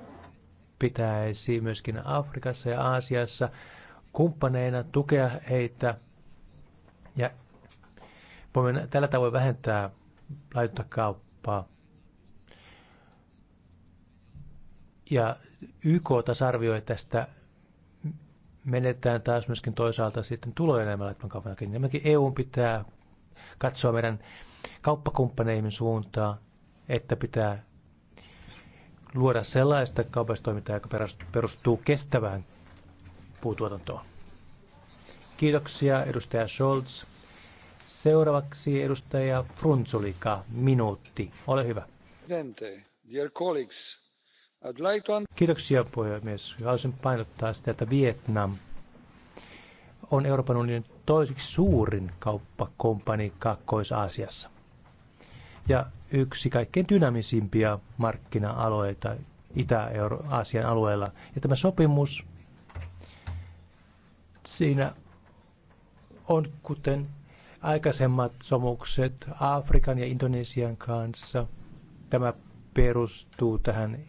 pitäisi myöskin Afrikassa ja Aasiassa kumppaneina tukea heitä ja voimme tällä tavoin vähentää laitonta kauppaa. Ja YK taas arvioi tästä menetetään taas myöskin toisaalta sitten tuloja enemmän laittoman kaupan takia. EU pitää katsoa meidän kauppakumppaneihin suuntaa, että pitää luoda sellaista kaupallista joka perustuu kestävään puutuotantoon. Kiitoksia edustaja Scholz. Seuraavaksi edustaja Frunzulika, minuutti. Ole hyvä. Kiitoksia puhemies. Haluaisin painottaa sitä, että Vietnam on Euroopan unionin toiseksi suurin kauppakompani Kaakkois-Aasiassa ja yksi kaikkein dynamisimpia markkina-alueita Itä-Aasian alueella. Ja tämä sopimus, siinä on kuten aikaisemmat somukset Afrikan ja Indonesian kanssa. Tämä perustuu tähän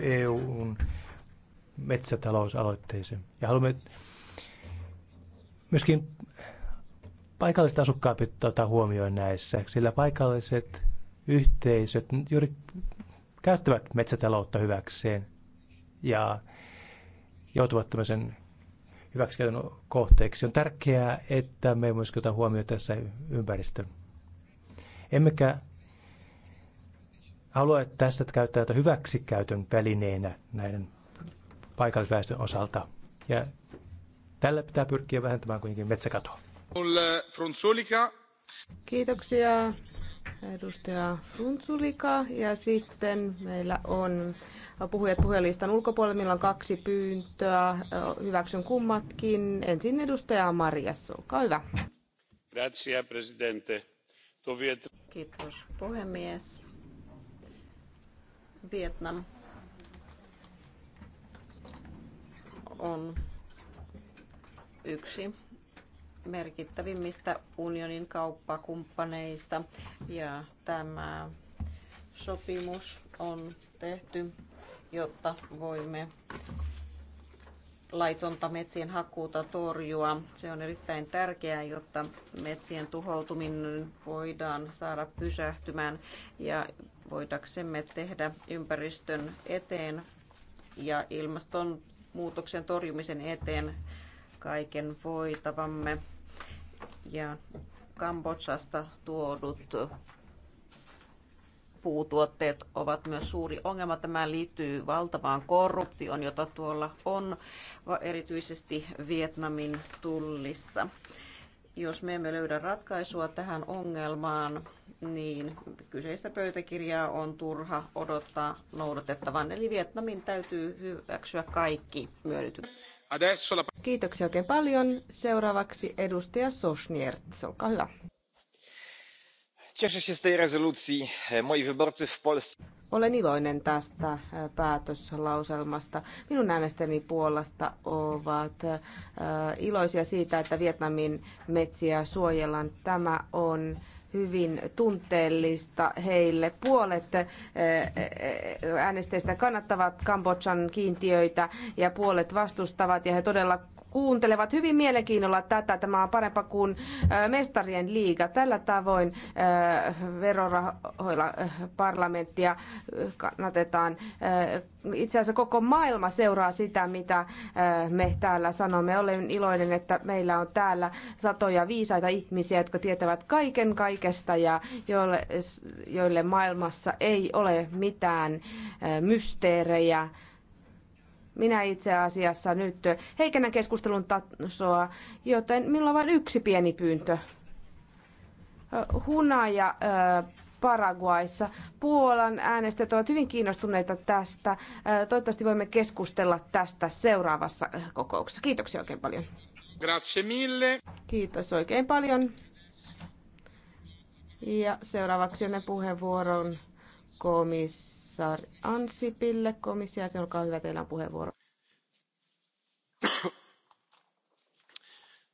EUn metsätalousaloitteeseen. Ja haluamme myöskin paikalliset asukkaat pitää ottaa huomioon näissä, sillä paikalliset yhteisöt juuri käyttävät metsätaloutta hyväkseen ja joutuvat tämmöisen hyväksikäytön kohteeksi. On tärkeää, että me myös ottaa huomioon tässä ympäristön. Emmekä halua, että tässä käyttää tätä hyväksikäytön välineenä näiden paikallisväestön osalta. Ja tällä pitää pyrkiä vähentämään kuitenkin metsäkatoa. Kiitoksia edustaja Frunzulika. Ja sitten meillä on puhujat puhujalistan ulkopuolelle. Meillä on kaksi pyyntöä. Hyväksyn kummatkin. Ensin edustaja Marias, olkaa hyvä. Grazie, presidente. Kiitos puhemies. Vietnam on yksi merkittävimmistä unionin kauppakumppaneista ja tämä sopimus on tehty jotta voimme laitonta metsien hakkuuta torjua. Se on erittäin tärkeää, jotta metsien tuhoutuminen voidaan saada pysähtymään ja voidaksemme tehdä ympäristön eteen ja ilmastonmuutoksen torjumisen eteen kaiken voitavamme. Ja Kambodsasta tuodut puutuotteet ovat myös suuri ongelma. Tämä liittyy valtavaan korruptioon, jota tuolla on, erityisesti Vietnamin tullissa. Jos me emme löydä ratkaisua tähän ongelmaan, niin kyseistä pöytäkirjaa on turha odottaa noudatettavan. Eli Vietnamin täytyy hyväksyä kaikki myönnytykset. Kiitoksia oikein paljon. Seuraavaksi edustaja Sosnierts, olkaa hyvä. E, Olen iloinen tästä e, päätöslauselmasta. Minun äänestäni Puolasta ovat e, iloisia siitä, että Vietnamin metsiä suojellaan. Tämä on hyvin tunteellista heille. Puolet äänestäjistä kannattavat Kambodžan kiintiöitä ja puolet vastustavat ja he todella kuuntelevat hyvin mielenkiinnolla tätä. Tämä on parempa kuin mestarien liiga. Tällä tavoin verorahoilla parlamenttia kannatetaan. Itse asiassa koko maailma seuraa sitä, mitä me täällä sanomme. Olen iloinen, että meillä on täällä satoja viisaita ihmisiä, jotka tietävät kaiken kaikesta ja joille, joille maailmassa ei ole mitään mysteerejä minä itse asiassa nyt heikennän keskustelun tasoa, joten minulla on vain yksi pieni pyyntö. Hunaja Paraguaissa. Puolan äänestäjät ovat hyvin kiinnostuneita tästä. Toivottavasti voimme keskustella tästä seuraavassa kokouksessa. Kiitoksia oikein paljon. Grazie mille. Kiitos oikein paljon. Ja seuraavaksi on puheenvuoron komissio komissaari Ansipille. komissio. Se olkaa hyvä, teillä on puheenvuoro.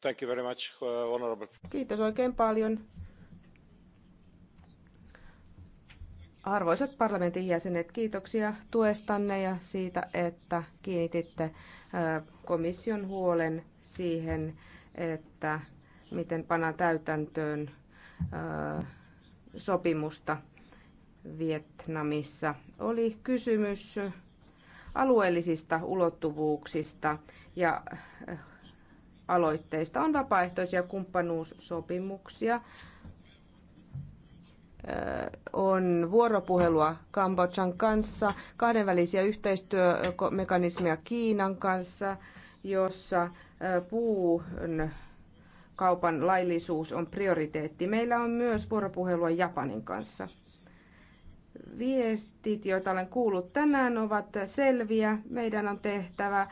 Thank you very much, uh, honorable. Kiitos oikein paljon. Arvoisat parlamentin jäsenet, kiitoksia tuestanne ja siitä, että kiinnititte komission huolen siihen, että miten pannaan täytäntöön sopimusta Vietnamissa oli kysymys alueellisista ulottuvuuksista ja eh, aloitteista. On vapaaehtoisia kumppanuussopimuksia, eh, on vuoropuhelua Kambodjan kanssa, kahdenvälisiä yhteistyömekanismeja Kiinan kanssa, jossa eh, puun kaupan laillisuus on prioriteetti. Meillä on myös vuoropuhelua Japanin kanssa. Viestit, joita olen kuullut tänään, ovat selviä. Meidän on tehtävä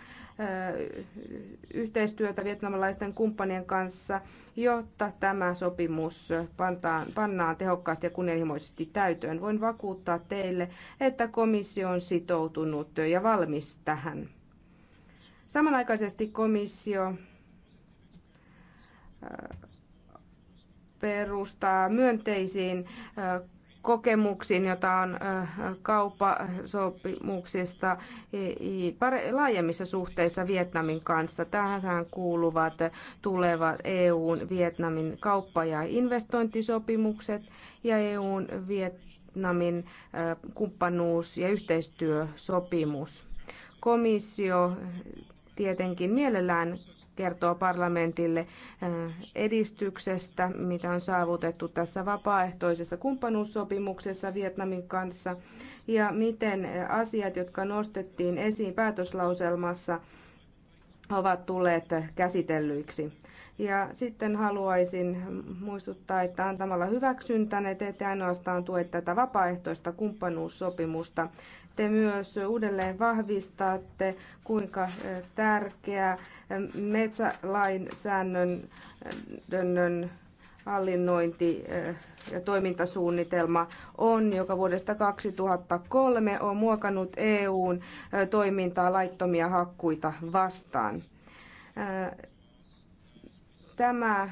yhteistyötä vietnamilaisten kumppanien kanssa, jotta tämä sopimus pantaan, pannaan tehokkaasti ja kunnianhimoisesti täytöön. Voin vakuuttaa teille, että komissio on sitoutunut ja valmis tähän. Samanaikaisesti komissio perustaa myönteisiin kokemuksiin, jota on kauppasopimuksista laajemmissa suhteissa Vietnamin kanssa. Tähän kuuluvat tulevat EUn Vietnamin kauppa- ja investointisopimukset ja EUn Vietnamin kumppanuus- ja yhteistyösopimus. Komissio tietenkin mielellään kertoo parlamentille eh, edistyksestä, mitä on saavutettu tässä vapaaehtoisessa kumppanuussopimuksessa Vietnamin kanssa ja miten asiat, jotka nostettiin esiin päätöslauselmassa, ovat tulleet käsitellyiksi. Ja sitten haluaisin muistuttaa, että antamalla hyväksyntä ne ette ainoastaan tue tätä vapaaehtoista kumppanuussopimusta te myös uudelleen vahvistatte, kuinka tärkeä metsälainsäännön hallinnointi ja toimintasuunnitelma on, joka vuodesta 2003 on muokannut EUn toimintaa laittomia hakkuita vastaan. Tämä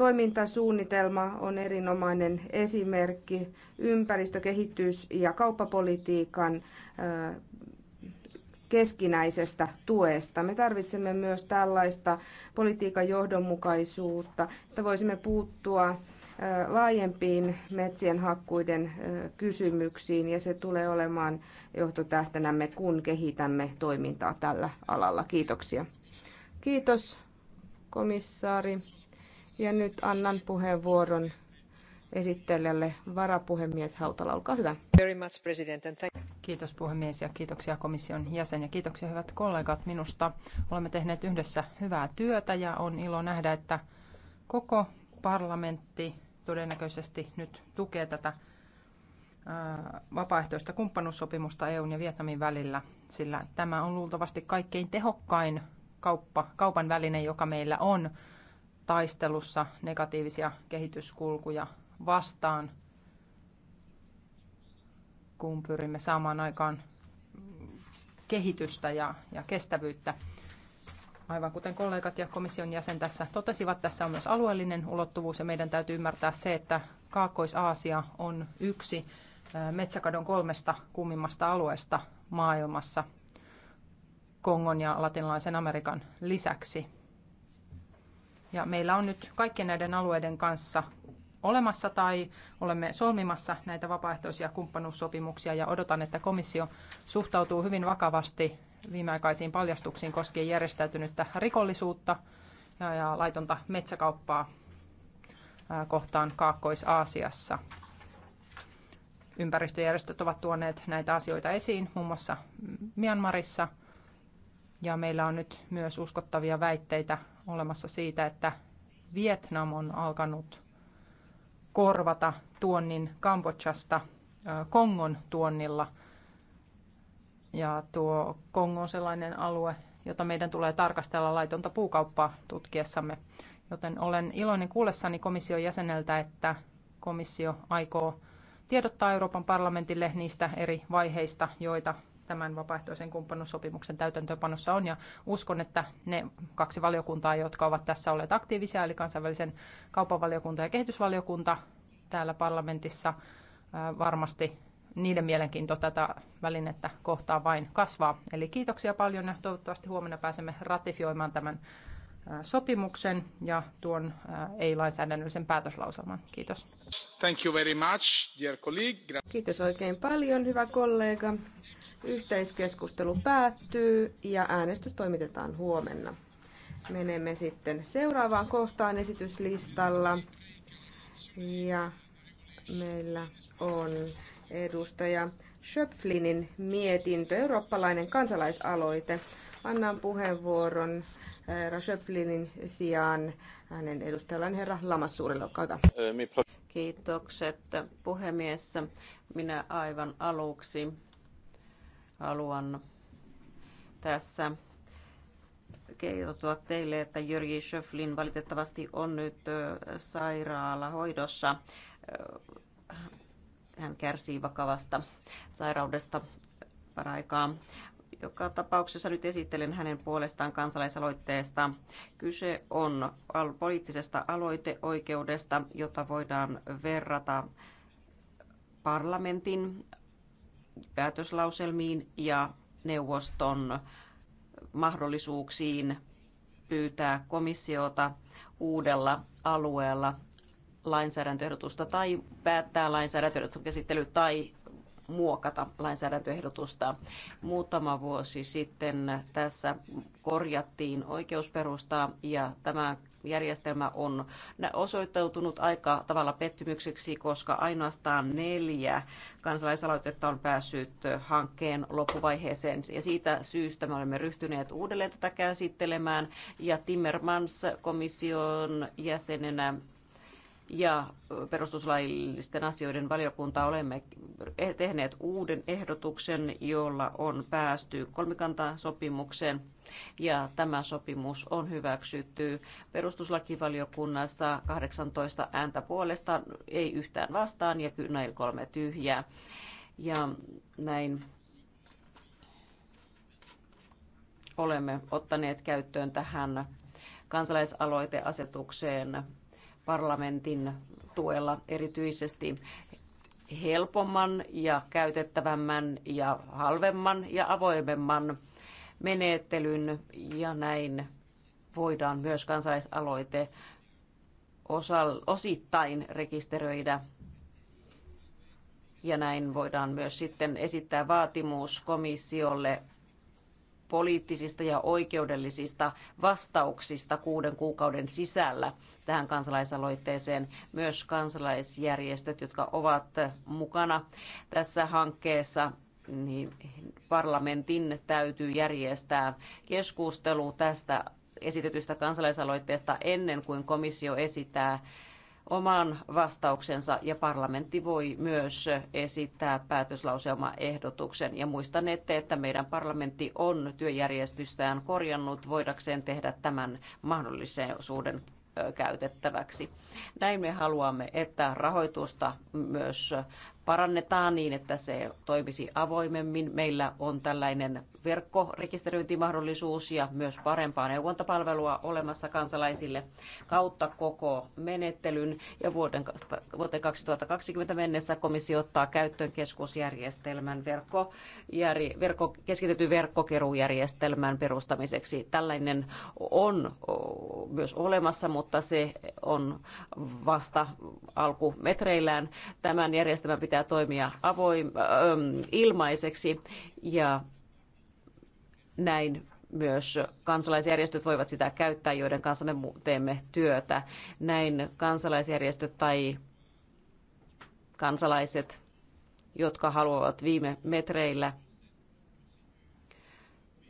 Toimintasuunnitelma on erinomainen esimerkki ympäristökehitys ja kauppapolitiikan keskinäisestä tuesta. Me tarvitsemme myös tällaista politiikan johdonmukaisuutta, että voisimme puuttua laajempiin metsien hakkuiden kysymyksiin ja se tulee olemaan johtotähtänämme, kun kehitämme toimintaa tällä alalla. Kiitoksia. Kiitos komissaari. Ja nyt annan puheenvuoron esittelijälle varapuhemies Hautala, olkaa hyvä. Very much, president, and thank- Kiitos puhemies ja kiitoksia komission jäsen ja kiitoksia hyvät kollegat minusta. Olemme tehneet yhdessä hyvää työtä ja on ilo nähdä, että koko parlamentti todennäköisesti nyt tukee tätä vapaaehtoista kumppanuussopimusta EUn ja Vietnamin välillä, sillä tämä on luultavasti kaikkein tehokkain kauppa, kaupan väline, joka meillä on taistelussa negatiivisia kehityskulkuja vastaan, kun pyrimme saamaan aikaan kehitystä ja, ja kestävyyttä. Aivan kuten kollegat ja komission jäsen tässä totesivat, tässä on myös alueellinen ulottuvuus ja meidän täytyy ymmärtää se, että Kaakkois-Aasia on yksi metsäkadon kolmesta kummimmasta alueesta maailmassa Kongon ja latinalaisen Amerikan lisäksi ja meillä on nyt kaikkien näiden alueiden kanssa olemassa tai olemme solmimassa näitä vapaaehtoisia kumppanuussopimuksia ja odotan, että komissio suhtautuu hyvin vakavasti viimeaikaisiin paljastuksiin koskien järjestäytynyttä rikollisuutta ja laitonta metsäkauppaa kohtaan Kaakkois-Aasiassa. Ympäristöjärjestöt ovat tuoneet näitä asioita esiin muun muassa Myanmarissa ja meillä on nyt myös uskottavia väitteitä olemassa siitä, että Vietnam on alkanut korvata tuonnin Kambodžasta Kongon tuonnilla. Ja tuo Kongo on sellainen alue, jota meidän tulee tarkastella laitonta puukauppaa tutkiessamme. Joten olen iloinen kuullessani komission jäseneltä, että komissio aikoo tiedottaa Euroopan parlamentille niistä eri vaiheista, joita tämän vapaaehtoisen kumppanuussopimuksen täytäntöönpanossa on. Ja uskon, että ne kaksi valiokuntaa, jotka ovat tässä olleet aktiivisia, eli kansainvälisen kaupavaliokunta ja kehitysvaliokunta täällä parlamentissa, varmasti niiden mielenkiinto tätä välinettä kohtaa vain kasvaa. Eli kiitoksia paljon ja toivottavasti huomenna pääsemme ratifioimaan tämän sopimuksen ja tuon ei-lainsäädännöllisen päätöslauselman. Kiitos. Thank you very much, dear colleague. Kiitos oikein paljon, hyvä kollega. Yhteiskeskustelu päättyy ja äänestys toimitetaan huomenna. Menemme sitten seuraavaan kohtaan esityslistalla. Ja meillä on edustaja Schöpflinin mietintö, eurooppalainen kansalaisaloite. Annan puheenvuoron eh, herra Schöpflinin sijaan hänen edustajallaan herra Lamassuurille. Olkaa Kiitokset puhemies. Minä aivan aluksi haluan tässä kertoa teille, että Jyrki Schöflin valitettavasti on nyt sairaalahoidossa. Hän kärsii vakavasta sairaudesta paraikaa. Joka tapauksessa nyt esittelen hänen puolestaan kansalaisaloitteesta. Kyse on poliittisesta aloiteoikeudesta, jota voidaan verrata parlamentin päätöslauselmiin ja neuvoston mahdollisuuksiin pyytää komissiota uudella alueella lainsäädäntöehdotusta tai päättää lainsäädäntöehdotuksen käsittely tai muokata lainsäädäntöehdotusta. Muutama vuosi sitten tässä korjattiin oikeusperustaa ja tämä järjestelmä on osoittautunut aika tavalla pettymykseksi, koska ainoastaan neljä kansalaisaloitetta on päässyt hankkeen loppuvaiheeseen. Ja siitä syystä me olemme ryhtyneet uudelleen tätä käsittelemään. Ja Timmermans komission jäsenenä ja perustuslaillisten asioiden valiokunta olemme tehneet uuden ehdotuksen, jolla on päästy kolmikantasopimukseen ja tämä sopimus on hyväksytty perustuslakivaliokunnassa 18 ääntä puolesta, ei yhtään vastaan ja kyllä näin kolme tyhjää. Ja näin olemme ottaneet käyttöön tähän kansalaisaloiteasetukseen parlamentin tuella erityisesti helpomman ja käytettävämmän ja halvemman ja avoimemman menettelyn ja näin voidaan myös kansalaisaloite osittain rekisteröidä ja näin voidaan myös sitten esittää vaatimus komissiolle poliittisista ja oikeudellisista vastauksista kuuden kuukauden sisällä tähän kansalaisaloitteeseen. Myös kansalaisjärjestöt, jotka ovat mukana tässä hankkeessa, niin parlamentin täytyy järjestää keskustelu tästä esitetystä kansalaisaloitteesta ennen kuin komissio esittää oman vastauksensa ja parlamentti voi myös esittää päätöslauselmaehdotuksen. Ja muistanette, että meidän parlamentti on työjärjestystään korjannut voidakseen tehdä tämän mahdollisuuden käytettäväksi. Näin me haluamme, että rahoitusta myös parannetaan niin, että se toimisi avoimemmin. Meillä on tällainen verkkorekisteröintimahdollisuus ja myös parempaa neuvontapalvelua olemassa kansalaisille kautta koko menettelyn. Ja vuoden, vuoteen 2020 mennessä komissio ottaa käyttöön keskusjärjestelmän verkko, jär, verkko, keskitetyn verkkokerujärjestelmän perustamiseksi. Tällainen on myös olemassa, mutta se on vasta alkumetreillään. Tämän järjestelmän pitää pitää toimia avoim, ähm, ilmaiseksi ja näin myös kansalaisjärjestöt voivat sitä käyttää, joiden kanssa me teemme työtä. Näin kansalaisjärjestöt tai kansalaiset, jotka haluavat viime metreillä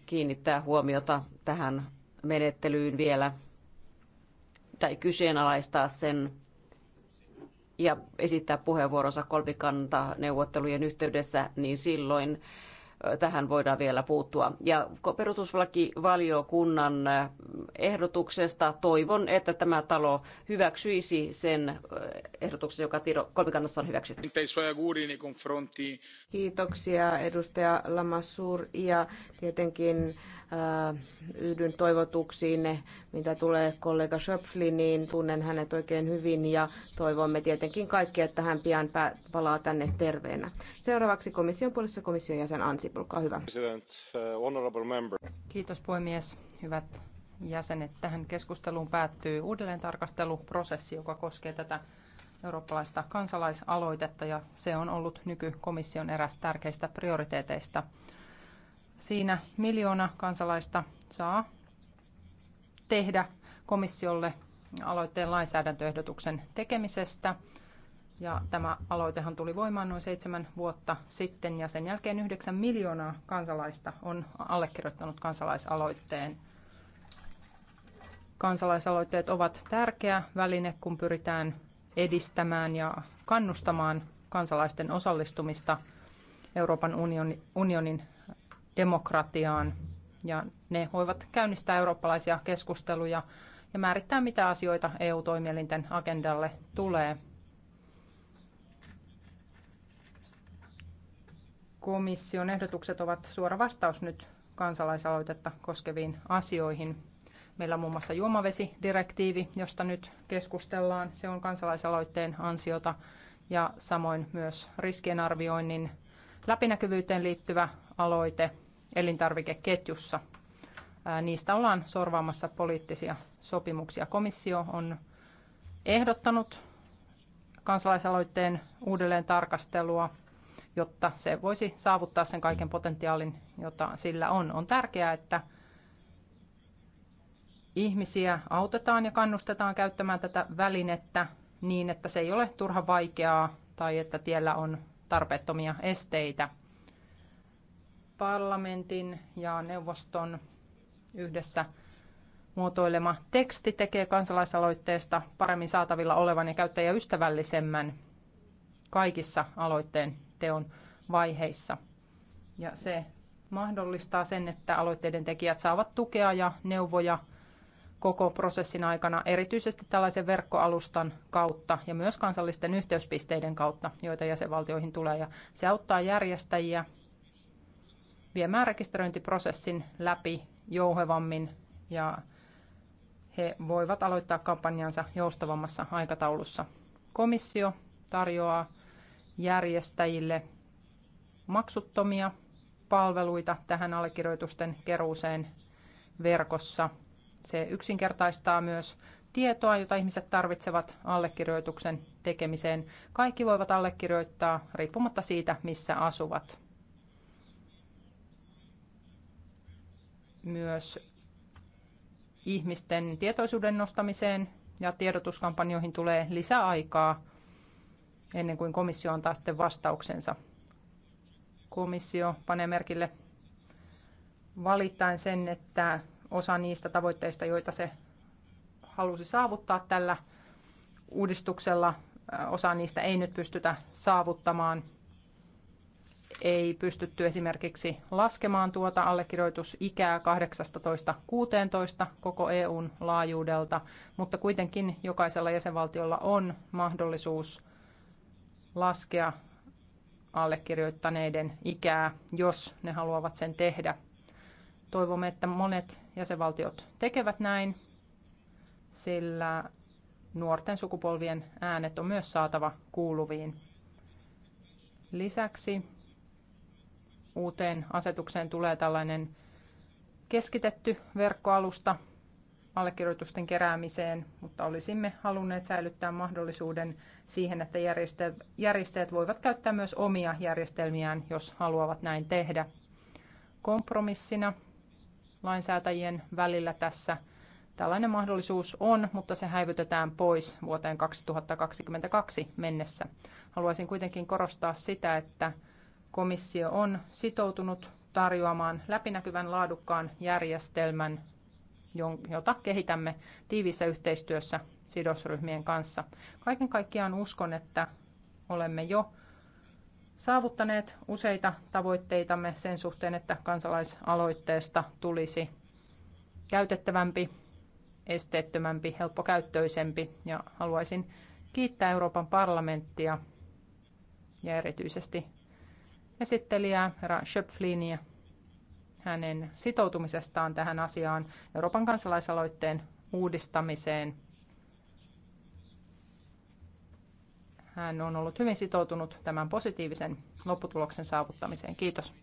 kiinnittää huomiota tähän menettelyyn vielä tai kyseenalaistaa sen ja esittää puheenvuoronsa kolmikanta neuvottelujen yhteydessä, niin silloin tähän voidaan vielä puuttua. Ja perustuslakivaliokunnan ehdotuksesta toivon, että tämä talo hyväksyisi sen ehdotuksen, joka kolmikannassa on hyväksytty. Niin Kiitoksia edustaja Lamassur ja tietenkin äh, yhdyn toivotuksiin, mitä tulee kollega Schöpfliniin. Tunnen hänet oikein hyvin ja toivomme tietenkin kaikki, että hän pian palaa tänne terveenä. Seuraavaksi komission puolessa komission jäsen Ansi, olkaa hyvä. Uh, Kiitos puhemies. Hyvät jäsenet. Tähän keskusteluun päättyy uudelleen tarkasteluprosessi, joka koskee tätä eurooppalaista kansalaisaloitetta ja se on ollut nykykomission eräs tärkeistä prioriteeteista. Siinä miljoona kansalaista saa tehdä komissiolle aloitteen lainsäädäntöehdotuksen tekemisestä. Ja tämä aloitehan tuli voimaan noin seitsemän vuotta sitten ja sen jälkeen yhdeksän miljoonaa kansalaista on allekirjoittanut kansalaisaloitteen. Kansalaisaloitteet ovat tärkeä väline, kun pyritään edistämään ja kannustamaan kansalaisten osallistumista Euroopan unionin, unionin demokratiaan. Ja ne voivat käynnistää eurooppalaisia keskusteluja ja määrittää, mitä asioita EU-toimielinten agendalle tulee. Komission ehdotukset ovat suora vastaus nyt kansalaisaloitetta koskeviin asioihin. Meillä on muun muassa juomavesidirektiivi, josta nyt keskustellaan. Se on kansalaisaloitteen ansiota ja samoin myös riskienarvioinnin läpinäkyvyyteen liittyvä aloite elintarvikeketjussa. Niistä ollaan sorvaamassa poliittisia sopimuksia. Komissio on ehdottanut kansalaisaloitteen uudelleen tarkastelua, jotta se voisi saavuttaa sen kaiken potentiaalin, jota sillä on. On tärkeää, että ihmisiä autetaan ja kannustetaan käyttämään tätä välinettä niin, että se ei ole turha vaikeaa tai että tiellä on tarpeettomia esteitä. Parlamentin ja neuvoston yhdessä muotoilema teksti tekee kansalaisaloitteesta paremmin saatavilla olevan ja käyttäjäystävällisemmän kaikissa aloitteen teon vaiheissa. Ja se mahdollistaa sen, että aloitteiden tekijät saavat tukea ja neuvoja koko prosessin aikana, erityisesti tällaisen verkkoalustan kautta ja myös kansallisten yhteyspisteiden kautta, joita jäsenvaltioihin tulee. Ja se auttaa järjestäjiä viemään rekisteröintiprosessin läpi jouhevammin ja he voivat aloittaa kampanjansa joustavammassa aikataulussa. Komissio tarjoaa järjestäjille maksuttomia palveluita tähän allekirjoitusten keruuseen verkossa – se yksinkertaistaa myös tietoa, jota ihmiset tarvitsevat allekirjoituksen tekemiseen. Kaikki voivat allekirjoittaa riippumatta siitä, missä asuvat. Myös ihmisten tietoisuuden nostamiseen ja tiedotuskampanjoihin tulee lisäaikaa ennen kuin komissio antaa sitten vastauksensa. Komissio panee merkille valittain sen, että osa niistä tavoitteista, joita se halusi saavuttaa tällä uudistuksella. Osa niistä ei nyt pystytä saavuttamaan. Ei pystytty esimerkiksi laskemaan tuota allekirjoitusikää 18-16 koko EUn laajuudelta, mutta kuitenkin jokaisella jäsenvaltiolla on mahdollisuus laskea allekirjoittaneiden ikää, jos ne haluavat sen tehdä – Toivomme, että monet jäsenvaltiot tekevät näin, sillä nuorten sukupolvien äänet on myös saatava kuuluviin. Lisäksi uuteen asetukseen tulee tällainen keskitetty verkkoalusta allekirjoitusten keräämiseen, mutta olisimme halunneet säilyttää mahdollisuuden siihen, että järjestäjät voivat käyttää myös omia järjestelmiään, jos haluavat näin tehdä. Kompromissina lainsäätäjien välillä tässä. Tällainen mahdollisuus on, mutta se häivytetään pois vuoteen 2022 mennessä. Haluaisin kuitenkin korostaa sitä, että komissio on sitoutunut tarjoamaan läpinäkyvän laadukkaan järjestelmän, jota kehitämme tiiviissä yhteistyössä sidosryhmien kanssa. Kaiken kaikkiaan uskon, että olemme jo saavuttaneet useita tavoitteitamme sen suhteen, että kansalaisaloitteesta tulisi käytettävämpi, esteettömämpi, helppokäyttöisempi. Ja haluaisin kiittää Euroopan parlamenttia ja erityisesti esittelijää herra Schöpflinia hänen sitoutumisestaan tähän asiaan Euroopan kansalaisaloitteen uudistamiseen – Hän on ollut hyvin sitoutunut tämän positiivisen lopputuloksen saavuttamiseen. Kiitos.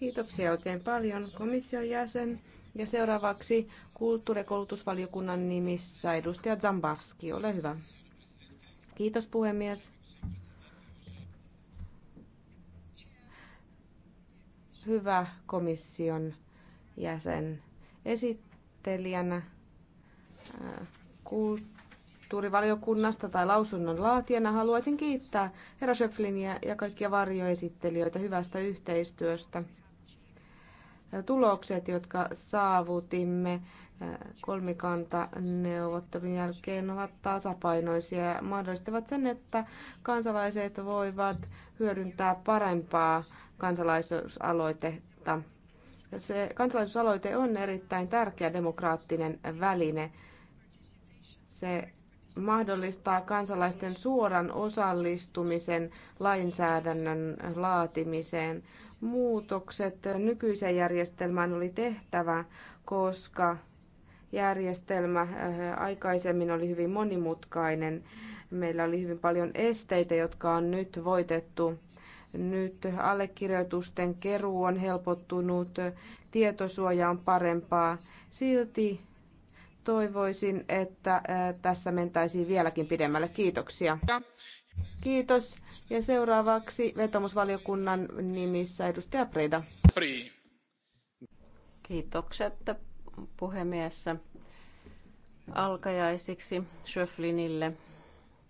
Kiitoksia oikein paljon komission jäsen. Ja seuraavaksi kulttuuri- ja koulutusvaliokunnan nimissä edustaja Zambavski, ole hyvä. Kiitos puhemies. Hyvä komission jäsen esittelijänä. Kulttuuri- kulttuurivaliokunnasta tai lausunnon laatijana haluaisin kiittää herra Schöpflinia ja kaikkia varjoesittelijöitä hyvästä yhteistyöstä. Tulokset, jotka saavutimme äh, kolmikantaneuvottelun jälkeen, ovat tasapainoisia ja mahdollistavat sen, että kansalaiset voivat hyödyntää parempaa kansalaisuusaloitetta. Se kansalaisuusaloite on erittäin tärkeä demokraattinen väline se mahdollistaa kansalaisten suoran osallistumisen lainsäädännön laatimiseen. Muutokset nykyiseen järjestelmään oli tehtävä, koska järjestelmä äh, aikaisemmin oli hyvin monimutkainen. Meillä oli hyvin paljon esteitä, jotka on nyt voitettu. Nyt allekirjoitusten keruu on helpottunut, tietosuoja on parempaa. Silti toivoisin, että tässä mentäisiin vieläkin pidemmälle. Kiitoksia. Kiitos. Ja seuraavaksi vetomusvaliokunnan nimissä edustaja Preda. Kiitokset puhemies alkajaisiksi Schöflinille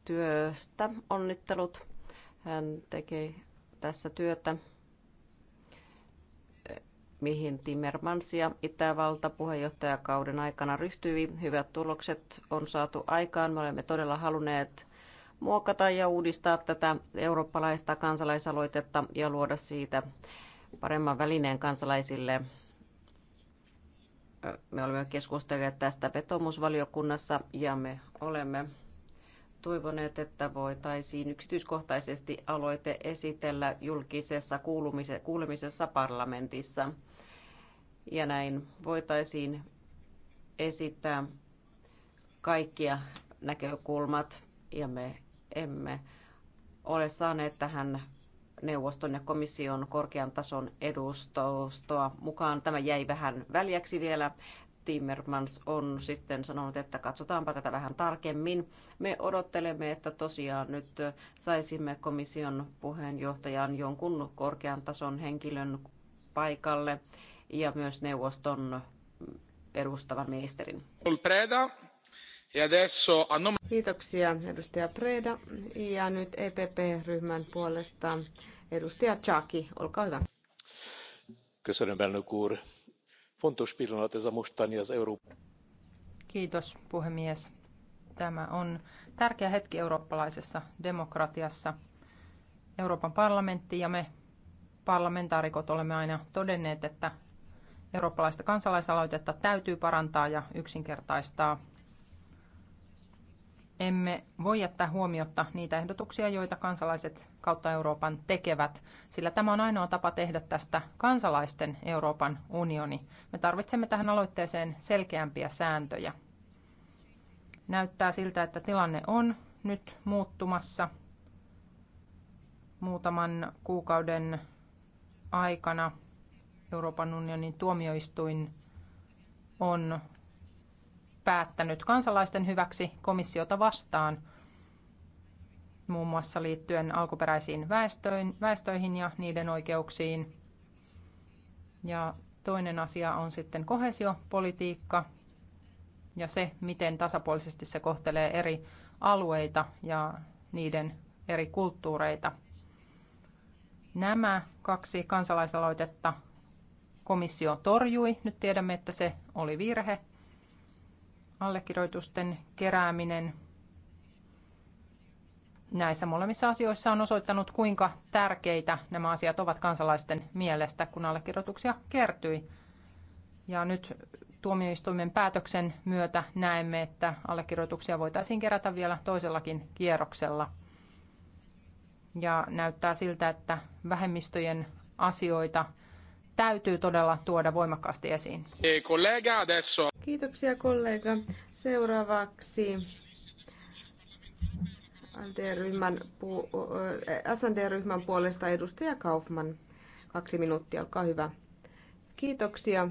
työstä. Onnittelut. Hän tekee tässä työtä mihin timmermansia Itävalta puheenjohtajakauden aikana ryhtyi. Hyvät tulokset on saatu aikaan. Me olemme todella halunneet muokata ja uudistaa tätä eurooppalaista kansalaisaloitetta ja luoda siitä paremman välineen kansalaisille. Me olemme keskustelleet tästä vetomusvaliokunnassa ja me olemme toivoneet, että voitaisiin yksityiskohtaisesti aloite esitellä julkisessa kuulemisessa parlamentissa ja näin voitaisiin esittää kaikkia näkökulmat ja me emme ole saaneet tähän neuvoston ja komission korkean tason edustustoa mukaan. Tämä jäi vähän väljäksi vielä. Timmermans on sitten sanonut, että katsotaanpa tätä vähän tarkemmin. Me odottelemme, että tosiaan nyt saisimme komission puheenjohtajan jonkun korkean tason henkilön paikalle ja myös neuvoston edustavan ministerin. Kiitoksia edustaja Preda ja nyt EPP-ryhmän puolesta edustaja Chaki, olkaa hyvä. Kiitos puhemies. Tämä on tärkeä hetki eurooppalaisessa demokratiassa. Euroopan parlamentti ja me parlamentaarikot olemme aina todenneet, että Eurooppalaista kansalaisaloitetta täytyy parantaa ja yksinkertaistaa. Emme voi jättää huomiotta niitä ehdotuksia, joita kansalaiset kautta Euroopan tekevät, sillä tämä on ainoa tapa tehdä tästä kansalaisten Euroopan unioni. Me tarvitsemme tähän aloitteeseen selkeämpiä sääntöjä. Näyttää siltä, että tilanne on nyt muuttumassa muutaman kuukauden aikana Euroopan unionin tuomioistuin on päättänyt kansalaisten hyväksi komissiota vastaan muun muassa liittyen alkuperäisiin väestöihin, väestöihin ja niiden oikeuksiin. Ja toinen asia on sitten kohesiopolitiikka ja se, miten tasapuolisesti se kohtelee eri alueita ja niiden eri kulttuureita. Nämä kaksi kansalaisaloitetta komissio torjui. Nyt tiedämme, että se oli virhe. Allekirjoitusten kerääminen näissä molemmissa asioissa on osoittanut, kuinka tärkeitä nämä asiat ovat kansalaisten mielestä, kun allekirjoituksia kertyi. Ja nyt tuomioistuimen päätöksen myötä näemme, että allekirjoituksia voitaisiin kerätä vielä toisellakin kierroksella. Ja näyttää siltä, että vähemmistöjen asioita – täytyy todella tuoda voimakkaasti esiin. Eh, Kiitoksia kollega. Seuraavaksi SND-ryhmän, pu- puolesta edustaja Kaufman. Kaksi minuuttia, olkaa hyvä. Kiitoksia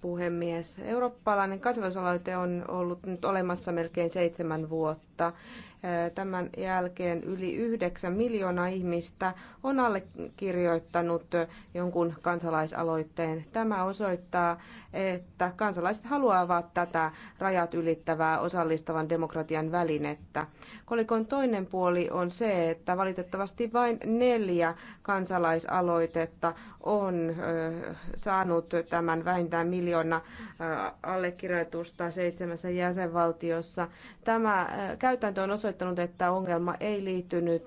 puhemies. Eurooppalainen kansalaisaloite on ollut nyt olemassa melkein seitsemän vuotta. Tämän jälkeen yli 9 miljoonaa ihmistä on allekirjoittanut jonkun kansalaisaloitteen. Tämä osoittaa, että kansalaiset haluavat tätä rajat ylittävää osallistavan demokratian välinettä. Kolikon toinen puoli on se, että valitettavasti vain neljä kansalaisaloitetta on saanut tämän vähintään miljoona allekirjoitusta seitsemässä jäsenvaltiossa. Tämä käytäntö on osoittanut, että ongelma ei liittynyt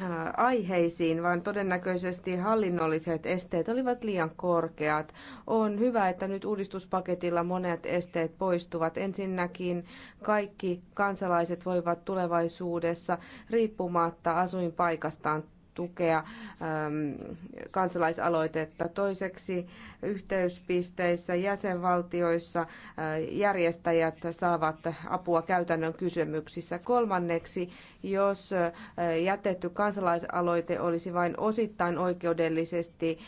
Äh, aiheisiin, vaan todennäköisesti hallinnolliset esteet olivat liian korkeat. On hyvä, että nyt uudistuspaketilla monet esteet poistuvat. Ensinnäkin kaikki kansalaiset voivat tulevaisuudessa riippumatta asuinpaikastaan tukea ähm, kansalaisaloitetta. Toiseksi yhteyspisteissä, jäsenvaltioissa äh, järjestäjät saavat apua käytännön kysymyksissä. Kolmanneksi jos jätetty kansalaisaloite olisi vain osittain oikeudellisesti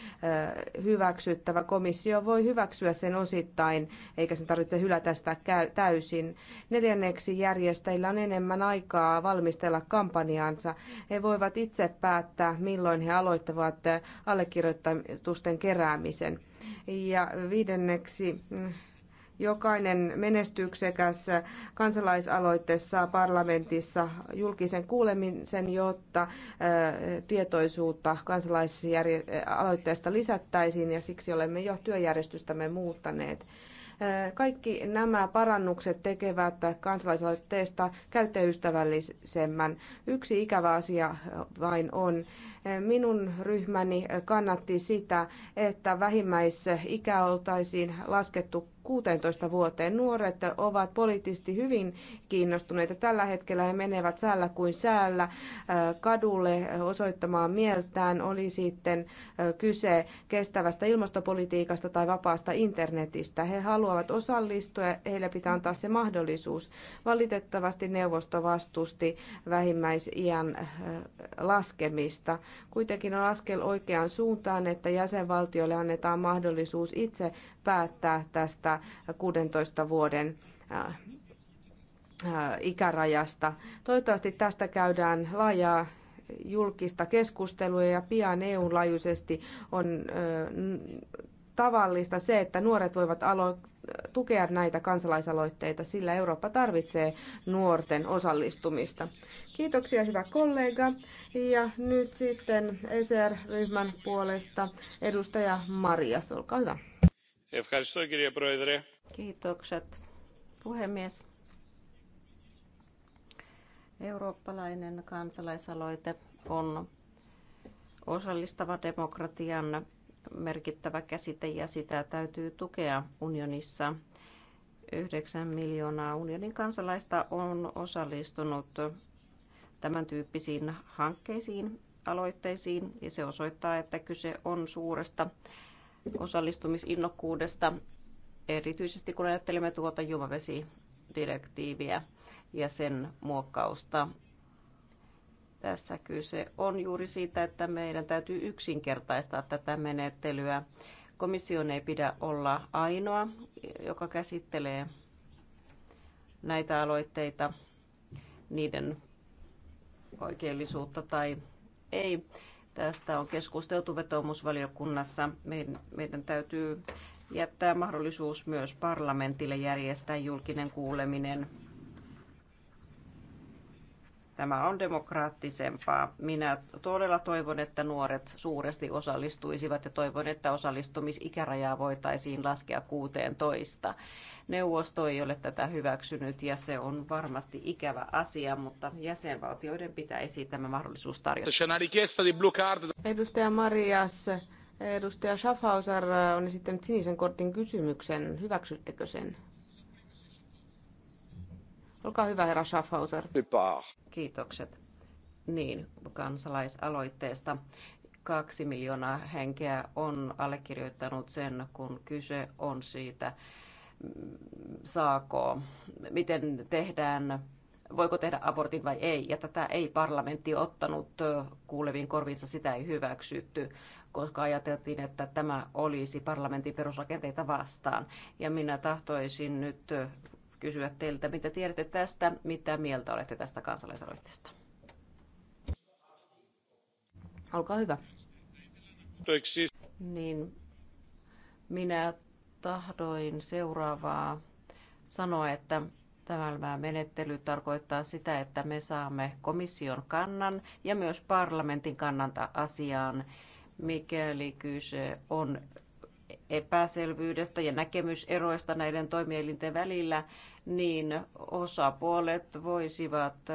hyväksyttävä, komissio voi hyväksyä sen osittain, eikä sen tarvitse hylätä sitä täysin. Neljänneksi järjestäjillä on enemmän aikaa valmistella kampanjaansa. He voivat itse päättää, milloin he aloittavat allekirjoitusten keräämisen. Ja viidenneksi mm, Jokainen menestyksekäs kansalaisaloite saa parlamentissa julkisen kuulemisen, jotta tietoisuutta kansalaisaloitteesta lisättäisiin ja siksi olemme jo työjärjestystämme muuttaneet. Kaikki nämä parannukset tekevät kansalaisaloitteesta käyttäjäystävällisemmän. Yksi ikävä asia vain on, Minun ryhmäni kannatti sitä, että vähimmäisikä oltaisiin laskettu 16 vuoteen. Nuoret ovat poliittisesti hyvin kiinnostuneita. Tällä hetkellä he menevät säällä kuin säällä äh, kadulle osoittamaan mieltään. Oli sitten äh, kyse kestävästä ilmastopolitiikasta tai vapaasta internetistä. He haluavat osallistua ja heille pitää antaa se mahdollisuus. Valitettavasti neuvosto vastusti vähimmäisiän äh, laskemista. Kuitenkin on askel oikeaan suuntaan, että jäsenvaltioille annetaan mahdollisuus itse päättää tästä 16 vuoden ikärajasta. Toivottavasti tästä käydään laajaa julkista keskustelua ja pian EU-laajuisesti on tavallista se, että nuoret voivat alo- tukea näitä kansalaisaloitteita, sillä Eurooppa tarvitsee nuorten osallistumista. Kiitoksia hyvä kollega. Ja nyt sitten esr ryhmän puolesta edustaja Marias, olkaa hyvä. Kiitokset puhemies. Eurooppalainen kansalaisaloite on osallistava demokratian merkittävä käsite ja sitä täytyy tukea unionissa. 9 miljoonaa unionin kansalaista on osallistunut tämän tyyppisiin hankkeisiin, aloitteisiin, ja se osoittaa, että kyse on suuresta osallistumisinnokkuudesta, erityisesti kun ajattelemme tuota juomavesidirektiiviä ja sen muokkausta. Tässä kyse on juuri siitä, että meidän täytyy yksinkertaistaa tätä menettelyä. Komission ei pidä olla ainoa, joka käsittelee näitä aloitteita niiden oikeellisuutta tai ei. Tästä on keskusteltu vetoomusvaliokunnassa. Meidän täytyy jättää mahdollisuus myös parlamentille järjestää julkinen kuuleminen Tämä on demokraattisempaa. Minä todella toivon, että nuoret suuresti osallistuisivat ja toivon, että osallistumisikärajaa voitaisiin laskea 16. Neuvosto ei ole tätä hyväksynyt ja se on varmasti ikävä asia, mutta jäsenvaltioiden pitäisi tämä mahdollisuus tarjota. Edustaja Marias, edustaja Schaffhauser on esittänyt sinisen kortin kysymyksen. Hyväksyttekö sen? Olkaa hyvä, herra Schaffhauser. Kiitokset. Niin, kansalaisaloitteesta kaksi miljoonaa henkeä on allekirjoittanut sen, kun kyse on siitä, saako, miten tehdään, voiko tehdä abortin vai ei. Ja tätä ei parlamentti ottanut kuuleviin korviinsa, sitä ei hyväksytty koska ajateltiin, että tämä olisi parlamentin perusrakenteita vastaan. Ja minä tahtoisin nyt kysyä teiltä, mitä tiedätte tästä, mitä mieltä olette tästä kansalaisaloitteesta. Olkaa hyvä. Niin minä tahdoin seuraavaa sanoa, että Tämä menettely tarkoittaa sitä, että me saamme komission kannan ja myös parlamentin kannanta asiaan, mikäli kyse on epäselvyydestä ja näkemyseroista näiden toimielinten välillä, niin osapuolet voisivat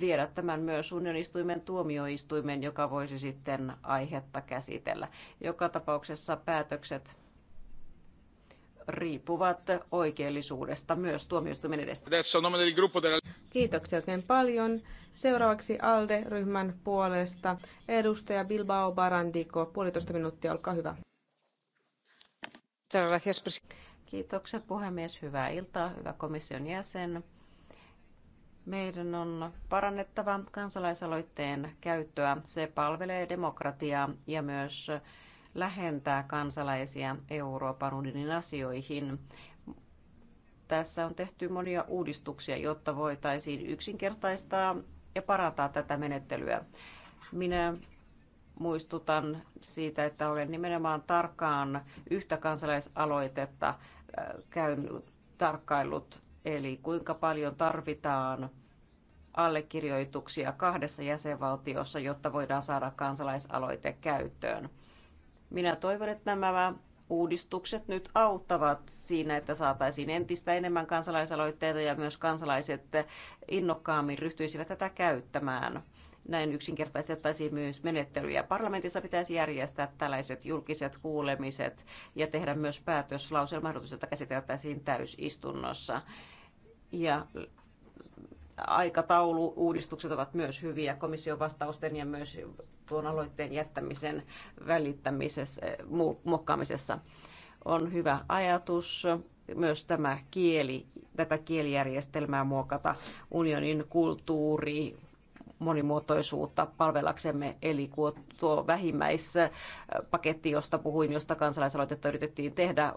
viedä tämän myös unionistuimen tuomioistuimen, joka voisi sitten aihetta käsitellä. Joka tapauksessa päätökset riippuvat oikeellisuudesta myös tuomioistuimen edessä. Kiitoksia oikein paljon. Seuraavaksi ALDE-ryhmän puolesta edustaja Bilbao Barandiko, puolitoista minuuttia, olkaa hyvä. Kiitokset puhemies, hyvää iltaa, hyvä komission jäsen. Meidän on parannettava kansalaisaloitteen käyttöä. Se palvelee demokratiaa ja myös lähentää kansalaisia Euroopan unionin asioihin. Tässä on tehty monia uudistuksia, jotta voitaisiin yksinkertaistaa ja parantaa tätä menettelyä. Minä muistutan siitä, että olen nimenomaan tarkkaan yhtä kansalaisaloitetta äh, käynyt, tarkkaillut, eli kuinka paljon tarvitaan allekirjoituksia kahdessa jäsenvaltiossa, jotta voidaan saada kansalaisaloite käyttöön. Minä toivon, että nämä uudistukset nyt auttavat siinä, että saataisiin entistä enemmän kansalaisaloitteita ja myös kansalaiset innokkaammin ryhtyisivät tätä käyttämään. Näin yksinkertaistettaisiin myös menettelyjä. Parlamentissa pitäisi järjestää tällaiset julkiset kuulemiset ja tehdä myös päätös lauselmahdotus, jota käsiteltäisiin täysistunnossa. Ja aikataulu-uudistukset ovat myös hyviä komission vastausten ja myös tuon aloitteen jättämisen välittämisessä, muokkaamisessa. On hyvä ajatus myös tämä kieli, tätä kielijärjestelmää muokata unionin kulttuuri, monimuotoisuutta palvelaksemme, eli tuo vähimmäispaketti, josta puhuin, josta kansalaisaloitetta yritettiin tehdä,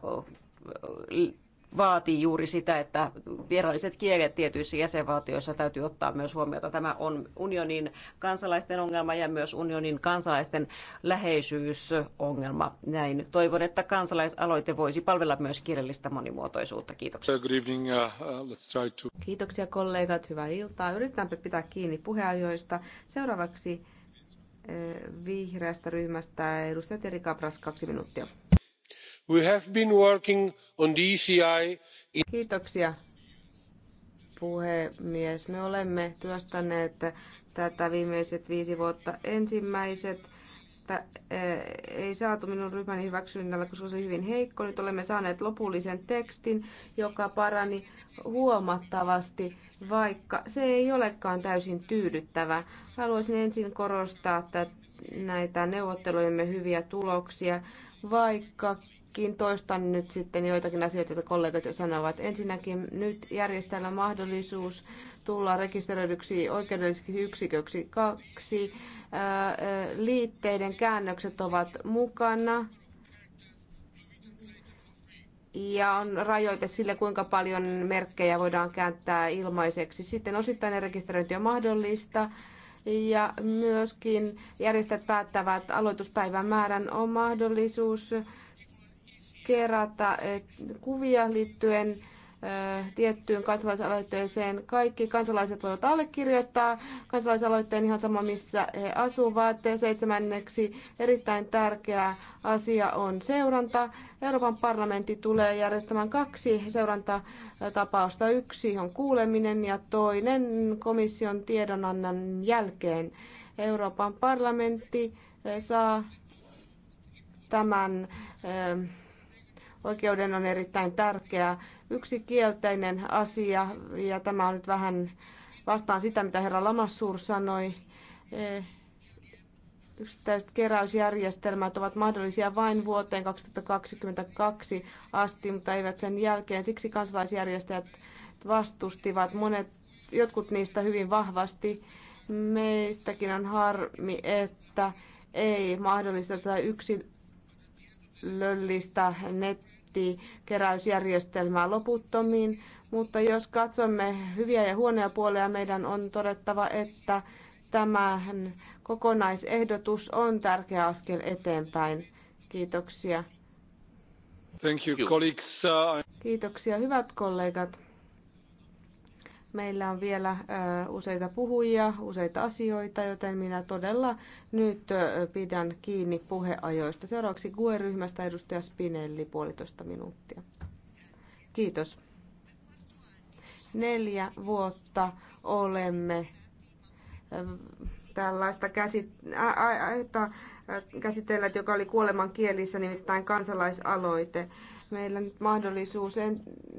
vaatii juuri sitä, että viralliset kielet tietyissä jäsenvaltioissa täytyy ottaa myös huomiota. Tämä on unionin kansalaisten ongelma ja myös unionin kansalaisten läheisyysongelma. Näin toivon, että kansalaisaloite voisi palvella myös kielellistä monimuotoisuutta. Kiitoksia. Uh, uh, let's try to... Kiitoksia kollegat, hyvää iltaa. Yritetäänpä pitää kiinni puheajoista. Seuraavaksi eh, vihreästä ryhmästä edustaja Terika Pras, kaksi minuuttia. We have been working on the ECI Kiitoksia puhemies. Me olemme työstäneet tätä viimeiset viisi vuotta ensimmäiset. Sitä eh, ei saatu minun ryhmäni hyväksynnällä, koska se oli hyvin heikko. Nyt olemme saaneet lopullisen tekstin, joka parani huomattavasti, vaikka se ei olekaan täysin tyydyttävä. Haluaisin ensin korostaa että näitä neuvottelujemme hyviä tuloksia, vaikka Ensinnäkin toistan nyt sitten joitakin asioita, joita kollegat jo sanovat. Ensinnäkin nyt järjestellä mahdollisuus tulla rekisteröidyksi oikeudelliseksi yksiköksi. Kaksi liitteiden käännökset ovat mukana ja on rajoite sille, kuinka paljon merkkejä voidaan kääntää ilmaiseksi. Sitten osittainen rekisteröinti on mahdollista ja myöskin järjestöt päättävät aloituspäivän määrän on mahdollisuus kerätä eh, kuvia liittyen eh, tiettyyn kansalaisaloitteeseen. Kaikki kansalaiset voivat allekirjoittaa kansalaisaloitteen ihan sama, missä he asuvat. Seitsemänneksi erittäin tärkeä asia on seuranta. Euroopan parlamentti tulee järjestämään kaksi seurantatapausta. Yksi on kuuleminen ja toinen komission tiedonannan jälkeen. Euroopan parlamentti eh, saa tämän oikeuden on erittäin tärkeää. Yksi kielteinen asia, ja tämä on nyt vähän vastaan sitä, mitä herra Lamassur sanoi, e, yksittäiset keräysjärjestelmät ovat mahdollisia vain vuoteen 2022 asti, mutta eivät sen jälkeen. Siksi kansalaisjärjestäjät vastustivat monet, jotkut niistä hyvin vahvasti. Meistäkin on harmi, että ei mahdollista tätä yksilöllistä net keräysjärjestelmää loputtomiin, mutta jos katsomme hyviä ja huonoja puolia, meidän on todettava, että tämä kokonaisehdotus on tärkeä askel eteenpäin. Kiitoksia. Thank you, colleagues. Uh, Kiitoksia, hyvät kollegat. Meillä on vielä useita puhujia, useita asioita, joten minä todella nyt pidän kiinni puheajoista. Seuraavaksi GUE-ryhmästä edustaja Spinelli puolitoista minuuttia. Kiitos. Neljä vuotta olemme tällaista käsitettä käsitelleet, joka oli kuoleman kielissä, nimittäin kansalaisaloite. Meillä on nyt mahdollisuus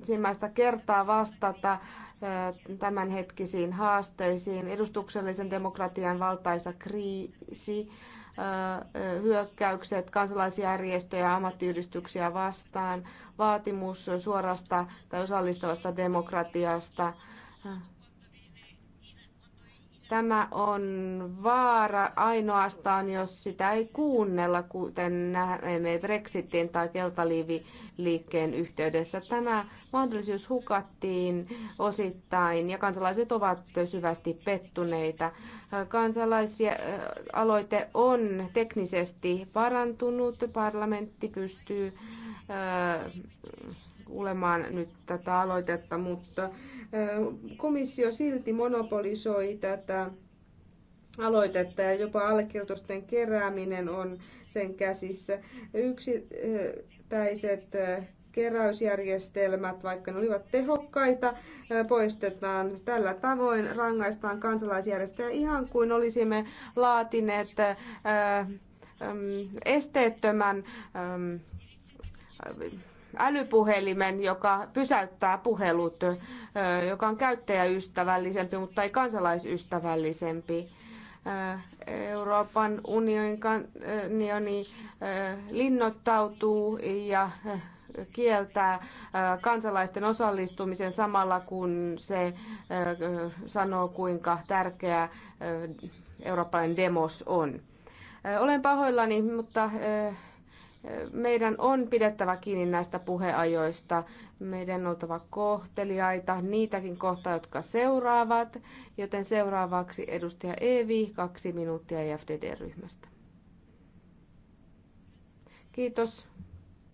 ensimmäistä kertaa vastata tämänhetkisiin haasteisiin. Edustuksellisen demokratian valtaisa kriisi, hyökkäykset kansalaisjärjestöjä ja ammattiyhdistyksiä vastaan, vaatimus suorasta tai osallistavasta demokratiasta, Tämä on vaara ainoastaan, jos sitä ei kuunnella, kuten näemme Brexitin tai keltaliiviliikkeen yhteydessä. Tämä mahdollisuus hukattiin osittain ja kansalaiset ovat syvästi pettuneita. Kansalaisaloite on teknisesti parantunut. Parlamentti pystyy kuulemaan nyt tätä aloitetta, mutta Komissio silti monopolisoi tätä aloitetta ja jopa allekirjoitusten kerääminen on sen käsissä. Yksittäiset keräysjärjestelmät, vaikka ne olivat tehokkaita, poistetaan. Tällä tavoin rangaistaan kansalaisjärjestöjä ihan kuin olisimme laatineet mm, esteettömän älypuhelimen, joka pysäyttää puhelut, joka on käyttäjäystävällisempi, mutta ei kansalaisystävällisempi. Euroopan unionin unioni linnoittautuu ja kieltää kansalaisten osallistumisen samalla kun se sanoo, kuinka tärkeä eurooppalainen demos on. Olen pahoillani, mutta meidän on pidettävä kiinni näistä puheajoista. Meidän on oltava kohteliaita niitäkin kohta, jotka seuraavat. Joten seuraavaksi edustaja Evi, kaksi minuuttia FDD-ryhmästä. Kiitos,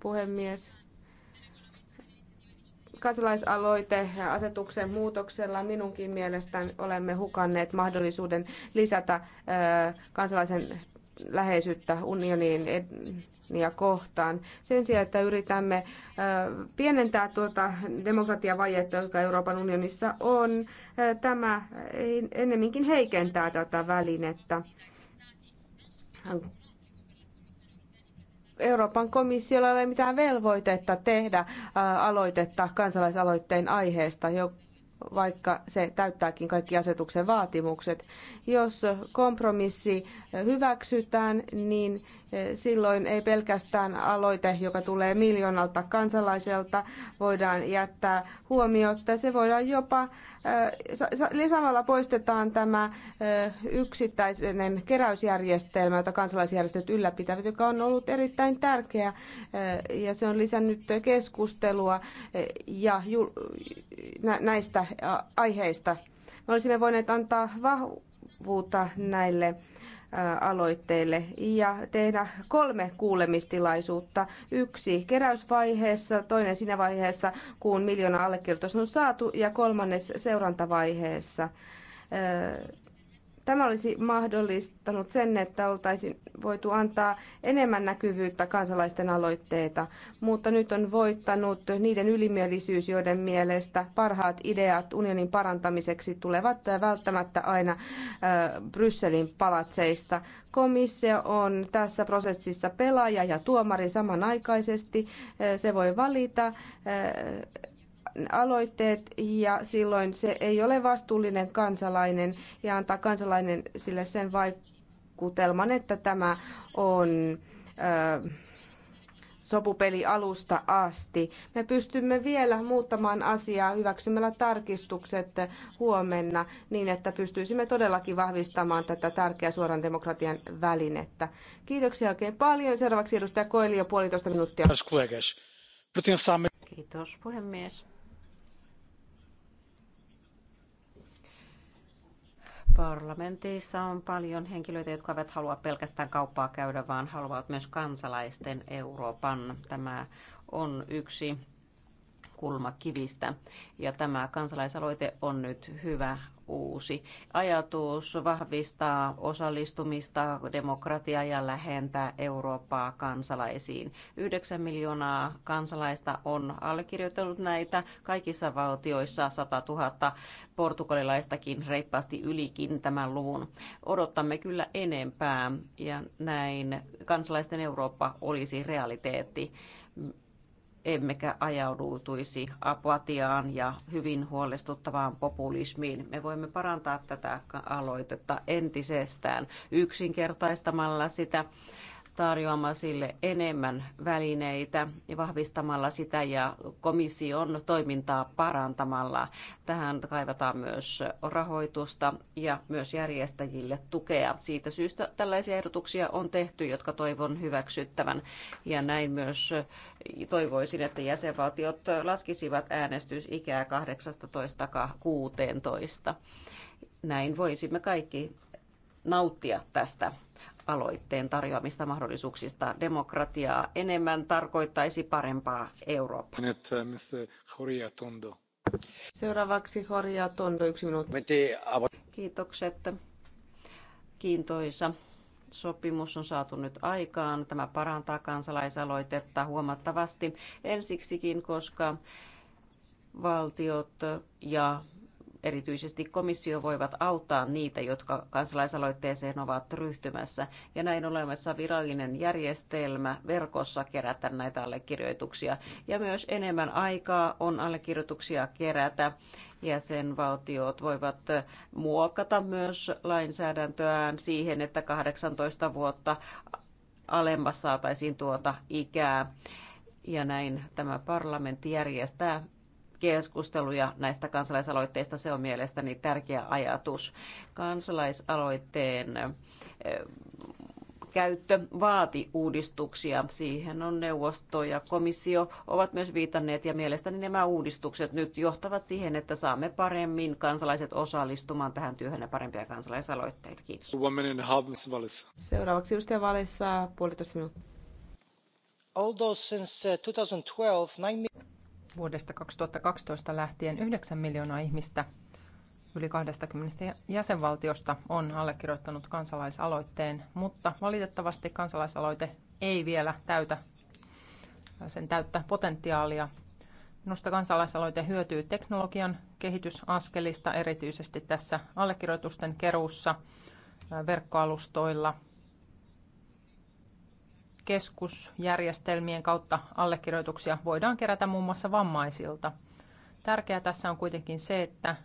puhemies kansalaisaloite asetuksen muutoksella minunkin mielestäni olemme hukanneet mahdollisuuden lisätä kansalaisen läheisyyttä unioniin ja kohtaan. Sen sijaan, että yritämme pienentää tuota demokratiavajetta, joka Euroopan unionissa on, tämä ennemminkin heikentää tätä välinettä. Euroopan komissiolla ei ole mitään velvoitetta tehdä aloitetta kansalaisaloitteen aiheesta, vaikka se täyttääkin kaikki asetuksen vaatimukset. Jos kompromissi hyväksytään, niin Silloin ei pelkästään aloite, joka tulee miljoonalta kansalaiselta, voidaan jättää huomiota. Se voidaan jopa, äh, samalla poistetaan tämä äh, yksittäinen keräysjärjestelmä, jota kansalaisjärjestöt ylläpitävät, joka on ollut erittäin tärkeä äh, ja se on lisännyt keskustelua ja näistä aiheista. Me olisimme voineet antaa vahvuutta näille aloitteille ja tehdä kolme kuulemistilaisuutta. Yksi keräysvaiheessa, toinen siinä vaiheessa, kun miljoona allekirjoitus on saatu ja kolmannes seurantavaiheessa. Tämä olisi mahdollistanut sen, että oltaisiin voitu antaa enemmän näkyvyyttä kansalaisten aloitteita, mutta nyt on voittanut niiden ylimielisyys, joiden mielestä parhaat ideat unionin parantamiseksi tulevat välttämättä aina Brysselin palatseista. Komissio on tässä prosessissa pelaaja ja tuomari samanaikaisesti. Se voi valita aloitteet ja silloin se ei ole vastuullinen kansalainen ja antaa kansalainen sille sen vaikutelman, että tämä on ö, sopupeli alusta asti. Me pystymme vielä muuttamaan asiaa hyväksymällä tarkistukset huomenna niin, että pystyisimme todellakin vahvistamaan tätä tärkeää suoran demokratian välinettä. Kiitoksia oikein paljon. Seuraavaksi edustaja Koili jo puolitoista minuuttia. Kiitos puhemies. Parlamentissa on paljon henkilöitä, jotka eivät halua pelkästään kauppaa käydä, vaan haluavat myös kansalaisten Euroopan. Tämä on yksi kulmakivistä. Ja tämä kansalaisaloite on nyt hyvä uusi ajatus vahvistaa osallistumista, demokratiaa ja lähentää Eurooppaa kansalaisiin. 9 miljoonaa kansalaista on allekirjoittanut näitä kaikissa valtioissa 100 000 portugalilaistakin reippaasti ylikin tämän luvun. Odottamme kyllä enempää ja näin kansalaisten Eurooppa olisi realiteetti emmekä ajaudutuisi apatiaan ja hyvin huolestuttavaan populismiin. Me voimme parantaa tätä aloitetta entisestään yksinkertaistamalla sitä tarjoamaan sille enemmän välineitä ja vahvistamalla sitä ja komission toimintaa parantamalla. Tähän kaivataan myös rahoitusta ja myös järjestäjille tukea. Siitä syystä tällaisia ehdotuksia on tehty, jotka toivon hyväksyttävän. Ja näin myös toivoisin, että jäsenvaltiot laskisivat äänestysikää 18-16. Näin voisimme kaikki nauttia tästä aloitteen tarjoamista mahdollisuuksista. Demokratiaa enemmän tarkoittaisi parempaa Eurooppaa. Äh, Seuraavaksi Horia Tondo, yksi minuutti. Kiitokset. Kiintoisa sopimus on saatu nyt aikaan. Tämä parantaa kansalaisaloitetta huomattavasti ensiksikin, koska valtiot ja erityisesti komissio voivat auttaa niitä, jotka kansalaisaloitteeseen ovat ryhtymässä. Ja näin olemassa virallinen järjestelmä verkossa kerätä näitä allekirjoituksia. Ja myös enemmän aikaa on allekirjoituksia kerätä. Jäsenvaltiot voivat muokata myös lainsäädäntöään siihen, että 18 vuotta alemmas saataisiin tuota ikää ja näin tämä parlamentti järjestää keskusteluja näistä kansalaisaloitteista. Se on mielestäni tärkeä ajatus. Kansalaisaloitteen eh, käyttö vaati uudistuksia. Siihen on neuvosto ja komissio ovat myös viitanneet ja mielestäni nämä uudistukset nyt johtavat siihen, että saamme paremmin kansalaiset osallistumaan tähän työhön ja parempia kansalaisaloitteita. Kiitos. Seuraavaksi edustaja Valissa puolitoista minuuttia. Although since 2012, uh, 9 Vuodesta 2012 lähtien 9 miljoonaa ihmistä yli 20 jäsenvaltiosta on allekirjoittanut kansalaisaloitteen, mutta valitettavasti kansalaisaloite ei vielä täytä sen täyttä potentiaalia. Minusta kansalaisaloite hyötyy teknologian kehitysaskelista erityisesti tässä allekirjoitusten keruussa verkkoalustoilla – keskusjärjestelmien kautta allekirjoituksia voidaan kerätä muun muassa vammaisilta. Tärkeää tässä on kuitenkin se, että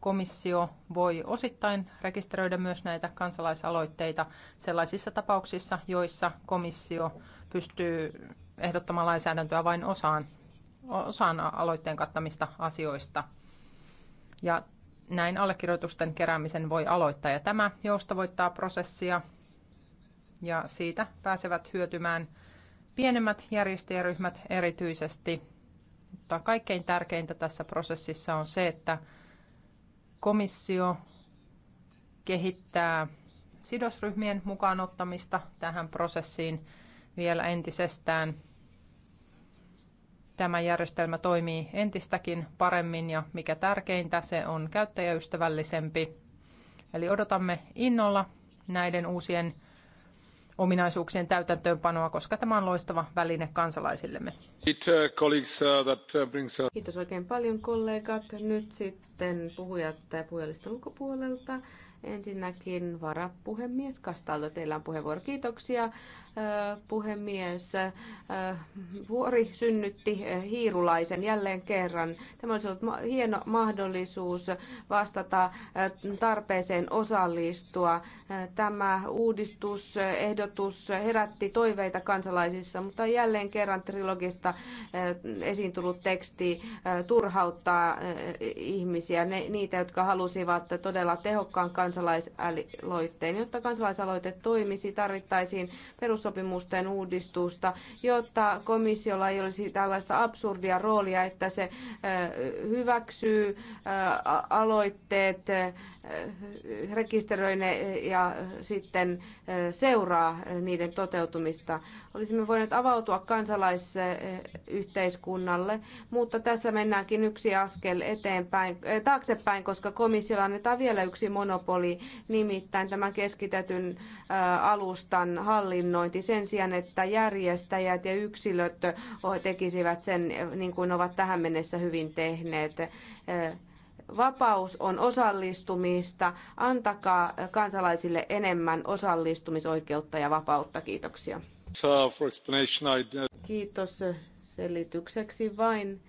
komissio voi osittain rekisteröidä myös näitä kansalaisaloitteita sellaisissa tapauksissa, joissa komissio pystyy ehdottamaan lainsäädäntöä vain osaan, osaan aloitteen kattamista asioista. Ja näin allekirjoitusten keräämisen voi aloittaa. Ja tämä joustavoittaa prosessia ja siitä pääsevät hyötymään pienemmät järjestäjäryhmät erityisesti. Mutta kaikkein tärkeintä tässä prosessissa on se, että komissio kehittää sidosryhmien mukaan ottamista tähän prosessiin vielä entisestään. Tämä järjestelmä toimii entistäkin paremmin ja mikä tärkeintä, se on käyttäjäystävällisempi. Eli odotamme innolla näiden uusien ominaisuuksien täytäntöönpanoa, koska tämä on loistava väline kansalaisillemme. Uh, uh, uh, Kiitos oikein paljon kollegat. Nyt sitten puhujat ja äh, puhujalistan ulkopuolelta. Ensinnäkin varapuhemies Kastalto, teillä on puheenvuoro. Kiitoksia puhemies. Vuori synnytti hiirulaisen jälleen kerran. Tämä olisi ollut hieno mahdollisuus vastata tarpeeseen osallistua. Tämä uudistusehdotus herätti toiveita kansalaisissa, mutta jälleen kerran trilogista esiin tullut teksti turhauttaa ihmisiä, niitä, jotka halusivat todella tehokkaan kansalaisaloitteen. Jotta kansalaisaloite toimisi, tarvittaisiin perussopimusten uudistusta, jotta komissiolla ei olisi tällaista absurdia roolia, että se hyväksyy aloitteet rekisteröi ne ja sitten seuraa niiden toteutumista. Olisimme voineet avautua kansalaisyhteiskunnalle, mutta tässä mennäänkin yksi askel eteenpäin, taaksepäin, koska komissiolla annetaan vielä yksi monopoli, nimittäin tämän keskitetyn alustan hallinnointi sen sijaan, että järjestäjät ja yksilöt tekisivät sen niin kuin ovat tähän mennessä hyvin tehneet Vapaus on osallistumista. Antakaa kansalaisille enemmän osallistumisoikeutta ja vapautta. Kiitoksia. Kiitos selitykseksi vain.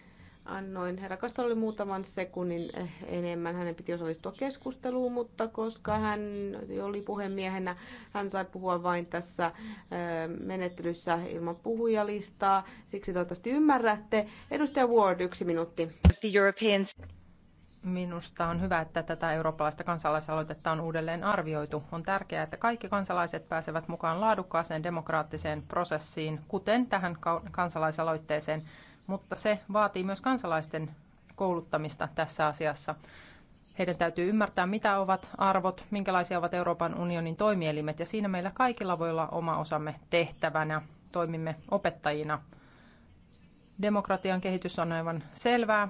Annoin herra Kastolle muutaman sekunnin enemmän. Hänen piti osallistua keskusteluun, mutta koska hän oli puhemiehenä, hän sai puhua vain tässä eh, menettelyssä ilman puhujalistaa. Siksi toivottavasti ymmärrätte. Edustaja Ward, yksi minuutti. The Europeans. Minusta on hyvä, että tätä eurooppalaista kansalaisaloitetta on uudelleen arvioitu. On tärkeää, että kaikki kansalaiset pääsevät mukaan laadukkaaseen demokraattiseen prosessiin, kuten tähän kansalaisaloitteeseen, mutta se vaatii myös kansalaisten kouluttamista tässä asiassa. Heidän täytyy ymmärtää, mitä ovat arvot, minkälaisia ovat Euroopan unionin toimielimet, ja siinä meillä kaikilla voi olla oma osamme tehtävänä. Toimimme opettajina. Demokratian kehitys on aivan selvää,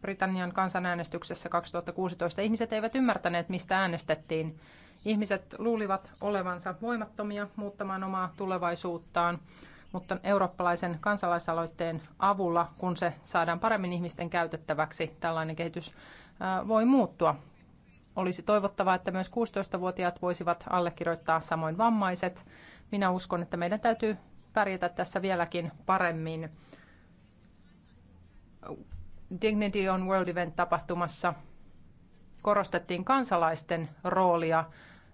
Britannian kansanäänestyksessä 2016 ihmiset eivät ymmärtäneet, mistä äänestettiin. Ihmiset luulivat olevansa voimattomia muuttamaan omaa tulevaisuuttaan, mutta eurooppalaisen kansalaisaloitteen avulla, kun se saadaan paremmin ihmisten käytettäväksi, tällainen kehitys voi muuttua. Olisi toivottavaa, että myös 16-vuotiaat voisivat allekirjoittaa samoin vammaiset. Minä uskon, että meidän täytyy pärjätä tässä vieläkin paremmin Dignity on World Event-tapahtumassa korostettiin kansalaisten roolia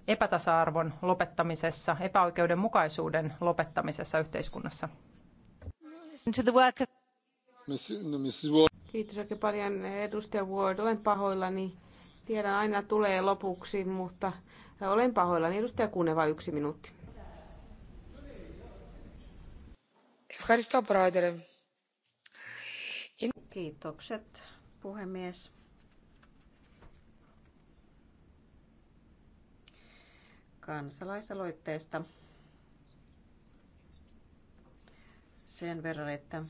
epätasa-arvon lopettamisessa, epäoikeudenmukaisuuden lopettamisessa yhteiskunnassa. Kiitos oikein paljon edustaja Ward. Olen pahoillani. Tiedän aina tulee lopuksi, mutta olen pahoillani. Edustaja Kuneva, yksi minuutti. Ευχαριστώ, Πρόεδρε. Kiitokset, puhemies. Kansalaisaloitteesta sen verran, että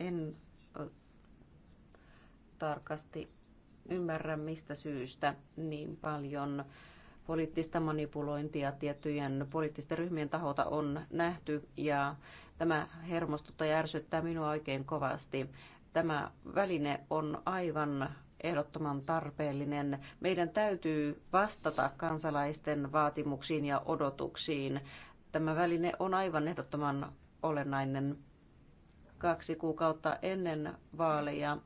en tarkasti ymmärrä, mistä syystä niin paljon poliittista manipulointia tiettyjen poliittisten ryhmien taholta on nähty ja tämä hermostuttaa ja ärsyttää minua oikein kovasti. Tämä väline on aivan ehdottoman tarpeellinen. Meidän täytyy vastata kansalaisten vaatimuksiin ja odotuksiin. Tämä väline on aivan ehdottoman olennainen. Kaksi kuukautta ennen vaaleja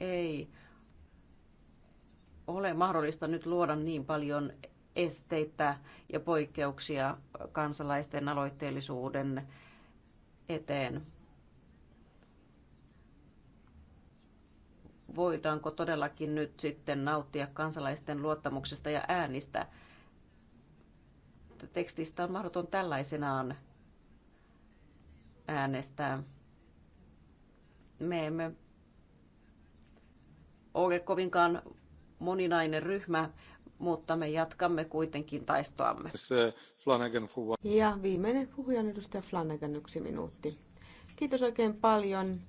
ei ole mahdollista nyt luoda niin paljon esteitä ja poikkeuksia kansalaisten aloitteellisuuden eteen. voidaanko todellakin nyt sitten nauttia kansalaisten luottamuksesta ja äänistä. Tekstistä on mahdoton tällaisenaan äänestää. Me emme ole kovinkaan moninainen ryhmä, mutta me jatkamme kuitenkin taistoamme. Uh, ja viimeinen puhuja on edustaja Flanagan, yksi minuutti. Kiitos oikein paljon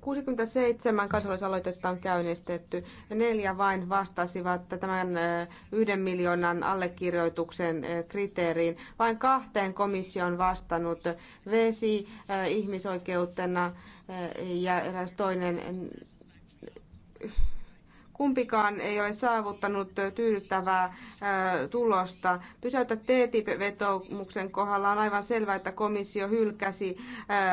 67 kansalaisaloitetta on käynnistetty ja neljä vain vastasivat tämän yhden miljoonan allekirjoituksen kriteeriin. Vain kahteen komissio on vastannut vesi ihmisoikeutena ja eräs toinen Kumpikaan ei ole saavuttanut tyydyttävää tulosta. Pysäytä TTIP-vetoomuksen kohdalla on aivan selvää, että komissio hylkäsi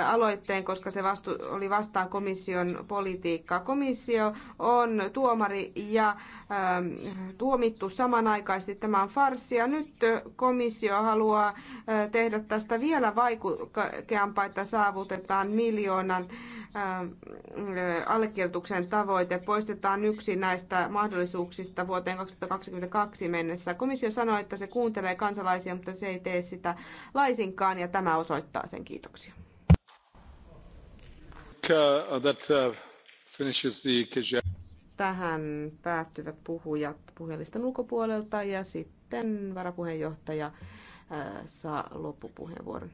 aloitteen, koska se vastu- oli vastaan komission politiikkaa. Komissio on tuomari ja tuomittu samanaikaisesti. Tämä on farssia. Nyt komissio haluaa tehdä tästä vielä vaikeampaa, että saavutetaan miljoonan Ähm, allekirjoituksen tavoite poistetaan yksi näistä mahdollisuuksista vuoteen 2022 mennessä. Komissio sanoi, että se kuuntelee kansalaisia, mutta se ei tee sitä laisinkaan ja tämä osoittaa sen. Kiitoksia. Uh, uh, Tähän päättyvät puhujat puhelistan ulkopuolelta ja sitten varapuheenjohtaja äh, saa loppupuheenvuoron.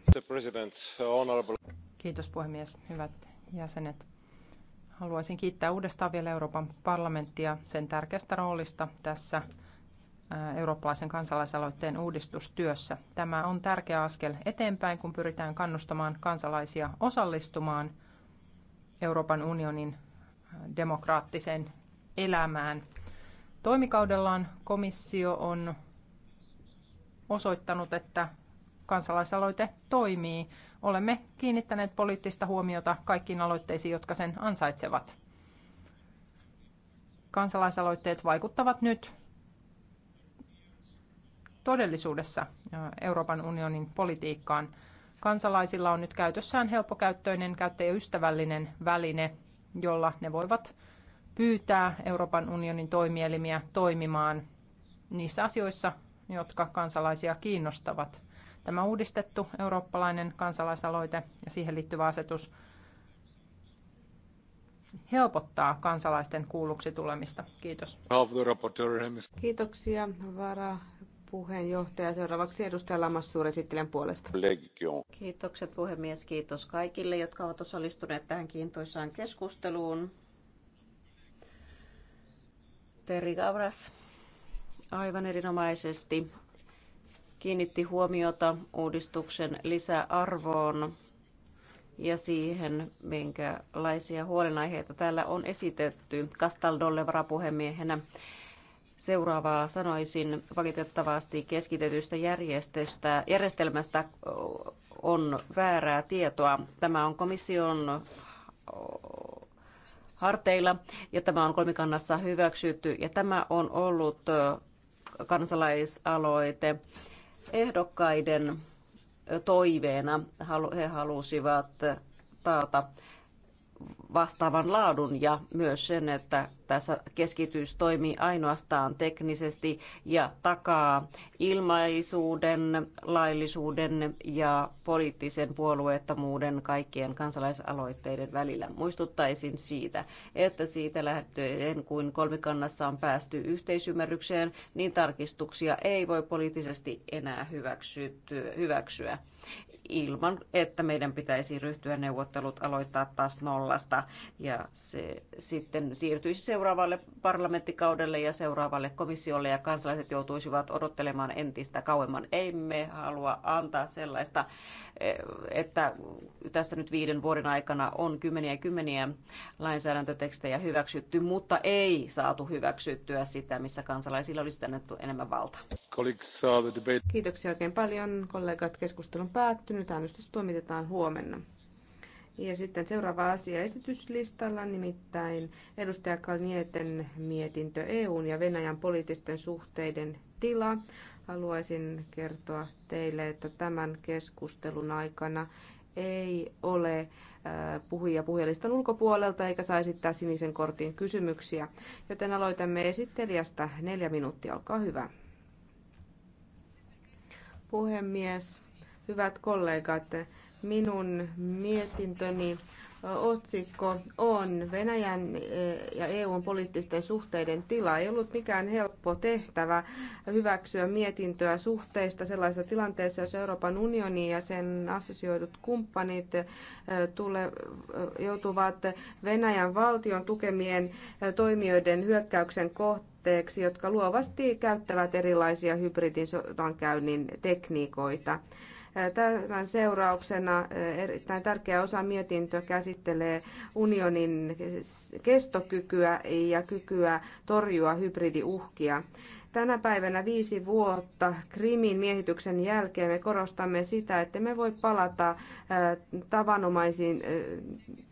Kiitos puhemies. Hyvät jäsenet. Haluaisin kiittää uudestaan vielä Euroopan parlamenttia sen tärkeästä roolista tässä eurooppalaisen kansalaisaloitteen uudistustyössä. Tämä on tärkeä askel eteenpäin, kun pyritään kannustamaan kansalaisia osallistumaan Euroopan unionin demokraattiseen elämään. Toimikaudellaan komissio on osoittanut, että kansalaisaloite toimii olemme kiinnittäneet poliittista huomiota kaikkiin aloitteisiin, jotka sen ansaitsevat. Kansalaisaloitteet vaikuttavat nyt todellisuudessa Euroopan unionin politiikkaan. Kansalaisilla on nyt käytössään helppokäyttöinen, käyttäjäystävällinen väline, jolla ne voivat pyytää Euroopan unionin toimielimiä toimimaan niissä asioissa, jotka kansalaisia kiinnostavat tämä uudistettu eurooppalainen kansalaisaloite ja siihen liittyvä asetus helpottaa kansalaisten kuulluksi tulemista. Kiitos. Kiitoksia vara puheenjohtaja. Seuraavaksi edustaja Lamassuur esittelen puolesta. Kiitokset puhemies. Kiitos kaikille, jotka ovat osallistuneet tähän kiintoisaan keskusteluun. Terri Gavras aivan erinomaisesti kiinnitti huomiota uudistuksen lisäarvoon ja siihen, minkälaisia huolenaiheita täällä on esitetty. Castaldolle varapuhemiehenä seuraavaa sanoisin valitettavasti keskitetystä järjestelmästä on väärää tietoa. Tämä on komission harteilla ja tämä on kolmikannassa hyväksytty ja tämä on ollut kansalaisaloite ehdokkaiden toiveena he halusivat taata vastaavan laadun ja myös sen, että tässä keskitys toimii ainoastaan teknisesti ja takaa ilmaisuuden, laillisuuden ja poliittisen puolueettomuuden kaikkien kansalaisaloitteiden välillä. Muistuttaisin siitä, että siitä lähtien kun kolmikannassa on päästy yhteisymmärrykseen, niin tarkistuksia ei voi poliittisesti enää hyväksyä ilman, että meidän pitäisi ryhtyä neuvottelut aloittaa taas nollasta. Ja se sitten siirtyisi seuraavalle parlamenttikaudelle ja seuraavalle komissiolle ja kansalaiset joutuisivat odottelemaan entistä kauemman. Emme halua antaa sellaista, että tässä nyt viiden vuoden aikana on kymmeniä ja kymmeniä lainsäädäntötekstejä hyväksytty, mutta ei saatu hyväksyttyä sitä, missä kansalaisilla olisi annettu enemmän valtaa. Uh, Kiitoksia oikein paljon kollegat. Keskustelun päättyy päättynyt. Äänestys toimitetaan huomenna. Ja sitten seuraava asia esityslistalla, nimittäin edustaja Kalnieten mietintö EUn ja Venäjän poliittisten suhteiden tila. Haluaisin kertoa teille, että tämän keskustelun aikana ei ole äh, puhuja puhelistan ulkopuolelta eikä saa esittää sinisen kortin kysymyksiä. Joten aloitamme esittelijästä. Neljä minuuttia, olkaa hyvä. Puhemies, Hyvät kollegat, minun mietintöni otsikko on Venäjän ja EUn poliittisten suhteiden tila. Ei ollut mikään helppo tehtävä hyväksyä mietintöä suhteista sellaisessa tilanteessa, jos Euroopan unioni ja sen assosioidut kumppanit tule, joutuvat Venäjän valtion tukemien toimijoiden hyökkäyksen kohtaan jotka luovasti käyttävät erilaisia hybridisodankäynnin tekniikoita. Tämän seurauksena erittäin tärkeä osa mietintöä käsittelee unionin kestokykyä ja kykyä torjua hybridiuhkia. Tänä päivänä viisi vuotta Krimin miehityksen jälkeen me korostamme sitä, että me voi palata tavanomaisiin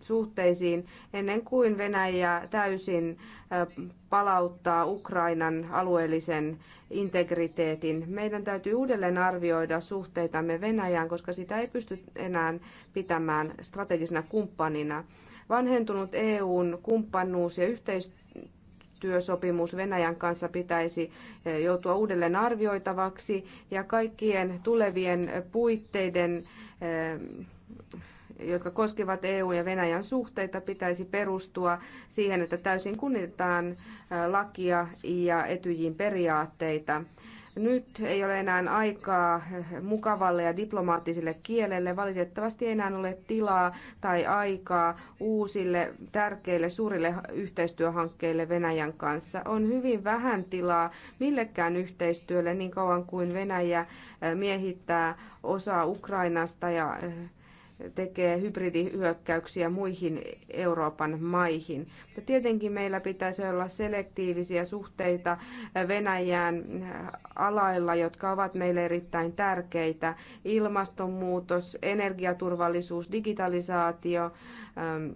suhteisiin ennen kuin Venäjä täysin palauttaa Ukrainan alueellisen integriteetin. Meidän täytyy uudelleen arvioida suhteitamme Venäjään, koska sitä ei pysty enää pitämään strategisena kumppanina. Vanhentunut EUn kumppanuus ja yhteistyö työsopimus Venäjän kanssa pitäisi eh, joutua uudelleen arvioitavaksi ja kaikkien tulevien puitteiden eh, jotka koskevat EU- ja Venäjän suhteita, pitäisi perustua siihen, että täysin kunnitetaan eh, lakia ja etyjin periaatteita. Nyt ei ole enää aikaa mukavalle ja diplomaattiselle kielelle. Valitettavasti ei enää ole tilaa tai aikaa uusille tärkeille suurille yhteistyöhankkeille Venäjän kanssa. On hyvin vähän tilaa millekään yhteistyölle niin kauan kuin Venäjä eh, miehittää osaa Ukrainasta ja eh, tekee hybridihyökkäyksiä muihin Euroopan maihin. Mutta tietenkin meillä pitäisi olla selektiivisiä suhteita Venäjään äh, alailla, jotka ovat meille erittäin tärkeitä. Ilmastonmuutos, energiaturvallisuus, digitalisaatio, ähm,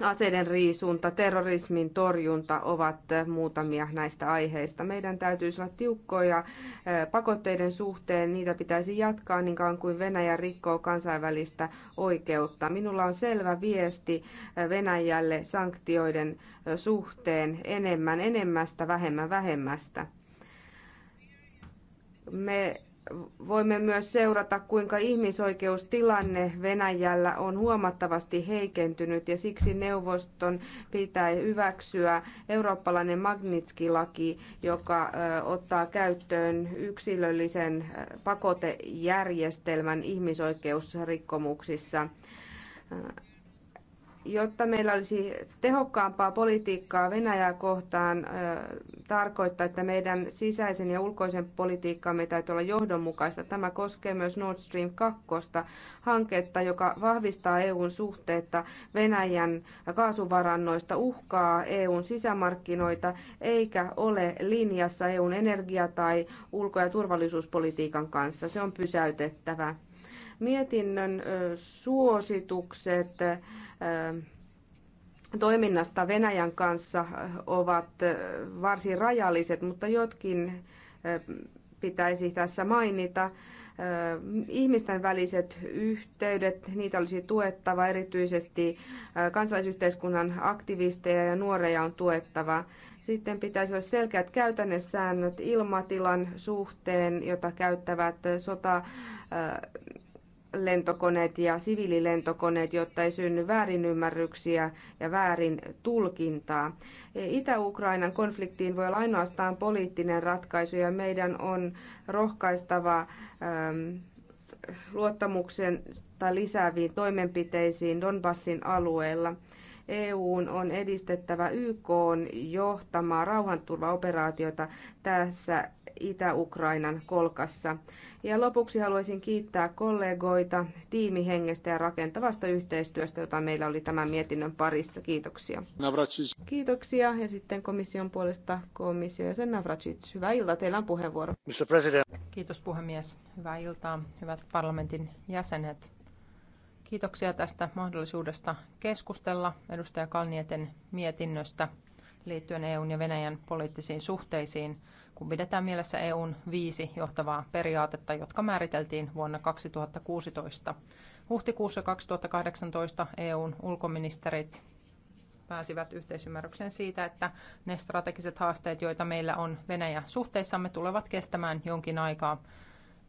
Aseiden riisunta, terrorismin torjunta ovat muutamia näistä aiheista. Meidän täytyy olla tiukkoja eh, pakotteiden suhteen. Niitä pitäisi jatkaa niin kauan kuin Venäjä rikkoo kansainvälistä oikeutta. Minulla on selvä viesti eh, Venäjälle sanktioiden eh, suhteen enemmän enemmästä, vähemmän vähemmästä. Me voimme myös seurata, kuinka ihmisoikeustilanne Venäjällä on huomattavasti heikentynyt ja siksi neuvoston pitää hyväksyä eurooppalainen Magnitski-laki, joka ottaa käyttöön yksilöllisen pakotejärjestelmän ihmisoikeusrikkomuksissa jotta meillä olisi tehokkaampaa politiikkaa Venäjää kohtaan, tarkoittaa, että meidän sisäisen ja ulkoisen politiikkamme täytyy olla johdonmukaista. Tämä koskee myös Nord Stream 2 hanketta, joka vahvistaa EUn suhteita Venäjän kaasuvarannoista, uhkaa EUn sisämarkkinoita eikä ole linjassa EUn energia- tai ulko- ja turvallisuuspolitiikan kanssa. Se on pysäytettävä. Mietinnön suositukset toiminnasta Venäjän kanssa ovat varsin rajalliset, mutta jotkin pitäisi tässä mainita. Ihmisten väliset yhteydet, niitä olisi tuettava, erityisesti kansalaisyhteiskunnan aktivisteja ja nuoreja on tuettava. Sitten pitäisi olla selkeät käytännössäännöt ilmatilan suhteen, jota käyttävät sota lentokoneet ja siviililentokoneet, jotta ei synny väärinymmärryksiä ja väärin tulkintaa. Itä-Ukrainan konfliktiin voi olla ainoastaan poliittinen ratkaisu ja meidän on rohkaistava ähm, luottamuksen tai lisääviin toimenpiteisiin Donbassin alueella. EU on edistettävä YK on johtamaa rauhanturvaoperaatiota tässä Itä-Ukrainan kolkassa. Ja lopuksi haluaisin kiittää kollegoita tiimihengestä ja rakentavasta yhteistyöstä, jota meillä oli tämän mietinnön parissa. Kiitoksia. Navracis. Kiitoksia. Ja sitten komission puolesta komissio ja sen Navracis. Hyvää iltaa. Teillä on puheenvuoro. Mr. President. Kiitos puhemies. Hyvää iltaa, hyvät parlamentin jäsenet. Kiitoksia tästä mahdollisuudesta keskustella edustaja Kalnieten mietinnöstä liittyen EUn ja Venäjän poliittisiin suhteisiin kun pidetään mielessä EUn viisi johtavaa periaatetta, jotka määriteltiin vuonna 2016. Huhtikuussa 2018 EUn ulkoministerit pääsivät yhteisymmärrykseen siitä, että ne strategiset haasteet, joita meillä on Venäjä suhteissamme, tulevat kestämään jonkin aikaa.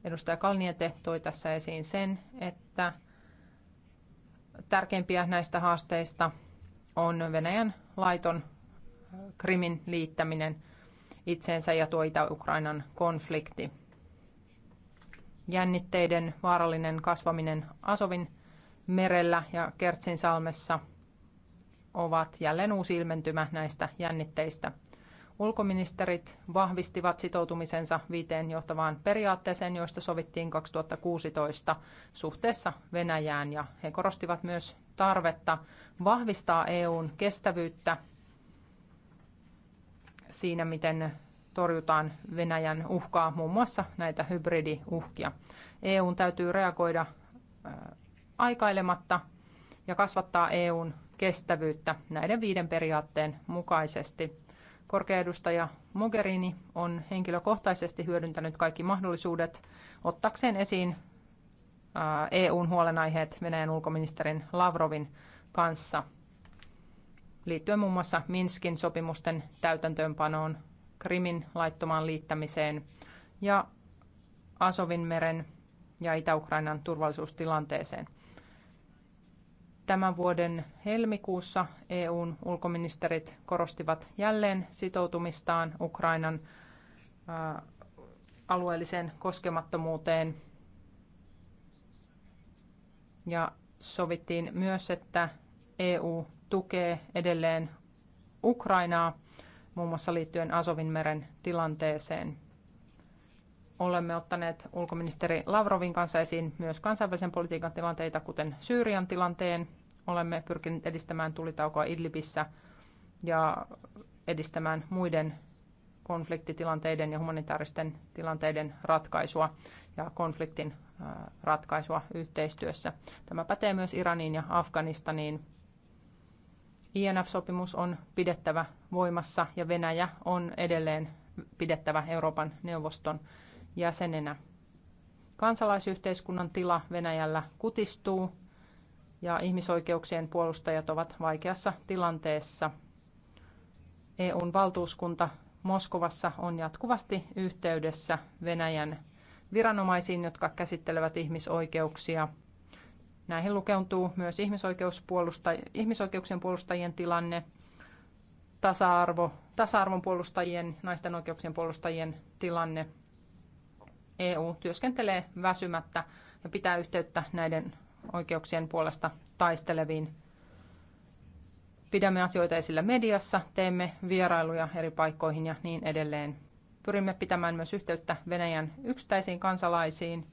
Edustaja Kalniete toi tässä esiin sen, että tärkeimpiä näistä haasteista on Venäjän laiton Krimin liittäminen itseensä ja tuo Itä-Ukrainan konflikti. Jännitteiden vaarallinen kasvaminen Asovin merellä ja Kertsinsalmessa ovat jälleen uusi ilmentymä näistä jännitteistä. Ulkoministerit vahvistivat sitoutumisensa viiteen johtavaan periaatteeseen, joista sovittiin 2016 suhteessa Venäjään, ja he korostivat myös tarvetta vahvistaa EUn kestävyyttä siinä, miten torjutaan Venäjän uhkaa, muun muassa näitä hybridiuhkia. EUn täytyy reagoida aikailematta ja kasvattaa EUn kestävyyttä näiden viiden periaatteen mukaisesti. Korkeaedustaja Mogherini on henkilökohtaisesti hyödyntänyt kaikki mahdollisuudet ottaakseen esiin EUn huolenaiheet Venäjän ulkoministerin Lavrovin kanssa – liittyen muun muassa Minskin sopimusten täytäntöönpanoon, Krimin laittomaan liittämiseen ja Asovinmeren ja Itä-Ukrainan turvallisuustilanteeseen. Tämän vuoden helmikuussa EUn ulkoministerit korostivat jälleen sitoutumistaan Ukrainan alueelliseen koskemattomuuteen ja sovittiin myös, että EU tukee edelleen Ukrainaa, muun muassa liittyen Asovinmeren tilanteeseen. Olemme ottaneet ulkoministeri Lavrovin kanssa esiin myös kansainvälisen politiikan tilanteita, kuten Syyrian tilanteen. Olemme pyrkineet edistämään tulitaukoa Idlibissä ja edistämään muiden konfliktitilanteiden ja humanitaaristen tilanteiden ratkaisua ja konfliktin ratkaisua yhteistyössä. Tämä pätee myös Iraniin ja Afganistaniin. INF-sopimus on pidettävä voimassa ja Venäjä on edelleen pidettävä Euroopan neuvoston jäsenenä. Kansalaisyhteiskunnan tila Venäjällä kutistuu ja ihmisoikeuksien puolustajat ovat vaikeassa tilanteessa. EUn valtuuskunta Moskovassa on jatkuvasti yhteydessä Venäjän viranomaisiin, jotka käsittelevät ihmisoikeuksia – Näihin lukeutuu myös ihmisoikeuspuolusta- ihmisoikeuksien puolustajien tilanne, tasa-arvo, tasa-arvon puolustajien, naisten oikeuksien puolustajien tilanne. EU työskentelee väsymättä ja pitää yhteyttä näiden oikeuksien puolesta taisteleviin. Pidämme asioita esillä mediassa, teemme vierailuja eri paikkoihin ja niin edelleen. Pyrimme pitämään myös yhteyttä Venäjän yksittäisiin kansalaisiin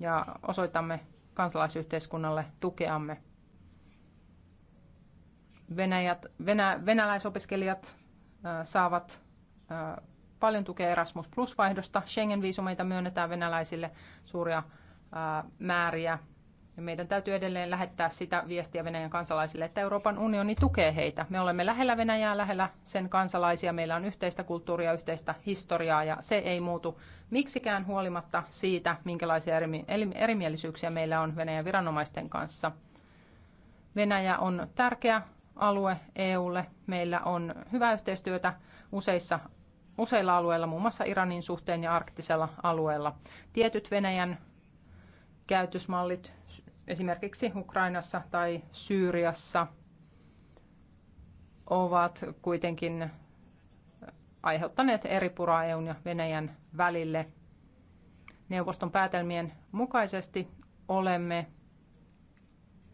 ja osoitamme kansalaisyhteiskunnalle tukeamme. Venäjät, venä, venäläisopiskelijat äh, saavat äh, paljon tukea Erasmus Plus-vaihdosta. Schengen-viisumeita myönnetään venäläisille suuria äh, määriä. Ja meidän täytyy edelleen lähettää sitä viestiä Venäjän kansalaisille, että Euroopan unioni tukee heitä. Me olemme lähellä Venäjää, lähellä sen kansalaisia. Meillä on yhteistä kulttuuria, yhteistä historiaa ja se ei muutu miksikään huolimatta siitä, minkälaisia erimielisyyksiä meillä on Venäjän viranomaisten kanssa. Venäjä on tärkeä alue EUlle. Meillä on hyvää yhteistyötä useissa useilla alueilla, muun muassa Iranin suhteen ja arktisella alueella. Tietyt Venäjän käytösmallit esimerkiksi Ukrainassa tai Syyriassa ovat kuitenkin aiheuttaneet puraa EUn ja Venäjän välille. Neuvoston päätelmien mukaisesti olemme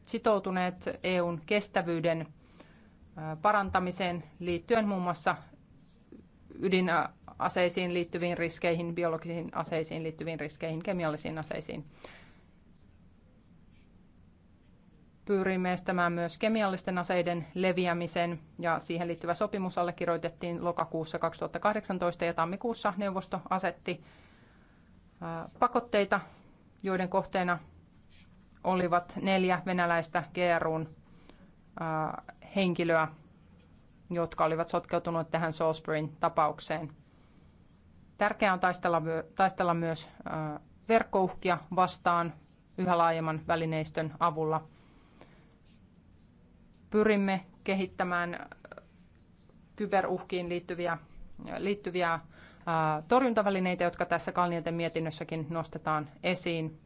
sitoutuneet EUn kestävyyden parantamiseen liittyen muun muassa ydinaseisiin liittyviin riskeihin, biologisiin aseisiin liittyviin riskeihin, kemiallisiin aseisiin pyrimme estämään myös kemiallisten aseiden leviämisen ja siihen liittyvä sopimus allekirjoitettiin lokakuussa 2018 ja tammikuussa neuvosto asetti pakotteita, joiden kohteena olivat neljä venäläistä GRUn henkilöä, jotka olivat sotkeutuneet tähän Salisburyn tapaukseen. Tärkeää on taistella, taistella myös verkkouhkia vastaan yhä laajemman välineistön avulla – pyrimme kehittämään äh, kyberuhkiin liittyviä, äh, liittyviä äh, torjuntavälineitä, jotka tässä Kalnieten mietinnössäkin nostetaan esiin.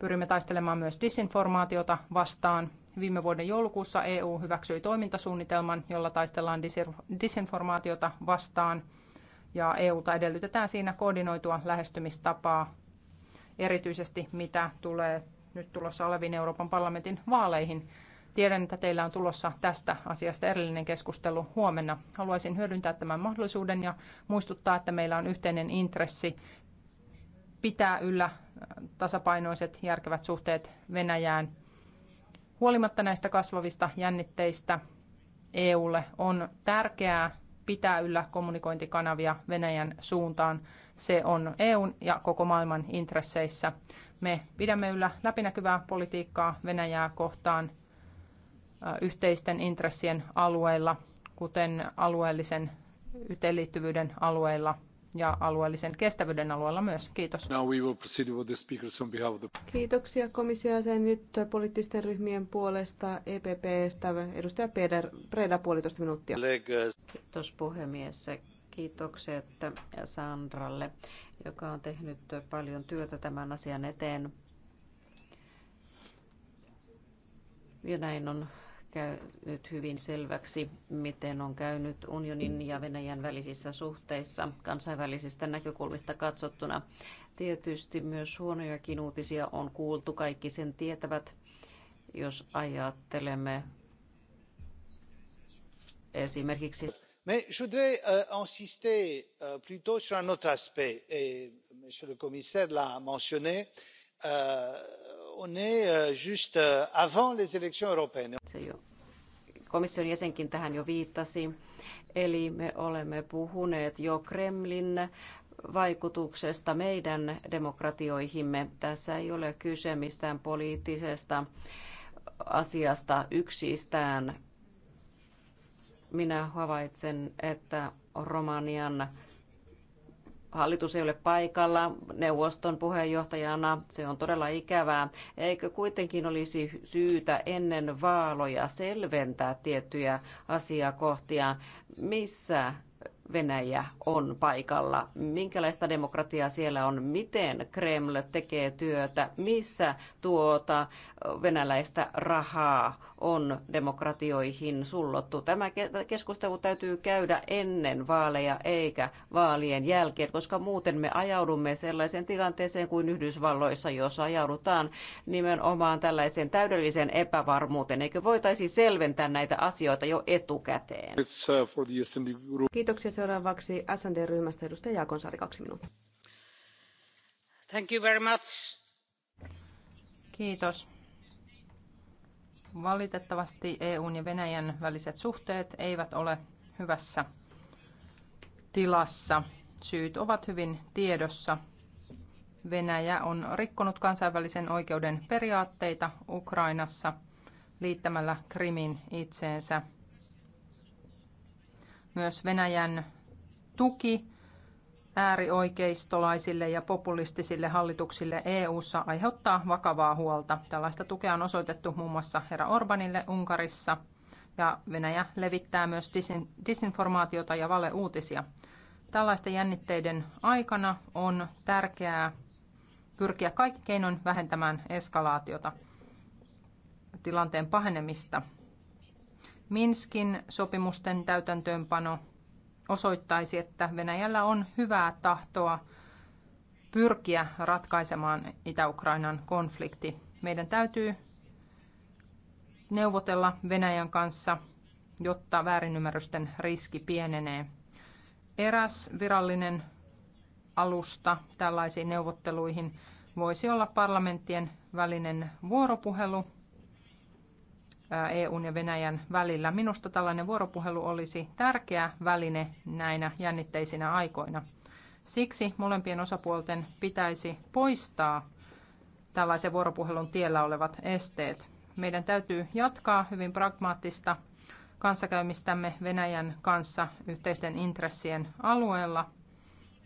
Pyrimme taistelemaan myös disinformaatiota vastaan. Viime vuoden joulukuussa EU hyväksyi toimintasuunnitelman, jolla taistellaan disinformaatiota vastaan, ja EUta edellytetään siinä koordinoitua lähestymistapaa, erityisesti mitä tulee nyt tulossa oleviin Euroopan parlamentin vaaleihin. Tiedän, että teillä on tulossa tästä asiasta erillinen keskustelu huomenna. Haluaisin hyödyntää tämän mahdollisuuden ja muistuttaa, että meillä on yhteinen intressi pitää yllä äh, tasapainoiset järkevät suhteet Venäjään. Huolimatta näistä kasvavista jännitteistä EUlle on tärkeää pitää yllä kommunikointikanavia Venäjän suuntaan. Se on EUn ja koko maailman intresseissä. Me pidämme yllä läpinäkyvää politiikkaa Venäjää kohtaan yhteisten intressien alueilla, kuten alueellisen yhteenliittyvyyden alueilla ja alueellisen kestävyyden alueella myös. Kiitos. Kiitoksia komissio sen nyt poliittisten ryhmien puolesta EPPstä edustaja Peder, Preda puolitoista minuuttia. Kiitos puhemies. Kiitokset Sandralle, joka on tehnyt paljon työtä tämän asian eteen. Ja näin on käynyt hyvin selväksi, miten on käynyt unionin ja Venäjän välisissä suhteissa kansainvälisistä näkökulmista katsottuna. Tietysti myös huonojakin uutisia on kuultu, kaikki sen tietävät, jos ajattelemme esimerkiksi mais je voudrais euh, insister euh, plutôt sur un autre aspect et monsieur le commissaire l'a mentionné euh, on est juste avant les élections européennes. komission jäsenkin tähän jo viittasi. Eli me olemme puhuneet jo Kremlin vaikutuksesta meidän demokratioihimme. Tässä ei ole kyse mistään poliittisesta asiasta yksistään minä havaitsen, että Romanian hallitus ei ole paikalla neuvoston puheenjohtajana. Se on todella ikävää. Eikö kuitenkin olisi syytä ennen vaaloja selventää tiettyjä asiakohtia, missä Venäjä on paikalla, minkälaista demokratiaa siellä on, miten Kreml tekee työtä, missä tuota venäläistä rahaa on demokratioihin sullottu. Tämä keskustelu täytyy käydä ennen vaaleja eikä vaalien jälkeen, koska muuten me ajaudumme sellaiseen tilanteeseen kuin Yhdysvalloissa, jossa ajaudutaan nimenomaan tällaiseen täydelliseen epävarmuuteen. Eikö voitaisiin selventää näitä asioita jo etukäteen? Uh, Kiitoksia seuraavaksi SND-ryhmästä edustaja Jaakonsaari, kaksi minuuttia. Thank you very much. Kiitos. Valitettavasti EUn ja Venäjän väliset suhteet eivät ole hyvässä tilassa. Syyt ovat hyvin tiedossa. Venäjä on rikkonut kansainvälisen oikeuden periaatteita Ukrainassa liittämällä Krimin itseensä. Myös Venäjän tuki äärioikeistolaisille ja populistisille hallituksille EU:ssa aiheuttaa vakavaa huolta. Tällaista tukea on osoitettu muun muassa herra Orbanille Unkarissa ja Venäjä levittää myös disinformaatiota ja valeuutisia. Tällaisten jännitteiden aikana on tärkeää pyrkiä kaikki keinoin vähentämään eskalaatiota, tilanteen pahenemista. Minskin sopimusten täytäntöönpano osoittaisi, että Venäjällä on hyvää tahtoa pyrkiä ratkaisemaan Itä-Ukrainan konflikti. Meidän täytyy neuvotella Venäjän kanssa, jotta väärinymmärrysten riski pienenee. Eräs virallinen alusta tällaisiin neuvotteluihin voisi olla parlamenttien välinen vuoropuhelu EUn ja Venäjän välillä. Minusta tällainen vuoropuhelu olisi tärkeä väline näinä jännitteisinä aikoina. Siksi molempien osapuolten pitäisi poistaa tällaisen vuoropuhelun tiellä olevat esteet. Meidän täytyy jatkaa hyvin pragmaattista kanssakäymistämme Venäjän kanssa yhteisten intressien alueella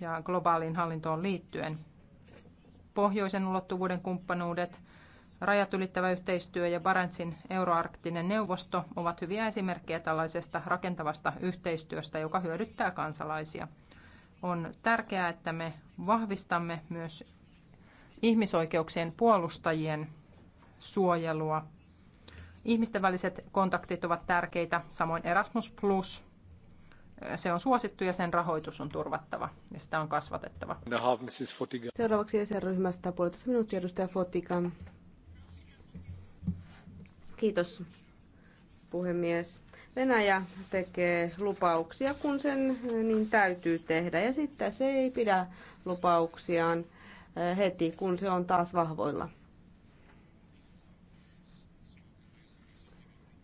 ja globaaliin hallintoon liittyen. Pohjoisen ulottuvuuden kumppanuudet, Rajat ylittävä yhteistyö ja Barentsin euroarktinen neuvosto ovat hyviä esimerkkejä tällaisesta rakentavasta yhteistyöstä, joka hyödyttää kansalaisia. On tärkeää, että me vahvistamme myös ihmisoikeuksien puolustajien suojelua. Ihmisten väliset kontaktit ovat tärkeitä, samoin Erasmus Plus. Se on suosittu ja sen rahoitus on turvattava ja sitä on kasvatettava. Seuraavaksi ESR-ryhmästä puolitoista minuuttia edustaja Fotika. Kiitos puhemies. Venäjä tekee lupauksia, kun sen eh, niin täytyy tehdä, ja sitten se ei pidä lupauksiaan eh, heti, kun se on taas vahvoilla.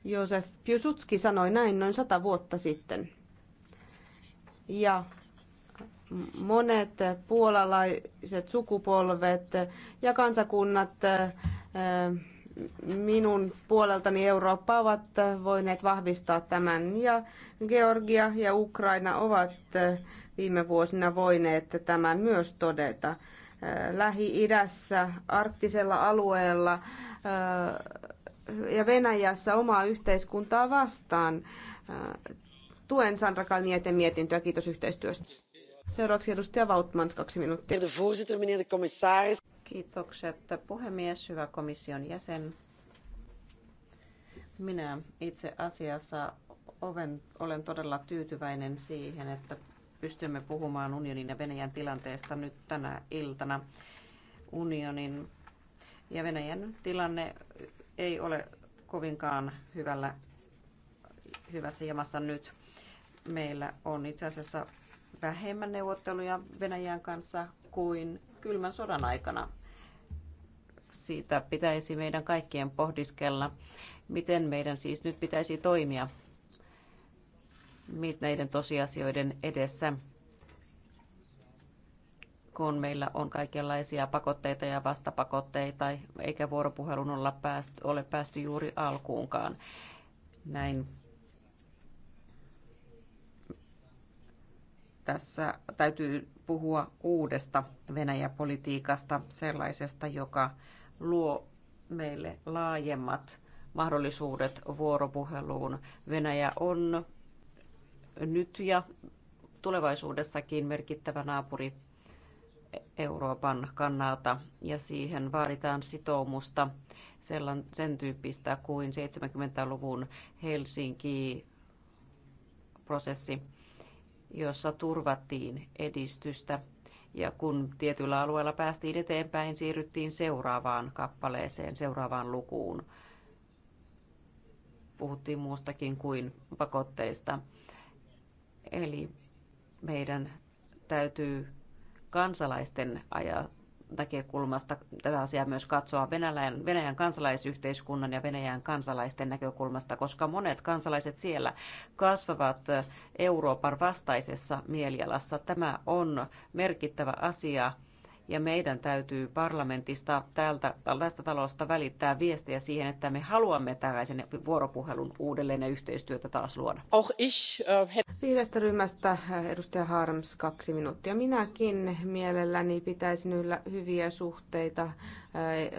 Josef Piusutski sanoi näin noin sata vuotta sitten. Ja monet puolalaiset sukupolvet ja kansakunnat eh, minun puoleltani Eurooppa ovat voineet vahvistaa tämän ja Georgia ja Ukraina ovat viime vuosina voineet tämän myös todeta. Lähi-idässä, arktisella alueella äh, ja Venäjässä omaa yhteiskuntaa vastaan. Äh, tuen Sandra Kalnieten mietintöä. Kiitos yhteistyöstä. Seuraavaksi edustaja Vautmans, kaksi minuuttia. Kiitokset puhemies, hyvä komission jäsen. Minä itse asiassa olen, olen todella tyytyväinen siihen, että pystymme puhumaan unionin ja Venäjän tilanteesta nyt tänä iltana. Unionin ja Venäjän tilanne ei ole kovinkaan hyvällä, hyvässä jamassa nyt. Meillä on itse asiassa vähemmän neuvotteluja Venäjän kanssa kuin kylmän sodan aikana siitä pitäisi meidän kaikkien pohdiskella, miten meidän siis nyt pitäisi toimia näiden tosiasioiden edessä, kun meillä on kaikenlaisia pakotteita ja vastapakotteita, eikä vuoropuhelun olla päästy, ole päästy juuri alkuunkaan. Näin tässä täytyy puhua uudesta Venäjäpolitiikasta, sellaisesta, joka luo meille laajemmat mahdollisuudet vuoropuheluun. Venäjä on nyt ja tulevaisuudessakin merkittävä naapuri Euroopan kannalta ja siihen vaaditaan sitoumusta sellan, sen tyyppistä kuin 70-luvun Helsinki-prosessi, jossa turvattiin edistystä ja kun tietyllä alueella päästiin eteenpäin, siirryttiin seuraavaan kappaleeseen, seuraavaan lukuun. Puhuttiin muustakin kuin pakotteista. Eli meidän täytyy kansalaisten ajaa näkökulmasta tätä asiaa myös katsoa Venäjän, Venäjän kansalaisyhteiskunnan ja Venäjän kansalaisten näkökulmasta, koska monet kansalaiset siellä kasvavat Euroopan vastaisessa mielialassa. Tämä on merkittävä asia ja meidän täytyy parlamentista tältä, tällaista talosta välittää viestiä siihen, että me haluamme tällaisen vuoropuhelun uudelleen ja yhteistyötä taas luoda. Oh, ich, uh, Viidestä ryhmästä äh, edustaja Harms kaksi minuuttia. Minäkin mielelläni pitäisin yllä hyviä suhteita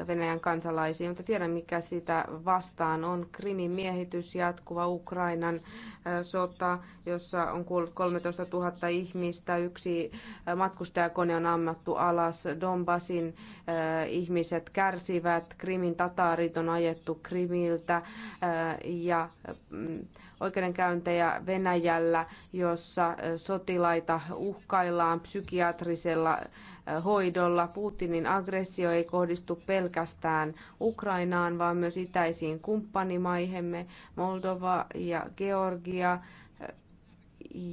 Venäjän kansalaisiin, mutta tiedän mikä sitä vastaan on. Krimin miehitys, jatkuva Ukrainan sota, jossa on kuollut 13 000 ihmistä, yksi matkustajakone on ammattu alas, Donbasin ihmiset kärsivät, Krimin tataarit on ajettu Krimiltä ja mm, oikeudenkäyntejä Venäjällä, jossa sotilaita uhkaillaan psykiatrisella hoidolla. Putinin aggressio ei kohdistu pelkästään Ukrainaan, vaan myös itäisiin kumppanimaihemme Moldova ja Georgia eh,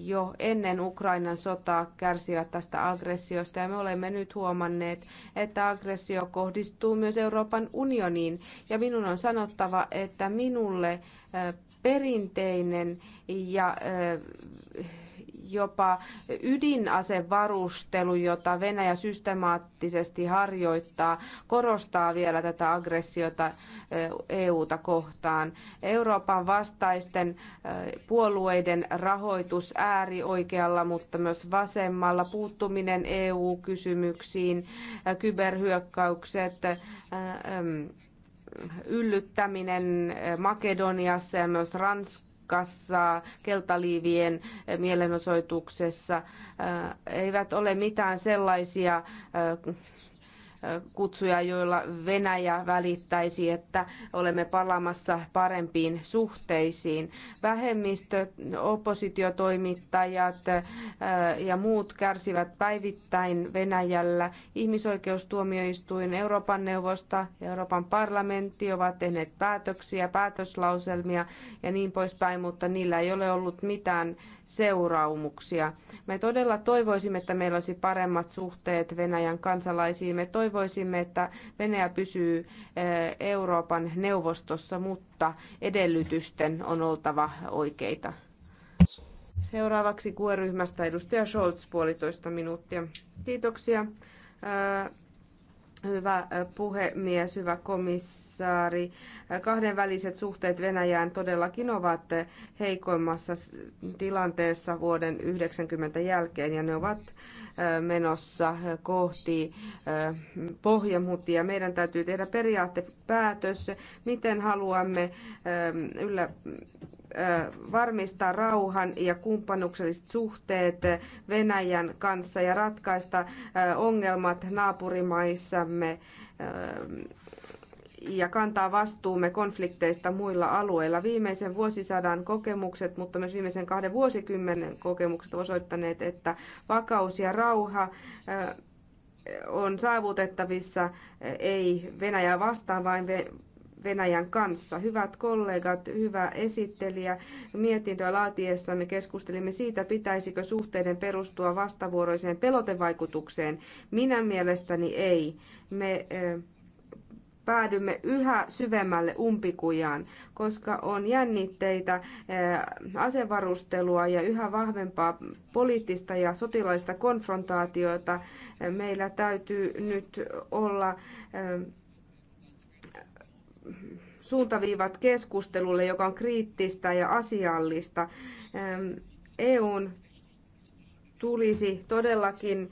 jo ennen Ukrainan sotaa kärsivät tästä aggressiosta ja me olemme nyt huomanneet, että aggressio kohdistuu myös Euroopan unioniin. Ja minun on sanottava, että minulle eh, perinteinen ja eh, jopa ydinasevarustelu, jota Venäjä systemaattisesti harjoittaa, korostaa vielä tätä aggressiota eh, EUta kohtaan. Euroopan vastaisten eh, puolueiden rahoitus äärioikealla, mutta myös vasemmalla, puuttuminen EU-kysymyksiin, eh, kyberhyökkäykset, mm, yllyttäminen Makedoniassa ja myös Ranskassa, kassa keltaliivien mielenosoituksessa, äh, eivät ole mitään sellaisia äh, kutsuja, joilla Venäjä välittäisi, että olemme palaamassa parempiin suhteisiin. Vähemmistöt, oppositiotoimittajat äh, ja muut kärsivät päivittäin Venäjällä. Ihmisoikeustuomioistuin, Euroopan neuvosta, Euroopan parlamentti ovat tehneet päätöksiä, päätöslauselmia ja niin poispäin, mutta niillä ei ole ollut mitään seuraamuksia. Me todella toivoisimme, että meillä olisi paremmat suhteet Venäjän kansalaisiin. Me toivoisimme, että Venäjä pysyy eh, Euroopan neuvostossa, mutta edellytysten on oltava oikeita. Seuraavaksi kuoryhmästä edustaja Scholz puolitoista minuuttia. Kiitoksia eh, Hyvä puhemies, hyvä komissaari. Kahdenväliset suhteet Venäjään todellakin ovat heikoimmassa tilanteessa vuoden 90 jälkeen ja ne ovat menossa kohti pohjamutia. Meidän täytyy tehdä periaatepäätös, miten haluamme yllä varmistaa rauhan ja kumppanukselliset suhteet Venäjän kanssa ja ratkaista ongelmat naapurimaissamme ja kantaa vastuumme konflikteista muilla alueilla. Viimeisen vuosisadan kokemukset, mutta myös viimeisen kahden vuosikymmenen kokemukset osoittaneet, että vakaus ja rauha on saavutettavissa ei Venäjää vastaan, vaan Venäjän kanssa. Hyvät kollegat, hyvä esittelijä, mietintöä laatiessa me keskustelimme siitä, pitäisikö suhteiden perustua vastavuoroiseen pelotevaikutukseen. Minä mielestäni ei. Me päädymme yhä syvemmälle umpikujaan, koska on jännitteitä, asevarustelua ja yhä vahvempaa poliittista ja sotilaista konfrontaatiota. Meillä täytyy nyt olla suuntaviivat keskustelulle, joka on kriittistä ja asiallista. EUn tulisi todellakin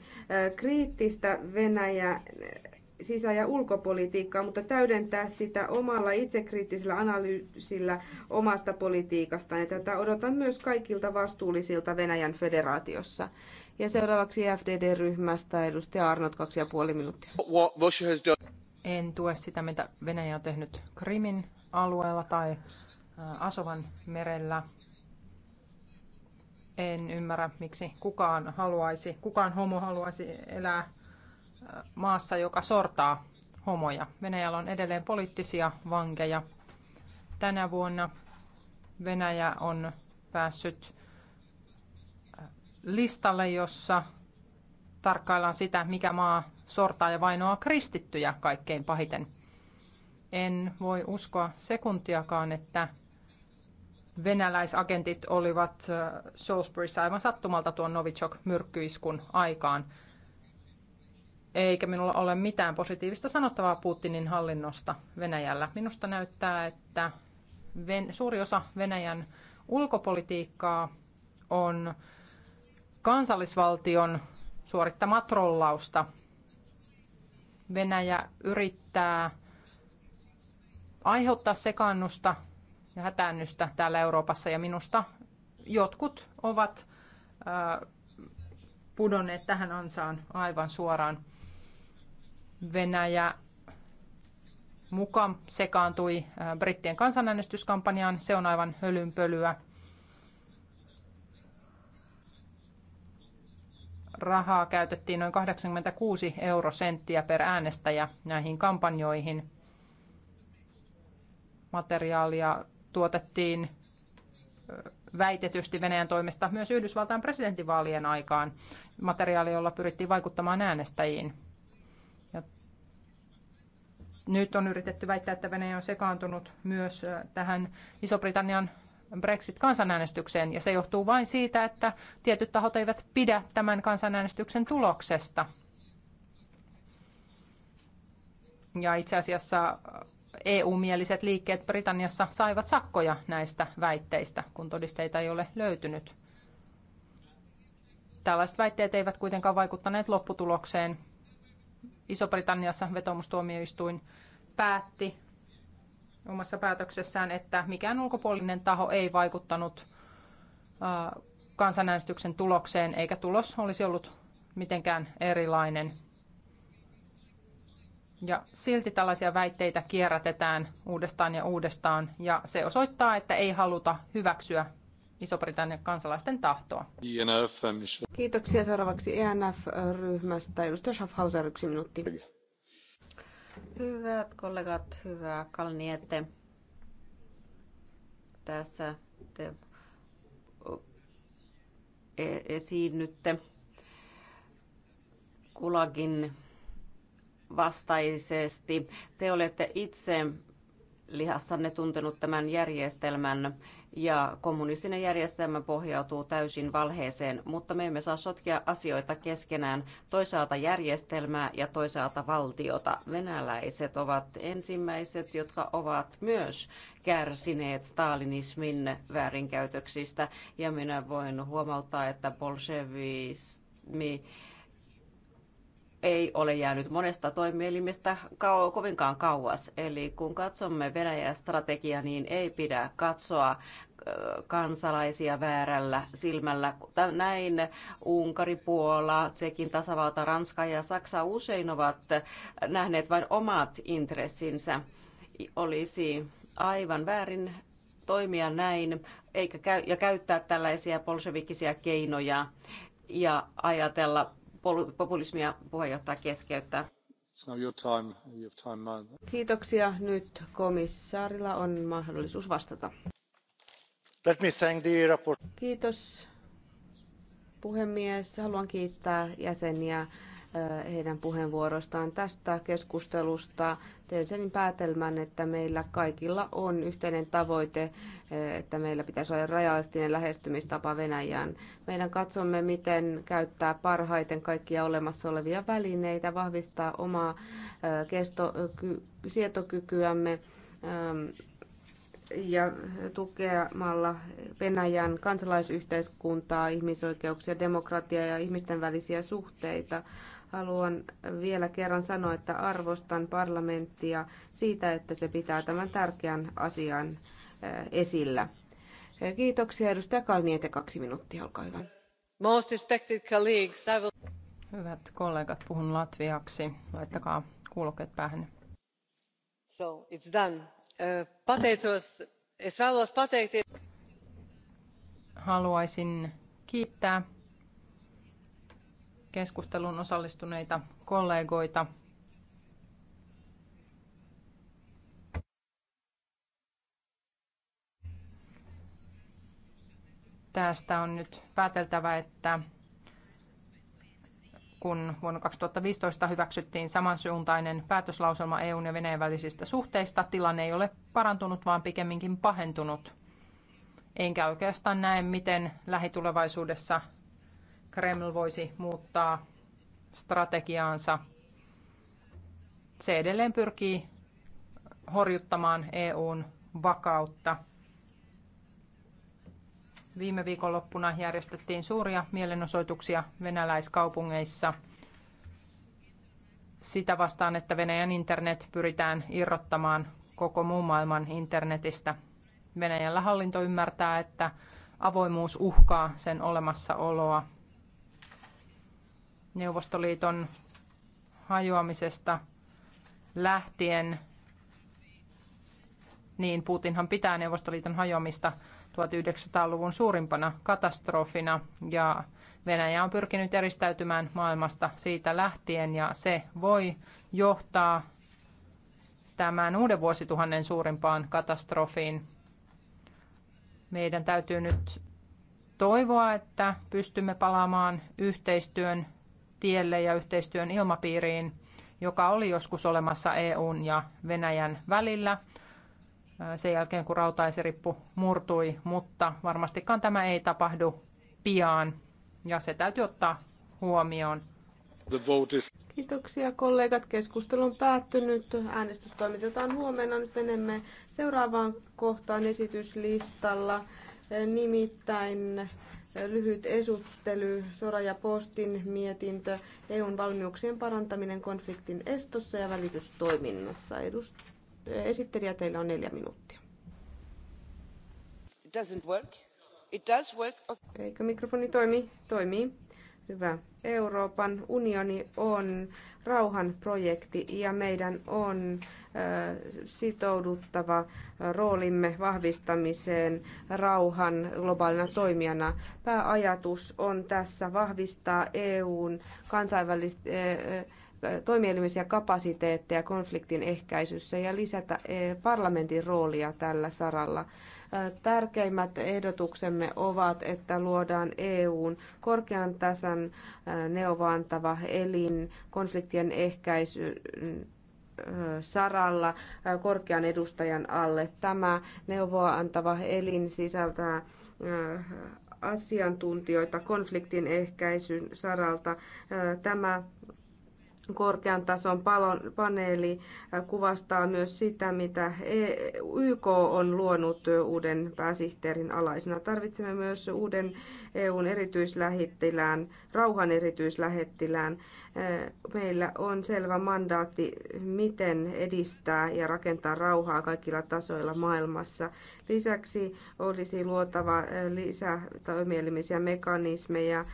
kriittistä Venäjä sisä- ja ulkopolitiikkaa, mutta täydentää sitä omalla itsekriittisellä analyysillä omasta politiikasta. Ja tätä odotan myös kaikilta vastuullisilta Venäjän federaatiossa. Ja seuraavaksi FDD-ryhmästä edustaja Arnot, kaksi ja puoli minuuttia. En tue sitä, mitä Venäjä on tehnyt Krimin alueella tai Asovan merellä. En ymmärrä, miksi kukaan haluaisi, kukaan homo haluaisi elää maassa, joka sortaa homoja. Venäjällä on edelleen poliittisia vankeja. Tänä vuonna Venäjä on päässyt listalle, jossa tarkkaillaan sitä, mikä maa sortaa ja vainoaa kristittyjä kaikkein pahiten. En voi uskoa sekuntiakaan, että venäläisagentit olivat Salisburyssa aivan sattumalta tuon Novichok-myrkkyiskun aikaan. Eikä minulla ole mitään positiivista sanottavaa Putinin hallinnosta Venäjällä. Minusta näyttää, että suuri osa Venäjän ulkopolitiikkaa on kansallisvaltion suorittamaa trollausta Venäjä yrittää aiheuttaa sekaannusta ja hätäännystä täällä Euroopassa ja minusta jotkut ovat pudonneet tähän ansaan aivan suoraan. Venäjä mukaan sekaantui brittien kansanäänestyskampanjaan. Se on aivan hölynpölyä. rahaa käytettiin noin 86 eurosenttiä per äänestäjä näihin kampanjoihin. Materiaalia tuotettiin väitetysti Venäjän toimesta myös Yhdysvaltain presidentinvaalien aikaan materiaali, jolla pyrittiin vaikuttamaan äänestäjiin. Ja nyt on yritetty väittää, että Venäjä on sekaantunut myös tähän Iso-Britannian Brexit-kansanäänestykseen, ja se johtuu vain siitä, että tietyt tahot eivät pidä tämän kansanäänestyksen tuloksesta. Ja itse asiassa EU-mieliset liikkeet Britanniassa saivat sakkoja näistä väitteistä, kun todisteita ei ole löytynyt. Tällaiset väitteet eivät kuitenkaan vaikuttaneet lopputulokseen. Iso-Britanniassa vetomustuomioistuin päätti omassa päätöksessään, että mikään ulkopuolinen taho ei vaikuttanut kansanäänestyksen tulokseen, eikä tulos olisi ollut mitenkään erilainen. Ja silti tällaisia väitteitä kierrätetään uudestaan ja uudestaan, ja se osoittaa, että ei haluta hyväksyä Iso-Britannian kansalaisten tahtoa. E Kiitoksia seuraavaksi ENF-ryhmästä. Edustaja Schaffhauser, yksi minuutti. Hyvät kollegat, hyvää Kalniette. Tässä te e-, esiinnytte kulakin vastaisesti. Te olette itse lihassanne tuntenut tämän järjestelmän ja kommunistinen järjestelmä pohjautuu täysin valheeseen, mutta me emme saa sotkea asioita keskenään, toisaalta järjestelmää ja toisaalta valtiota. Venäläiset ovat ensimmäiset, jotka ovat myös kärsineet stalinismin väärinkäytöksistä ja minä voin huomauttaa, että bolshevismi ei ole jäänyt monesta toimielimestä kau- kovinkaan kauas. Eli kun katsomme Venäjän strategiaa, niin ei pidä katsoa äh, kansalaisia väärällä silmällä. Näin Unkari, Puola, Tsekin tasavalta, Ranska ja Saksa usein ovat nähneet vain omat intressinsä. Olisi aivan väärin toimia näin eikä käy, ja käyttää tällaisia polsevikisia keinoja ja ajatella populismia puheenjohtaja keskeyttää. Time. Time Kiitoksia. Nyt komissaarilla on mahdollisuus vastata. Let me thank the Kiitos puhemies. Haluan kiittää jäseniä heidän puheenvuorostaan tästä keskustelusta. Teen sen päätelmän, että meillä kaikilla on yhteinen tavoite, että meillä pitäisi olla rajallistinen lähestymistapa Venäjään. Meidän katsomme, miten käyttää parhaiten kaikkia olemassa olevia välineitä, vahvistaa omaa kesto, sietokykyämme ja tukemalla Venäjän kansalaisyhteiskuntaa, ihmisoikeuksia, demokratiaa ja ihmisten välisiä suhteita. Haluan vielä kerran sanoa, että arvostan parlamenttia siitä, että se pitää tämän tärkeän asian eh, esillä. Eh, kiitoksia. Edustaja Kalniete, kaksi minuuttia, olkaa hyvä. Most respected colleagues, I will... Hyvät kollegat, puhun latviaksi. Laittakaa kuulokkeet päähän. So, it's done. Eh, Pateicos, es Haluaisin kiittää keskusteluun osallistuneita kollegoita. Tästä on nyt pääteltävä, että kun vuonna 2015 hyväksyttiin samansuuntainen päätöslauselma EUn ja Venäjän välisistä suhteista, tilanne ei ole parantunut, vaan pikemminkin pahentunut. Enkä oikeastaan näe, miten lähitulevaisuudessa Kreml voisi muuttaa strategiaansa. Se edelleen pyrkii horjuttamaan EUn vakautta. Viime viikonloppuna järjestettiin suuria mielenosoituksia venäläiskaupungeissa sitä vastaan, että Venäjän internet pyritään irrottamaan koko muun maailman internetistä. Venäjällä hallinto ymmärtää, että avoimuus uhkaa sen olemassaoloa Neuvostoliiton hajoamisesta lähtien, niin Putinhan pitää Neuvostoliiton hajoamista 1900-luvun suurimpana katastrofina ja Venäjä on pyrkinyt eristäytymään maailmasta siitä lähtien ja se voi johtaa tämän uuden vuosituhannen suurimpaan katastrofiin. Meidän täytyy nyt toivoa, että pystymme palaamaan yhteistyön tielle ja yhteistyön ilmapiiriin, joka oli joskus olemassa EUn ja Venäjän välillä sen jälkeen, kun rautaisirippu murtui, mutta varmastikaan tämä ei tapahdu pian ja se täytyy ottaa huomioon. Kiitoksia kollegat. Keskustelu on päättynyt. Äänestys toimitetaan huomenna. Nyt menemme seuraavaan kohtaan esityslistalla, nimittäin Lyhyt esuttely, Sora ja Postin mietintö, EUn valmiuksien parantaminen konfliktin estossa ja välitystoiminnassa. Edust- esittelijä, teillä on neljä minuuttia. It doesn't work. It does work. Okay. Eikö mikrofoni toimi? Toimii. Hyvä. Euroopan unioni on rauhanprojekti ja meidän on sitouduttava roolimme vahvistamiseen rauhan globaalina toimijana. Pääajatus on tässä vahvistaa EUn kansainvälistä toimielimisiä kapasiteetteja konfliktin ehkäisyssä ja lisätä parlamentin roolia tällä saralla. Tärkeimmät ehdotuksemme ovat, että luodaan EUn korkean tasan neuvoantava elin konfliktien ehkäisyn saralla korkean edustajan alle. Tämä neuvoa antava elin sisältää asiantuntijoita konfliktin ehkäisyn saralta. Tämä korkean tason paneeli kuvastaa myös sitä, mitä e, YK on luonut uuden pääsihteerin alaisena. Tarvitsemme myös uuden EUn erityislähettilään, rauhan erityislähettilään meillä on selvä mandaatti, miten edistää ja rakentaa rauhaa kaikilla tasoilla maailmassa. Lisäksi olisi luotava lisää toimielimisiä mekanismeja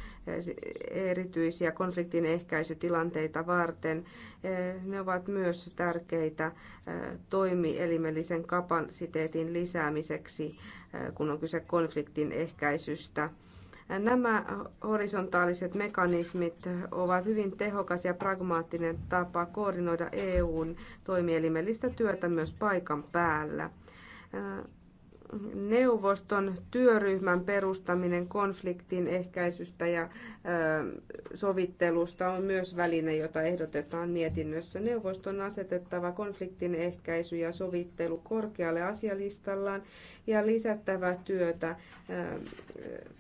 erityisiä konfliktin ehkäisytilanteita varten. Ne ovat myös tärkeitä toimielimellisen kapasiteetin lisäämiseksi, kun on kyse konfliktin ehkäisystä Nämä horisontaaliset mekanismit ovat hyvin tehokas ja pragmaattinen tapa koordinoida EUn toimielimellistä työtä myös paikan päällä neuvoston työryhmän perustaminen konfliktin ehkäisystä ja sovittelusta on myös väline, jota ehdotetaan mietinnössä. Neuvoston asetettava konfliktin ehkäisy ja sovittelu korkealle asialistallaan ja lisättävä työtä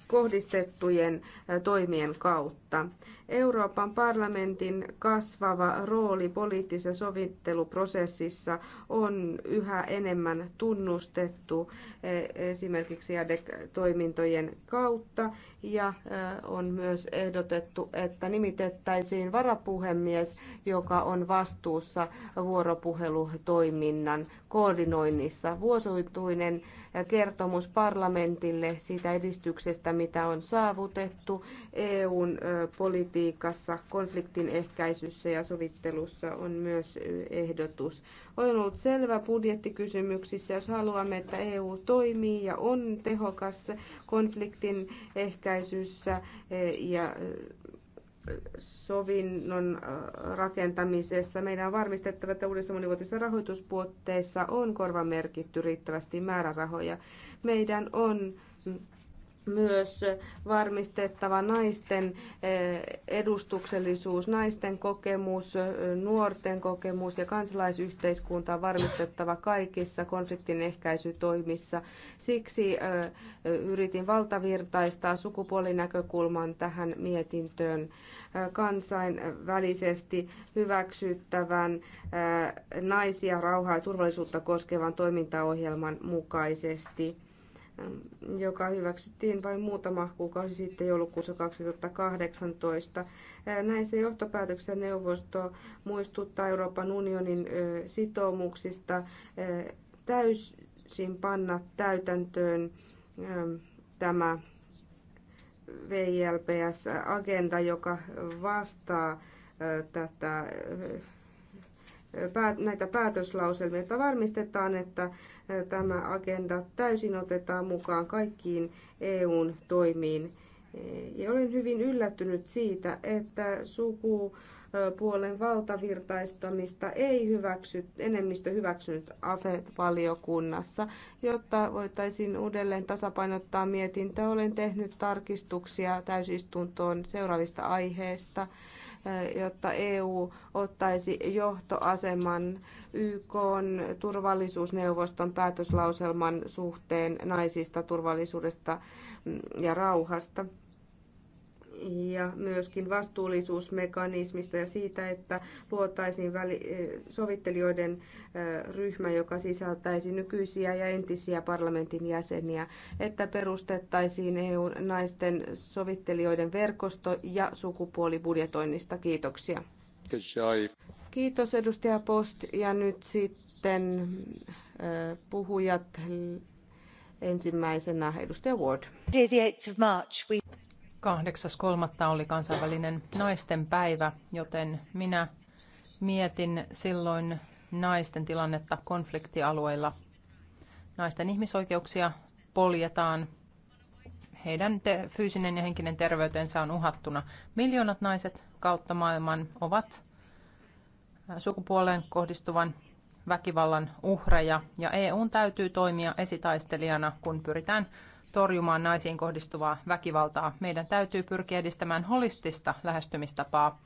kohdistettujen toimien kautta. Euroopan parlamentin kasvava rooli poliittisessa sovitteluprosessissa on yhä enemmän tunnustettu e, esimerkiksi ADEC-toimintojen kautta ja e, on myös ehdotettu, että nimitettäisiin varapuhemies, joka on vastuussa vuoropuhelutoiminnan koordinoinnissa. Vuosituinen kertomus parlamentille siitä edistyksestä, mitä on saavutettu EUn politiikassa, konfliktin ehkäisyssä ja sovittelussa on myös ehdotus. Olen ollut selvä budjettikysymyksissä, jos haluamme, että EU toimii ja on tehokas konfliktin ehkäisyssä ja sovinnon äh, rakentamisessa. Meidän on varmistettava, että uudessa monivuotisessa rahoituspuotteessa on korvamerkitty riittävästi määrärahoja. Meidän on myös varmistettava naisten eh, edustuksellisuus, naisten kokemus, eh, nuorten kokemus ja kansalaisyhteiskunta on varmistettava kaikissa konfliktin ehkäisytoimissa. Siksi eh, yritin valtavirtaistaa sukupuolinäkökulman tähän mietintöön kansainvälisesti hyväksyttävän naisia, rauhaa ja turvallisuutta koskevan toimintaohjelman mukaisesti joka hyväksyttiin vain muutama kuukausi sitten joulukuussa 2018. Näissä johtopäätöksissä neuvosto muistuttaa Euroopan unionin sitoumuksista täysin panna täytäntöön tämä VILPS-agenda, joka vastaa tätä näitä päätöslauselmia, että varmistetaan, että tämä agenda täysin otetaan mukaan kaikkiin EUn toimiin. E, ja olen hyvin yllättynyt siitä, että puolen valtavirtaistamista ei hyväksy, enemmistö hyväksynyt AFET-valiokunnassa. Jotta voitaisiin uudelleen tasapainottaa mietintöä, olen tehnyt tarkistuksia täysistuntoon seuraavista aiheista – Eh, jotta EU ottaisi johtoaseman YK turvallisuusneuvoston päätöslauselman suhteen naisista, turvallisuudesta mm, ja rauhasta ja myöskin vastuullisuusmekanismista ja siitä, että luotaisiin eh, sovittelijoiden eh, ryhmä, joka sisältäisi nykyisiä ja entisiä parlamentin jäseniä, että perustettaisiin eu naisten sovittelijoiden verkosto ja sukupuolibudjetoinnista. Kiitoksia. Kiitos edustaja Post ja nyt sitten eh, puhujat ensimmäisenä edustaja Ward. 8.3. oli kansainvälinen naisten päivä, joten minä mietin silloin naisten tilannetta konfliktialueilla. Naisten ihmisoikeuksia poljetaan. Heidän te- fyysinen ja henkinen terveytensä on uhattuna. Miljoonat naiset kautta maailman ovat äh, sukupuoleen kohdistuvan väkivallan uhreja ja EUn täytyy toimia esitaistelijana, kun pyritään torjumaan naisiin kohdistuvaa väkivaltaa. Meidän täytyy pyrkiä edistämään holistista lähestymistapaa,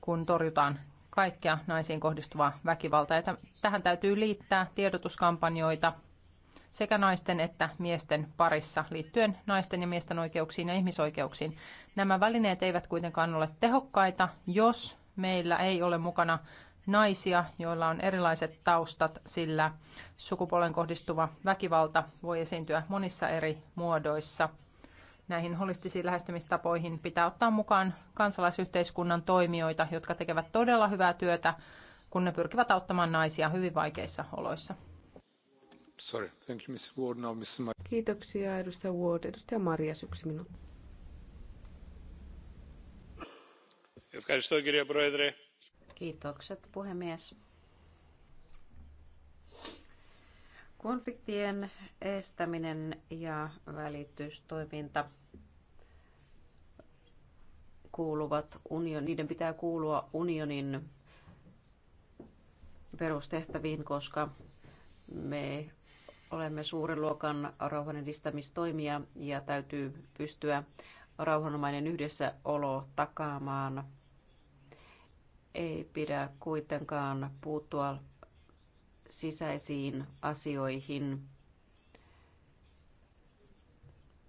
kun torjutaan kaikkea naisiin kohdistuvaa väkivaltaa. Ja tähän täytyy liittää tiedotuskampanjoita sekä naisten että miesten parissa liittyen naisten ja miesten oikeuksiin ja ihmisoikeuksiin. Nämä välineet eivät kuitenkaan ole tehokkaita, jos meillä ei ole mukana naisia, joilla on erilaiset taustat, sillä sukupuolen kohdistuva väkivalta voi esiintyä monissa eri muodoissa. Näihin holistisiin lähestymistapoihin pitää ottaa mukaan kansalaisyhteiskunnan toimijoita, jotka tekevät todella hyvää työtä, kun ne pyrkivät auttamaan naisia hyvin vaikeissa oloissa. Sorry. Thank you, Mr. Ward. Now, Mr. Mar- Kiitoksia, edustaja Ward. Edustaja yksi minuutti. Kiitokset puhemies. Konfliktien estäminen ja välitystoiminta kuuluvat union, niiden pitää kuulua unionin perustehtäviin, koska me olemme suuren luokan rauhan edistämistoimia ja täytyy pystyä rauhanomainen yhdessäolo takaamaan ei pidä kuitenkaan puuttua sisäisiin asioihin.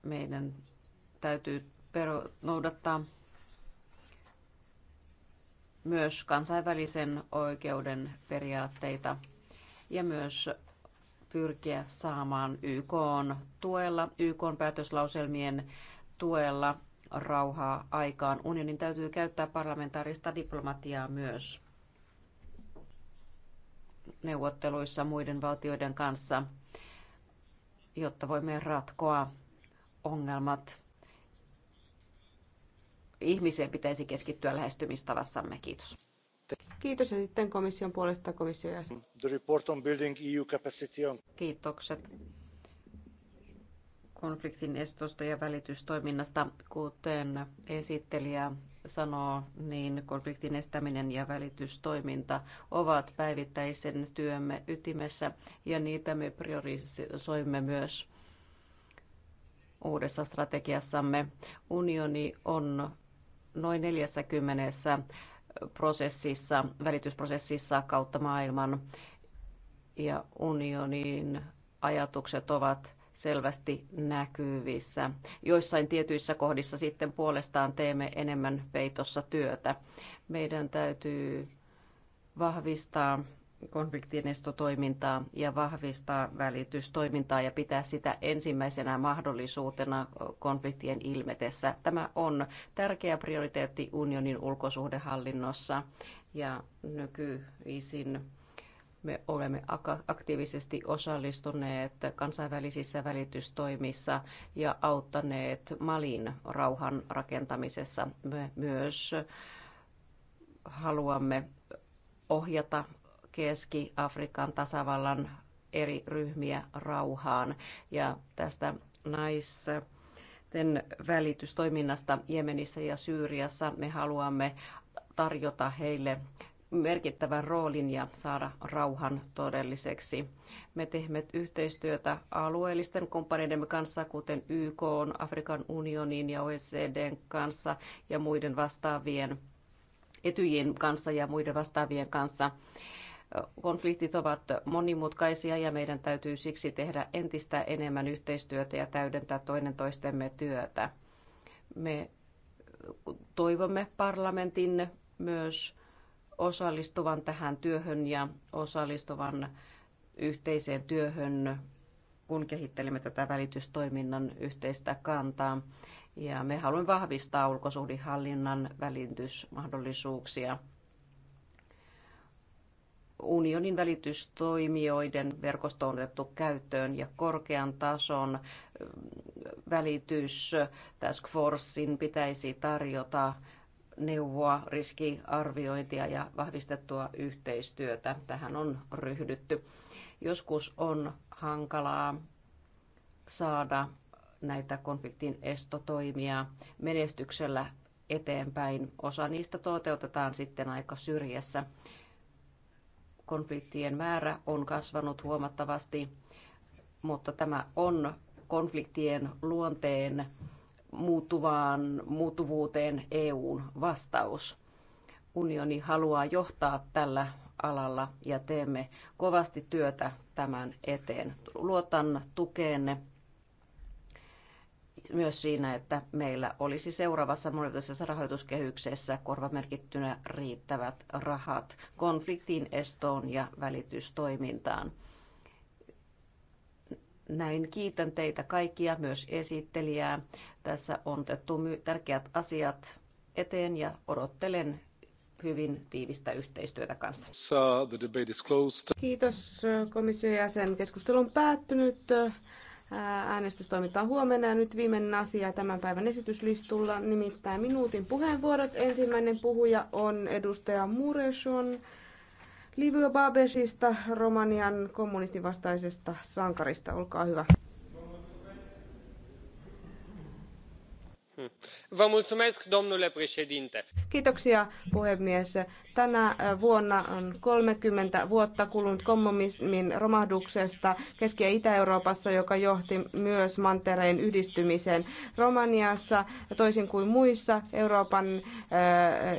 Meidän täytyy pero- noudattaa myös kansainvälisen oikeuden periaatteita ja myös pyrkiä saamaan YK tuella, YK päätöslauselmien tuella rauhaa aikaan. Unionin täytyy käyttää parlamentaarista diplomatiaa myös neuvotteluissa muiden valtioiden kanssa, jotta voimme ratkoa ongelmat. Ihmiseen pitäisi keskittyä lähestymistavassamme. Kiitos. Kiitos ja sitten komission puolesta komission jäsen. The report on building EU capacity on... Kiitokset konfliktin estosta ja välitystoiminnasta. Kuten esittelijä sanoo, niin konfliktin estäminen ja välitystoiminta ovat päivittäisen työmme ytimessä ja niitä me priorisoimme myös uudessa strategiassamme. Unioni on noin 40 prosessissa, välitysprosessissa kautta maailman ja unionin ajatukset ovat selvästi näkyvissä. Joissain tietyissä kohdissa sitten puolestaan teemme enemmän peitossa työtä. Meidän täytyy vahvistaa konfliktienestotoimintaa ja vahvistaa välitystoimintaa ja pitää sitä ensimmäisenä mahdollisuutena konfliktien ilmetessä. Tämä on tärkeä prioriteetti unionin ulkosuhdehallinnossa ja nykyisin me olemme aktiivisesti osallistuneet kansainvälisissä välitystoimissa ja auttaneet Malin rauhan rakentamisessa. Me myös haluamme ohjata Keski-Afrikan tasavallan eri ryhmiä rauhaan. Ja tästä naisten välitystoiminnasta Jemenissä ja Syyriassa me haluamme tarjota heille merkittävän roolin ja saada rauhan todelliseksi. Me teemme yhteistyötä alueellisten kumppaneidemme kanssa, kuten YK, Afrikan unionin ja OECDn kanssa ja muiden vastaavien etyjien kanssa ja muiden vastaavien kanssa. Konfliktit ovat monimutkaisia ja meidän täytyy siksi tehdä entistä enemmän yhteistyötä ja täydentää toinen toistemme työtä. Me toivomme parlamentin myös osallistuvan tähän työhön ja osallistuvan yhteiseen työhön, kun kehittelemme tätä välitystoiminnan yhteistä kantaa. Ja me haluamme vahvistaa ulkosuhdehallinnan välitysmahdollisuuksia unionin välitystoimijoiden verkosto on otettu käyttöön ja korkean tason välitys Task Forcein pitäisi tarjota neuvoa, riskiarviointia ja vahvistettua yhteistyötä. Tähän on ryhdytty. Joskus on hankalaa saada näitä konfliktin estotoimia menestyksellä eteenpäin. Osa niistä toteutetaan sitten aika syrjässä. Konfliktien määrä on kasvanut huomattavasti, mutta tämä on konfliktien luonteen muuttuvaan, muuttuvuuteen EUn vastaus. Unioni haluaa johtaa tällä alalla ja teemme kovasti työtä tämän eteen. Luotan tukeenne myös siinä, että meillä olisi seuraavassa monivuotisessa rahoituskehyksessä korvamerkittynä riittävät rahat konfliktin estoon ja välitystoimintaan näin kiitän teitä kaikkia, myös esittelijää. Tässä on otettu tärkeät asiat eteen ja odottelen hyvin tiivistä yhteistyötä kanssa. Kiitos äh, komission jäsen. Keskustelu on päättynyt. Äh, äänestys toimitaan huomenna ja nyt viimeinen asia tämän päivän esityslistulla, nimittäin minuutin puheenvuorot. Ensimmäinen puhuja on edustaja Mureson. Livio Babesista, Romanian kommunistin vastaisesta sankarista. Olkaa hyvä. Hmm. domnule președinte kiitoksia puhemies tänä vuonna on kolmekymmentä vuotta kulunut kommunismin romahduksesta keski ja itä euroopassa joka johti myös mantereen yhdistymiseen. romaniassa toisin kuin muissa euroopan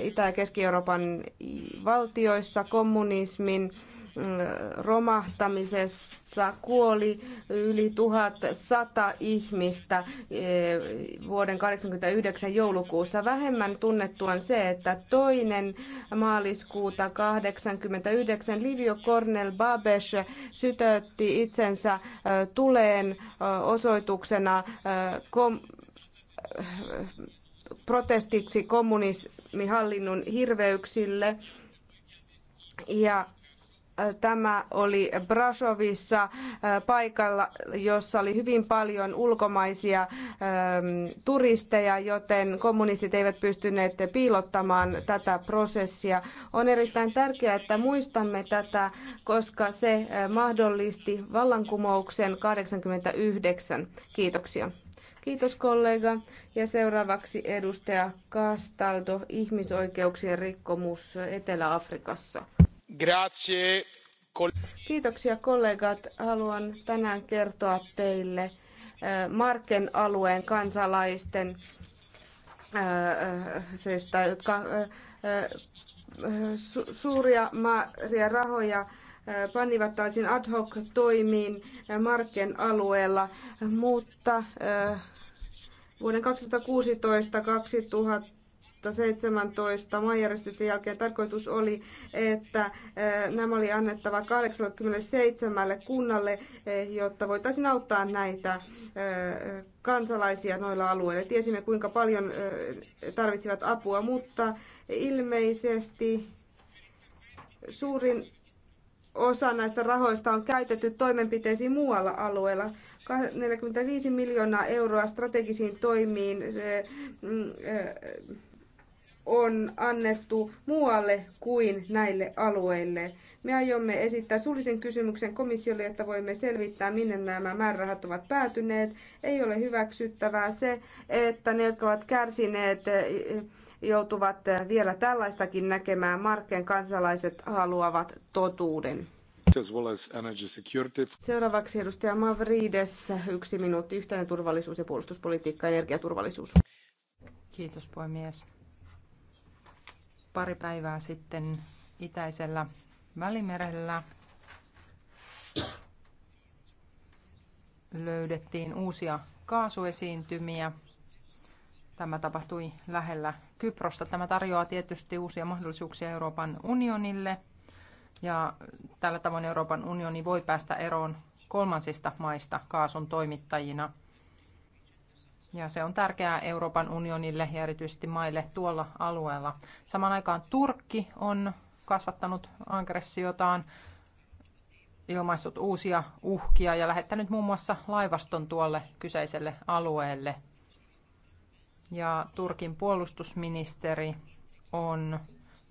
itä ja keski euroopan valtioissa kommunismin romahtamisessa kuoli yli 1100 ihmistä e, vuoden 89 joulukuussa. Vähemmän tunnettu on se, että toinen maaliskuuta 89 Livio Cornel Babes sytötti itsensä e, tuleen e, osoituksena kom- protestiksi kommunismihallinnon hirveyksille. Ja Tämä oli Brasovissa äh, paikalla, jossa oli hyvin paljon ulkomaisia ähm, turisteja, joten kommunistit eivät pystyneet piilottamaan tätä prosessia. On erittäin tärkeää, että muistamme tätä, koska se äh, mahdollisti vallankumouksen 89. Kiitoksia. Kiitos kollega. Ja seuraavaksi edustaja Castaldo, ihmisoikeuksien rikkomus Etelä-Afrikassa. Kiitoksia kollegat. Haluan tänään kertoa teille eh, Marken alueen kansalaisten, eh, eh, jotka suuria määriä rahoja panivat taisin ad hoc toimiin Marken alueella, mutta vuoden 2016 2000 2017 maanjärjestysten jälkeen tarkoitus oli, että eh, nämä oli annettava 87 kunnalle, eh, jotta voitaisiin auttaa näitä eh, kansalaisia noilla alueilla. Tiesimme, kuinka paljon tarvitsivat apua, mutta ilmeisesti suurin osa näistä rahoista on käytetty toimenpiteisiin muualla alueella. 45 miljoonaa euroa strategisiin toimiin mm, on annettu muualle kuin näille alueille. Me aiomme esittää suullisen kysymyksen komissiolle, että voimme selvittää, minne nämä määrärahat ovat päätyneet. Ei ole hyväksyttävää se, että ne, jotka ovat kärsineet, joutuvat vielä tällaistakin näkemään. Marken kansalaiset haluavat totuuden. Seuraavaksi edustaja Mavrides, yksi minuutti, yhteinen turvallisuus ja puolustuspolitiikka ja energiaturvallisuus. Kiitos puhemies pari päivää sitten itäisellä välimerellä löydettiin uusia kaasuesiintymiä. Tämä tapahtui lähellä Kyprosta. Tämä tarjoaa tietysti uusia mahdollisuuksia Euroopan unionille ja tällä tavoin Euroopan unioni voi päästä eroon kolmansista maista kaasun toimittajina – ja se on tärkeää Euroopan unionille ja erityisesti maille tuolla alueella. Samaan aikaan Turkki on kasvattanut aggressiotaan, ilmaissut uusia uhkia ja lähettänyt muun muassa laivaston tuolle kyseiselle alueelle. Ja Turkin puolustusministeri on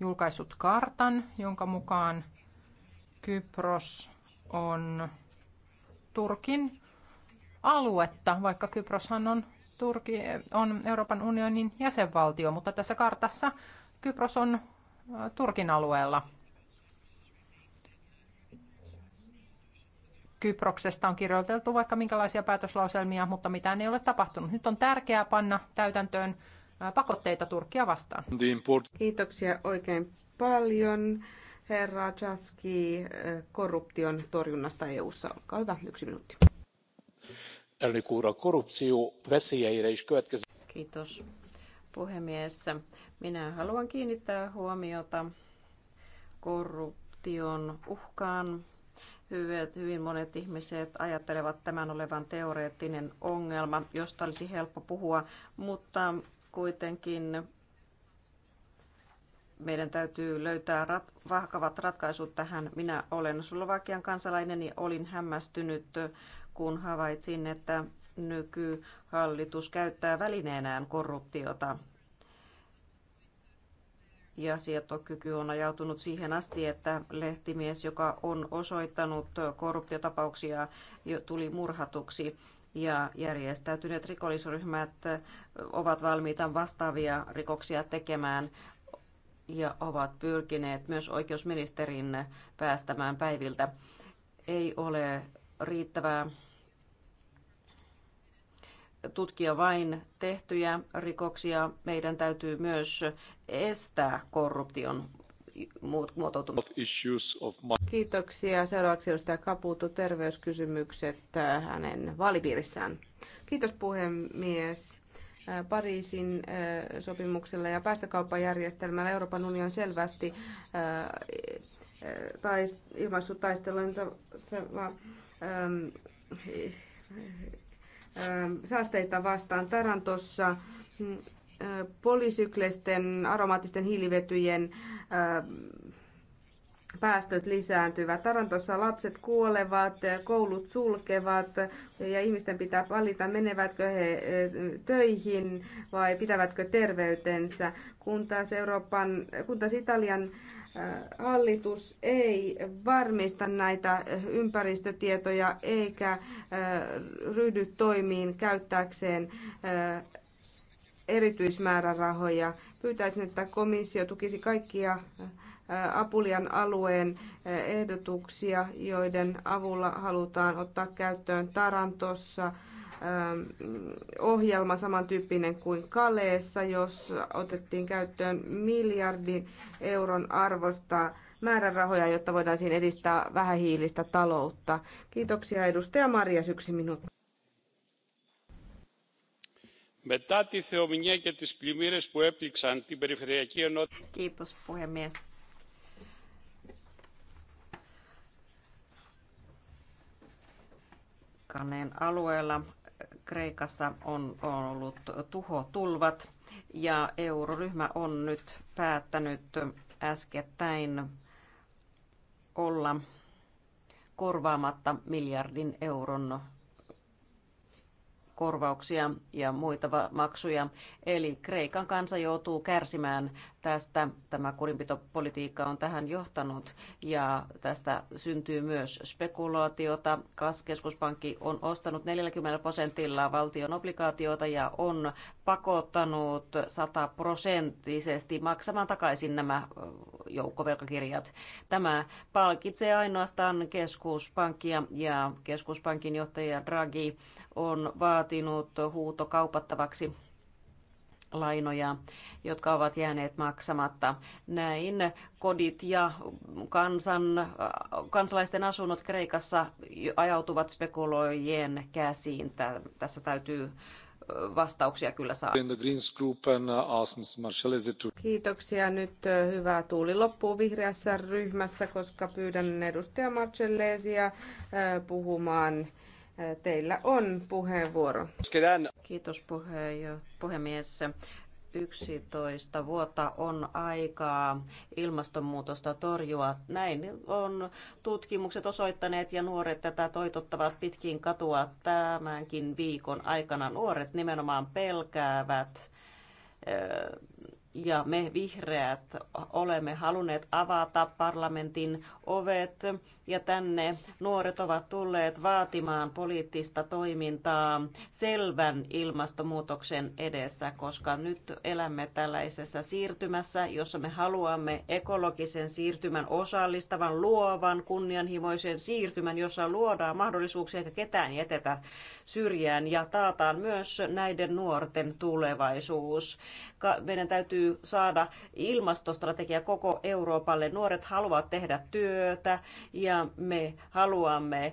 julkaissut kartan, jonka mukaan Kypros on Turkin aluetta, vaikka Kyproshan on Turki on Euroopan unionin jäsenvaltio, mutta tässä kartassa Kypros on Turkin alueella. Kyproksesta on kirjoiteltu vaikka minkälaisia päätöslauselmia, mutta mitään ei ole tapahtunut. Nyt on tärkeää panna täytäntöön pakotteita Turkkia vastaan. Kiitoksia oikein paljon. Herra Chatski, korruption torjunnasta EU-ssa. Olkaa hyvä, yksi minuutti elnök úr, a korrupció veszélyeire és következő... Kiitos puhemies. Minä haluan kiinnittää huomiota korruption uhkaan. Hyvin monet ihmiset ajattelevat tämän olevan teoreettinen ongelma, josta olisi helppo puhua, mutta kuitenkin meidän täytyy löytää rat, vahkavat ratkaisut tähän. Minä olen Slovakian kansalainen ja olin hämmästynyt kun havaitsin, että nykyhallitus käyttää välineenään korruptiota. Ja sietokyky on ajautunut siihen asti, että lehtimies, joka on osoittanut korruptiotapauksia, tuli murhatuksi ja järjestäytyneet rikollisryhmät ovat valmiita vastaavia rikoksia tekemään ja ovat pyrkineet myös oikeusministerin päästämään päiviltä. Ei ole riittävää tutkia vain tehtyjä rikoksia. Meidän täytyy myös estää korruption muotoutumista. Kiitoksia. Seuraavaksi edustaja Kapuutu, terveyskysymykset äh, hänen vaalipiirissään. Kiitos puhemies. Äh, Pariisin äh, sopimuksella ja päästökauppajärjestelmällä Euroopan unioni on selvästi taist, ilmaissut taistelunsa Ähm, ähm, saasteita vastaan Tarantossa mm, äh, polisyklisten aromaattisten hiilivetyjen ähm, päästöt lisääntyvät. Tarantossa lapset kuolevat, koulut sulkevat ja ihmisten pitää valita, menevätkö he äh, töihin vai pitävätkö terveytensä. Kun taas, Euroopan, kun taas Italian hallitus ei varmista näitä ympäristötietoja eikä äh, ryhdy toimiin käyttääkseen äh, erityismäärärahoja. Pyytäisin, että komissio tukisi kaikkia äh, Apulian alueen ehdotuksia, joiden avulla halutaan ottaa käyttöön Tarantossa ohjelma samantyyppinen kuin Kaleessa, jos otettiin käyttöön miljardin euron arvosta määrärahoja, jotta voitaisiin edistää vähähiilistä taloutta. Kiitoksia edustaja Maria yksi minuutti. Μετά τη θεομηνία και τις πλημμύρες που έπληξαν την περιφερειακή ενότητα... Kiitos puhemies. Kaneen alueella Kreikassa on ollut tuhotulvat ja euroryhmä on nyt päättänyt äskettäin olla korvaamatta miljardin euron korvauksia ja muita maksuja. Eli Kreikan kansa joutuu kärsimään tästä. Tämä kurinpitopolitiikka on tähän johtanut ja tästä syntyy myös spekulaatiota. Keskuspankki on ostanut 40 prosentilla valtion obligaatiota ja on pakottanut 100 prosenttisesti maksamaan takaisin nämä joukkovelkakirjat. Tämä palkitsee ainoastaan keskuspankkia ja keskuspankin johtaja Draghi on vaatinut huutokaupattavaksi lainoja, jotka ovat jääneet maksamatta. Näin kodit ja kansan, kansalaisten asunnot Kreikassa ajautuvat spekuloijien käsiin. Tässä täytyy vastauksia kyllä saa. Uh, Kiitoksia nyt hyvää tuuli loppuu vihreässä ryhmässä, koska pyydän edustaja Marcellesia puhumaan Teillä on puheenvuoro. Kiitos puhemies. 11 vuotta on aikaa ilmastonmuutosta torjua. Näin on tutkimukset osoittaneet ja nuoret tätä toitottavat pitkin katua tämänkin viikon aikana. Nuoret nimenomaan pelkäävät ja me vihreät olemme halunneet avata parlamentin ovet ja tänne nuoret ovat tulleet vaatimaan poliittista toimintaa selvän ilmastonmuutoksen edessä, koska nyt elämme tällaisessa siirtymässä, jossa me haluamme ekologisen siirtymän osallistavan, luovan, kunnianhimoisen siirtymän, jossa luodaan mahdollisuuksia eikä ketään jätetä syrjään ja taataan myös näiden nuorten tulevaisuus meidän täytyy saada ilmastostrategia koko Euroopalle. Nuoret haluavat tehdä työtä ja me haluamme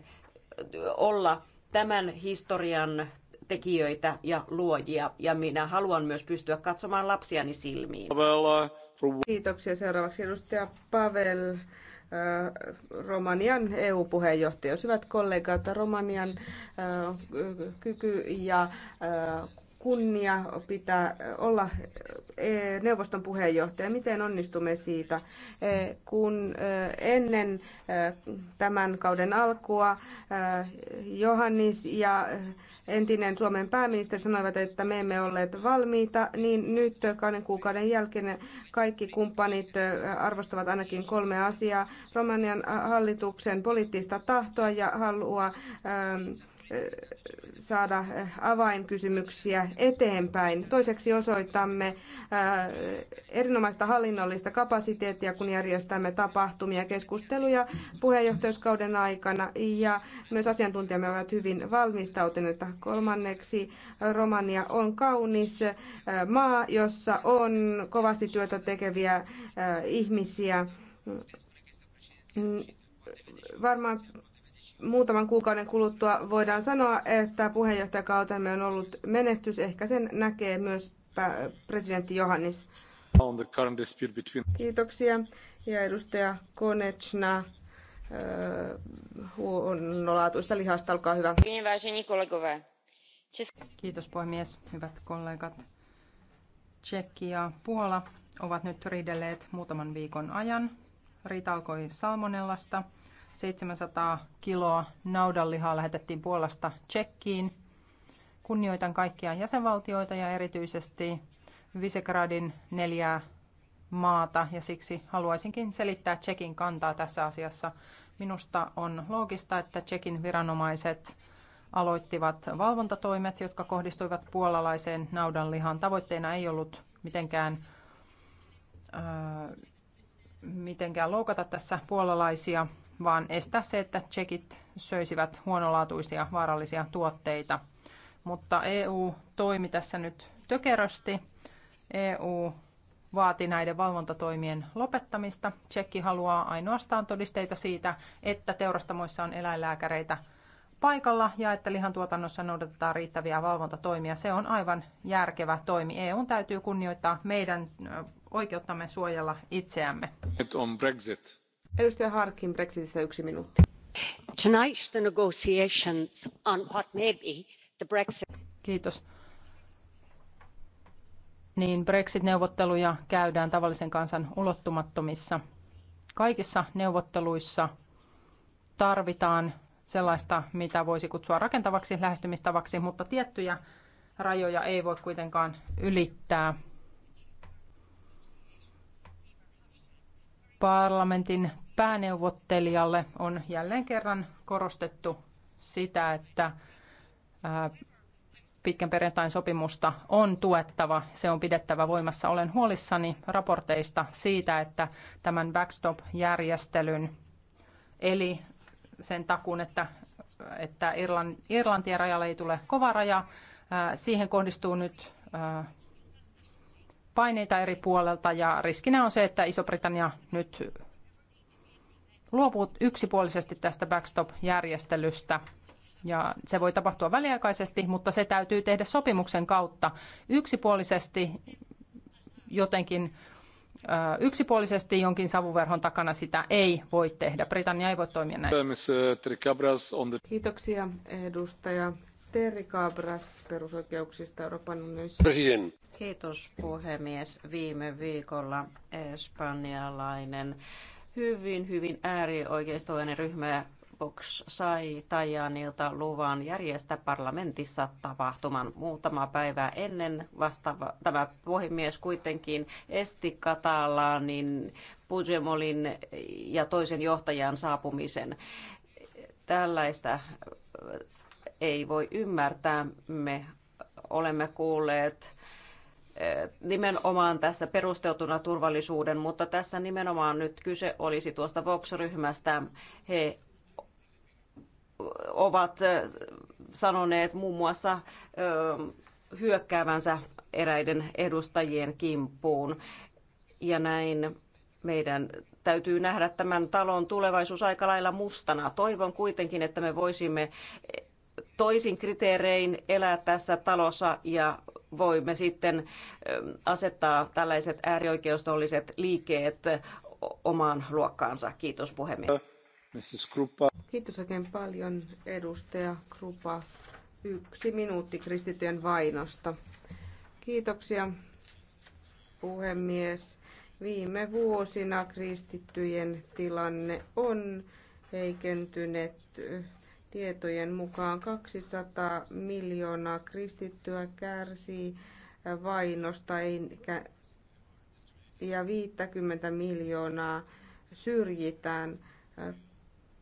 olla tämän historian tekijöitä ja luojia, ja minä haluan myös pystyä katsomaan lapsiani silmiin. Uh, Kiitoksia. Seuraavaksi edustaja Pavel, uh, Romanian EU-puheenjohtaja. hyvät kollegat, Romanian uh, kyky ja kunnia pitää eh, olla eh, neuvoston puheenjohtaja. Miten onnistumme siitä, eh, kun ennen tämän kauden alkua Johannis ja entinen Suomen pääministeri sanoivat, että me emme olleet valmiita, niin nyt kahden kuukauden jälkeen kaikki kumppanit arvostavat ainakin kolme asiaa. Romanian hallituksen poliittista tahtoa ja halua Eh, saada eh, avainkysymyksiä eteenpäin. Toiseksi osoitamme eh, erinomaista hallinnollista kapasiteettia, kun järjestämme tapahtumia, keskusteluja puheenjohtajuuskauden aikana ja myös asiantuntijamme ovat hyvin valmistautuneita. Kolmanneksi Romania on kaunis maa, jossa on kovasti työtä tekeviä ihmisiä mm, varmaan muutaman kuukauden kuluttua voidaan sanoa, että puheenjohtajakautemme on ollut menestys. Ehkä sen näkee myös presidentti Johannis. Kiitoksia. Ja edustaja Konechna huonolaatuista lihasta, olkaa hyvä. Kiitos puhemies, hyvät kollegat. Tsekki ja Puola ovat nyt riidelleet muutaman viikon ajan. Riita alkoi salmonellasta – 700 kiloa naudanlihaa lähetettiin Puolasta Tsekkiin. Kunnioitan kaikkia jäsenvaltioita ja erityisesti Visegradin neljää maata ja siksi haluaisinkin selittää Tsekin kantaa tässä asiassa. Minusta on loogista, että Tsekin viranomaiset aloittivat valvontatoimet, jotka kohdistuivat puolalaiseen naudanlihaan. Tavoitteena ei ollut mitenkään, äh, mitenkään loukata tässä puolalaisia vaan estää se, että tsekit söisivät huonolaatuisia vaarallisia tuotteita. Mutta EU toimi tässä nyt tökerösti. EU vaati näiden valvontatoimien lopettamista. Tsekki haluaa ainoastaan todisteita siitä, että teurastamoissa on eläinlääkäreitä paikalla ja että lihantuotannossa noudatetaan riittäviä valvontatoimia. Se on aivan järkevä toimi. EU täytyy kunnioittaa meidän oikeuttamme suojella itseämme. On Brexit. Edustaja Harkin Brexitistä yksi minuutti. Tonight the negotiations on what may be the Brexit. Kiitos. Niin Brexit-neuvotteluja käydään tavallisen kansan ulottumattomissa. Kaikissa neuvotteluissa tarvitaan sellaista, mitä voisi kutsua rakentavaksi lähestymistavaksi, mutta tiettyjä rajoja ei voi kuitenkaan ylittää. Parlamentin pääneuvottelijalle on jälleen kerran korostettu sitä, että pitkän perjantain sopimusta on tuettava, se on pidettävä voimassa. Olen huolissani raporteista siitä, että tämän backstop-järjestelyn eli sen takuun, että, että Irlanti, rajalle ei tule kova raja, siihen kohdistuu nyt paineita eri puolelta ja riskinä on se, että Iso-Britannia nyt luopuu yksipuolisesti tästä backstop-järjestelystä. Ja se voi tapahtua väliaikaisesti, mutta se täytyy tehdä sopimuksen kautta yksipuolisesti jotenkin yksipuolisesti jonkin savuverhon takana sitä ei voi tehdä. Britannia ei voi toimia näin. Kiitoksia edustaja Terri Cabras perusoikeuksista Euroopan unionissa. President. Kiitos puhemies. Viime viikolla espanjalainen hyvin, hyvin äärioikeistoinen ryhmä Vox sai Tajanilta luvan järjestää parlamentissa tapahtuman muutama päivä ennen vastaava. Tämä puhemies kuitenkin esti Katalaanin, Pujemolin ja toisen johtajan saapumisen. Tällaista ei voi ymmärtää. Me olemme kuulleet nimenomaan tässä perusteutuna turvallisuuden, mutta tässä nimenomaan nyt kyse olisi tuosta Vox-ryhmästä. He ovat sanoneet muun muassa hyökkäävänsä eräiden edustajien kimppuun. Ja näin meidän täytyy nähdä tämän talon tulevaisuus aika lailla mustana. Toivon kuitenkin, että me voisimme toisin kriteerein elää tässä talossa ja voimme sitten ähm, asettaa tällaiset äärioikeustolliset liikkeet omaan luokkaansa. Kiitos puhemies. Kiitos oikein paljon edustaja Krupa. Yksi minuutti kristityön vainosta. Kiitoksia puhemies. Viime vuosina kristittyjen tilanne on heikentynyt tietojen mukaan 200 miljoonaa kristittyä kärsii vainosta ja 50 miljoonaa syrjitään.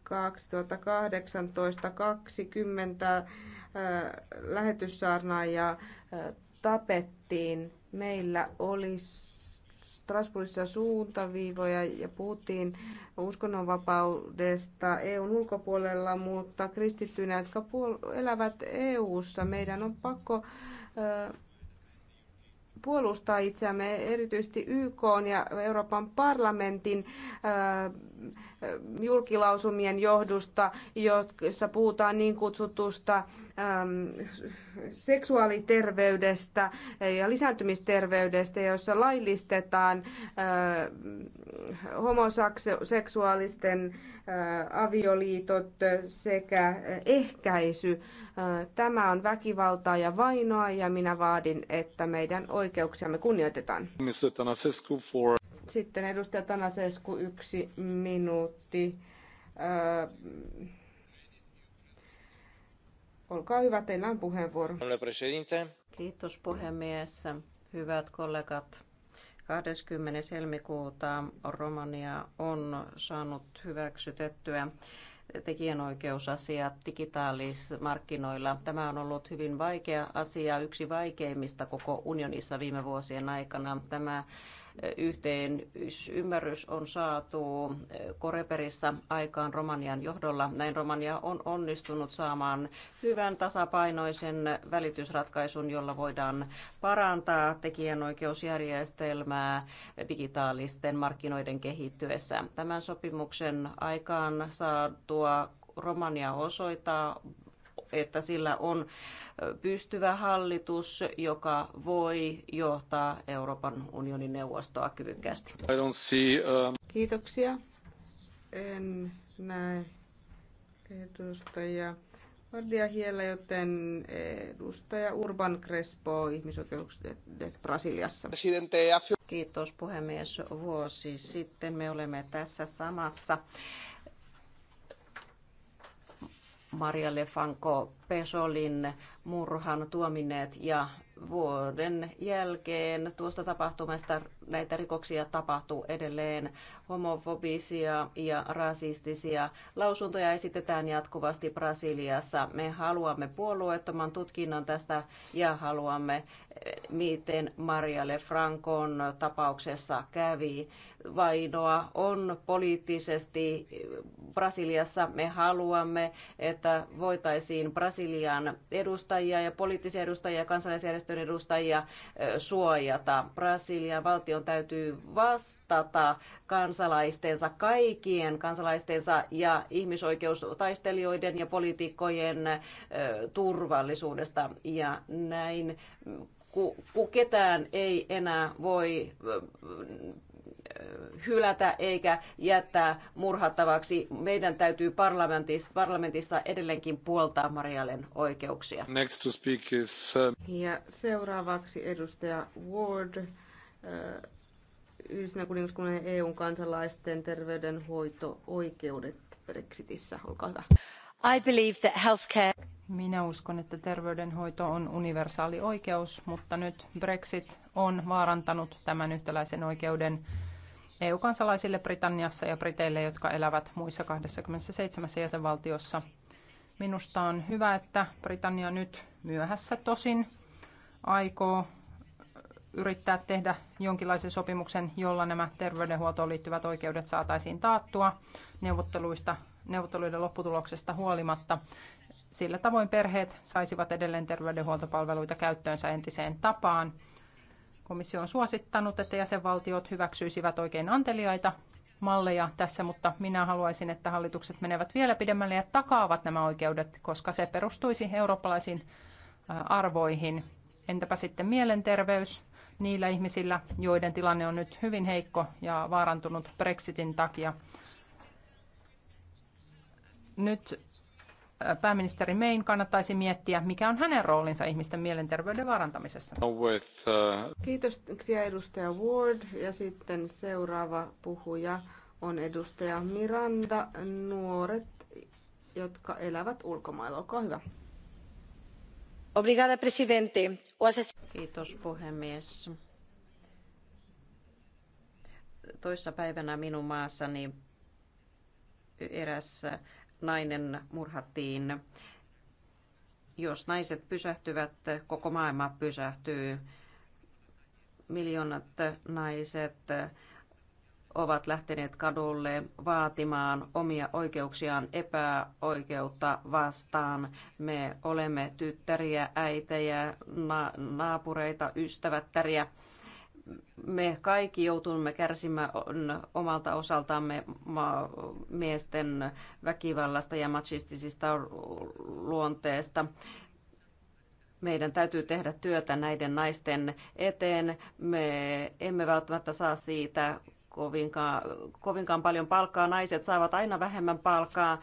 2018 20 lähetyssaarnaajaa tapettiin. Meillä olisi Strasbourgissa suuntaviivoja ja puhuttiin uskonnonvapaudesta EUn ulkopuolella, mutta kristittyinä, jotka elävät EUssa, meidän on pakko puolustaa itseämme erityisesti YK ja Euroopan parlamentin Äh, julkilausumien johdosta, jossa puhutaan niin kutsutusta äm, seksuaaliterveydestä ja lisääntymisterveydestä, jossa laillistetaan äh, homoseksuaalisten äh, avioliitot sekä ehkäisy. Ä, tämä on väkivaltaa ja vainoa ja minä vaadin, että meidän oikeuksiamme kunnioitetaan. Mr. Sitten edustaja Tanasesku, yksi minuutti. Öö, olkaa hyvä, teillä on puheenvuoro. Kiitos puhemies. Hyvät kollegat, 20. helmikuuta Romania on saanut hyväksytettyä tekijänoikeusasiat digitaalismarkkinoilla. Tämä on ollut hyvin vaikea asia, yksi vaikeimmista koko unionissa viime vuosien aikana. Tämä yhteen ymmärrys on saatu eh, Koreperissa aikaan Romanian johdolla. Näin Romania on onnistunut saamaan hyvän tasapainoisen välitysratkaisun, jolla voidaan parantaa tekijänoikeusjärjestelmää digitaalisten markkinoiden kehittyessä. Tämän sopimuksen aikaan saatua Romania osoittaa että sillä on pystyvä hallitus, joka voi johtaa Euroopan unionin neuvostoa kyvykkäästi. See, um, Kiitoksia. En näe edustajia. Vardia hiellä, joten edustaja Urban Crespo ihmisoikeuksista Brasiliassa. Kiitos puhemies. Vuosi sitten me olemme tässä samassa Maria Lefanko Pesolin murhan tuomineet ja vuoden jälkeen tuosta tapahtumasta näitä rikoksia tapahtuu edelleen. Homofobisia ja rasistisia lausuntoja esitetään jatkuvasti Brasiliassa. Me haluamme puolueettoman tutkinnan tästä ja haluamme, eh, miten Marialle Francon tapauksessa kävi. Vainoa on poliittisesti eh, Brasiliassa. Me haluamme, että voitaisiin Brasilian edustajia edustajia ja poliittisia edustajia ja kansalaisjärjestön edustajia suojata. Brasilian valtion täytyy vastata kansalaistensa, kaikkien kansalaistensa ja ihmisoikeustaistelijoiden ja poliitikkojen turvallisuudesta. Ja näin kun ketään ei enää voi hylätä eikä jättää murhattavaksi. Meidän täytyy parlamentissa, parlamentissa edelleenkin puoltaa Marialen oikeuksia. Next to speak is, uh, Ja seuraavaksi edustaja Ward. Uh, Yhdistyneen kuningaskunnan EUn kansalaisten terveydenhoito-oikeudet Brexitissä. Olkaa hyvä. I believe that healthcare... Minä uskon, että terveydenhoito on universaali oikeus, mutta nyt Brexit on vaarantanut tämän yhtäläisen oikeuden EU-kansalaisille Britanniassa ja Briteille, jotka elävät muissa 27 jäsenvaltiossa. Minusta on hyvä, että Britannia nyt myöhässä tosin aikoo yrittää tehdä jonkinlaisen sopimuksen, jolla nämä terveydenhuoltoon liittyvät oikeudet saataisiin taattua neuvotteluista, neuvotteluiden lopputuloksesta huolimatta. Sillä tavoin perheet saisivat edelleen terveydenhuoltopalveluita käyttöönsä entiseen tapaan Komissio on suosittanut, että jäsenvaltiot hyväksyisivät oikein anteliaita malleja tässä, mutta minä haluaisin, että hallitukset menevät vielä pidemmälle ja takaavat nämä oikeudet, koska se perustuisi eurooppalaisiin arvoihin. Entäpä sitten mielenterveys niillä ihmisillä, joiden tilanne on nyt hyvin heikko ja vaarantunut Brexitin takia. Nyt pääministeri Mayn kannattaisi miettiä, mikä on hänen roolinsa ihmisten mielenterveyden varantamisessa. Uh, Kiitoksia edustaja Ward ja sitten seuraava puhuja on edustaja Miranda, nuoret, jotka elävät ulkomailla. Olkaa hyvä. Obrigada, presidente. Kiitos puhemies. Toissa päivänä minun maassani erässä nainen murhattiin. Jos naiset pysähtyvät, koko maailma pysähtyy. Miljoonat naiset ovat lähteneet kadulle vaatimaan omia oikeuksiaan epäoikeutta vastaan. Me olemme tyttäriä, äitejä, na- naapureita, ystävättäriä me kaikki joutumme kärsimään omalta osaltamme miesten väkivallasta ja machistisista luonteesta. Meidän täytyy tehdä työtä näiden naisten eteen. Me emme välttämättä saa siitä kovinkaan, kovinkaan paljon palkkaa. Naiset saavat aina vähemmän palkkaa.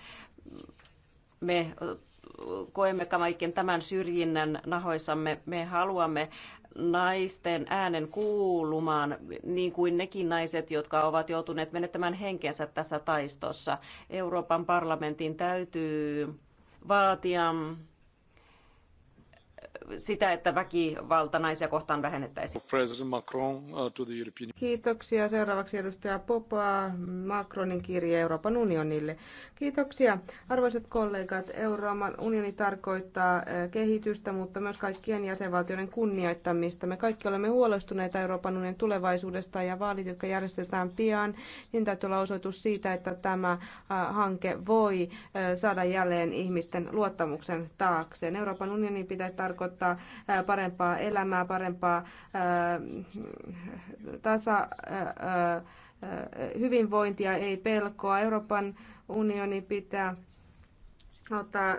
Me koemme kaiken tämän syrjinnän nahoissamme. Me haluamme naisten äänen kuulumaan, niin kuin nekin naiset, jotka ovat joutuneet menettämään henkensä tässä taistossa. Euroopan parlamentin täytyy vaatia sitä, että väkivalta naisia kohtaan vähennettäisiin. Uh, Kiitoksia. Seuraavaksi edustaja Popa, Macronin kirje Euroopan unionille. Kiitoksia. Arvoisat kollegat, Euroopan unioni tarkoittaa uh, kehitystä, mutta myös kaikkien jäsenvaltioiden kunnioittamista. Me kaikki olemme huolestuneita Euroopan unionin tulevaisuudesta ja vaalit, jotka järjestetään pian, niin täytyy olla osoitus siitä, että tämä uh, hanke voi saada jälleen ihmisten luottamuksen taakse. Euroopan unionin pitäisi tarkoittaa tuottaa parempaa elämää, parempaa tasa hyvinvointia, ei pelkoa. Euroopan unioni pitää ottaa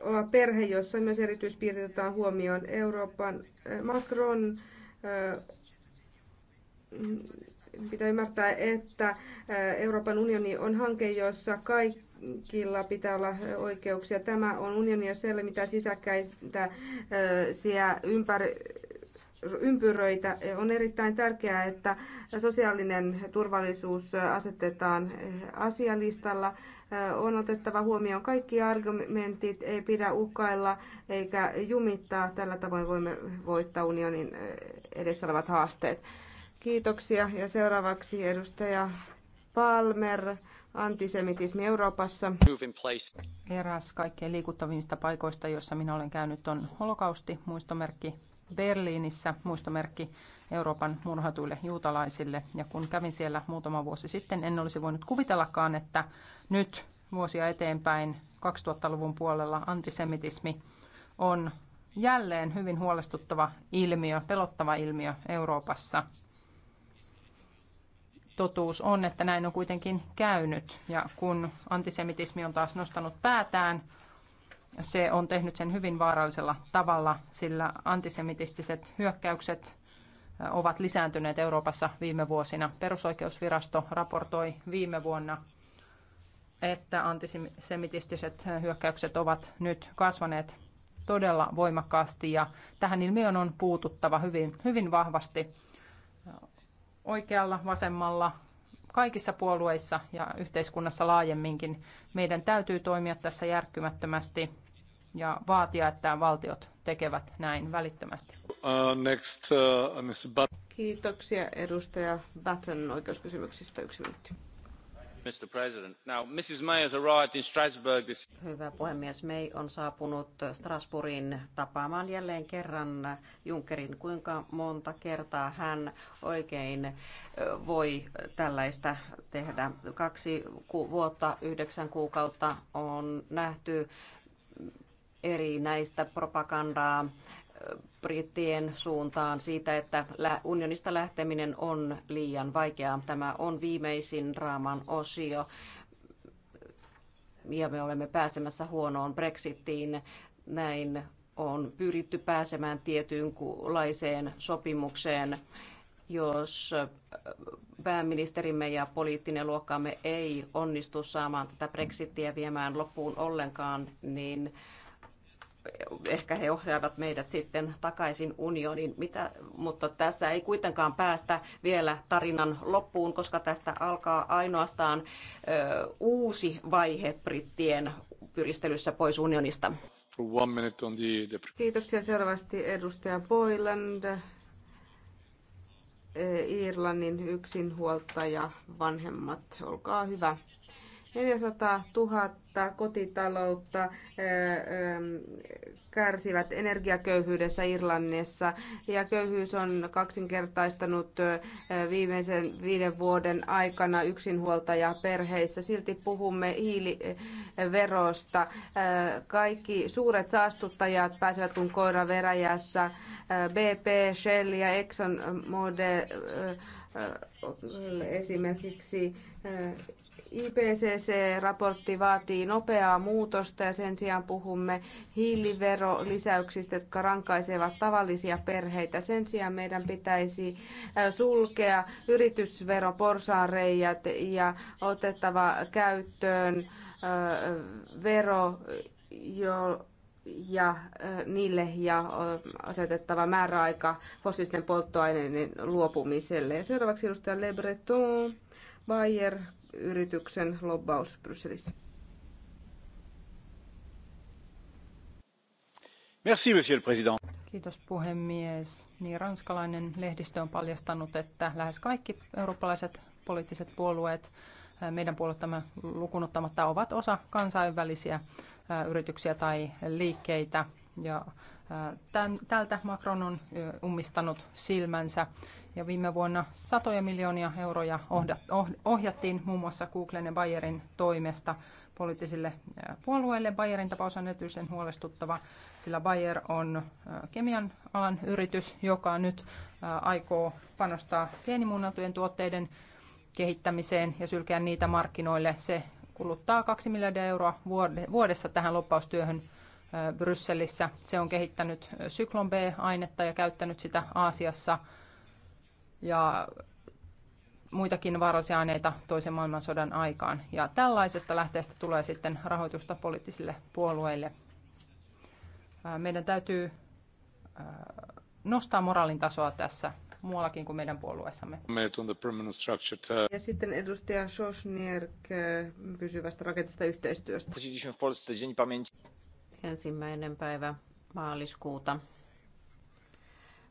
olla perhe, jossa myös erityispiirteet otetaan huomioon. Euroopan Macron pitää ymmärtää, että Euroopan unioni on hanke, jossa kaikki kaikilla pitää olla oikeuksia. Tämä on unioni, ja siellä mitä sisäkkäistä ympäri ympyröitä. On erittäin tärkeää, että sosiaalinen turvallisuus asetetaan asialistalla. On otettava huomioon kaikki argumentit, ei pidä uhkailla eikä jumittaa. Tällä tavoin voimme voittaa unionin edessä olevat haasteet. Kiitoksia ja seuraavaksi edustaja Palmer antisemitismi Euroopassa. Eräs kaikkein liikuttavimmista paikoista, jossa minä olen käynyt, on holokausti, muistomerkki Berliinissä, muistomerkki Euroopan murhatuille juutalaisille. Ja kun kävin siellä muutama vuosi sitten, en olisi voinut kuvitellakaan, että nyt vuosia eteenpäin 2000-luvun puolella antisemitismi on jälleen hyvin huolestuttava ilmiö, pelottava ilmiö Euroopassa totuus on, että näin on kuitenkin käynyt. Ja kun antisemitismi on taas nostanut päätään, se on tehnyt sen hyvin vaarallisella tavalla, sillä antisemitistiset hyökkäykset ovat lisääntyneet Euroopassa viime vuosina. Perusoikeusvirasto raportoi viime vuonna, että antisemitistiset hyökkäykset ovat nyt kasvaneet todella voimakkaasti ja tähän ilmiön on puututtava hyvin, hyvin vahvasti oikealla, vasemmalla, kaikissa puolueissa ja yhteiskunnassa laajemminkin. Meidän täytyy toimia tässä järkkymättömästi ja vaatia, että valtiot tekevät näin välittömästi. Uh, next, uh, Kiitoksia edustaja Batten oikeuskysymyksistä. Yksi minuutti. Hyvä puhemies, May on saapunut strasbourgiin tapaamaan jälleen kerran Junckerin. Kuinka monta kertaa hän oikein voi tällaista tehdä? Kaksi vuotta, yhdeksän kuukautta on nähty eri näistä propagandaa brittien suuntaan siitä, että unionista lähteminen on liian vaikeaa. Tämä on viimeisin raaman osio ja me olemme pääsemässä huonoon Brexittiin. Näin on pyritty pääsemään tietynlaiseen sopimukseen jos pääministerimme ja poliittinen luokkaamme ei onnistu saamaan tätä Brexittiä viemään loppuun ollenkaan, niin ehkä he ohjaavat meidät sitten takaisin unioniin, mitä, mutta tässä ei kuitenkaan päästä vielä tarinan loppuun, koska tästä alkaa ainoastaan ö, uusi vaihe brittien pyristelyssä pois unionista. The... Kiitoksia. Seuraavasti edustaja Boyland, Irlannin yksinhuoltaja, vanhemmat. Olkaa hyvä. 400 000 kotitaloutta kärsivät energiaköyhyydessä Irlannissa ja köyhyys on kaksinkertaistanut viimeisen viiden vuoden aikana yksinhuoltaja perheissä. Silti puhumme hiiliverosta. Kaikki suuret saastuttajat pääsevät kuin koira veräjässä. BP, Shell ja Exxon Mode esimerkiksi IPCC-raportti vaatii nopeaa muutosta ja sen sijaan puhumme hiiliverolisäyksistä, jotka rankaisevat tavallisia perheitä. Sen sijaan meidän pitäisi sulkea yritysveroporsaanreijät ja otettava käyttöön vero jo, ja niille ja asetettava määräaika fossiilisten polttoaineiden luopumiselle. Ja seuraavaksi edustaja Le Breton, Bayer yrityksen lobbaus Brysselissä. Merci, monsieur le président. Kiitos puhemies. Niin, ranskalainen lehdistö on paljastanut, että lähes kaikki eurooppalaiset poliittiset puolueet, meidän puoluettamme lukunottamatta, ovat osa kansainvälisiä yrityksiä tai liikkeitä. Ja tältä Macron on ummistanut silmänsä ja viime vuonna satoja miljoonia euroja ohjattiin muun muassa Googlen ja Bayerin toimesta poliittisille puolueille. Bayerin tapaus on erityisen huolestuttava, sillä Bayer on kemian alan yritys, joka nyt aikoo panostaa geenimuunneltujen tuotteiden kehittämiseen ja sylkeä niitä markkinoille. Se kuluttaa 2 miljardia euroa vuodessa tähän loppaustyöhön Brysselissä. Se on kehittänyt syklon B-ainetta ja käyttänyt sitä Aasiassa – ja muitakin vaarallisia aineita toisen maailmansodan aikaan. Ja tällaisesta lähteestä tulee sitten rahoitusta poliittisille puolueille. Meidän täytyy nostaa moraalin tasoa tässä muuallakin kuin meidän puolueessamme. Ja sitten edustaja Sosnierk pysyvästä raketista yhteistyöstä. Ensimmäinen päivä maaliskuuta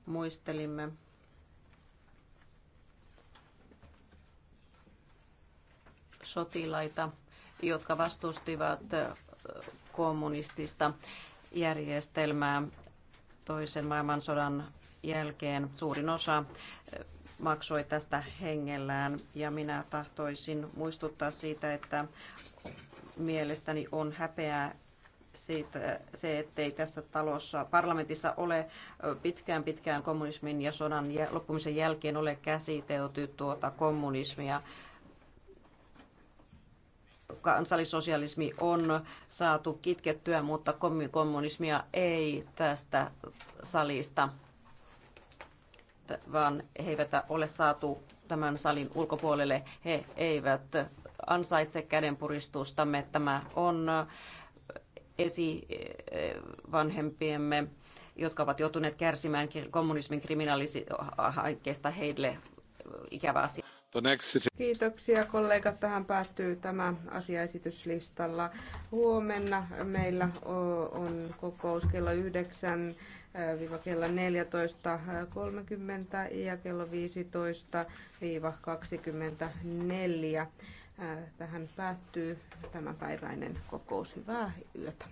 muistelimme sotilaita, jotka vastustivat kommunistista järjestelmää toisen maailmansodan jälkeen. Suurin osa eh, maksoi tästä hengellään ja minä tahtoisin muistuttaa siitä, että mielestäni on häpeää siitä, se, ettei tässä talossa, parlamentissa ole eh, pitkään pitkään kommunismin ja sodan loppumisen jälkeen ole käsitelty tuota kommunismia kansallisosialismi on saatu kitkettyä, mutta kommunismia ei tästä salista, vaan he eivät ole saatu tämän salin ulkopuolelle. He eivät ansaitse kädenpuristustamme. Tämä on esivanhempiemme jotka ovat joutuneet kärsimään kommunismin kriminaalisista hankkeesta heille ikävä asia. Kiitoksia kollegat. Tähän päättyy tämä asiaesityslistalla. Huomenna meillä on kokous kello 9 viiva kello 14.30 ja kello 15 24. Tähän päättyy tämänpäiväinen kokous. Hyvää yötä.